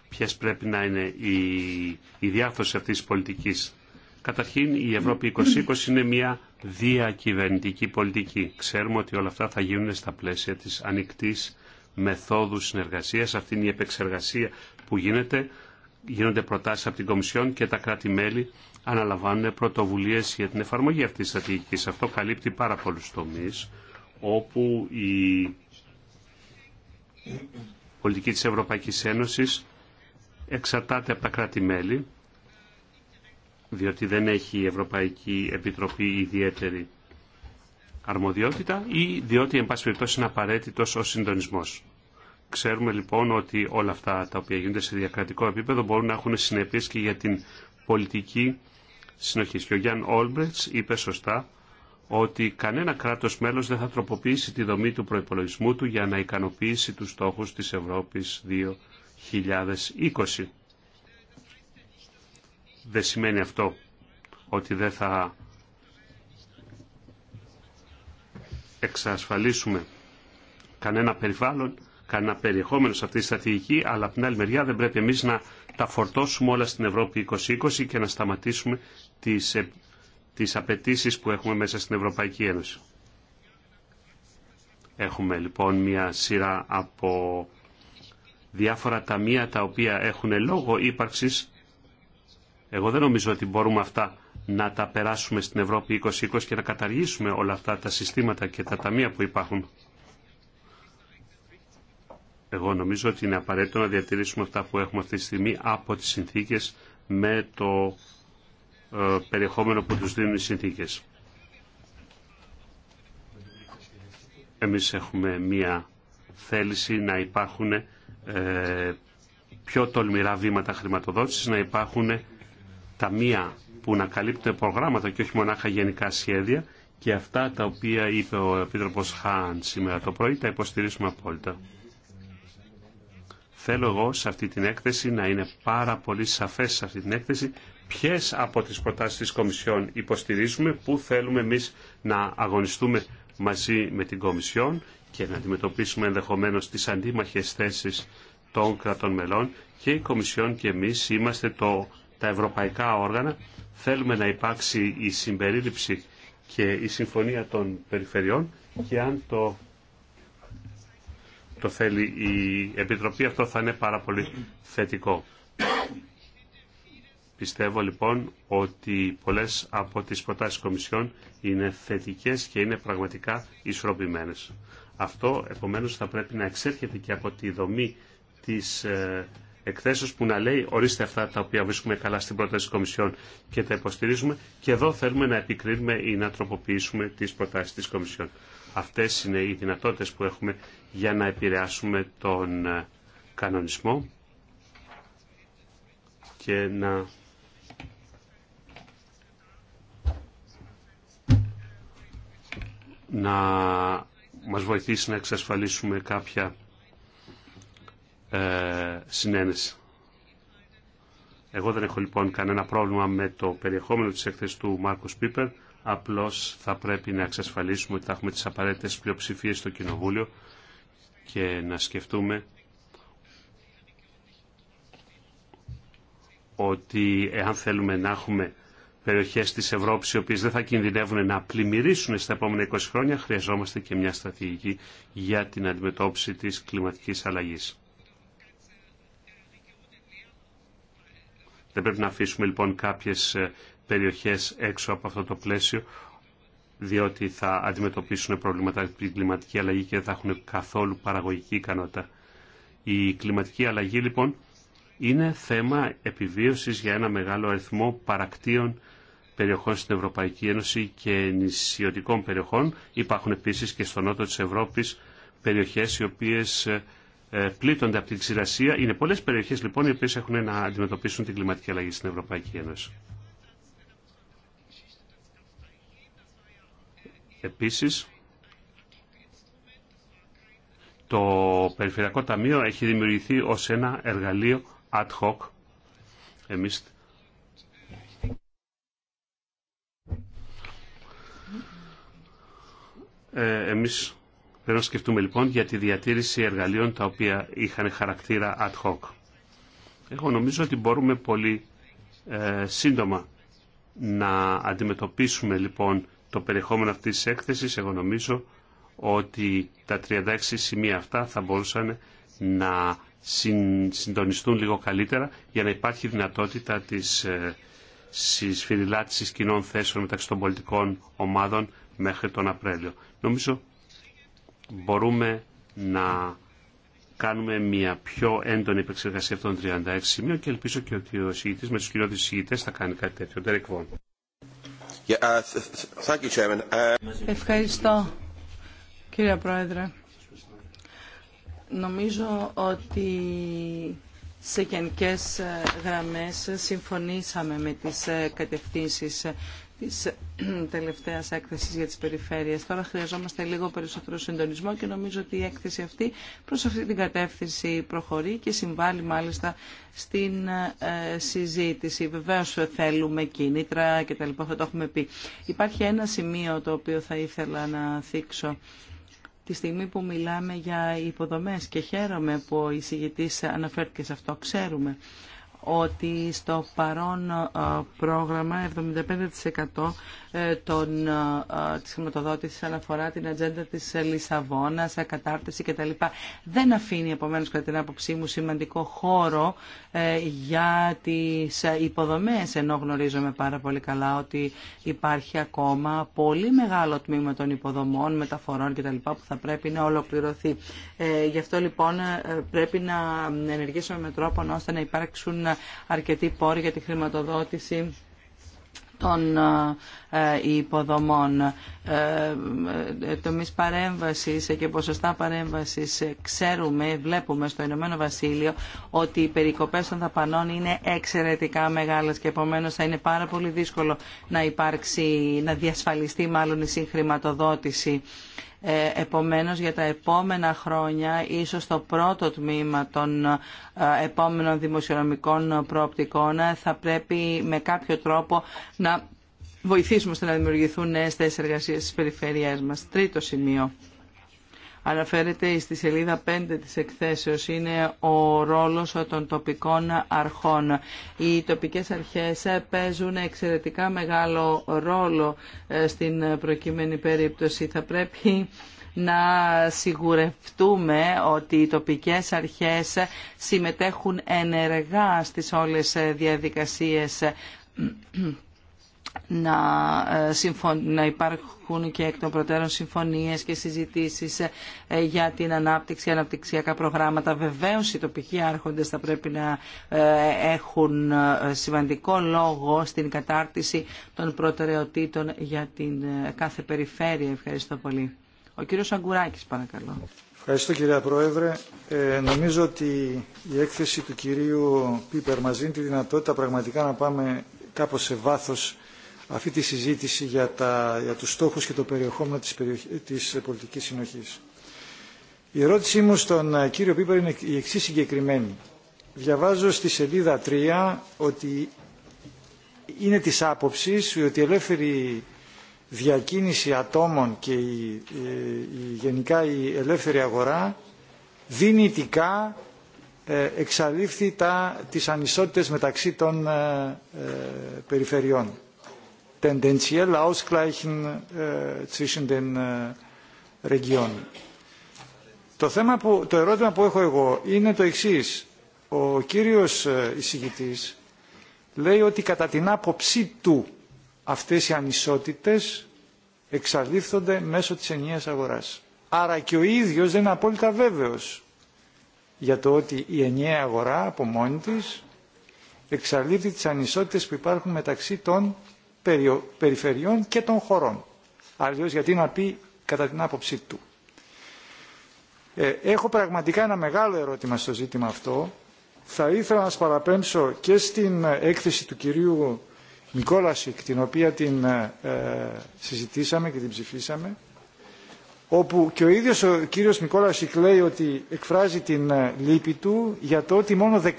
ποιες πρέπει να είναι η, η διάρθρωση αυτής της πολιτικής. Καταρχήν η Ευρώπη 2020 είναι μια διακυβερνητική πολιτική. Ξέρουμε ότι όλα αυτά θα γίνουν στα πλαίσια της ανοιχτή μεθόδου συνεργασίας. Αυτή είναι η επεξεργασία που γίνεται. Γίνονται προτάσεις από την Κομισιόν και τα κράτη-μέλη αναλαμβάνουν πρωτοβουλίες για την εφαρμογή αυτής της στρατηγικής. Αυτό καλύπτει πάρα πολλούς τομείς όπου η πολιτική της Ευρωπαϊκής Ένωσης εξαρτάται από τα κράτη-μέλη, διότι δεν έχει η Ευρωπαϊκή Επιτροπή ιδιαίτερη αρμοδιότητα ή διότι, εν πάση περιπτώσει, είναι απαραίτητο ο συντονισμό. Ξέρουμε λοιπόν ότι όλα αυτά τα οποία γίνονται σε διακρατικό επίπεδο μπορούν να έχουν συνεπίσει και για την πολιτική συνοχή. Και ο Γιάνν Όλμπρετ είπε σωστά ότι κανένα κράτος μέλος δεν θα τροποποιήσει τη δομή του προϋπολογισμού του για να ικανοποιήσει τους στόχους της Ευρώπης 2020. 2020. Δεν σημαίνει αυτό ότι δεν θα εξασφαλίσουμε κανένα περιβάλλον, κανένα περιεχόμενο σε αυτή τη στρατηγική, αλλά από την άλλη μεριά δεν πρέπει εμείς να τα φορτώσουμε όλα στην Ευρώπη 2020 και να σταματήσουμε τις, ε, τις απαιτήσει που έχουμε μέσα στην Ευρωπαϊκή Ένωση. Έχουμε λοιπόν μια σειρά από διάφορα ταμεία τα οποία έχουν λόγο ύπαρξης. Εγώ δεν νομίζω ότι μπορούμε αυτά να τα περάσουμε στην Ευρώπη 2020 και να καταργήσουμε όλα αυτά τα συστήματα και τα ταμεία που υπάρχουν. Εγώ νομίζω ότι είναι απαραίτητο να διατηρήσουμε αυτά που έχουμε αυτή τη στιγμή από τις συνθήκες με το ε, περιεχόμενο που τους δίνουν οι συνθήκες. Εμείς έχουμε μία θέληση να υπάρχουν ε, πιο τολμηρά βήματα χρηματοδότησης, να υπάρχουν ταμεία που να καλύπτουν προγράμματα και όχι μονάχα γενικά σχέδια και αυτά τα οποία είπε ο Επίτροπος Χάν σήμερα το πρωί τα υποστηρίζουμε απόλυτα. Θέλω εγώ σε αυτή την έκθεση να είναι πάρα πολύ σαφές σε αυτή την έκθεση Ποιε από τις προτάσεις της Κομισιόν υποστηρίζουμε, πού θέλουμε εμείς να αγωνιστούμε μαζί με την Κομισιόν και να αντιμετωπίσουμε ενδεχομένως τις αντίμαχες θέσεις των κρατών μελών και η Κομισιόν και εμείς είμαστε το, τα ευρωπαϊκά όργανα. Θέλουμε να υπάρξει η συμπερίληψη και η συμφωνία των περιφερειών και αν το, το θέλει η Επιτροπή αυτό θα είναι πάρα πολύ θετικό. Πιστεύω λοιπόν ότι πολλές από τις προτάσεις Κομισιόν είναι θετικές και είναι πραγματικά ισορροπημένες. Αυτό επομένως θα πρέπει να εξέρχεται και από τη δομή της ε, εκθέσεως που να λέει ορίστε αυτά τα οποία βρίσκουμε καλά στην πρόταση της Κομισιόν και τα υποστηρίζουμε και εδώ θέλουμε να επικρίνουμε ή να τροποποιήσουμε τις προτάσεις της Κομισιόν. Αυτές είναι οι δυνατότητες που έχουμε για να επηρεάσουμε τον ε, κανονισμό και να να μας βοηθήσει να εξασφαλίσουμε κάποια ε, συνένεση. Εγώ δεν έχω λοιπόν κανένα πρόβλημα με το περιεχόμενο της έκθεσης του Μάρκος Πίπερ, απλώς θα πρέπει να εξασφαλίσουμε ότι θα έχουμε τις απαραίτητες πλειοψηφίες στο Κοινοβούλιο και να σκεφτούμε ότι εάν θέλουμε να έχουμε Περιοχέ τη Ευρώπη οι οποίε δεν θα κινδυνεύουν να πλημμυρίσουν στα επόμενα 20 χρόνια χρειαζόμαστε και μια στρατηγική για την αντιμετώπιση τη κλιματική αλλαγή. Δεν πρέπει να αφήσουμε λοιπόν κάποιε περιοχέ έξω από αυτό το πλαίσιο διότι θα αντιμετωπίσουν προβλήματα την κλιματική αλλαγή και δεν θα έχουν καθόλου παραγωγική ικανότητα. Η κλιματική αλλαγή λοιπόν είναι θέμα επιβίωσης για ένα μεγάλο αριθμό παρακτήων περιοχών στην Ευρωπαϊκή Ένωση και νησιωτικών περιοχών. Υπάρχουν επίσης και στο νότο της Ευρώπης περιοχές οι οποίες ε, ε, πλήττονται από την ξηρασία. Είναι πολλές περιοχές λοιπόν οι οποίες έχουν να αντιμετωπίσουν την κλιματική αλλαγή στην Ευρωπαϊκή Ένωση. Επίσης, το Περιφερειακό Ταμείο έχει δημιουργηθεί ως ένα εργαλείο ad hoc. Ε, εμείς πρέπει να σκεφτούμε λοιπόν για τη διατήρηση εργαλείων τα οποία είχαν χαρακτήρα ad hoc. Εγώ νομίζω ότι μπορούμε πολύ ε, σύντομα να αντιμετωπίσουμε λοιπόν το περιεχόμενο αυτής της έκθεσης. Εγώ νομίζω ότι τα 36 σημεία αυτά θα μπορούσαν να συντονιστούν λίγο καλύτερα για να υπάρχει δυνατότητα της ε, συσφυριλάτησης κοινών θέσεων μεταξύ των πολιτικών ομάδων μέχρι τον Απρέλιο. Νομίζω μπορούμε να κάνουμε μια πιο έντονη επεξεργασία αυτών των 36 σημείων και ελπίζω και ότι ο συγητής με τους κυριότερους συγητές θα κάνει κάτι τέτοιο. Uh, uh, Ευχαριστώ κύριε Πρόεδρε. Νομίζω ότι σε γενικές ε, γραμμές συμφωνήσαμε με τις ε, κατευθύνσεις ε, της τελευταία έκθεση για τι περιφέρειες. Τώρα χρειαζόμαστε λίγο περισσότερο συντονισμό και νομίζω ότι η έκθεση αυτή προ αυτή την κατεύθυνση προχωρεί και συμβάλλει μάλιστα στην ε, συζήτηση. Βεβαίω θέλουμε κίνητρα και λοιπά, θα το έχουμε πει. Υπάρχει ένα σημείο το οποίο θα ήθελα να θίξω τη στιγμή που μιλάμε για υποδομές και χαίρομαι που ο εισηγητής αναφέρθηκε σε αυτό, ξέρουμε ότι στο παρόν ε, πρόγραμμα 75% ε, των, ε, της χρηματοδότησης αναφορά την ατζέντα της Λισαβόνας, κατάρτιση κτλ. Δεν αφήνει επομένως κατά την άποψή μου σημαντικό χώρο για τις υποδομές ενώ γνωρίζομαι πάρα πολύ καλά ότι υπάρχει ακόμα πολύ μεγάλο τμήμα των υποδομών, μεταφορών κτλ. που θα πρέπει να ολοκληρωθεί. Γι' αυτό λοιπόν πρέπει να ενεργήσουμε με τρόπο ώστε να υπάρξουν αρκετοί πόροι για τη χρηματοδότηση των ε, υποδομών. Ε, ε, τομείς παρέμβαση και ποσοστά παρέμβαση ξέρουμε, βλέπουμε στο Ηνωμένο Βασίλειο ότι οι περικοπές των δαπανών είναι εξαιρετικά μεγάλε και επομένω θα είναι πάρα πολύ δύσκολο να υπάρξει, να διασφαλιστεί μάλλον η συγχρηματοδότηση. Ε, επομένως για τα επόμενα χρόνια ίσως το πρώτο τμήμα των ε, επόμενων δημοσιονομικών προοπτικών ε, θα πρέπει με κάποιο τρόπο να βοηθήσουμε ώστε να δημιουργηθούν νέες θέσεις εργασίας στις περιφέρειές μας. Τρίτο σημείο αναφέρεται στη σελίδα 5 της εκθέσεως είναι ο ρόλος των τοπικών αρχών. Οι τοπικές αρχές παίζουν εξαιρετικά μεγάλο ρόλο ε, στην προκειμένη περίπτωση. Θα πρέπει να σιγουρευτούμε ότι οι τοπικές αρχές συμμετέχουν ενεργά στις όλες ε, διαδικασίες ε, να, υπάρχουν και εκ των προτέρων συμφωνίες και συζητήσεις ε, για την ανάπτυξη, αναπτυξιακά προγράμματα. Βεβαίως οι τοπικοί άρχοντες θα πρέπει να ε, έχουν σημαντικό λόγο στην κατάρτιση των προτεραιοτήτων για την κάθε περιφέρεια. Ευχαριστώ πολύ. Ο κύριος Αγκουράκης παρακαλώ. Ευχαριστώ κυρία Πρόεδρε. νομίζω ότι η έκθεση του κυρίου Πίπερ μας δίνει τη δυνατότητα πραγματικά να πάμε κάπως σε βάθος αυτή τη συζήτηση για, τα, για τους στόχους και το περιεχόμενο της, της πολιτικής συνοχής. Η ερώτησή μου στον ε, κύριο Πίπερ είναι η εξής συγκεκριμένη. Διαβάζω στη σελίδα 3 ότι είναι της άποψης ότι η ελεύθερη διακίνηση ατόμων και η, ε, γενικά η ελεύθερη αγορά δυνητικά ε, εξαλείφθη τα, τις ανισότητες μεταξύ των περιφερειών tendenziell ausgleichen äh, zwischen den äh, Regionen. Το, θέμα το ερώτημα που έχω εγώ είναι το εξής. Ο κύριος ε, εισηγητής λέει ότι κατά την άποψή του αυτές οι ανισότητες εξαλείφθονται μέσω της ενιαίας αγοράς. Άρα και ο ίδιος δεν είναι απόλυτα βέβαιος για το ότι η ενιαία αγορά από μόνη της εξαλείφθη τις ανισότητες που υπάρχουν μεταξύ των περιφερειών και των χωρών. Αλλιώς γιατί να πει κατά την άποψή του. Ε, έχω πραγματικά ένα μεγάλο ερώτημα στο ζήτημα αυτό. Θα ήθελα να σας παραπέμψω και στην έκθεση του κυρίου Μικόλαση, την οποία την ε, ε, συζητήσαμε και την ψηφίσαμε, όπου και ο ίδιος ο κύριος Μικόλασικ λέει ότι εκφράζει την λύπη του για το ότι μόνο 19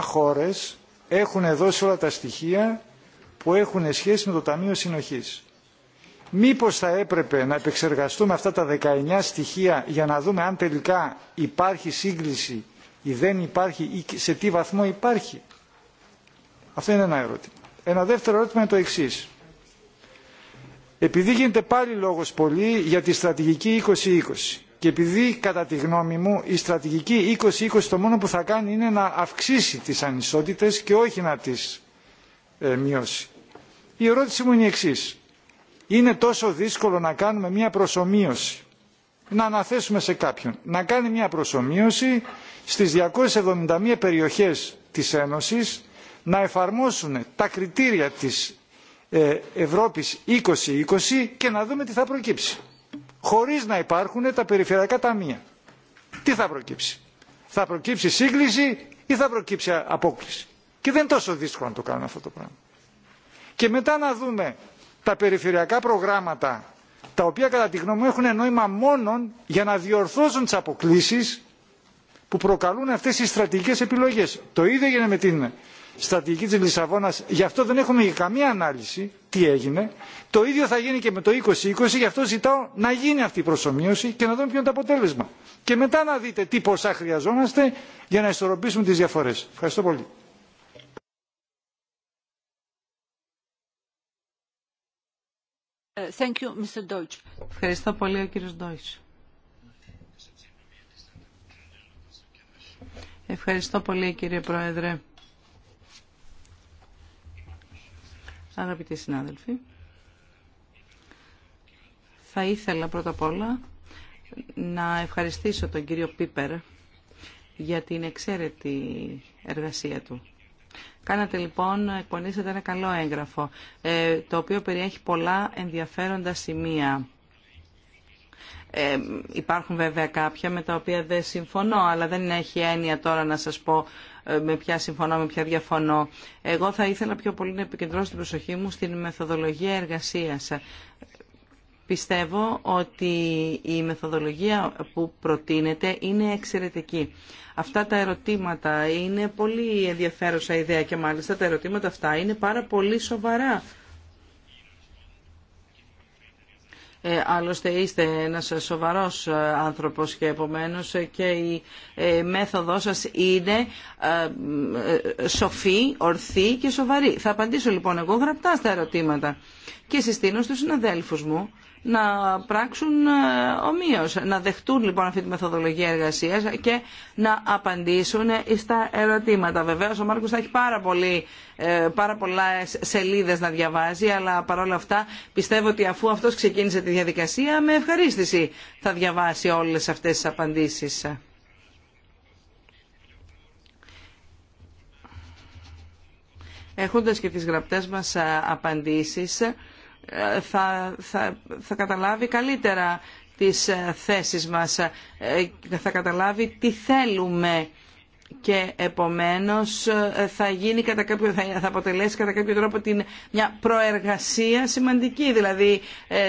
χώρες έχουν δώσει όλα τα στοιχεία που έχουν σχέση με το Ταμείο Συνοχής. Μήπως θα έπρεπε να επεξεργαστούμε αυτά τα 19 στοιχεία για να δούμε αν τελικά υπάρχει σύγκληση ή δεν υπάρχει ή σε τι βαθμό υπάρχει. Αυτό είναι ένα ερώτημα. Ένα δεύτερο ερώτημα είναι το εξή. Επειδή γίνεται πάλι λόγος πολύ για τη στρατηγική 2020 και επειδή κατά τη γνώμη μου η στρατηγική 2020 το μόνο που θα κάνει είναι να αυξήσει τις ανισότητες και όχι να τις ε, μειώσει. Η ερώτηση μου είναι η εξή. Είναι τόσο δύσκολο να κάνουμε μια προσωμείωση, να αναθέσουμε σε κάποιον, να κάνει μια προσωμείωση στις 271 περιοχές της Ένωσης, να εφαρμόσουν τα κριτήρια της ε, Ευρώπης 2020 και να δούμε τι θα προκύψει. Χωρίς να υπάρχουν τα περιφερειακά ταμεία. Τι θα προκύψει. Θα προκύψει σύγκληση ή θα προκύψει απόκληση. Και δεν είναι τόσο δύσκολο να το κάνουμε αυτό το πράγμα και μετά να δούμε τα περιφερειακά προγράμματα τα οποία κατά τη γνώμη μου έχουν νόημα μόνον για να διορθώσουν τις αποκλίσεις που προκαλούν αυτές οι στρατηγικές επιλογές. Το ίδιο έγινε με την στρατηγική της Λισαβόνας, γι' αυτό δεν έχουμε καμία ανάλυση τι έγινε. Το ίδιο θα γίνει και με το 2020, γι' αυτό ζητάω να γίνει αυτή η προσωμείωση και να δούμε ποιο είναι το αποτέλεσμα. Και μετά να δείτε τι ποσά χρειαζόμαστε για να ισορροπήσουμε τις διαφορές. Ευχαριστώ πολύ. Ευχαριστώ πολύ, ο κύριος Ντόιτς. Ευχαριστώ πολύ, κύριε Πρόεδρε. Αγαπητοί συνάδελφοι, θα ήθελα πρώτα απ' όλα να ευχαριστήσω τον κύριο Πίπερ για την εξαίρετη εργασία του. Κάνατε λοιπόν, εκπονήσατε ένα καλό έγγραφο, ε, το οποίο περιέχει πολλά ενδιαφέροντα σημεία. Ε, υπάρχουν βέβαια κάποια με τα οποία δεν συμφωνώ, αλλά δεν έχει έννοια τώρα να σας πω ε, με ποια συμφωνώ, με ποια διαφωνώ. Εγώ θα ήθελα πιο πολύ να επικεντρώσω την προσοχή μου στην μεθοδολογία εργασίας. Πιστεύω ότι η μεθοδολογία που προτείνεται είναι εξαιρετική. Αυτά τα ερωτήματα είναι πολύ ενδιαφέρουσα ιδέα και μάλιστα τα ερωτήματα αυτά είναι πάρα πολύ σοβαρά. Ε, άλλωστε είστε ένας σοβαρός ε, άνθρωπος και επομένως ε, και η ε, μέθοδός σας είναι ε, σοφή, ορθή και σοβαρή. Θα απαντήσω λοιπόν εγώ γραπτά στα ερωτήματα και συστήνω στους συναδέλφους μου να πράξουν ε, ομοίως, να δεχτούν λοιπόν αυτή τη μεθοδολογία εργασίας και να απαντήσουν στα ερωτήματα. Βεβαίως ο Μάρκος θα έχει πάρα, πολύ, ε, πάρα πολλά σελίδες να διαβάζει, αλλά παρόλα αυτά πιστεύω ότι αφού αυτός ξεκίνησε τη διαδικασία με ευχαρίστηση θα διαβάσει όλες αυτές τις απαντήσεις. Έχοντας και τις γραπτές μας ε, απαντήσεις, θα, θα, καταλάβει καλύτερα τις ε, θέσεις μας, ε, θα καταλάβει τι θέλουμε και επομένως ε, θα, γίνει κατά κάποιο, θα αποτελέσει κατά κάποιο τρόπο την, μια προεργασία σημαντική. Δηλαδή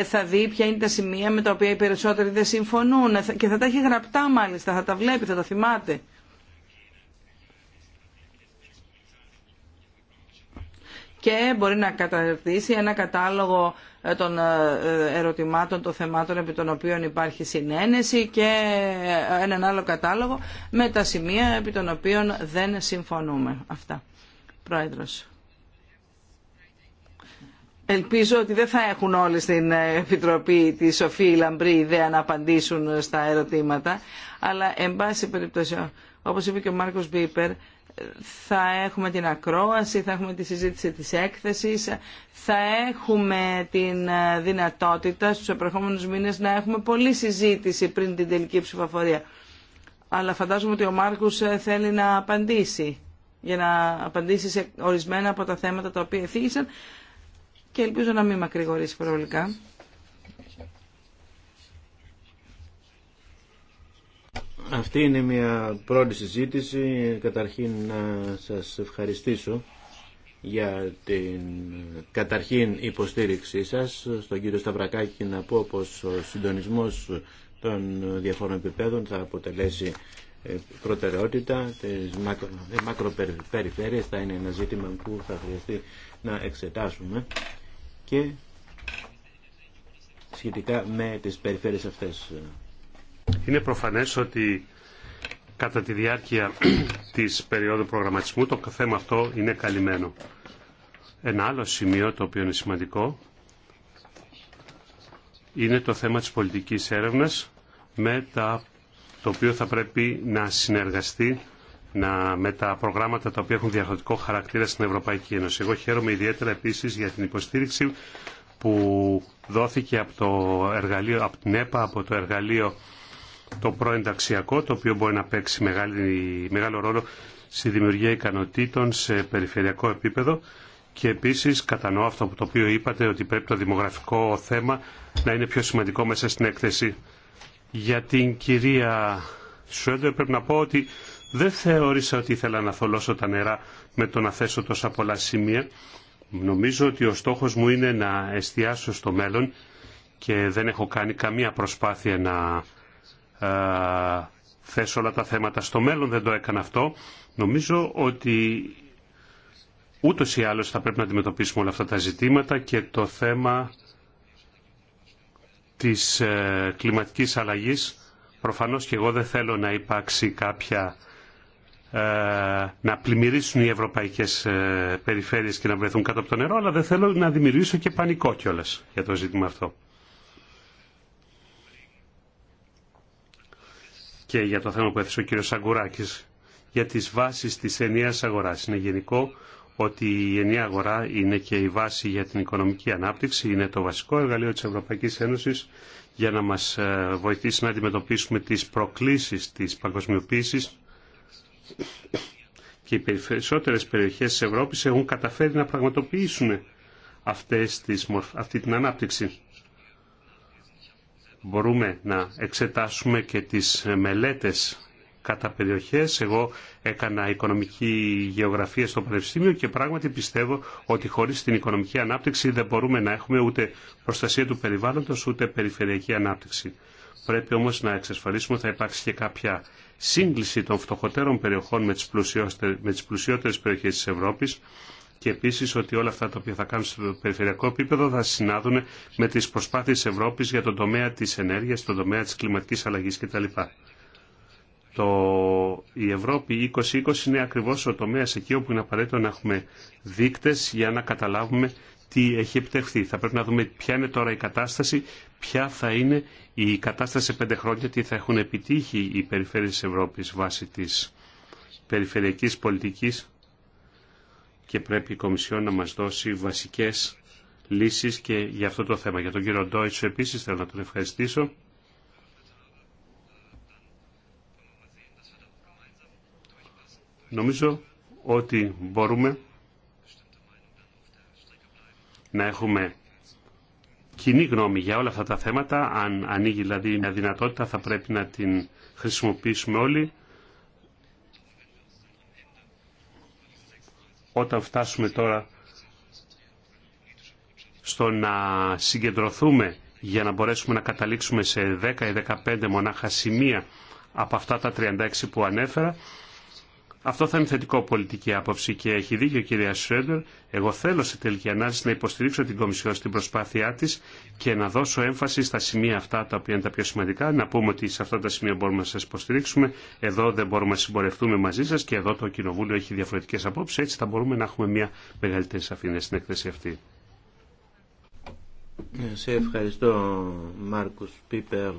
θα δει ποια είναι τα σημεία με τα οποία οι περισσότεροι δεν συμφωνούν και θα τα έχει γραπτά μάλιστα, θα τα βλέπει, θα τα θυμάται. και μπορεί να καταρτήσει ένα κατάλογο ε, των ε, ε, ερωτημάτων, των θεμάτων επί των οποίων υπάρχει συνένεση και έναν άλλο κατάλογο με τα σημεία επί των οποίων δεν συμφωνούμε. Αυτά. Πρόεδρος. Ελπίζω ότι δεν θα έχουν όλοι στην Επιτροπή τη Σοφή Λαμπρή ιδέα να απαντήσουν στα ερωτήματα, αλλά εν πάση περιπτώσει, όπως είπε και ο Μάρκος Μπίπερ, θα έχουμε την ακρόαση, θα έχουμε τη συζήτηση της έκθεσης, θα έχουμε την ε, δυνατότητα στους επερχόμενους μήνες να έχουμε πολλή συζήτηση πριν την τελική ψηφοφορία. Αλλά φαντάζομαι ότι ο Μάρκους ε, θέλει να απαντήσει, για να απαντήσει σε ορισμένα από τα θέματα τα οποία εφήγησαν και ελπίζω να μην μακρηγορήσει προβολικά. Αυτή είναι μια πρώτη συζήτηση. Καταρχήν να σας ευχαριστήσω για την καταρχήν υποστήριξή σας. Στον κύριο Σταυρακάκη να πω πως ο συντονισμός των διαφόρων επιπέδων θα αποτελέσει ε, προτεραιότητα. Τις ε, μακροπεριφέρειες θα είναι ένα ζήτημα που θα χρειαστεί να εξετάσουμε και σχετικά με τις περιφέρειες αυτές. Είναι προφανές ότι κατά τη διάρκεια της περίοδου προγραμματισμού το θέμα αυτό είναι καλυμμένο. Ένα άλλο σημείο το οποίο είναι σημαντικό είναι το θέμα της πολιτικής έρευνας με τα, το οποίο θα πρέπει να συνεργαστεί να, με τα προγράμματα τα οποία έχουν διαχρονικό χαρακτήρα στην Ευρωπαϊκή Ένωση. Εγώ χαίρομαι ιδιαίτερα επίσης για την υποστήριξη που δόθηκε από, το εργαλείο, από την ΕΠΑ, από το εργαλείο το προενταξιακό, το οποίο μπορεί να παίξει μεγάλο ρόλο στη δημιουργία ικανοτήτων σε περιφερειακό επίπεδο και επίσης κατανοώ αυτό που το οποίο είπατε ότι πρέπει το δημογραφικό θέμα να είναι πιο σημαντικό μέσα στην έκθεση. Για την κυρία Σουέντερ πρέπει να πω ότι δεν θεώρησα ότι ήθελα να θολώσω τα νερά με το να θέσω τόσα πολλά σημεία. Νομίζω ότι ο στόχος μου είναι να εστιάσω στο μέλλον και δεν έχω κάνει καμία προσπάθεια να θέσω όλα τα θέματα στο μέλλον, δεν το έκανα αυτό. Νομίζω ότι ούτως ή άλλως θα πρέπει να αντιμετωπίσουμε όλα αυτά τα ζητήματα και το θέμα της ε, κλιματικής αλλαγής. Προφανώς και εγώ δεν θέλω να υπάρξει κάποια ε, να πλημμυρίσουν οι ευρωπαϊκές ε, περιφέρειες και να βρεθούν κάτω από το νερό, αλλά δεν θέλω να δημιουργήσω και πανικό κιόλας για το ζήτημα αυτό. και για το θέμα που έθεσε ο κύριος Σαγκουράκη για τις βάσεις της ενιαίας αγορά. Είναι γενικό ότι η ενιαία αγορά είναι και η βάση για την οικονομική ανάπτυξη, είναι το βασικό εργαλείο της Ευρωπαϊκής Ένωσης για να μας ε, βοηθήσει να αντιμετωπίσουμε τις προκλήσεις της παγκοσμιοποίησης και οι περισσότερες περιοχές της Ευρώπης έχουν καταφέρει να πραγματοποιήσουν αυτή την ανάπτυξη μπορούμε να εξετάσουμε και τις μελέτες κατά περιοχές. Εγώ έκανα οικονομική γεωγραφία στο Πανεπιστήμιο και πράγματι πιστεύω ότι χωρίς την οικονομική ανάπτυξη δεν μπορούμε να έχουμε ούτε προστασία του περιβάλλοντος ούτε περιφερειακή ανάπτυξη. Πρέπει όμως να εξασφαλίσουμε ότι θα υπάρξει και κάποια σύγκληση των φτωχότερων περιοχών με τις, με τις πλουσιότερες περιοχές της Ευρώπης και επίση ότι όλα αυτά τα οποία θα κάνουν στο περιφερειακό επίπεδο θα συνάδουν με τις προσπάθειες Ευρώπη για τον τομέα τη ενέργεια, τον τομέα τη κλιματική αλλαγή κτλ. Το... Η Ευρώπη 2020 είναι ακριβώς ο τομέας εκεί όπου είναι απαραίτητο να έχουμε δείκτες για να καταλάβουμε τι έχει επιτευχθεί. Θα πρέπει να δούμε ποια είναι τώρα η κατάσταση, ποια θα είναι η κατάσταση σε πέντε χρόνια, τι θα έχουν επιτύχει οι περιφέρειες της Ευρώπης βάσει της περιφερειακής πολιτικής και πρέπει η Κομισιόν να μας δώσει βασικές λύσεις και για αυτό το θέμα. Για τον κύριο Ντόιτσο επίσης θέλω να τον ευχαριστήσω. Νομίζω ότι μπορούμε να έχουμε κοινή γνώμη για όλα αυτά τα θέματα. Αν ανοίγει δηλαδή μια δυνατότητα θα πρέπει να την χρησιμοποιήσουμε όλοι. Όταν φτάσουμε τώρα στο να συγκεντρωθούμε για να μπορέσουμε να καταλήξουμε σε 10 ή 15 μονάχα σημεία από αυτά τα 36 που ανέφερα, αυτό θα είναι θετικό πολιτική άποψη και έχει δίκιο η κυρία Σρέντερ. Εγώ θέλω σε τελική ανάλυση να υποστηρίξω την Κομισιόν στην προσπάθειά τη και να δώσω έμφαση στα σημεία αυτά τα οποία είναι τα πιο σημαντικά. Να πούμε ότι σε αυτά τα σημεία μπορούμε να σα υποστηρίξουμε. Εδώ δεν μπορούμε να συμπορευτούμε μαζί σα και εδώ το Κοινοβούλιο έχει διαφορετικέ απόψει. Έτσι θα μπορούμε να έχουμε μια μεγαλύτερη σαφήνεια στην έκθεση αυτή. Ε, σε ευχαριστώ Μάρκο Πίπερ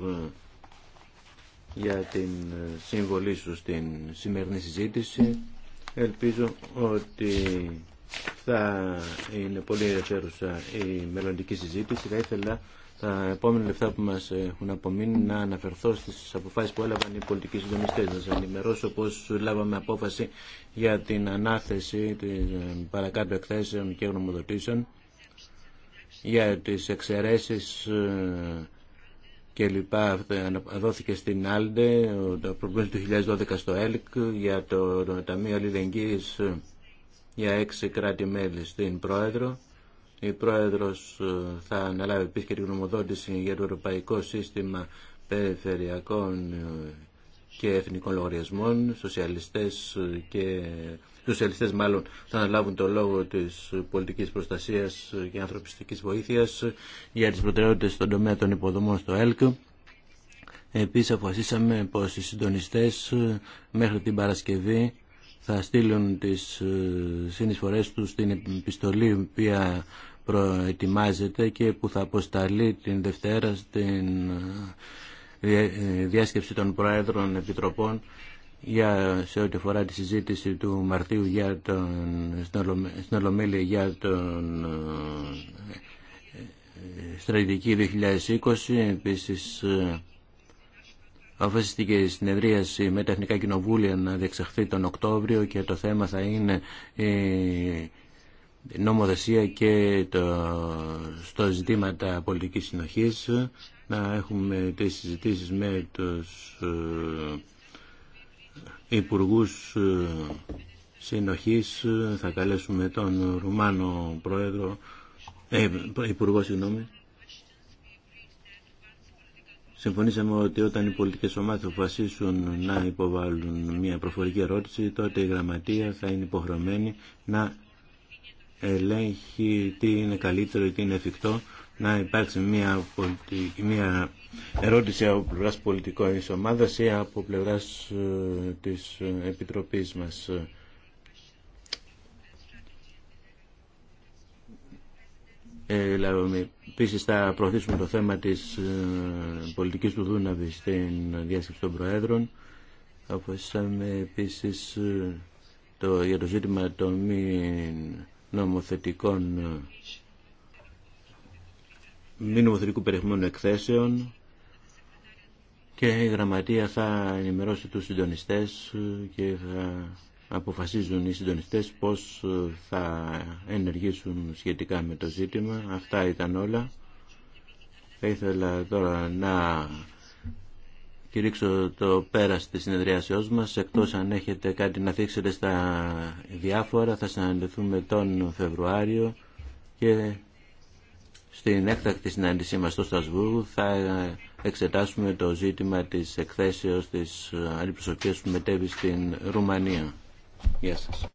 για την ε, συμβολή σου στην σημερινή συζήτηση. Ελπίζω ότι θα είναι πολύ ενδιαφέρουσα η μελλοντική συζήτηση. Θα ήθελα τα επόμενα λεφτά που μας έχουν απομείνει να αναφερθώ στις αποφάσεις που έλαβαν οι πολιτικοί συντονιστές. Να σας ενημερώσω πώς λάβαμε απόφαση για την ανάθεση των ε, παρακάτω εκθέσεων και γνωμοδοτήσεων για τις εξαιρέσεις ε, και λοιπά δόθηκε στην Άλντε το προβλήμα του 2012 στο ΕΛΚ για το, το Ταμείο Αλληλεγγύης για έξι κράτη-μέλη στην Πρόεδρο. Η Πρόεδρος ε, θα αναλάβει επίσης και την γνωμοδότηση για το Ευρωπαϊκό Σύστημα Περιφερειακών ε, και Εθνικών Λογαριασμών, Σοσιαλιστές ε, και τους ελιστές μάλλον θα αναλάβουν το λόγο της πολιτικής προστασίας και ανθρωπιστικής βοήθειας για τις προτεραιότητες στον τομέα των υποδομών στο ΕΛΚ. Επίσης αποφασίσαμε πως οι συντονιστές μέχρι την Παρασκευή θα στείλουν τις ε, συνεισφορές τους στην επιστολή που προετοιμάζεται και που θα αποσταλεί την Δευτέρα στην ε, ε, διάσκεψη των Προέδρων Επιτροπών για, σε ό,τι αφορά τη συζήτηση του Μαρτίου για τον, στην Ολομέλεια για τον ε, ε, στρατηγική 2020 επίσης ε, Αποφασίστηκε η συνεδρίαση με τα Εθνικά Κοινοβούλια να διεξαχθεί τον Οκτώβριο και το θέμα θα είναι η νομοθεσία και το, στο ζητήματα πολιτικής συνοχής να έχουμε τις συζητήσεις με τους υπουργού ε, συνοχής ε, θα καλέσουμε τον Ρουμάνο πρόεδρο, ε, υπουργό συγγνώμη. Συμφωνήσαμε ότι όταν οι πολιτικές ομάδες αποφασίσουν να υποβάλουν μια προφορική ερώτηση, τότε η γραμματεία θα είναι υποχρεωμένη να ελέγχει τι είναι καλύτερο ή τι είναι εφικτό, να υπάρξει μια, πολιτική, μια ερώτηση από πλευρά πολιτικών ομάδα ή από πλευρά τη Επιτροπή μα. Ε, επίσης θα προωθήσουμε το θέμα της ε, πολιτικής του Δούναβη στην διάσκεψη των Προέδρων. Αποφασίσαμε επίσης ε, το, για το ζήτημα των μη νομοθετικών ε, μη νομοθετικού περιεχομένου εκθέσεων και η Γραμματεία θα ενημερώσει τους συντονιστές και θα αποφασίζουν οι συντονιστές πώς θα ενεργήσουν σχετικά με το ζήτημα. Αυτά ήταν όλα. Θα ήθελα τώρα να κηρύξω το πέρας της συνεδριάσεώς μας. Εκτός αν έχετε κάτι να θίξετε στα διάφορα, θα συναντηθούμε τον Φεβρουάριο και στην έκτακτη συνάντησή μας στο Στασβούργο, θα εξετάσουμε το ζήτημα της εκθέσεως της αντιπροσωπείας που μετέβει στην Ρουμανία. Γεια σας.